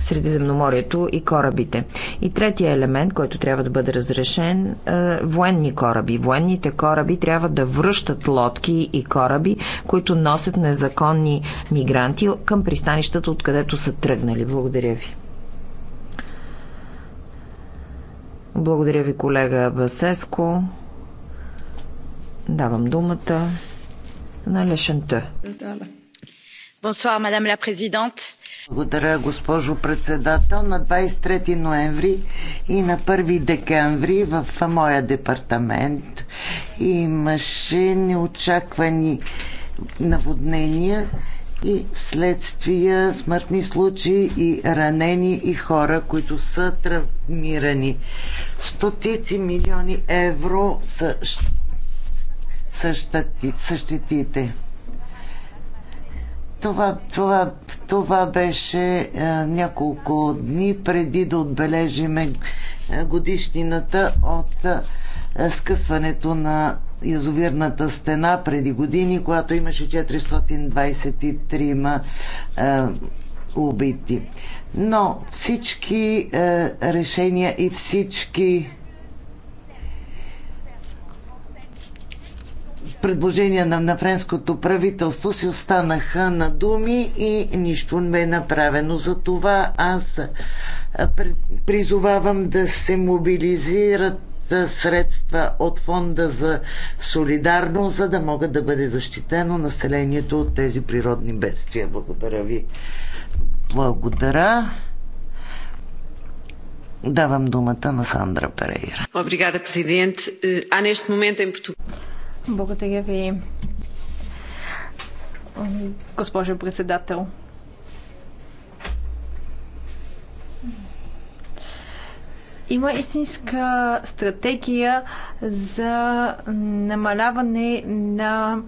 Средиземноморието и корабите. И третия елемент, който трябва да бъде разрешен, е военни кораби. Военните кораби трябва да връщат лодки и кораби, които носят незаконни мигранти към пристанищата, откъдето са тръгнали. Благодаря ви. Благодаря ви, колега Басеско. Давам думата на Лешенте. президент. Благодаря, госпожо председател. На 23 ноември и на 1 декември в моя департамент имаше неочаквани наводнения и вследствие смъртни случаи и ранени и хора, които са травмирани. Стотици милиони евро са същати, същитите. Това, това, това беше а, е, няколко дни преди да отбележиме годишнината от а, е, скъсването на язовирната стена преди години, когато имаше 423 а, е, убити. Но всички а, решения и всички предложения на, на френското правителство си останаха на думи и нищо не е направено. За това аз призовавам да се мобилизират средства от фонда за солидарност, за да могат да бъде защитено населението от тези природни бедствия. Благодаря ви. Благодаря. Давам думата на Сандра Перейра. Obrigada, президент. А neste момента им Portugal. Благодаря ви, госпожо председател. има истинска стратегия за намаляване на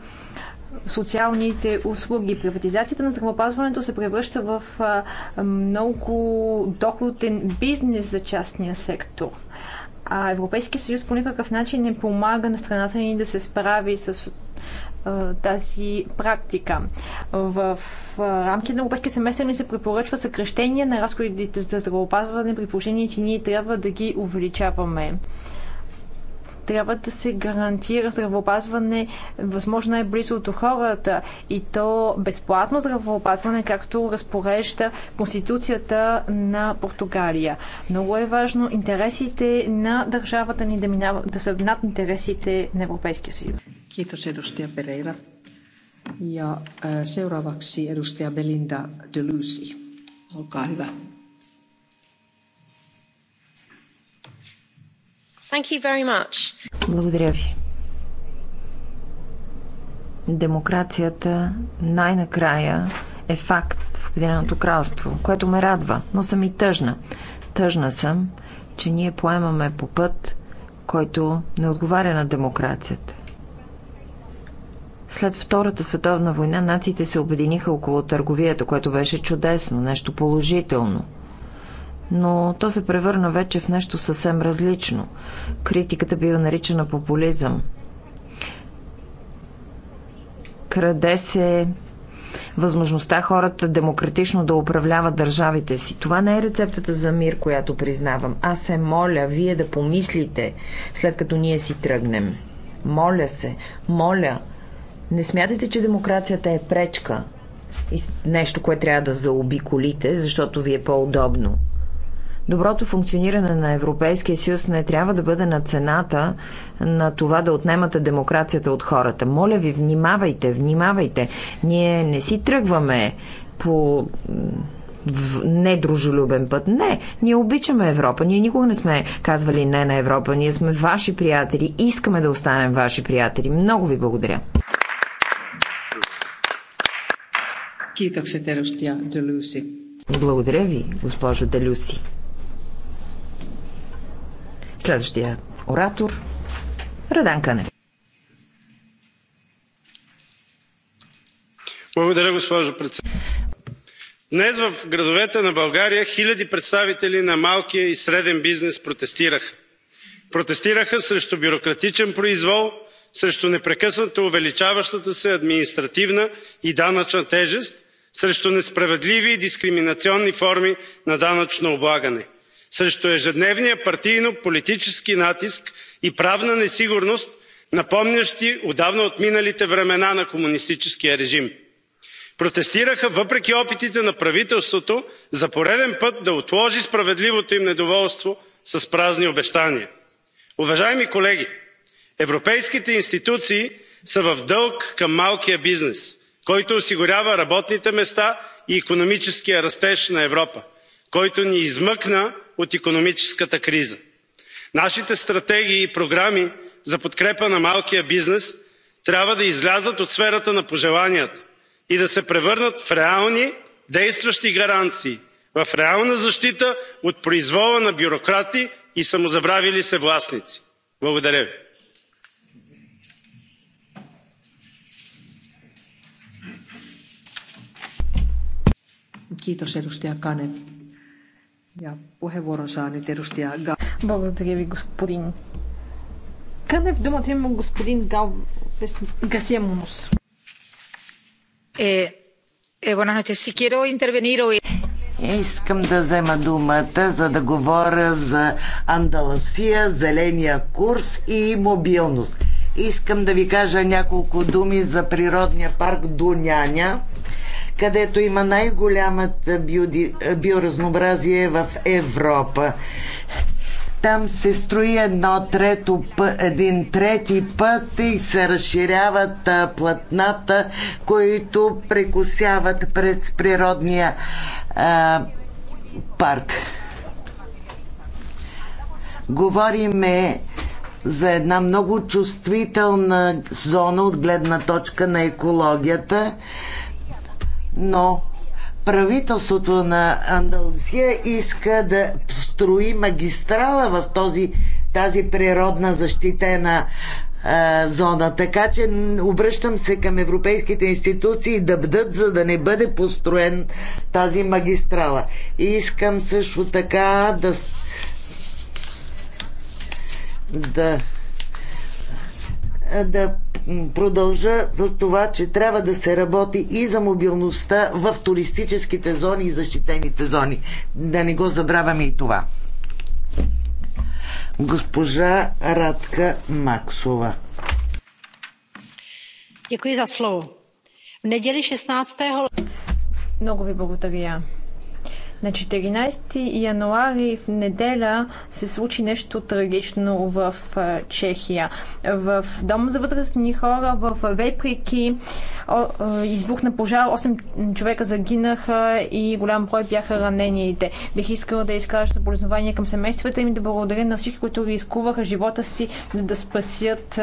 социалните услуги. Приватизацията на здравеопазването се превръща в много доходен бизнес за частния сектор. А Европейския съюз по никакъв начин не помага на страната ни да се справи с тази практика. В рамките на Европейския семестър ни се препоръчва съкрещение на разходите за здравеопазване при положение, че ние трябва да ги увеличаваме трябва да се гарантира здравеопазване възможно най-близо до хората и то безплатно здравеопазване, както разпорежда Конституцията на Португалия. Много е важно интересите на държавата ни да, минава, да са над интересите на Европейския съюз. Kiitos edustaja Pereira. Ja seuraavaksi edustaja Belinda Lucy. Olkaa hyvä. Благодаря ви. Демокрацията най-накрая е факт в Обединеното кралство, което ме радва, но съм и тъжна. Тъжна съм, че ние поемаме по път, който не отговаря на демокрацията. След Втората световна война нациите се обединиха около търговията, което беше чудесно, нещо положително – но то се превърна вече в нещо съвсем различно. Критиката бива наричана популизъм. Краде се възможността хората демократично да управляват държавите си. Това не е рецептата за мир, която признавам. Аз се моля вие да помислите, след като ние си тръгнем. Моля се, моля. Не смятайте, че демокрацията е пречка и нещо, което трябва да заобиколите, защото ви е по-удобно. Доброто функциониране на Европейския съюз не трябва да бъде на цената на това да отнемате демокрацията от хората. Моля ви, внимавайте, внимавайте. Ние не си тръгваме по в недружелюбен път. Не, ние обичаме Европа. Ние никога не сме казвали не на Европа. Ние сме ваши приятели. Искаме да останем ваши приятели. Много ви благодаря. Благодаря ви, госпожо Делюси. Следващия оратор Радан Кънев. Благодаря, госпожо председател. Днес в градовете на България хиляди представители на малкия и среден бизнес протестираха. Протестираха срещу бюрократичен произвол, срещу непрекъснато увеличаващата се административна и данъчна тежест, срещу несправедливи и дискриминационни форми на данъчно облагане – срещу ежедневния партийно политически натиск и правна несигурност напомнящи отдавна отминалите времена на комунистическия режим. протестираха въпреки опитите на правителството за пореден път да отложи справедливото им недоволство с празни обещания. уважаеми колеги европейските институции са в дълг към малкия бизнес който осигурява работните места и економическия растеж на европа който ни измъкна от икономическата криза. Нашите стратегии и програми за подкрепа на малкия бизнес трябва да излязат от сферата на пожеланията и да се превърнат в реални действащи гаранции, в реална защита от произвола на бюрократи и самозабравили се властници. Благодаря ви. Kiitos edustaja благодаря ви, господин Къде в Думата има господин Гал Гасия Мунус. Е, е, Искам да взема думата, за да говоря за Андалусия, зеления курс и мобилност. Искам да ви кажа няколко думи за природния парк Дуняня където има най-голямата биоразнообразие в Европа. Там се строи едно трето, един трети път и се разширяват платната, които прекусяват пред природния а, парк. Говориме за една много чувствителна зона от гледна точка на екологията, но правителството на Андалусия иска да строи магистрала в този, тази природна защитена а, зона. Така че обръщам се към европейските институции да бдат, за да не бъде построен тази магистрала. И искам също така да да да продължа за това, че трябва да се работи и за мобилността в туристическите зони и защитените зони. Да не го забравяме и това. Госпожа Радка Максова. Děkuji za slovo. V neděli 16. Много ви благодаря. На 14 януари в неделя се случи нещо трагично в Чехия. В дом за възрастни хора в Веприки избухна пожар, 8 човека загинаха и голям брой бяха ранените. Бих искала да изкажа съболезнования към семействата им да благодаря на всички, които рискуваха живота си, за да спасят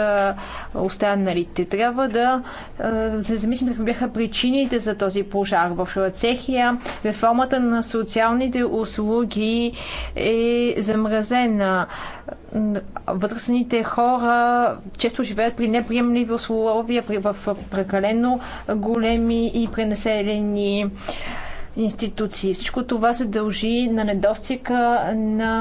останалите. Трябва да се замислим какви бяха причините за този пожар. В Чехия реформата на социалната социалните услуги е замразена. Възрастните хора често живеят при неприемливи условия, в прекалено големи и пренаселени институции. Всичко това се дължи на недостига на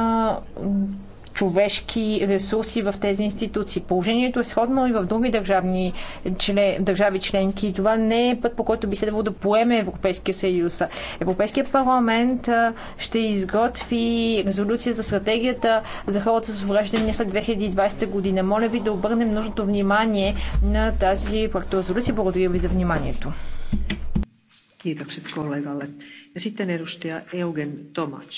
човешки ресурси в тези институции. Положението е сходно и в други държавни член, държави членки. Това не е път, по който би следвало да поеме Европейския съюз. Европейския парламент ще изготви резолюция за стратегията за хората с увреждания след 2020 година. Моля ви да обърнем нужното внимание на тази проекторезолюция. Благодаря ви за вниманието. Kiitokset kollegalle. Ja sitten edustaja Eugen Tomac.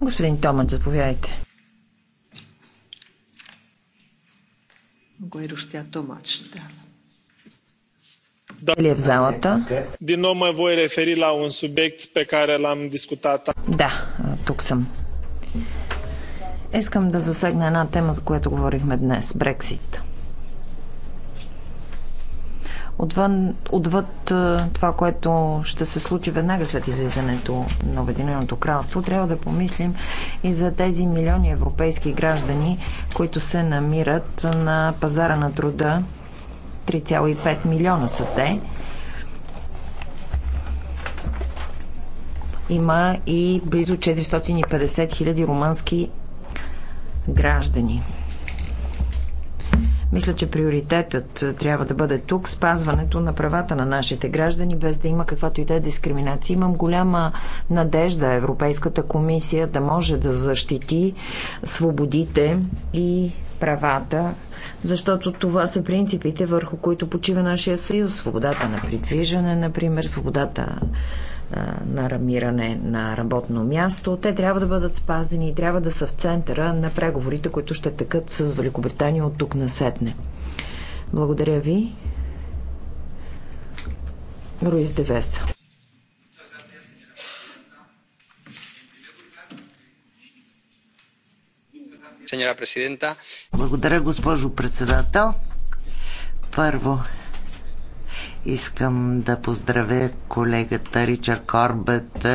Господин Томат, заповядайте. Onko edustaja Tomac täällä? Или в залата. Din nou mă voi referi la un subiect pe care l-am discutat. Да, тук съм. Искам да засегна една тема, за която говорихме днес – Брексит отвън, отвъд е, това, което ще се случи веднага след излизането на Обединеното кралство, трябва да помислим и за тези милиони европейски граждани, които се намират на пазара на труда. 3,5 милиона са те. Има и близо 450 хиляди румънски граждани. Мисля, че приоритетът е, трябва да бъде тук спазването на правата на нашите граждани, без да има каквато и да е дискриминация. Имам голяма надежда Европейската комисия да може да защити свободите и правата, защото това са принципите, върху които почива нашия съюз. Свободата на придвижване, например, свободата на рамиране на работно място, те трябва да бъдат спазени и трябва да са в центъра на преговорите, които ще текат с Великобритания от тук на сетне. Благодаря ви. Руиз Девеса. Благодаря, госпожо председател. Първо, Искам да поздравя колегата Ричард Корбет,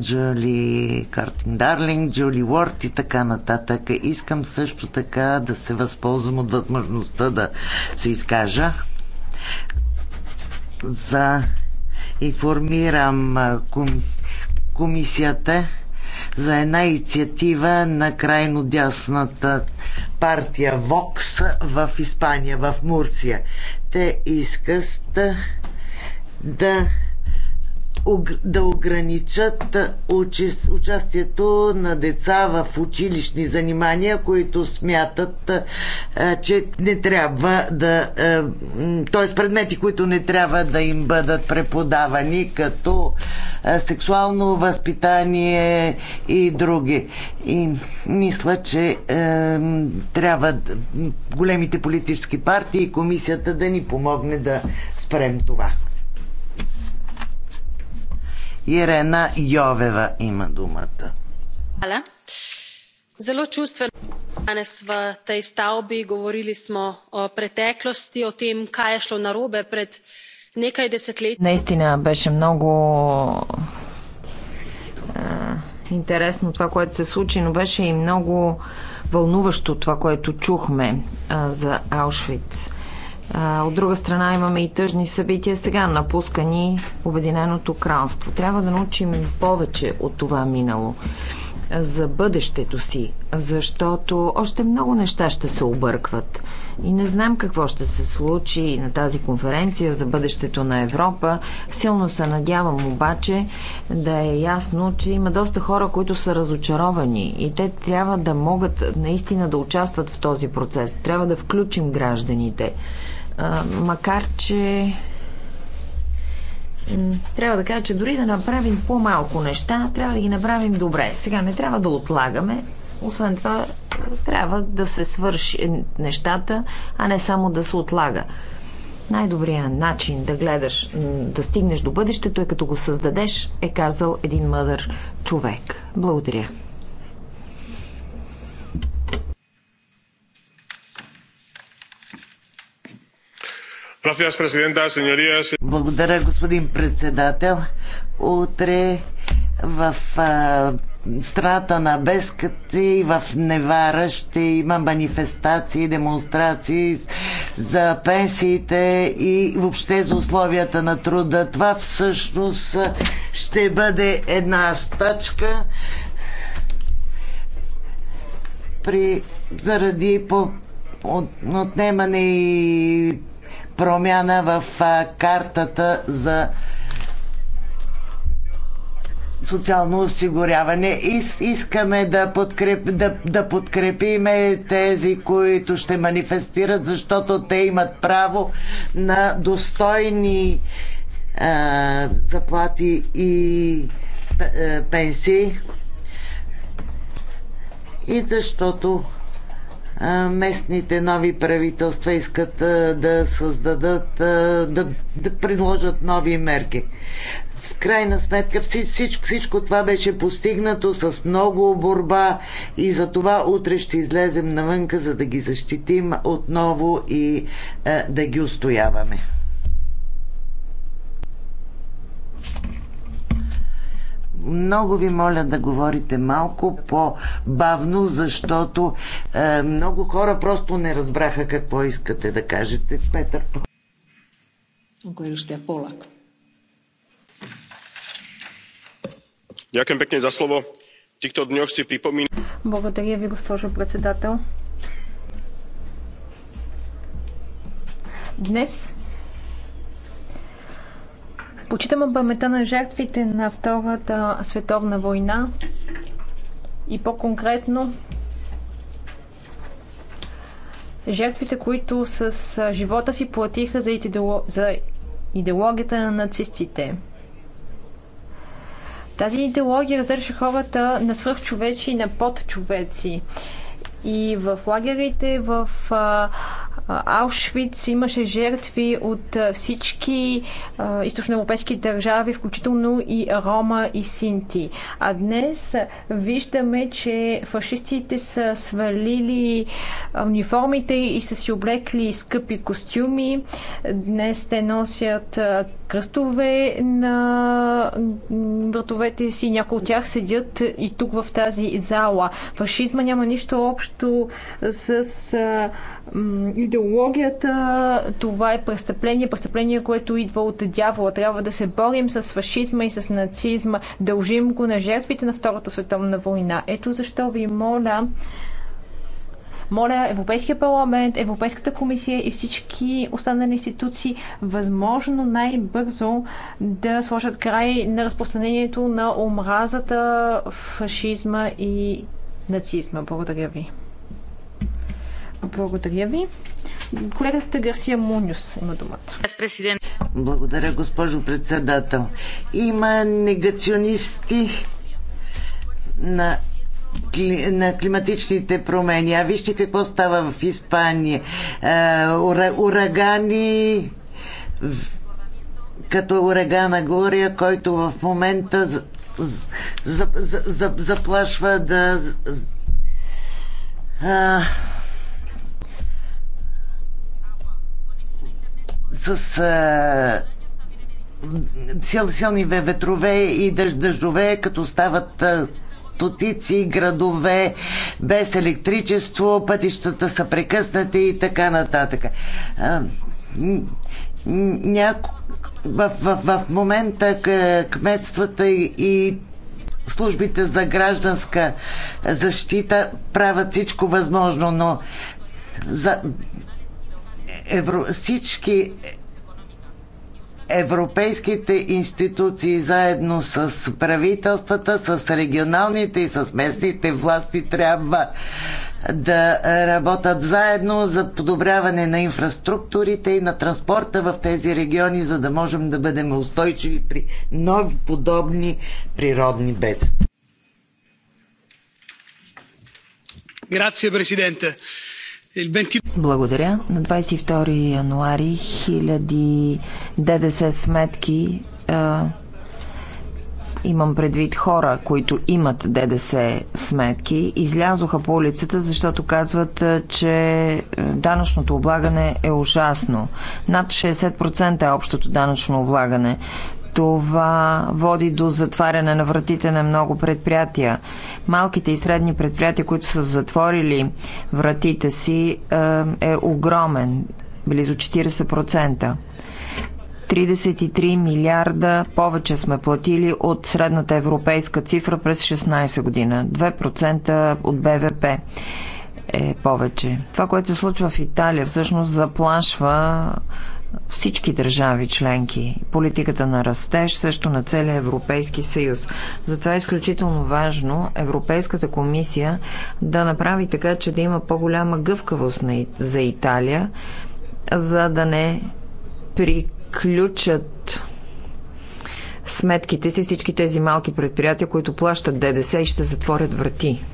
Джули Картин Дарлинг, Джули Уорд и така нататък. Искам също така да се възползвам от възможността да се изкажа за информирам комис... комисията за една инициатива на крайно дясната партия ВОКС в Испания, в Мурсия те изкъста да да ограничат участието на деца в училищни занимания, които смятат, че не трябва да. т.е. предмети, които не трябва да им бъдат преподавани, като сексуално възпитание и други. И мисля, че трябва големите политически партии и комисията да ни помогне да спрем това. Ирена Йовева има думата. Hvala. Zelo čustveno danes v tej stavbi govorili smo o preteklosti, o tem, kaj je šlo narobe pred nekaj desetletji. Naistina, беше много интересно това, което се случи, но беше и много вълнуващо това, което чухме за Аушвиц. От друга страна имаме и тъжни събития сега, напускани Обединеното кралство. Трябва да научим повече от това минало за бъдещето си, защото още много неща ще се объркват. И не знам какво ще се случи на тази конференция за бъдещето на Европа. Силно се надявам обаче да е ясно, че има доста хора, които са разочаровани и те трябва да могат наистина да участват в този процес. Трябва да включим гражданите макар че трябва да кажа, че дори да направим по-малко неща, трябва да ги направим добре. Сега не трябва да отлагаме. Освен това, трябва да се свърши нещата, а не само да се отлага. Най-добрият начин да гледаш, да стигнеш до бъдещето е като го създадеш, е казал един мъдър човек. Благодаря. Благодаря, господин председател. Утре в а, страната на Бескът и в Невара ще има манифестации, демонстрации за пенсиите и въобще за условията на труда. Това всъщност ще бъде една стъчка при, заради по, от, отнемане и промяна в картата за социално осигуряване. Ис, искаме да, подкреп, да, да подкрепиме тези, които ще манифестират, защото те имат право на достойни а, заплати и а, пенсии. И защото местните нови правителства искат да създадат, да, да предложат нови мерки. В крайна сметка всичко, всичко това беше постигнато с много борба и за това утре ще излезем навънка, за да ги защитим отново и да ги устояваме. много ви моля да говорите малко по-бавно, защото е, много хора просто не разбраха какво искате да кажете. Петър. Е Onko Благодаря ви, госпожо председател. Днес Почитаме памета на жертвите на Втората световна война и по-конкретно жертвите, които с живота си платиха за, идеолог... за идеологията на нацистите. Тази идеология раздържа хората на свръхчовеци и на подчовеци. И в лагерите в а, Аушвиц имаше жертви от всички източноевропейски държави, включително и Рома и Синти. А днес виждаме, че фашистите са свалили униформите и са си облекли скъпи костюми. Днес те носят кръстове на вратовете си. Някои от тях седят и тук в тази зала. Фашизма няма нищо общо с идеологията, това е престъпление, престъпление, което идва от дявола. Трябва да се борим с фашизма и с нацизма. Дължим го на жертвите на Втората световна война. Ето защо ви моля моля Европейския парламент, Европейската комисия и всички останали институции възможно най-бързо да сложат край на разпространението на омразата, фашизма и нацизма. Благодаря ви. Благодаря ви. Колегата Гарсия Мунюс има думата. Благодаря, госпожо председател. Има негационисти на на климатичните промени. А вижте какво става в Испания. Е, ура, урагани, като урагана Глория, който в момента за, за, за, заплашва да с а, сил, силни ветрове и дъж, дъждове, като стават а, стотици градове без електричество, пътищата са прекъснати и така нататък. А, няко... в, в, в момента кметствата и, и службите за гражданска защита правят всичко възможно, но за евро, всички европейските институции заедно с правителствата, с регионалните и с местните власти трябва да работят заедно за подобряване на инфраструктурите и на транспорта в тези региони, за да можем да бъдем устойчиви при нови подобни природни бедствия. Grazie Presidente. Благодаря. На 22 януари хиляди ДДС сметки а, имам предвид хора, които имат ДДС сметки, излязоха по улицата, защото казват, че данъчното облагане е ужасно. Над 60% е общото данъчно облагане. Това води до затваряне на вратите на много предприятия. Малките и средни предприятия, които са затворили вратите си, е, е огромен. Близо 40%. 33 милиарда повече сме платили от средната европейска цифра през 16 година. 2% от БВП е повече. Това, което се случва в Италия, всъщност заплашва всички държави членки. Политиката на растеж също на целия Европейски съюз. Затова е изключително важно Европейската комисия да направи така, че да има по-голяма гъвкавост за Италия, за да не приключат сметките си всички тези малки предприятия, които плащат ДДС и ще затворят врати.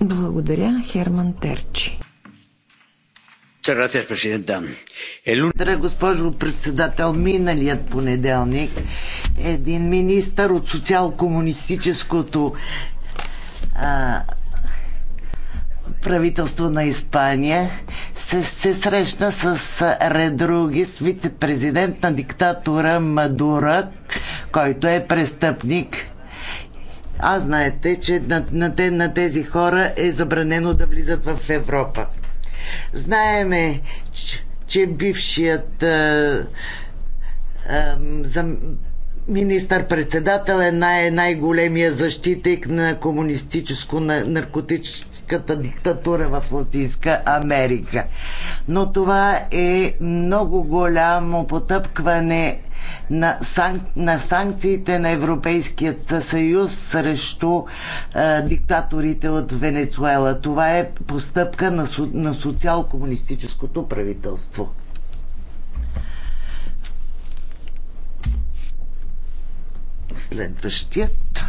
Благодаря, Херман Терчи. Благодаря, госпожо председател. Миналият понеделник един министър от социал-комунистическото правителство на Испания се, се срещна с Редругис, вице-президент на диктатора Мадура, който е престъпник. А знаете, че на, на, на тези хора е забранено да влизат в Европа. Знаеме, че, че бившият а, а, за, министър-председател е най- най-големия защитник на комунистическо на наркотическата диктатура в Латинска Америка. Но това е много голямо потъпкване на, сан... на санкциите на Европейският съюз срещу е, диктаторите от Венецуела. Това е постъпка на, со... на социал-комунистическото правителство. Следващият.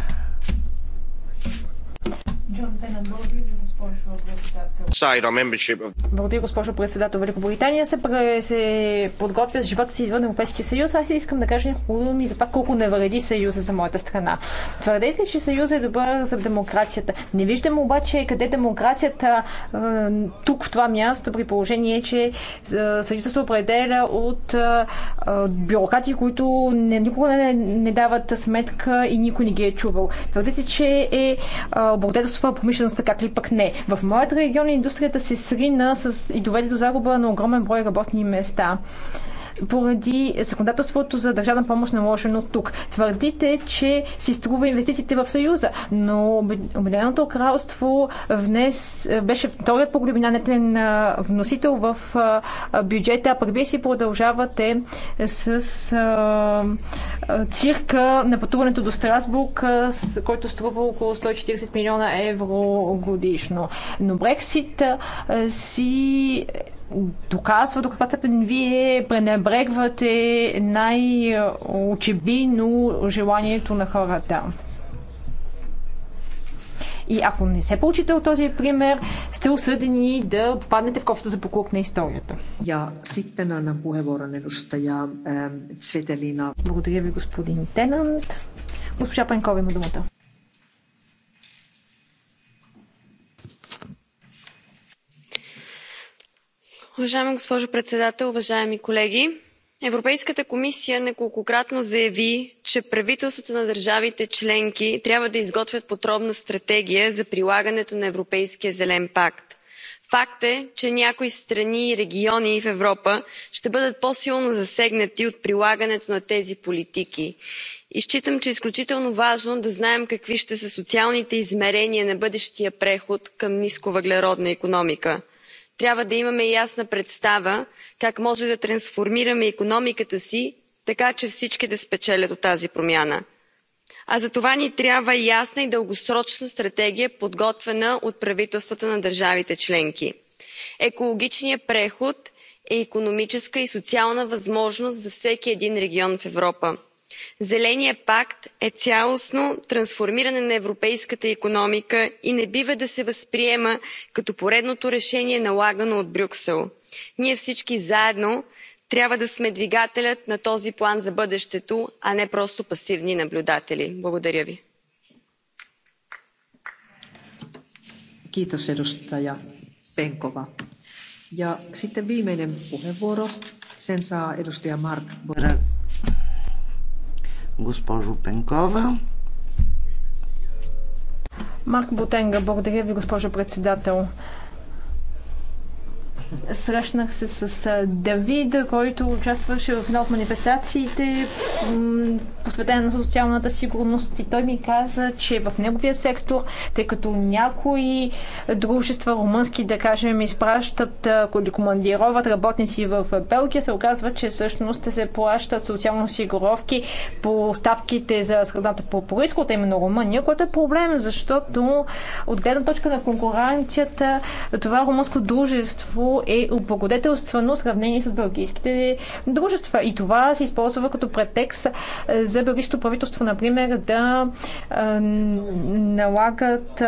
Благодаря, госпожо председател. Великобритания се, се подготвя с живота си извън Европейския съюз. Аз искам да кажа няколко думи за това колко не вреди съюза за моята страна. Твърдете, че съюза е добър за демокрацията. Не виждам обаче къде демокрацията е, тук в това място при положение, че е, съюза се определя от е, бюрократи, които никога не, не дават сметка и никой не ги е чувал. Твърдете, че е облагодетелства промишлеността, как ли пък не. В моят регион индустрията се срина с, и доведе до загуба на огромен брой работни места поради законодателството за държавна помощ наложено тук. Твърдите, че си струва инвестициите в Съюза, но Обединеното кралство днес беше вторият по големина нетен вносител в бюджета, а пък вие си продължавате с цирка на пътуването до Страсбург, който струва около 140 милиона евро годишно. Но Брексит си доказва до каква степен вие пренебрегвате най очебийно желанието на хората. И ако не се получите от този пример, сте осъдени да попаднете в кофта за поклук на историята. Ja sitten annan puheenvuoron edustaja Цветелина. Благодаря ви, господин Тенант. Госпожа Пенкова има думата. Уважаема госпожо председател, уважаеми колеги! Европейската комисия неколкократно заяви, че правителствата на държавите членки трябва да изготвят подробна стратегия за прилагането на Европейския зелен пакт. Факт е, че някои страни и региони в Европа ще бъдат по-силно засегнати от прилагането на тези политики и считам, че е изключително важно да знаем какви ще са социалните измерения на бъдещия преход към нисковъглеродна икономика трябва да имаме ясна представа как може да трансформираме икономиката си така че всички да спечелят от тази промяна а за това ни трябва ясна и дългосрочна стратегия подготвена от правителствата на държавите членки. екологичният преход е икономическа и социална възможност за всеки един регион в европа зеленият пакт е цялостно трансформиране на европейската икономика и не бива да се възприема като поредното решение налагано от брюксел. ние всички заедно трябва да сме двигателят на този план за бъдещето а не просто пасивни наблюдатели. благодаря ви госпожо Пенкова. Марк Ботенга, благодаря ви, госпожо председател. Срещнах се с Давида, който участваше в една от манифестациите, посветена на социалната сигурност. И той ми каза, че в неговия сектор, тъй като някои дружества румънски, да кажем, изпращат или командироват работници в Белгия, се оказва, че всъщност се плащат социално осигуровки по ставките за средата по происход, именно Румъния, което е проблем, защото от гледна точка на конкуренцията това румънско дружество е облагодетелствано в сравнение с бългийските дружества. И това се използва като претекст за бългийското правителство, например, да налагат,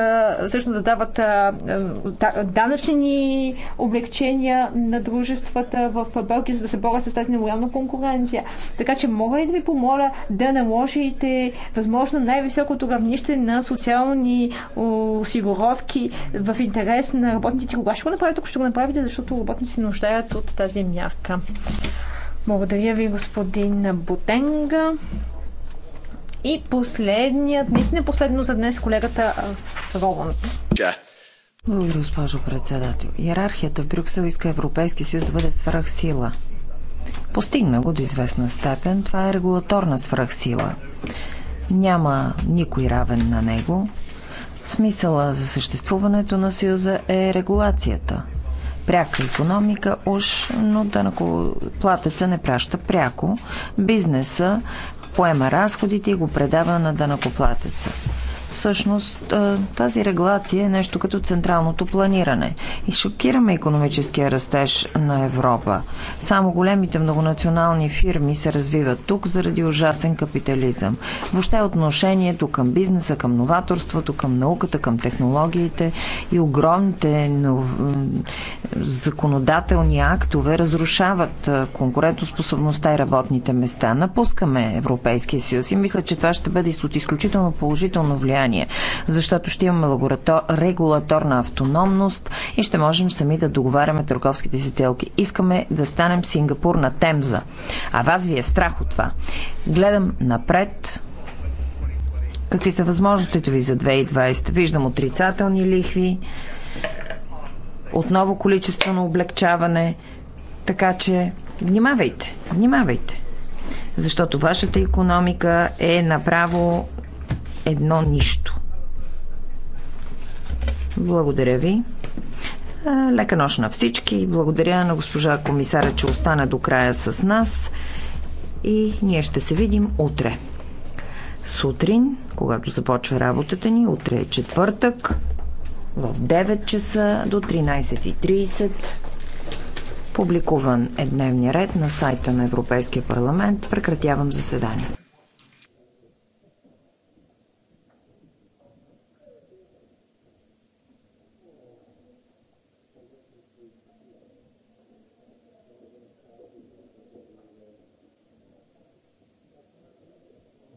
всъщност да дават данъчни облегчения на дружествата в Белгия, за да се борят с тази нелоялна конкуренция. Така че мога ли да ви помоля да наложите възможно най-високото равнище на социални осигуровки в интерес на работниците? Кога ще го направите, ако ще го направите, защото защото работници се нуждаят от тази мярка. Благодаря ви, господин Ботенга. И последният, наистина последно за днес, колегата Роланд. Благодаря, госпожо председател. Иерархията в Брюксел иска Европейски съюз да бъде свръхсила. Постигна го до известна степен. Това е регулаторна свръхсила. Няма никой равен на него. Смисъла за съществуването на Съюза е регулацията пряка економика, уж, но данъкоплатеца не праща пряко. Бизнеса поема разходите и го предава на данъкоплатеца. Всъщност тази регулация е нещо като централното планиране и шокираме економическия растеж на Европа. Само големите многонационални фирми се развиват тук заради ужасен капитализъм. Въобще отношението към бизнеса, към новаторството, към науката, към технологиите и огромните законодателни актове разрушават конкурентоспособността и работните места. Напускаме Европейския съюз и мисля, че това ще бъде от изключително положително влияние състояние, защото ще имаме регулаторна автономност и ще можем сами да договаряме търговските си телки. Искаме да станем Сингапур на Темза. А вас ви е страх от това. Гледам напред, Какви са възможностите ви за 2020? Виждам отрицателни лихви, отново количествено облегчаване, така че внимавайте, внимавайте. Защото вашата економика е направо едно нищо. Благодаря ви. Лека нощ на всички. Благодаря на госпожа комисара, че остана до края с нас. И ние ще се видим утре. Сутрин, когато започва работата ни, утре е четвъртък, в 9 часа до 13.30. Публикуван е дневния ред на сайта на Европейския парламент. Прекратявам заседанието.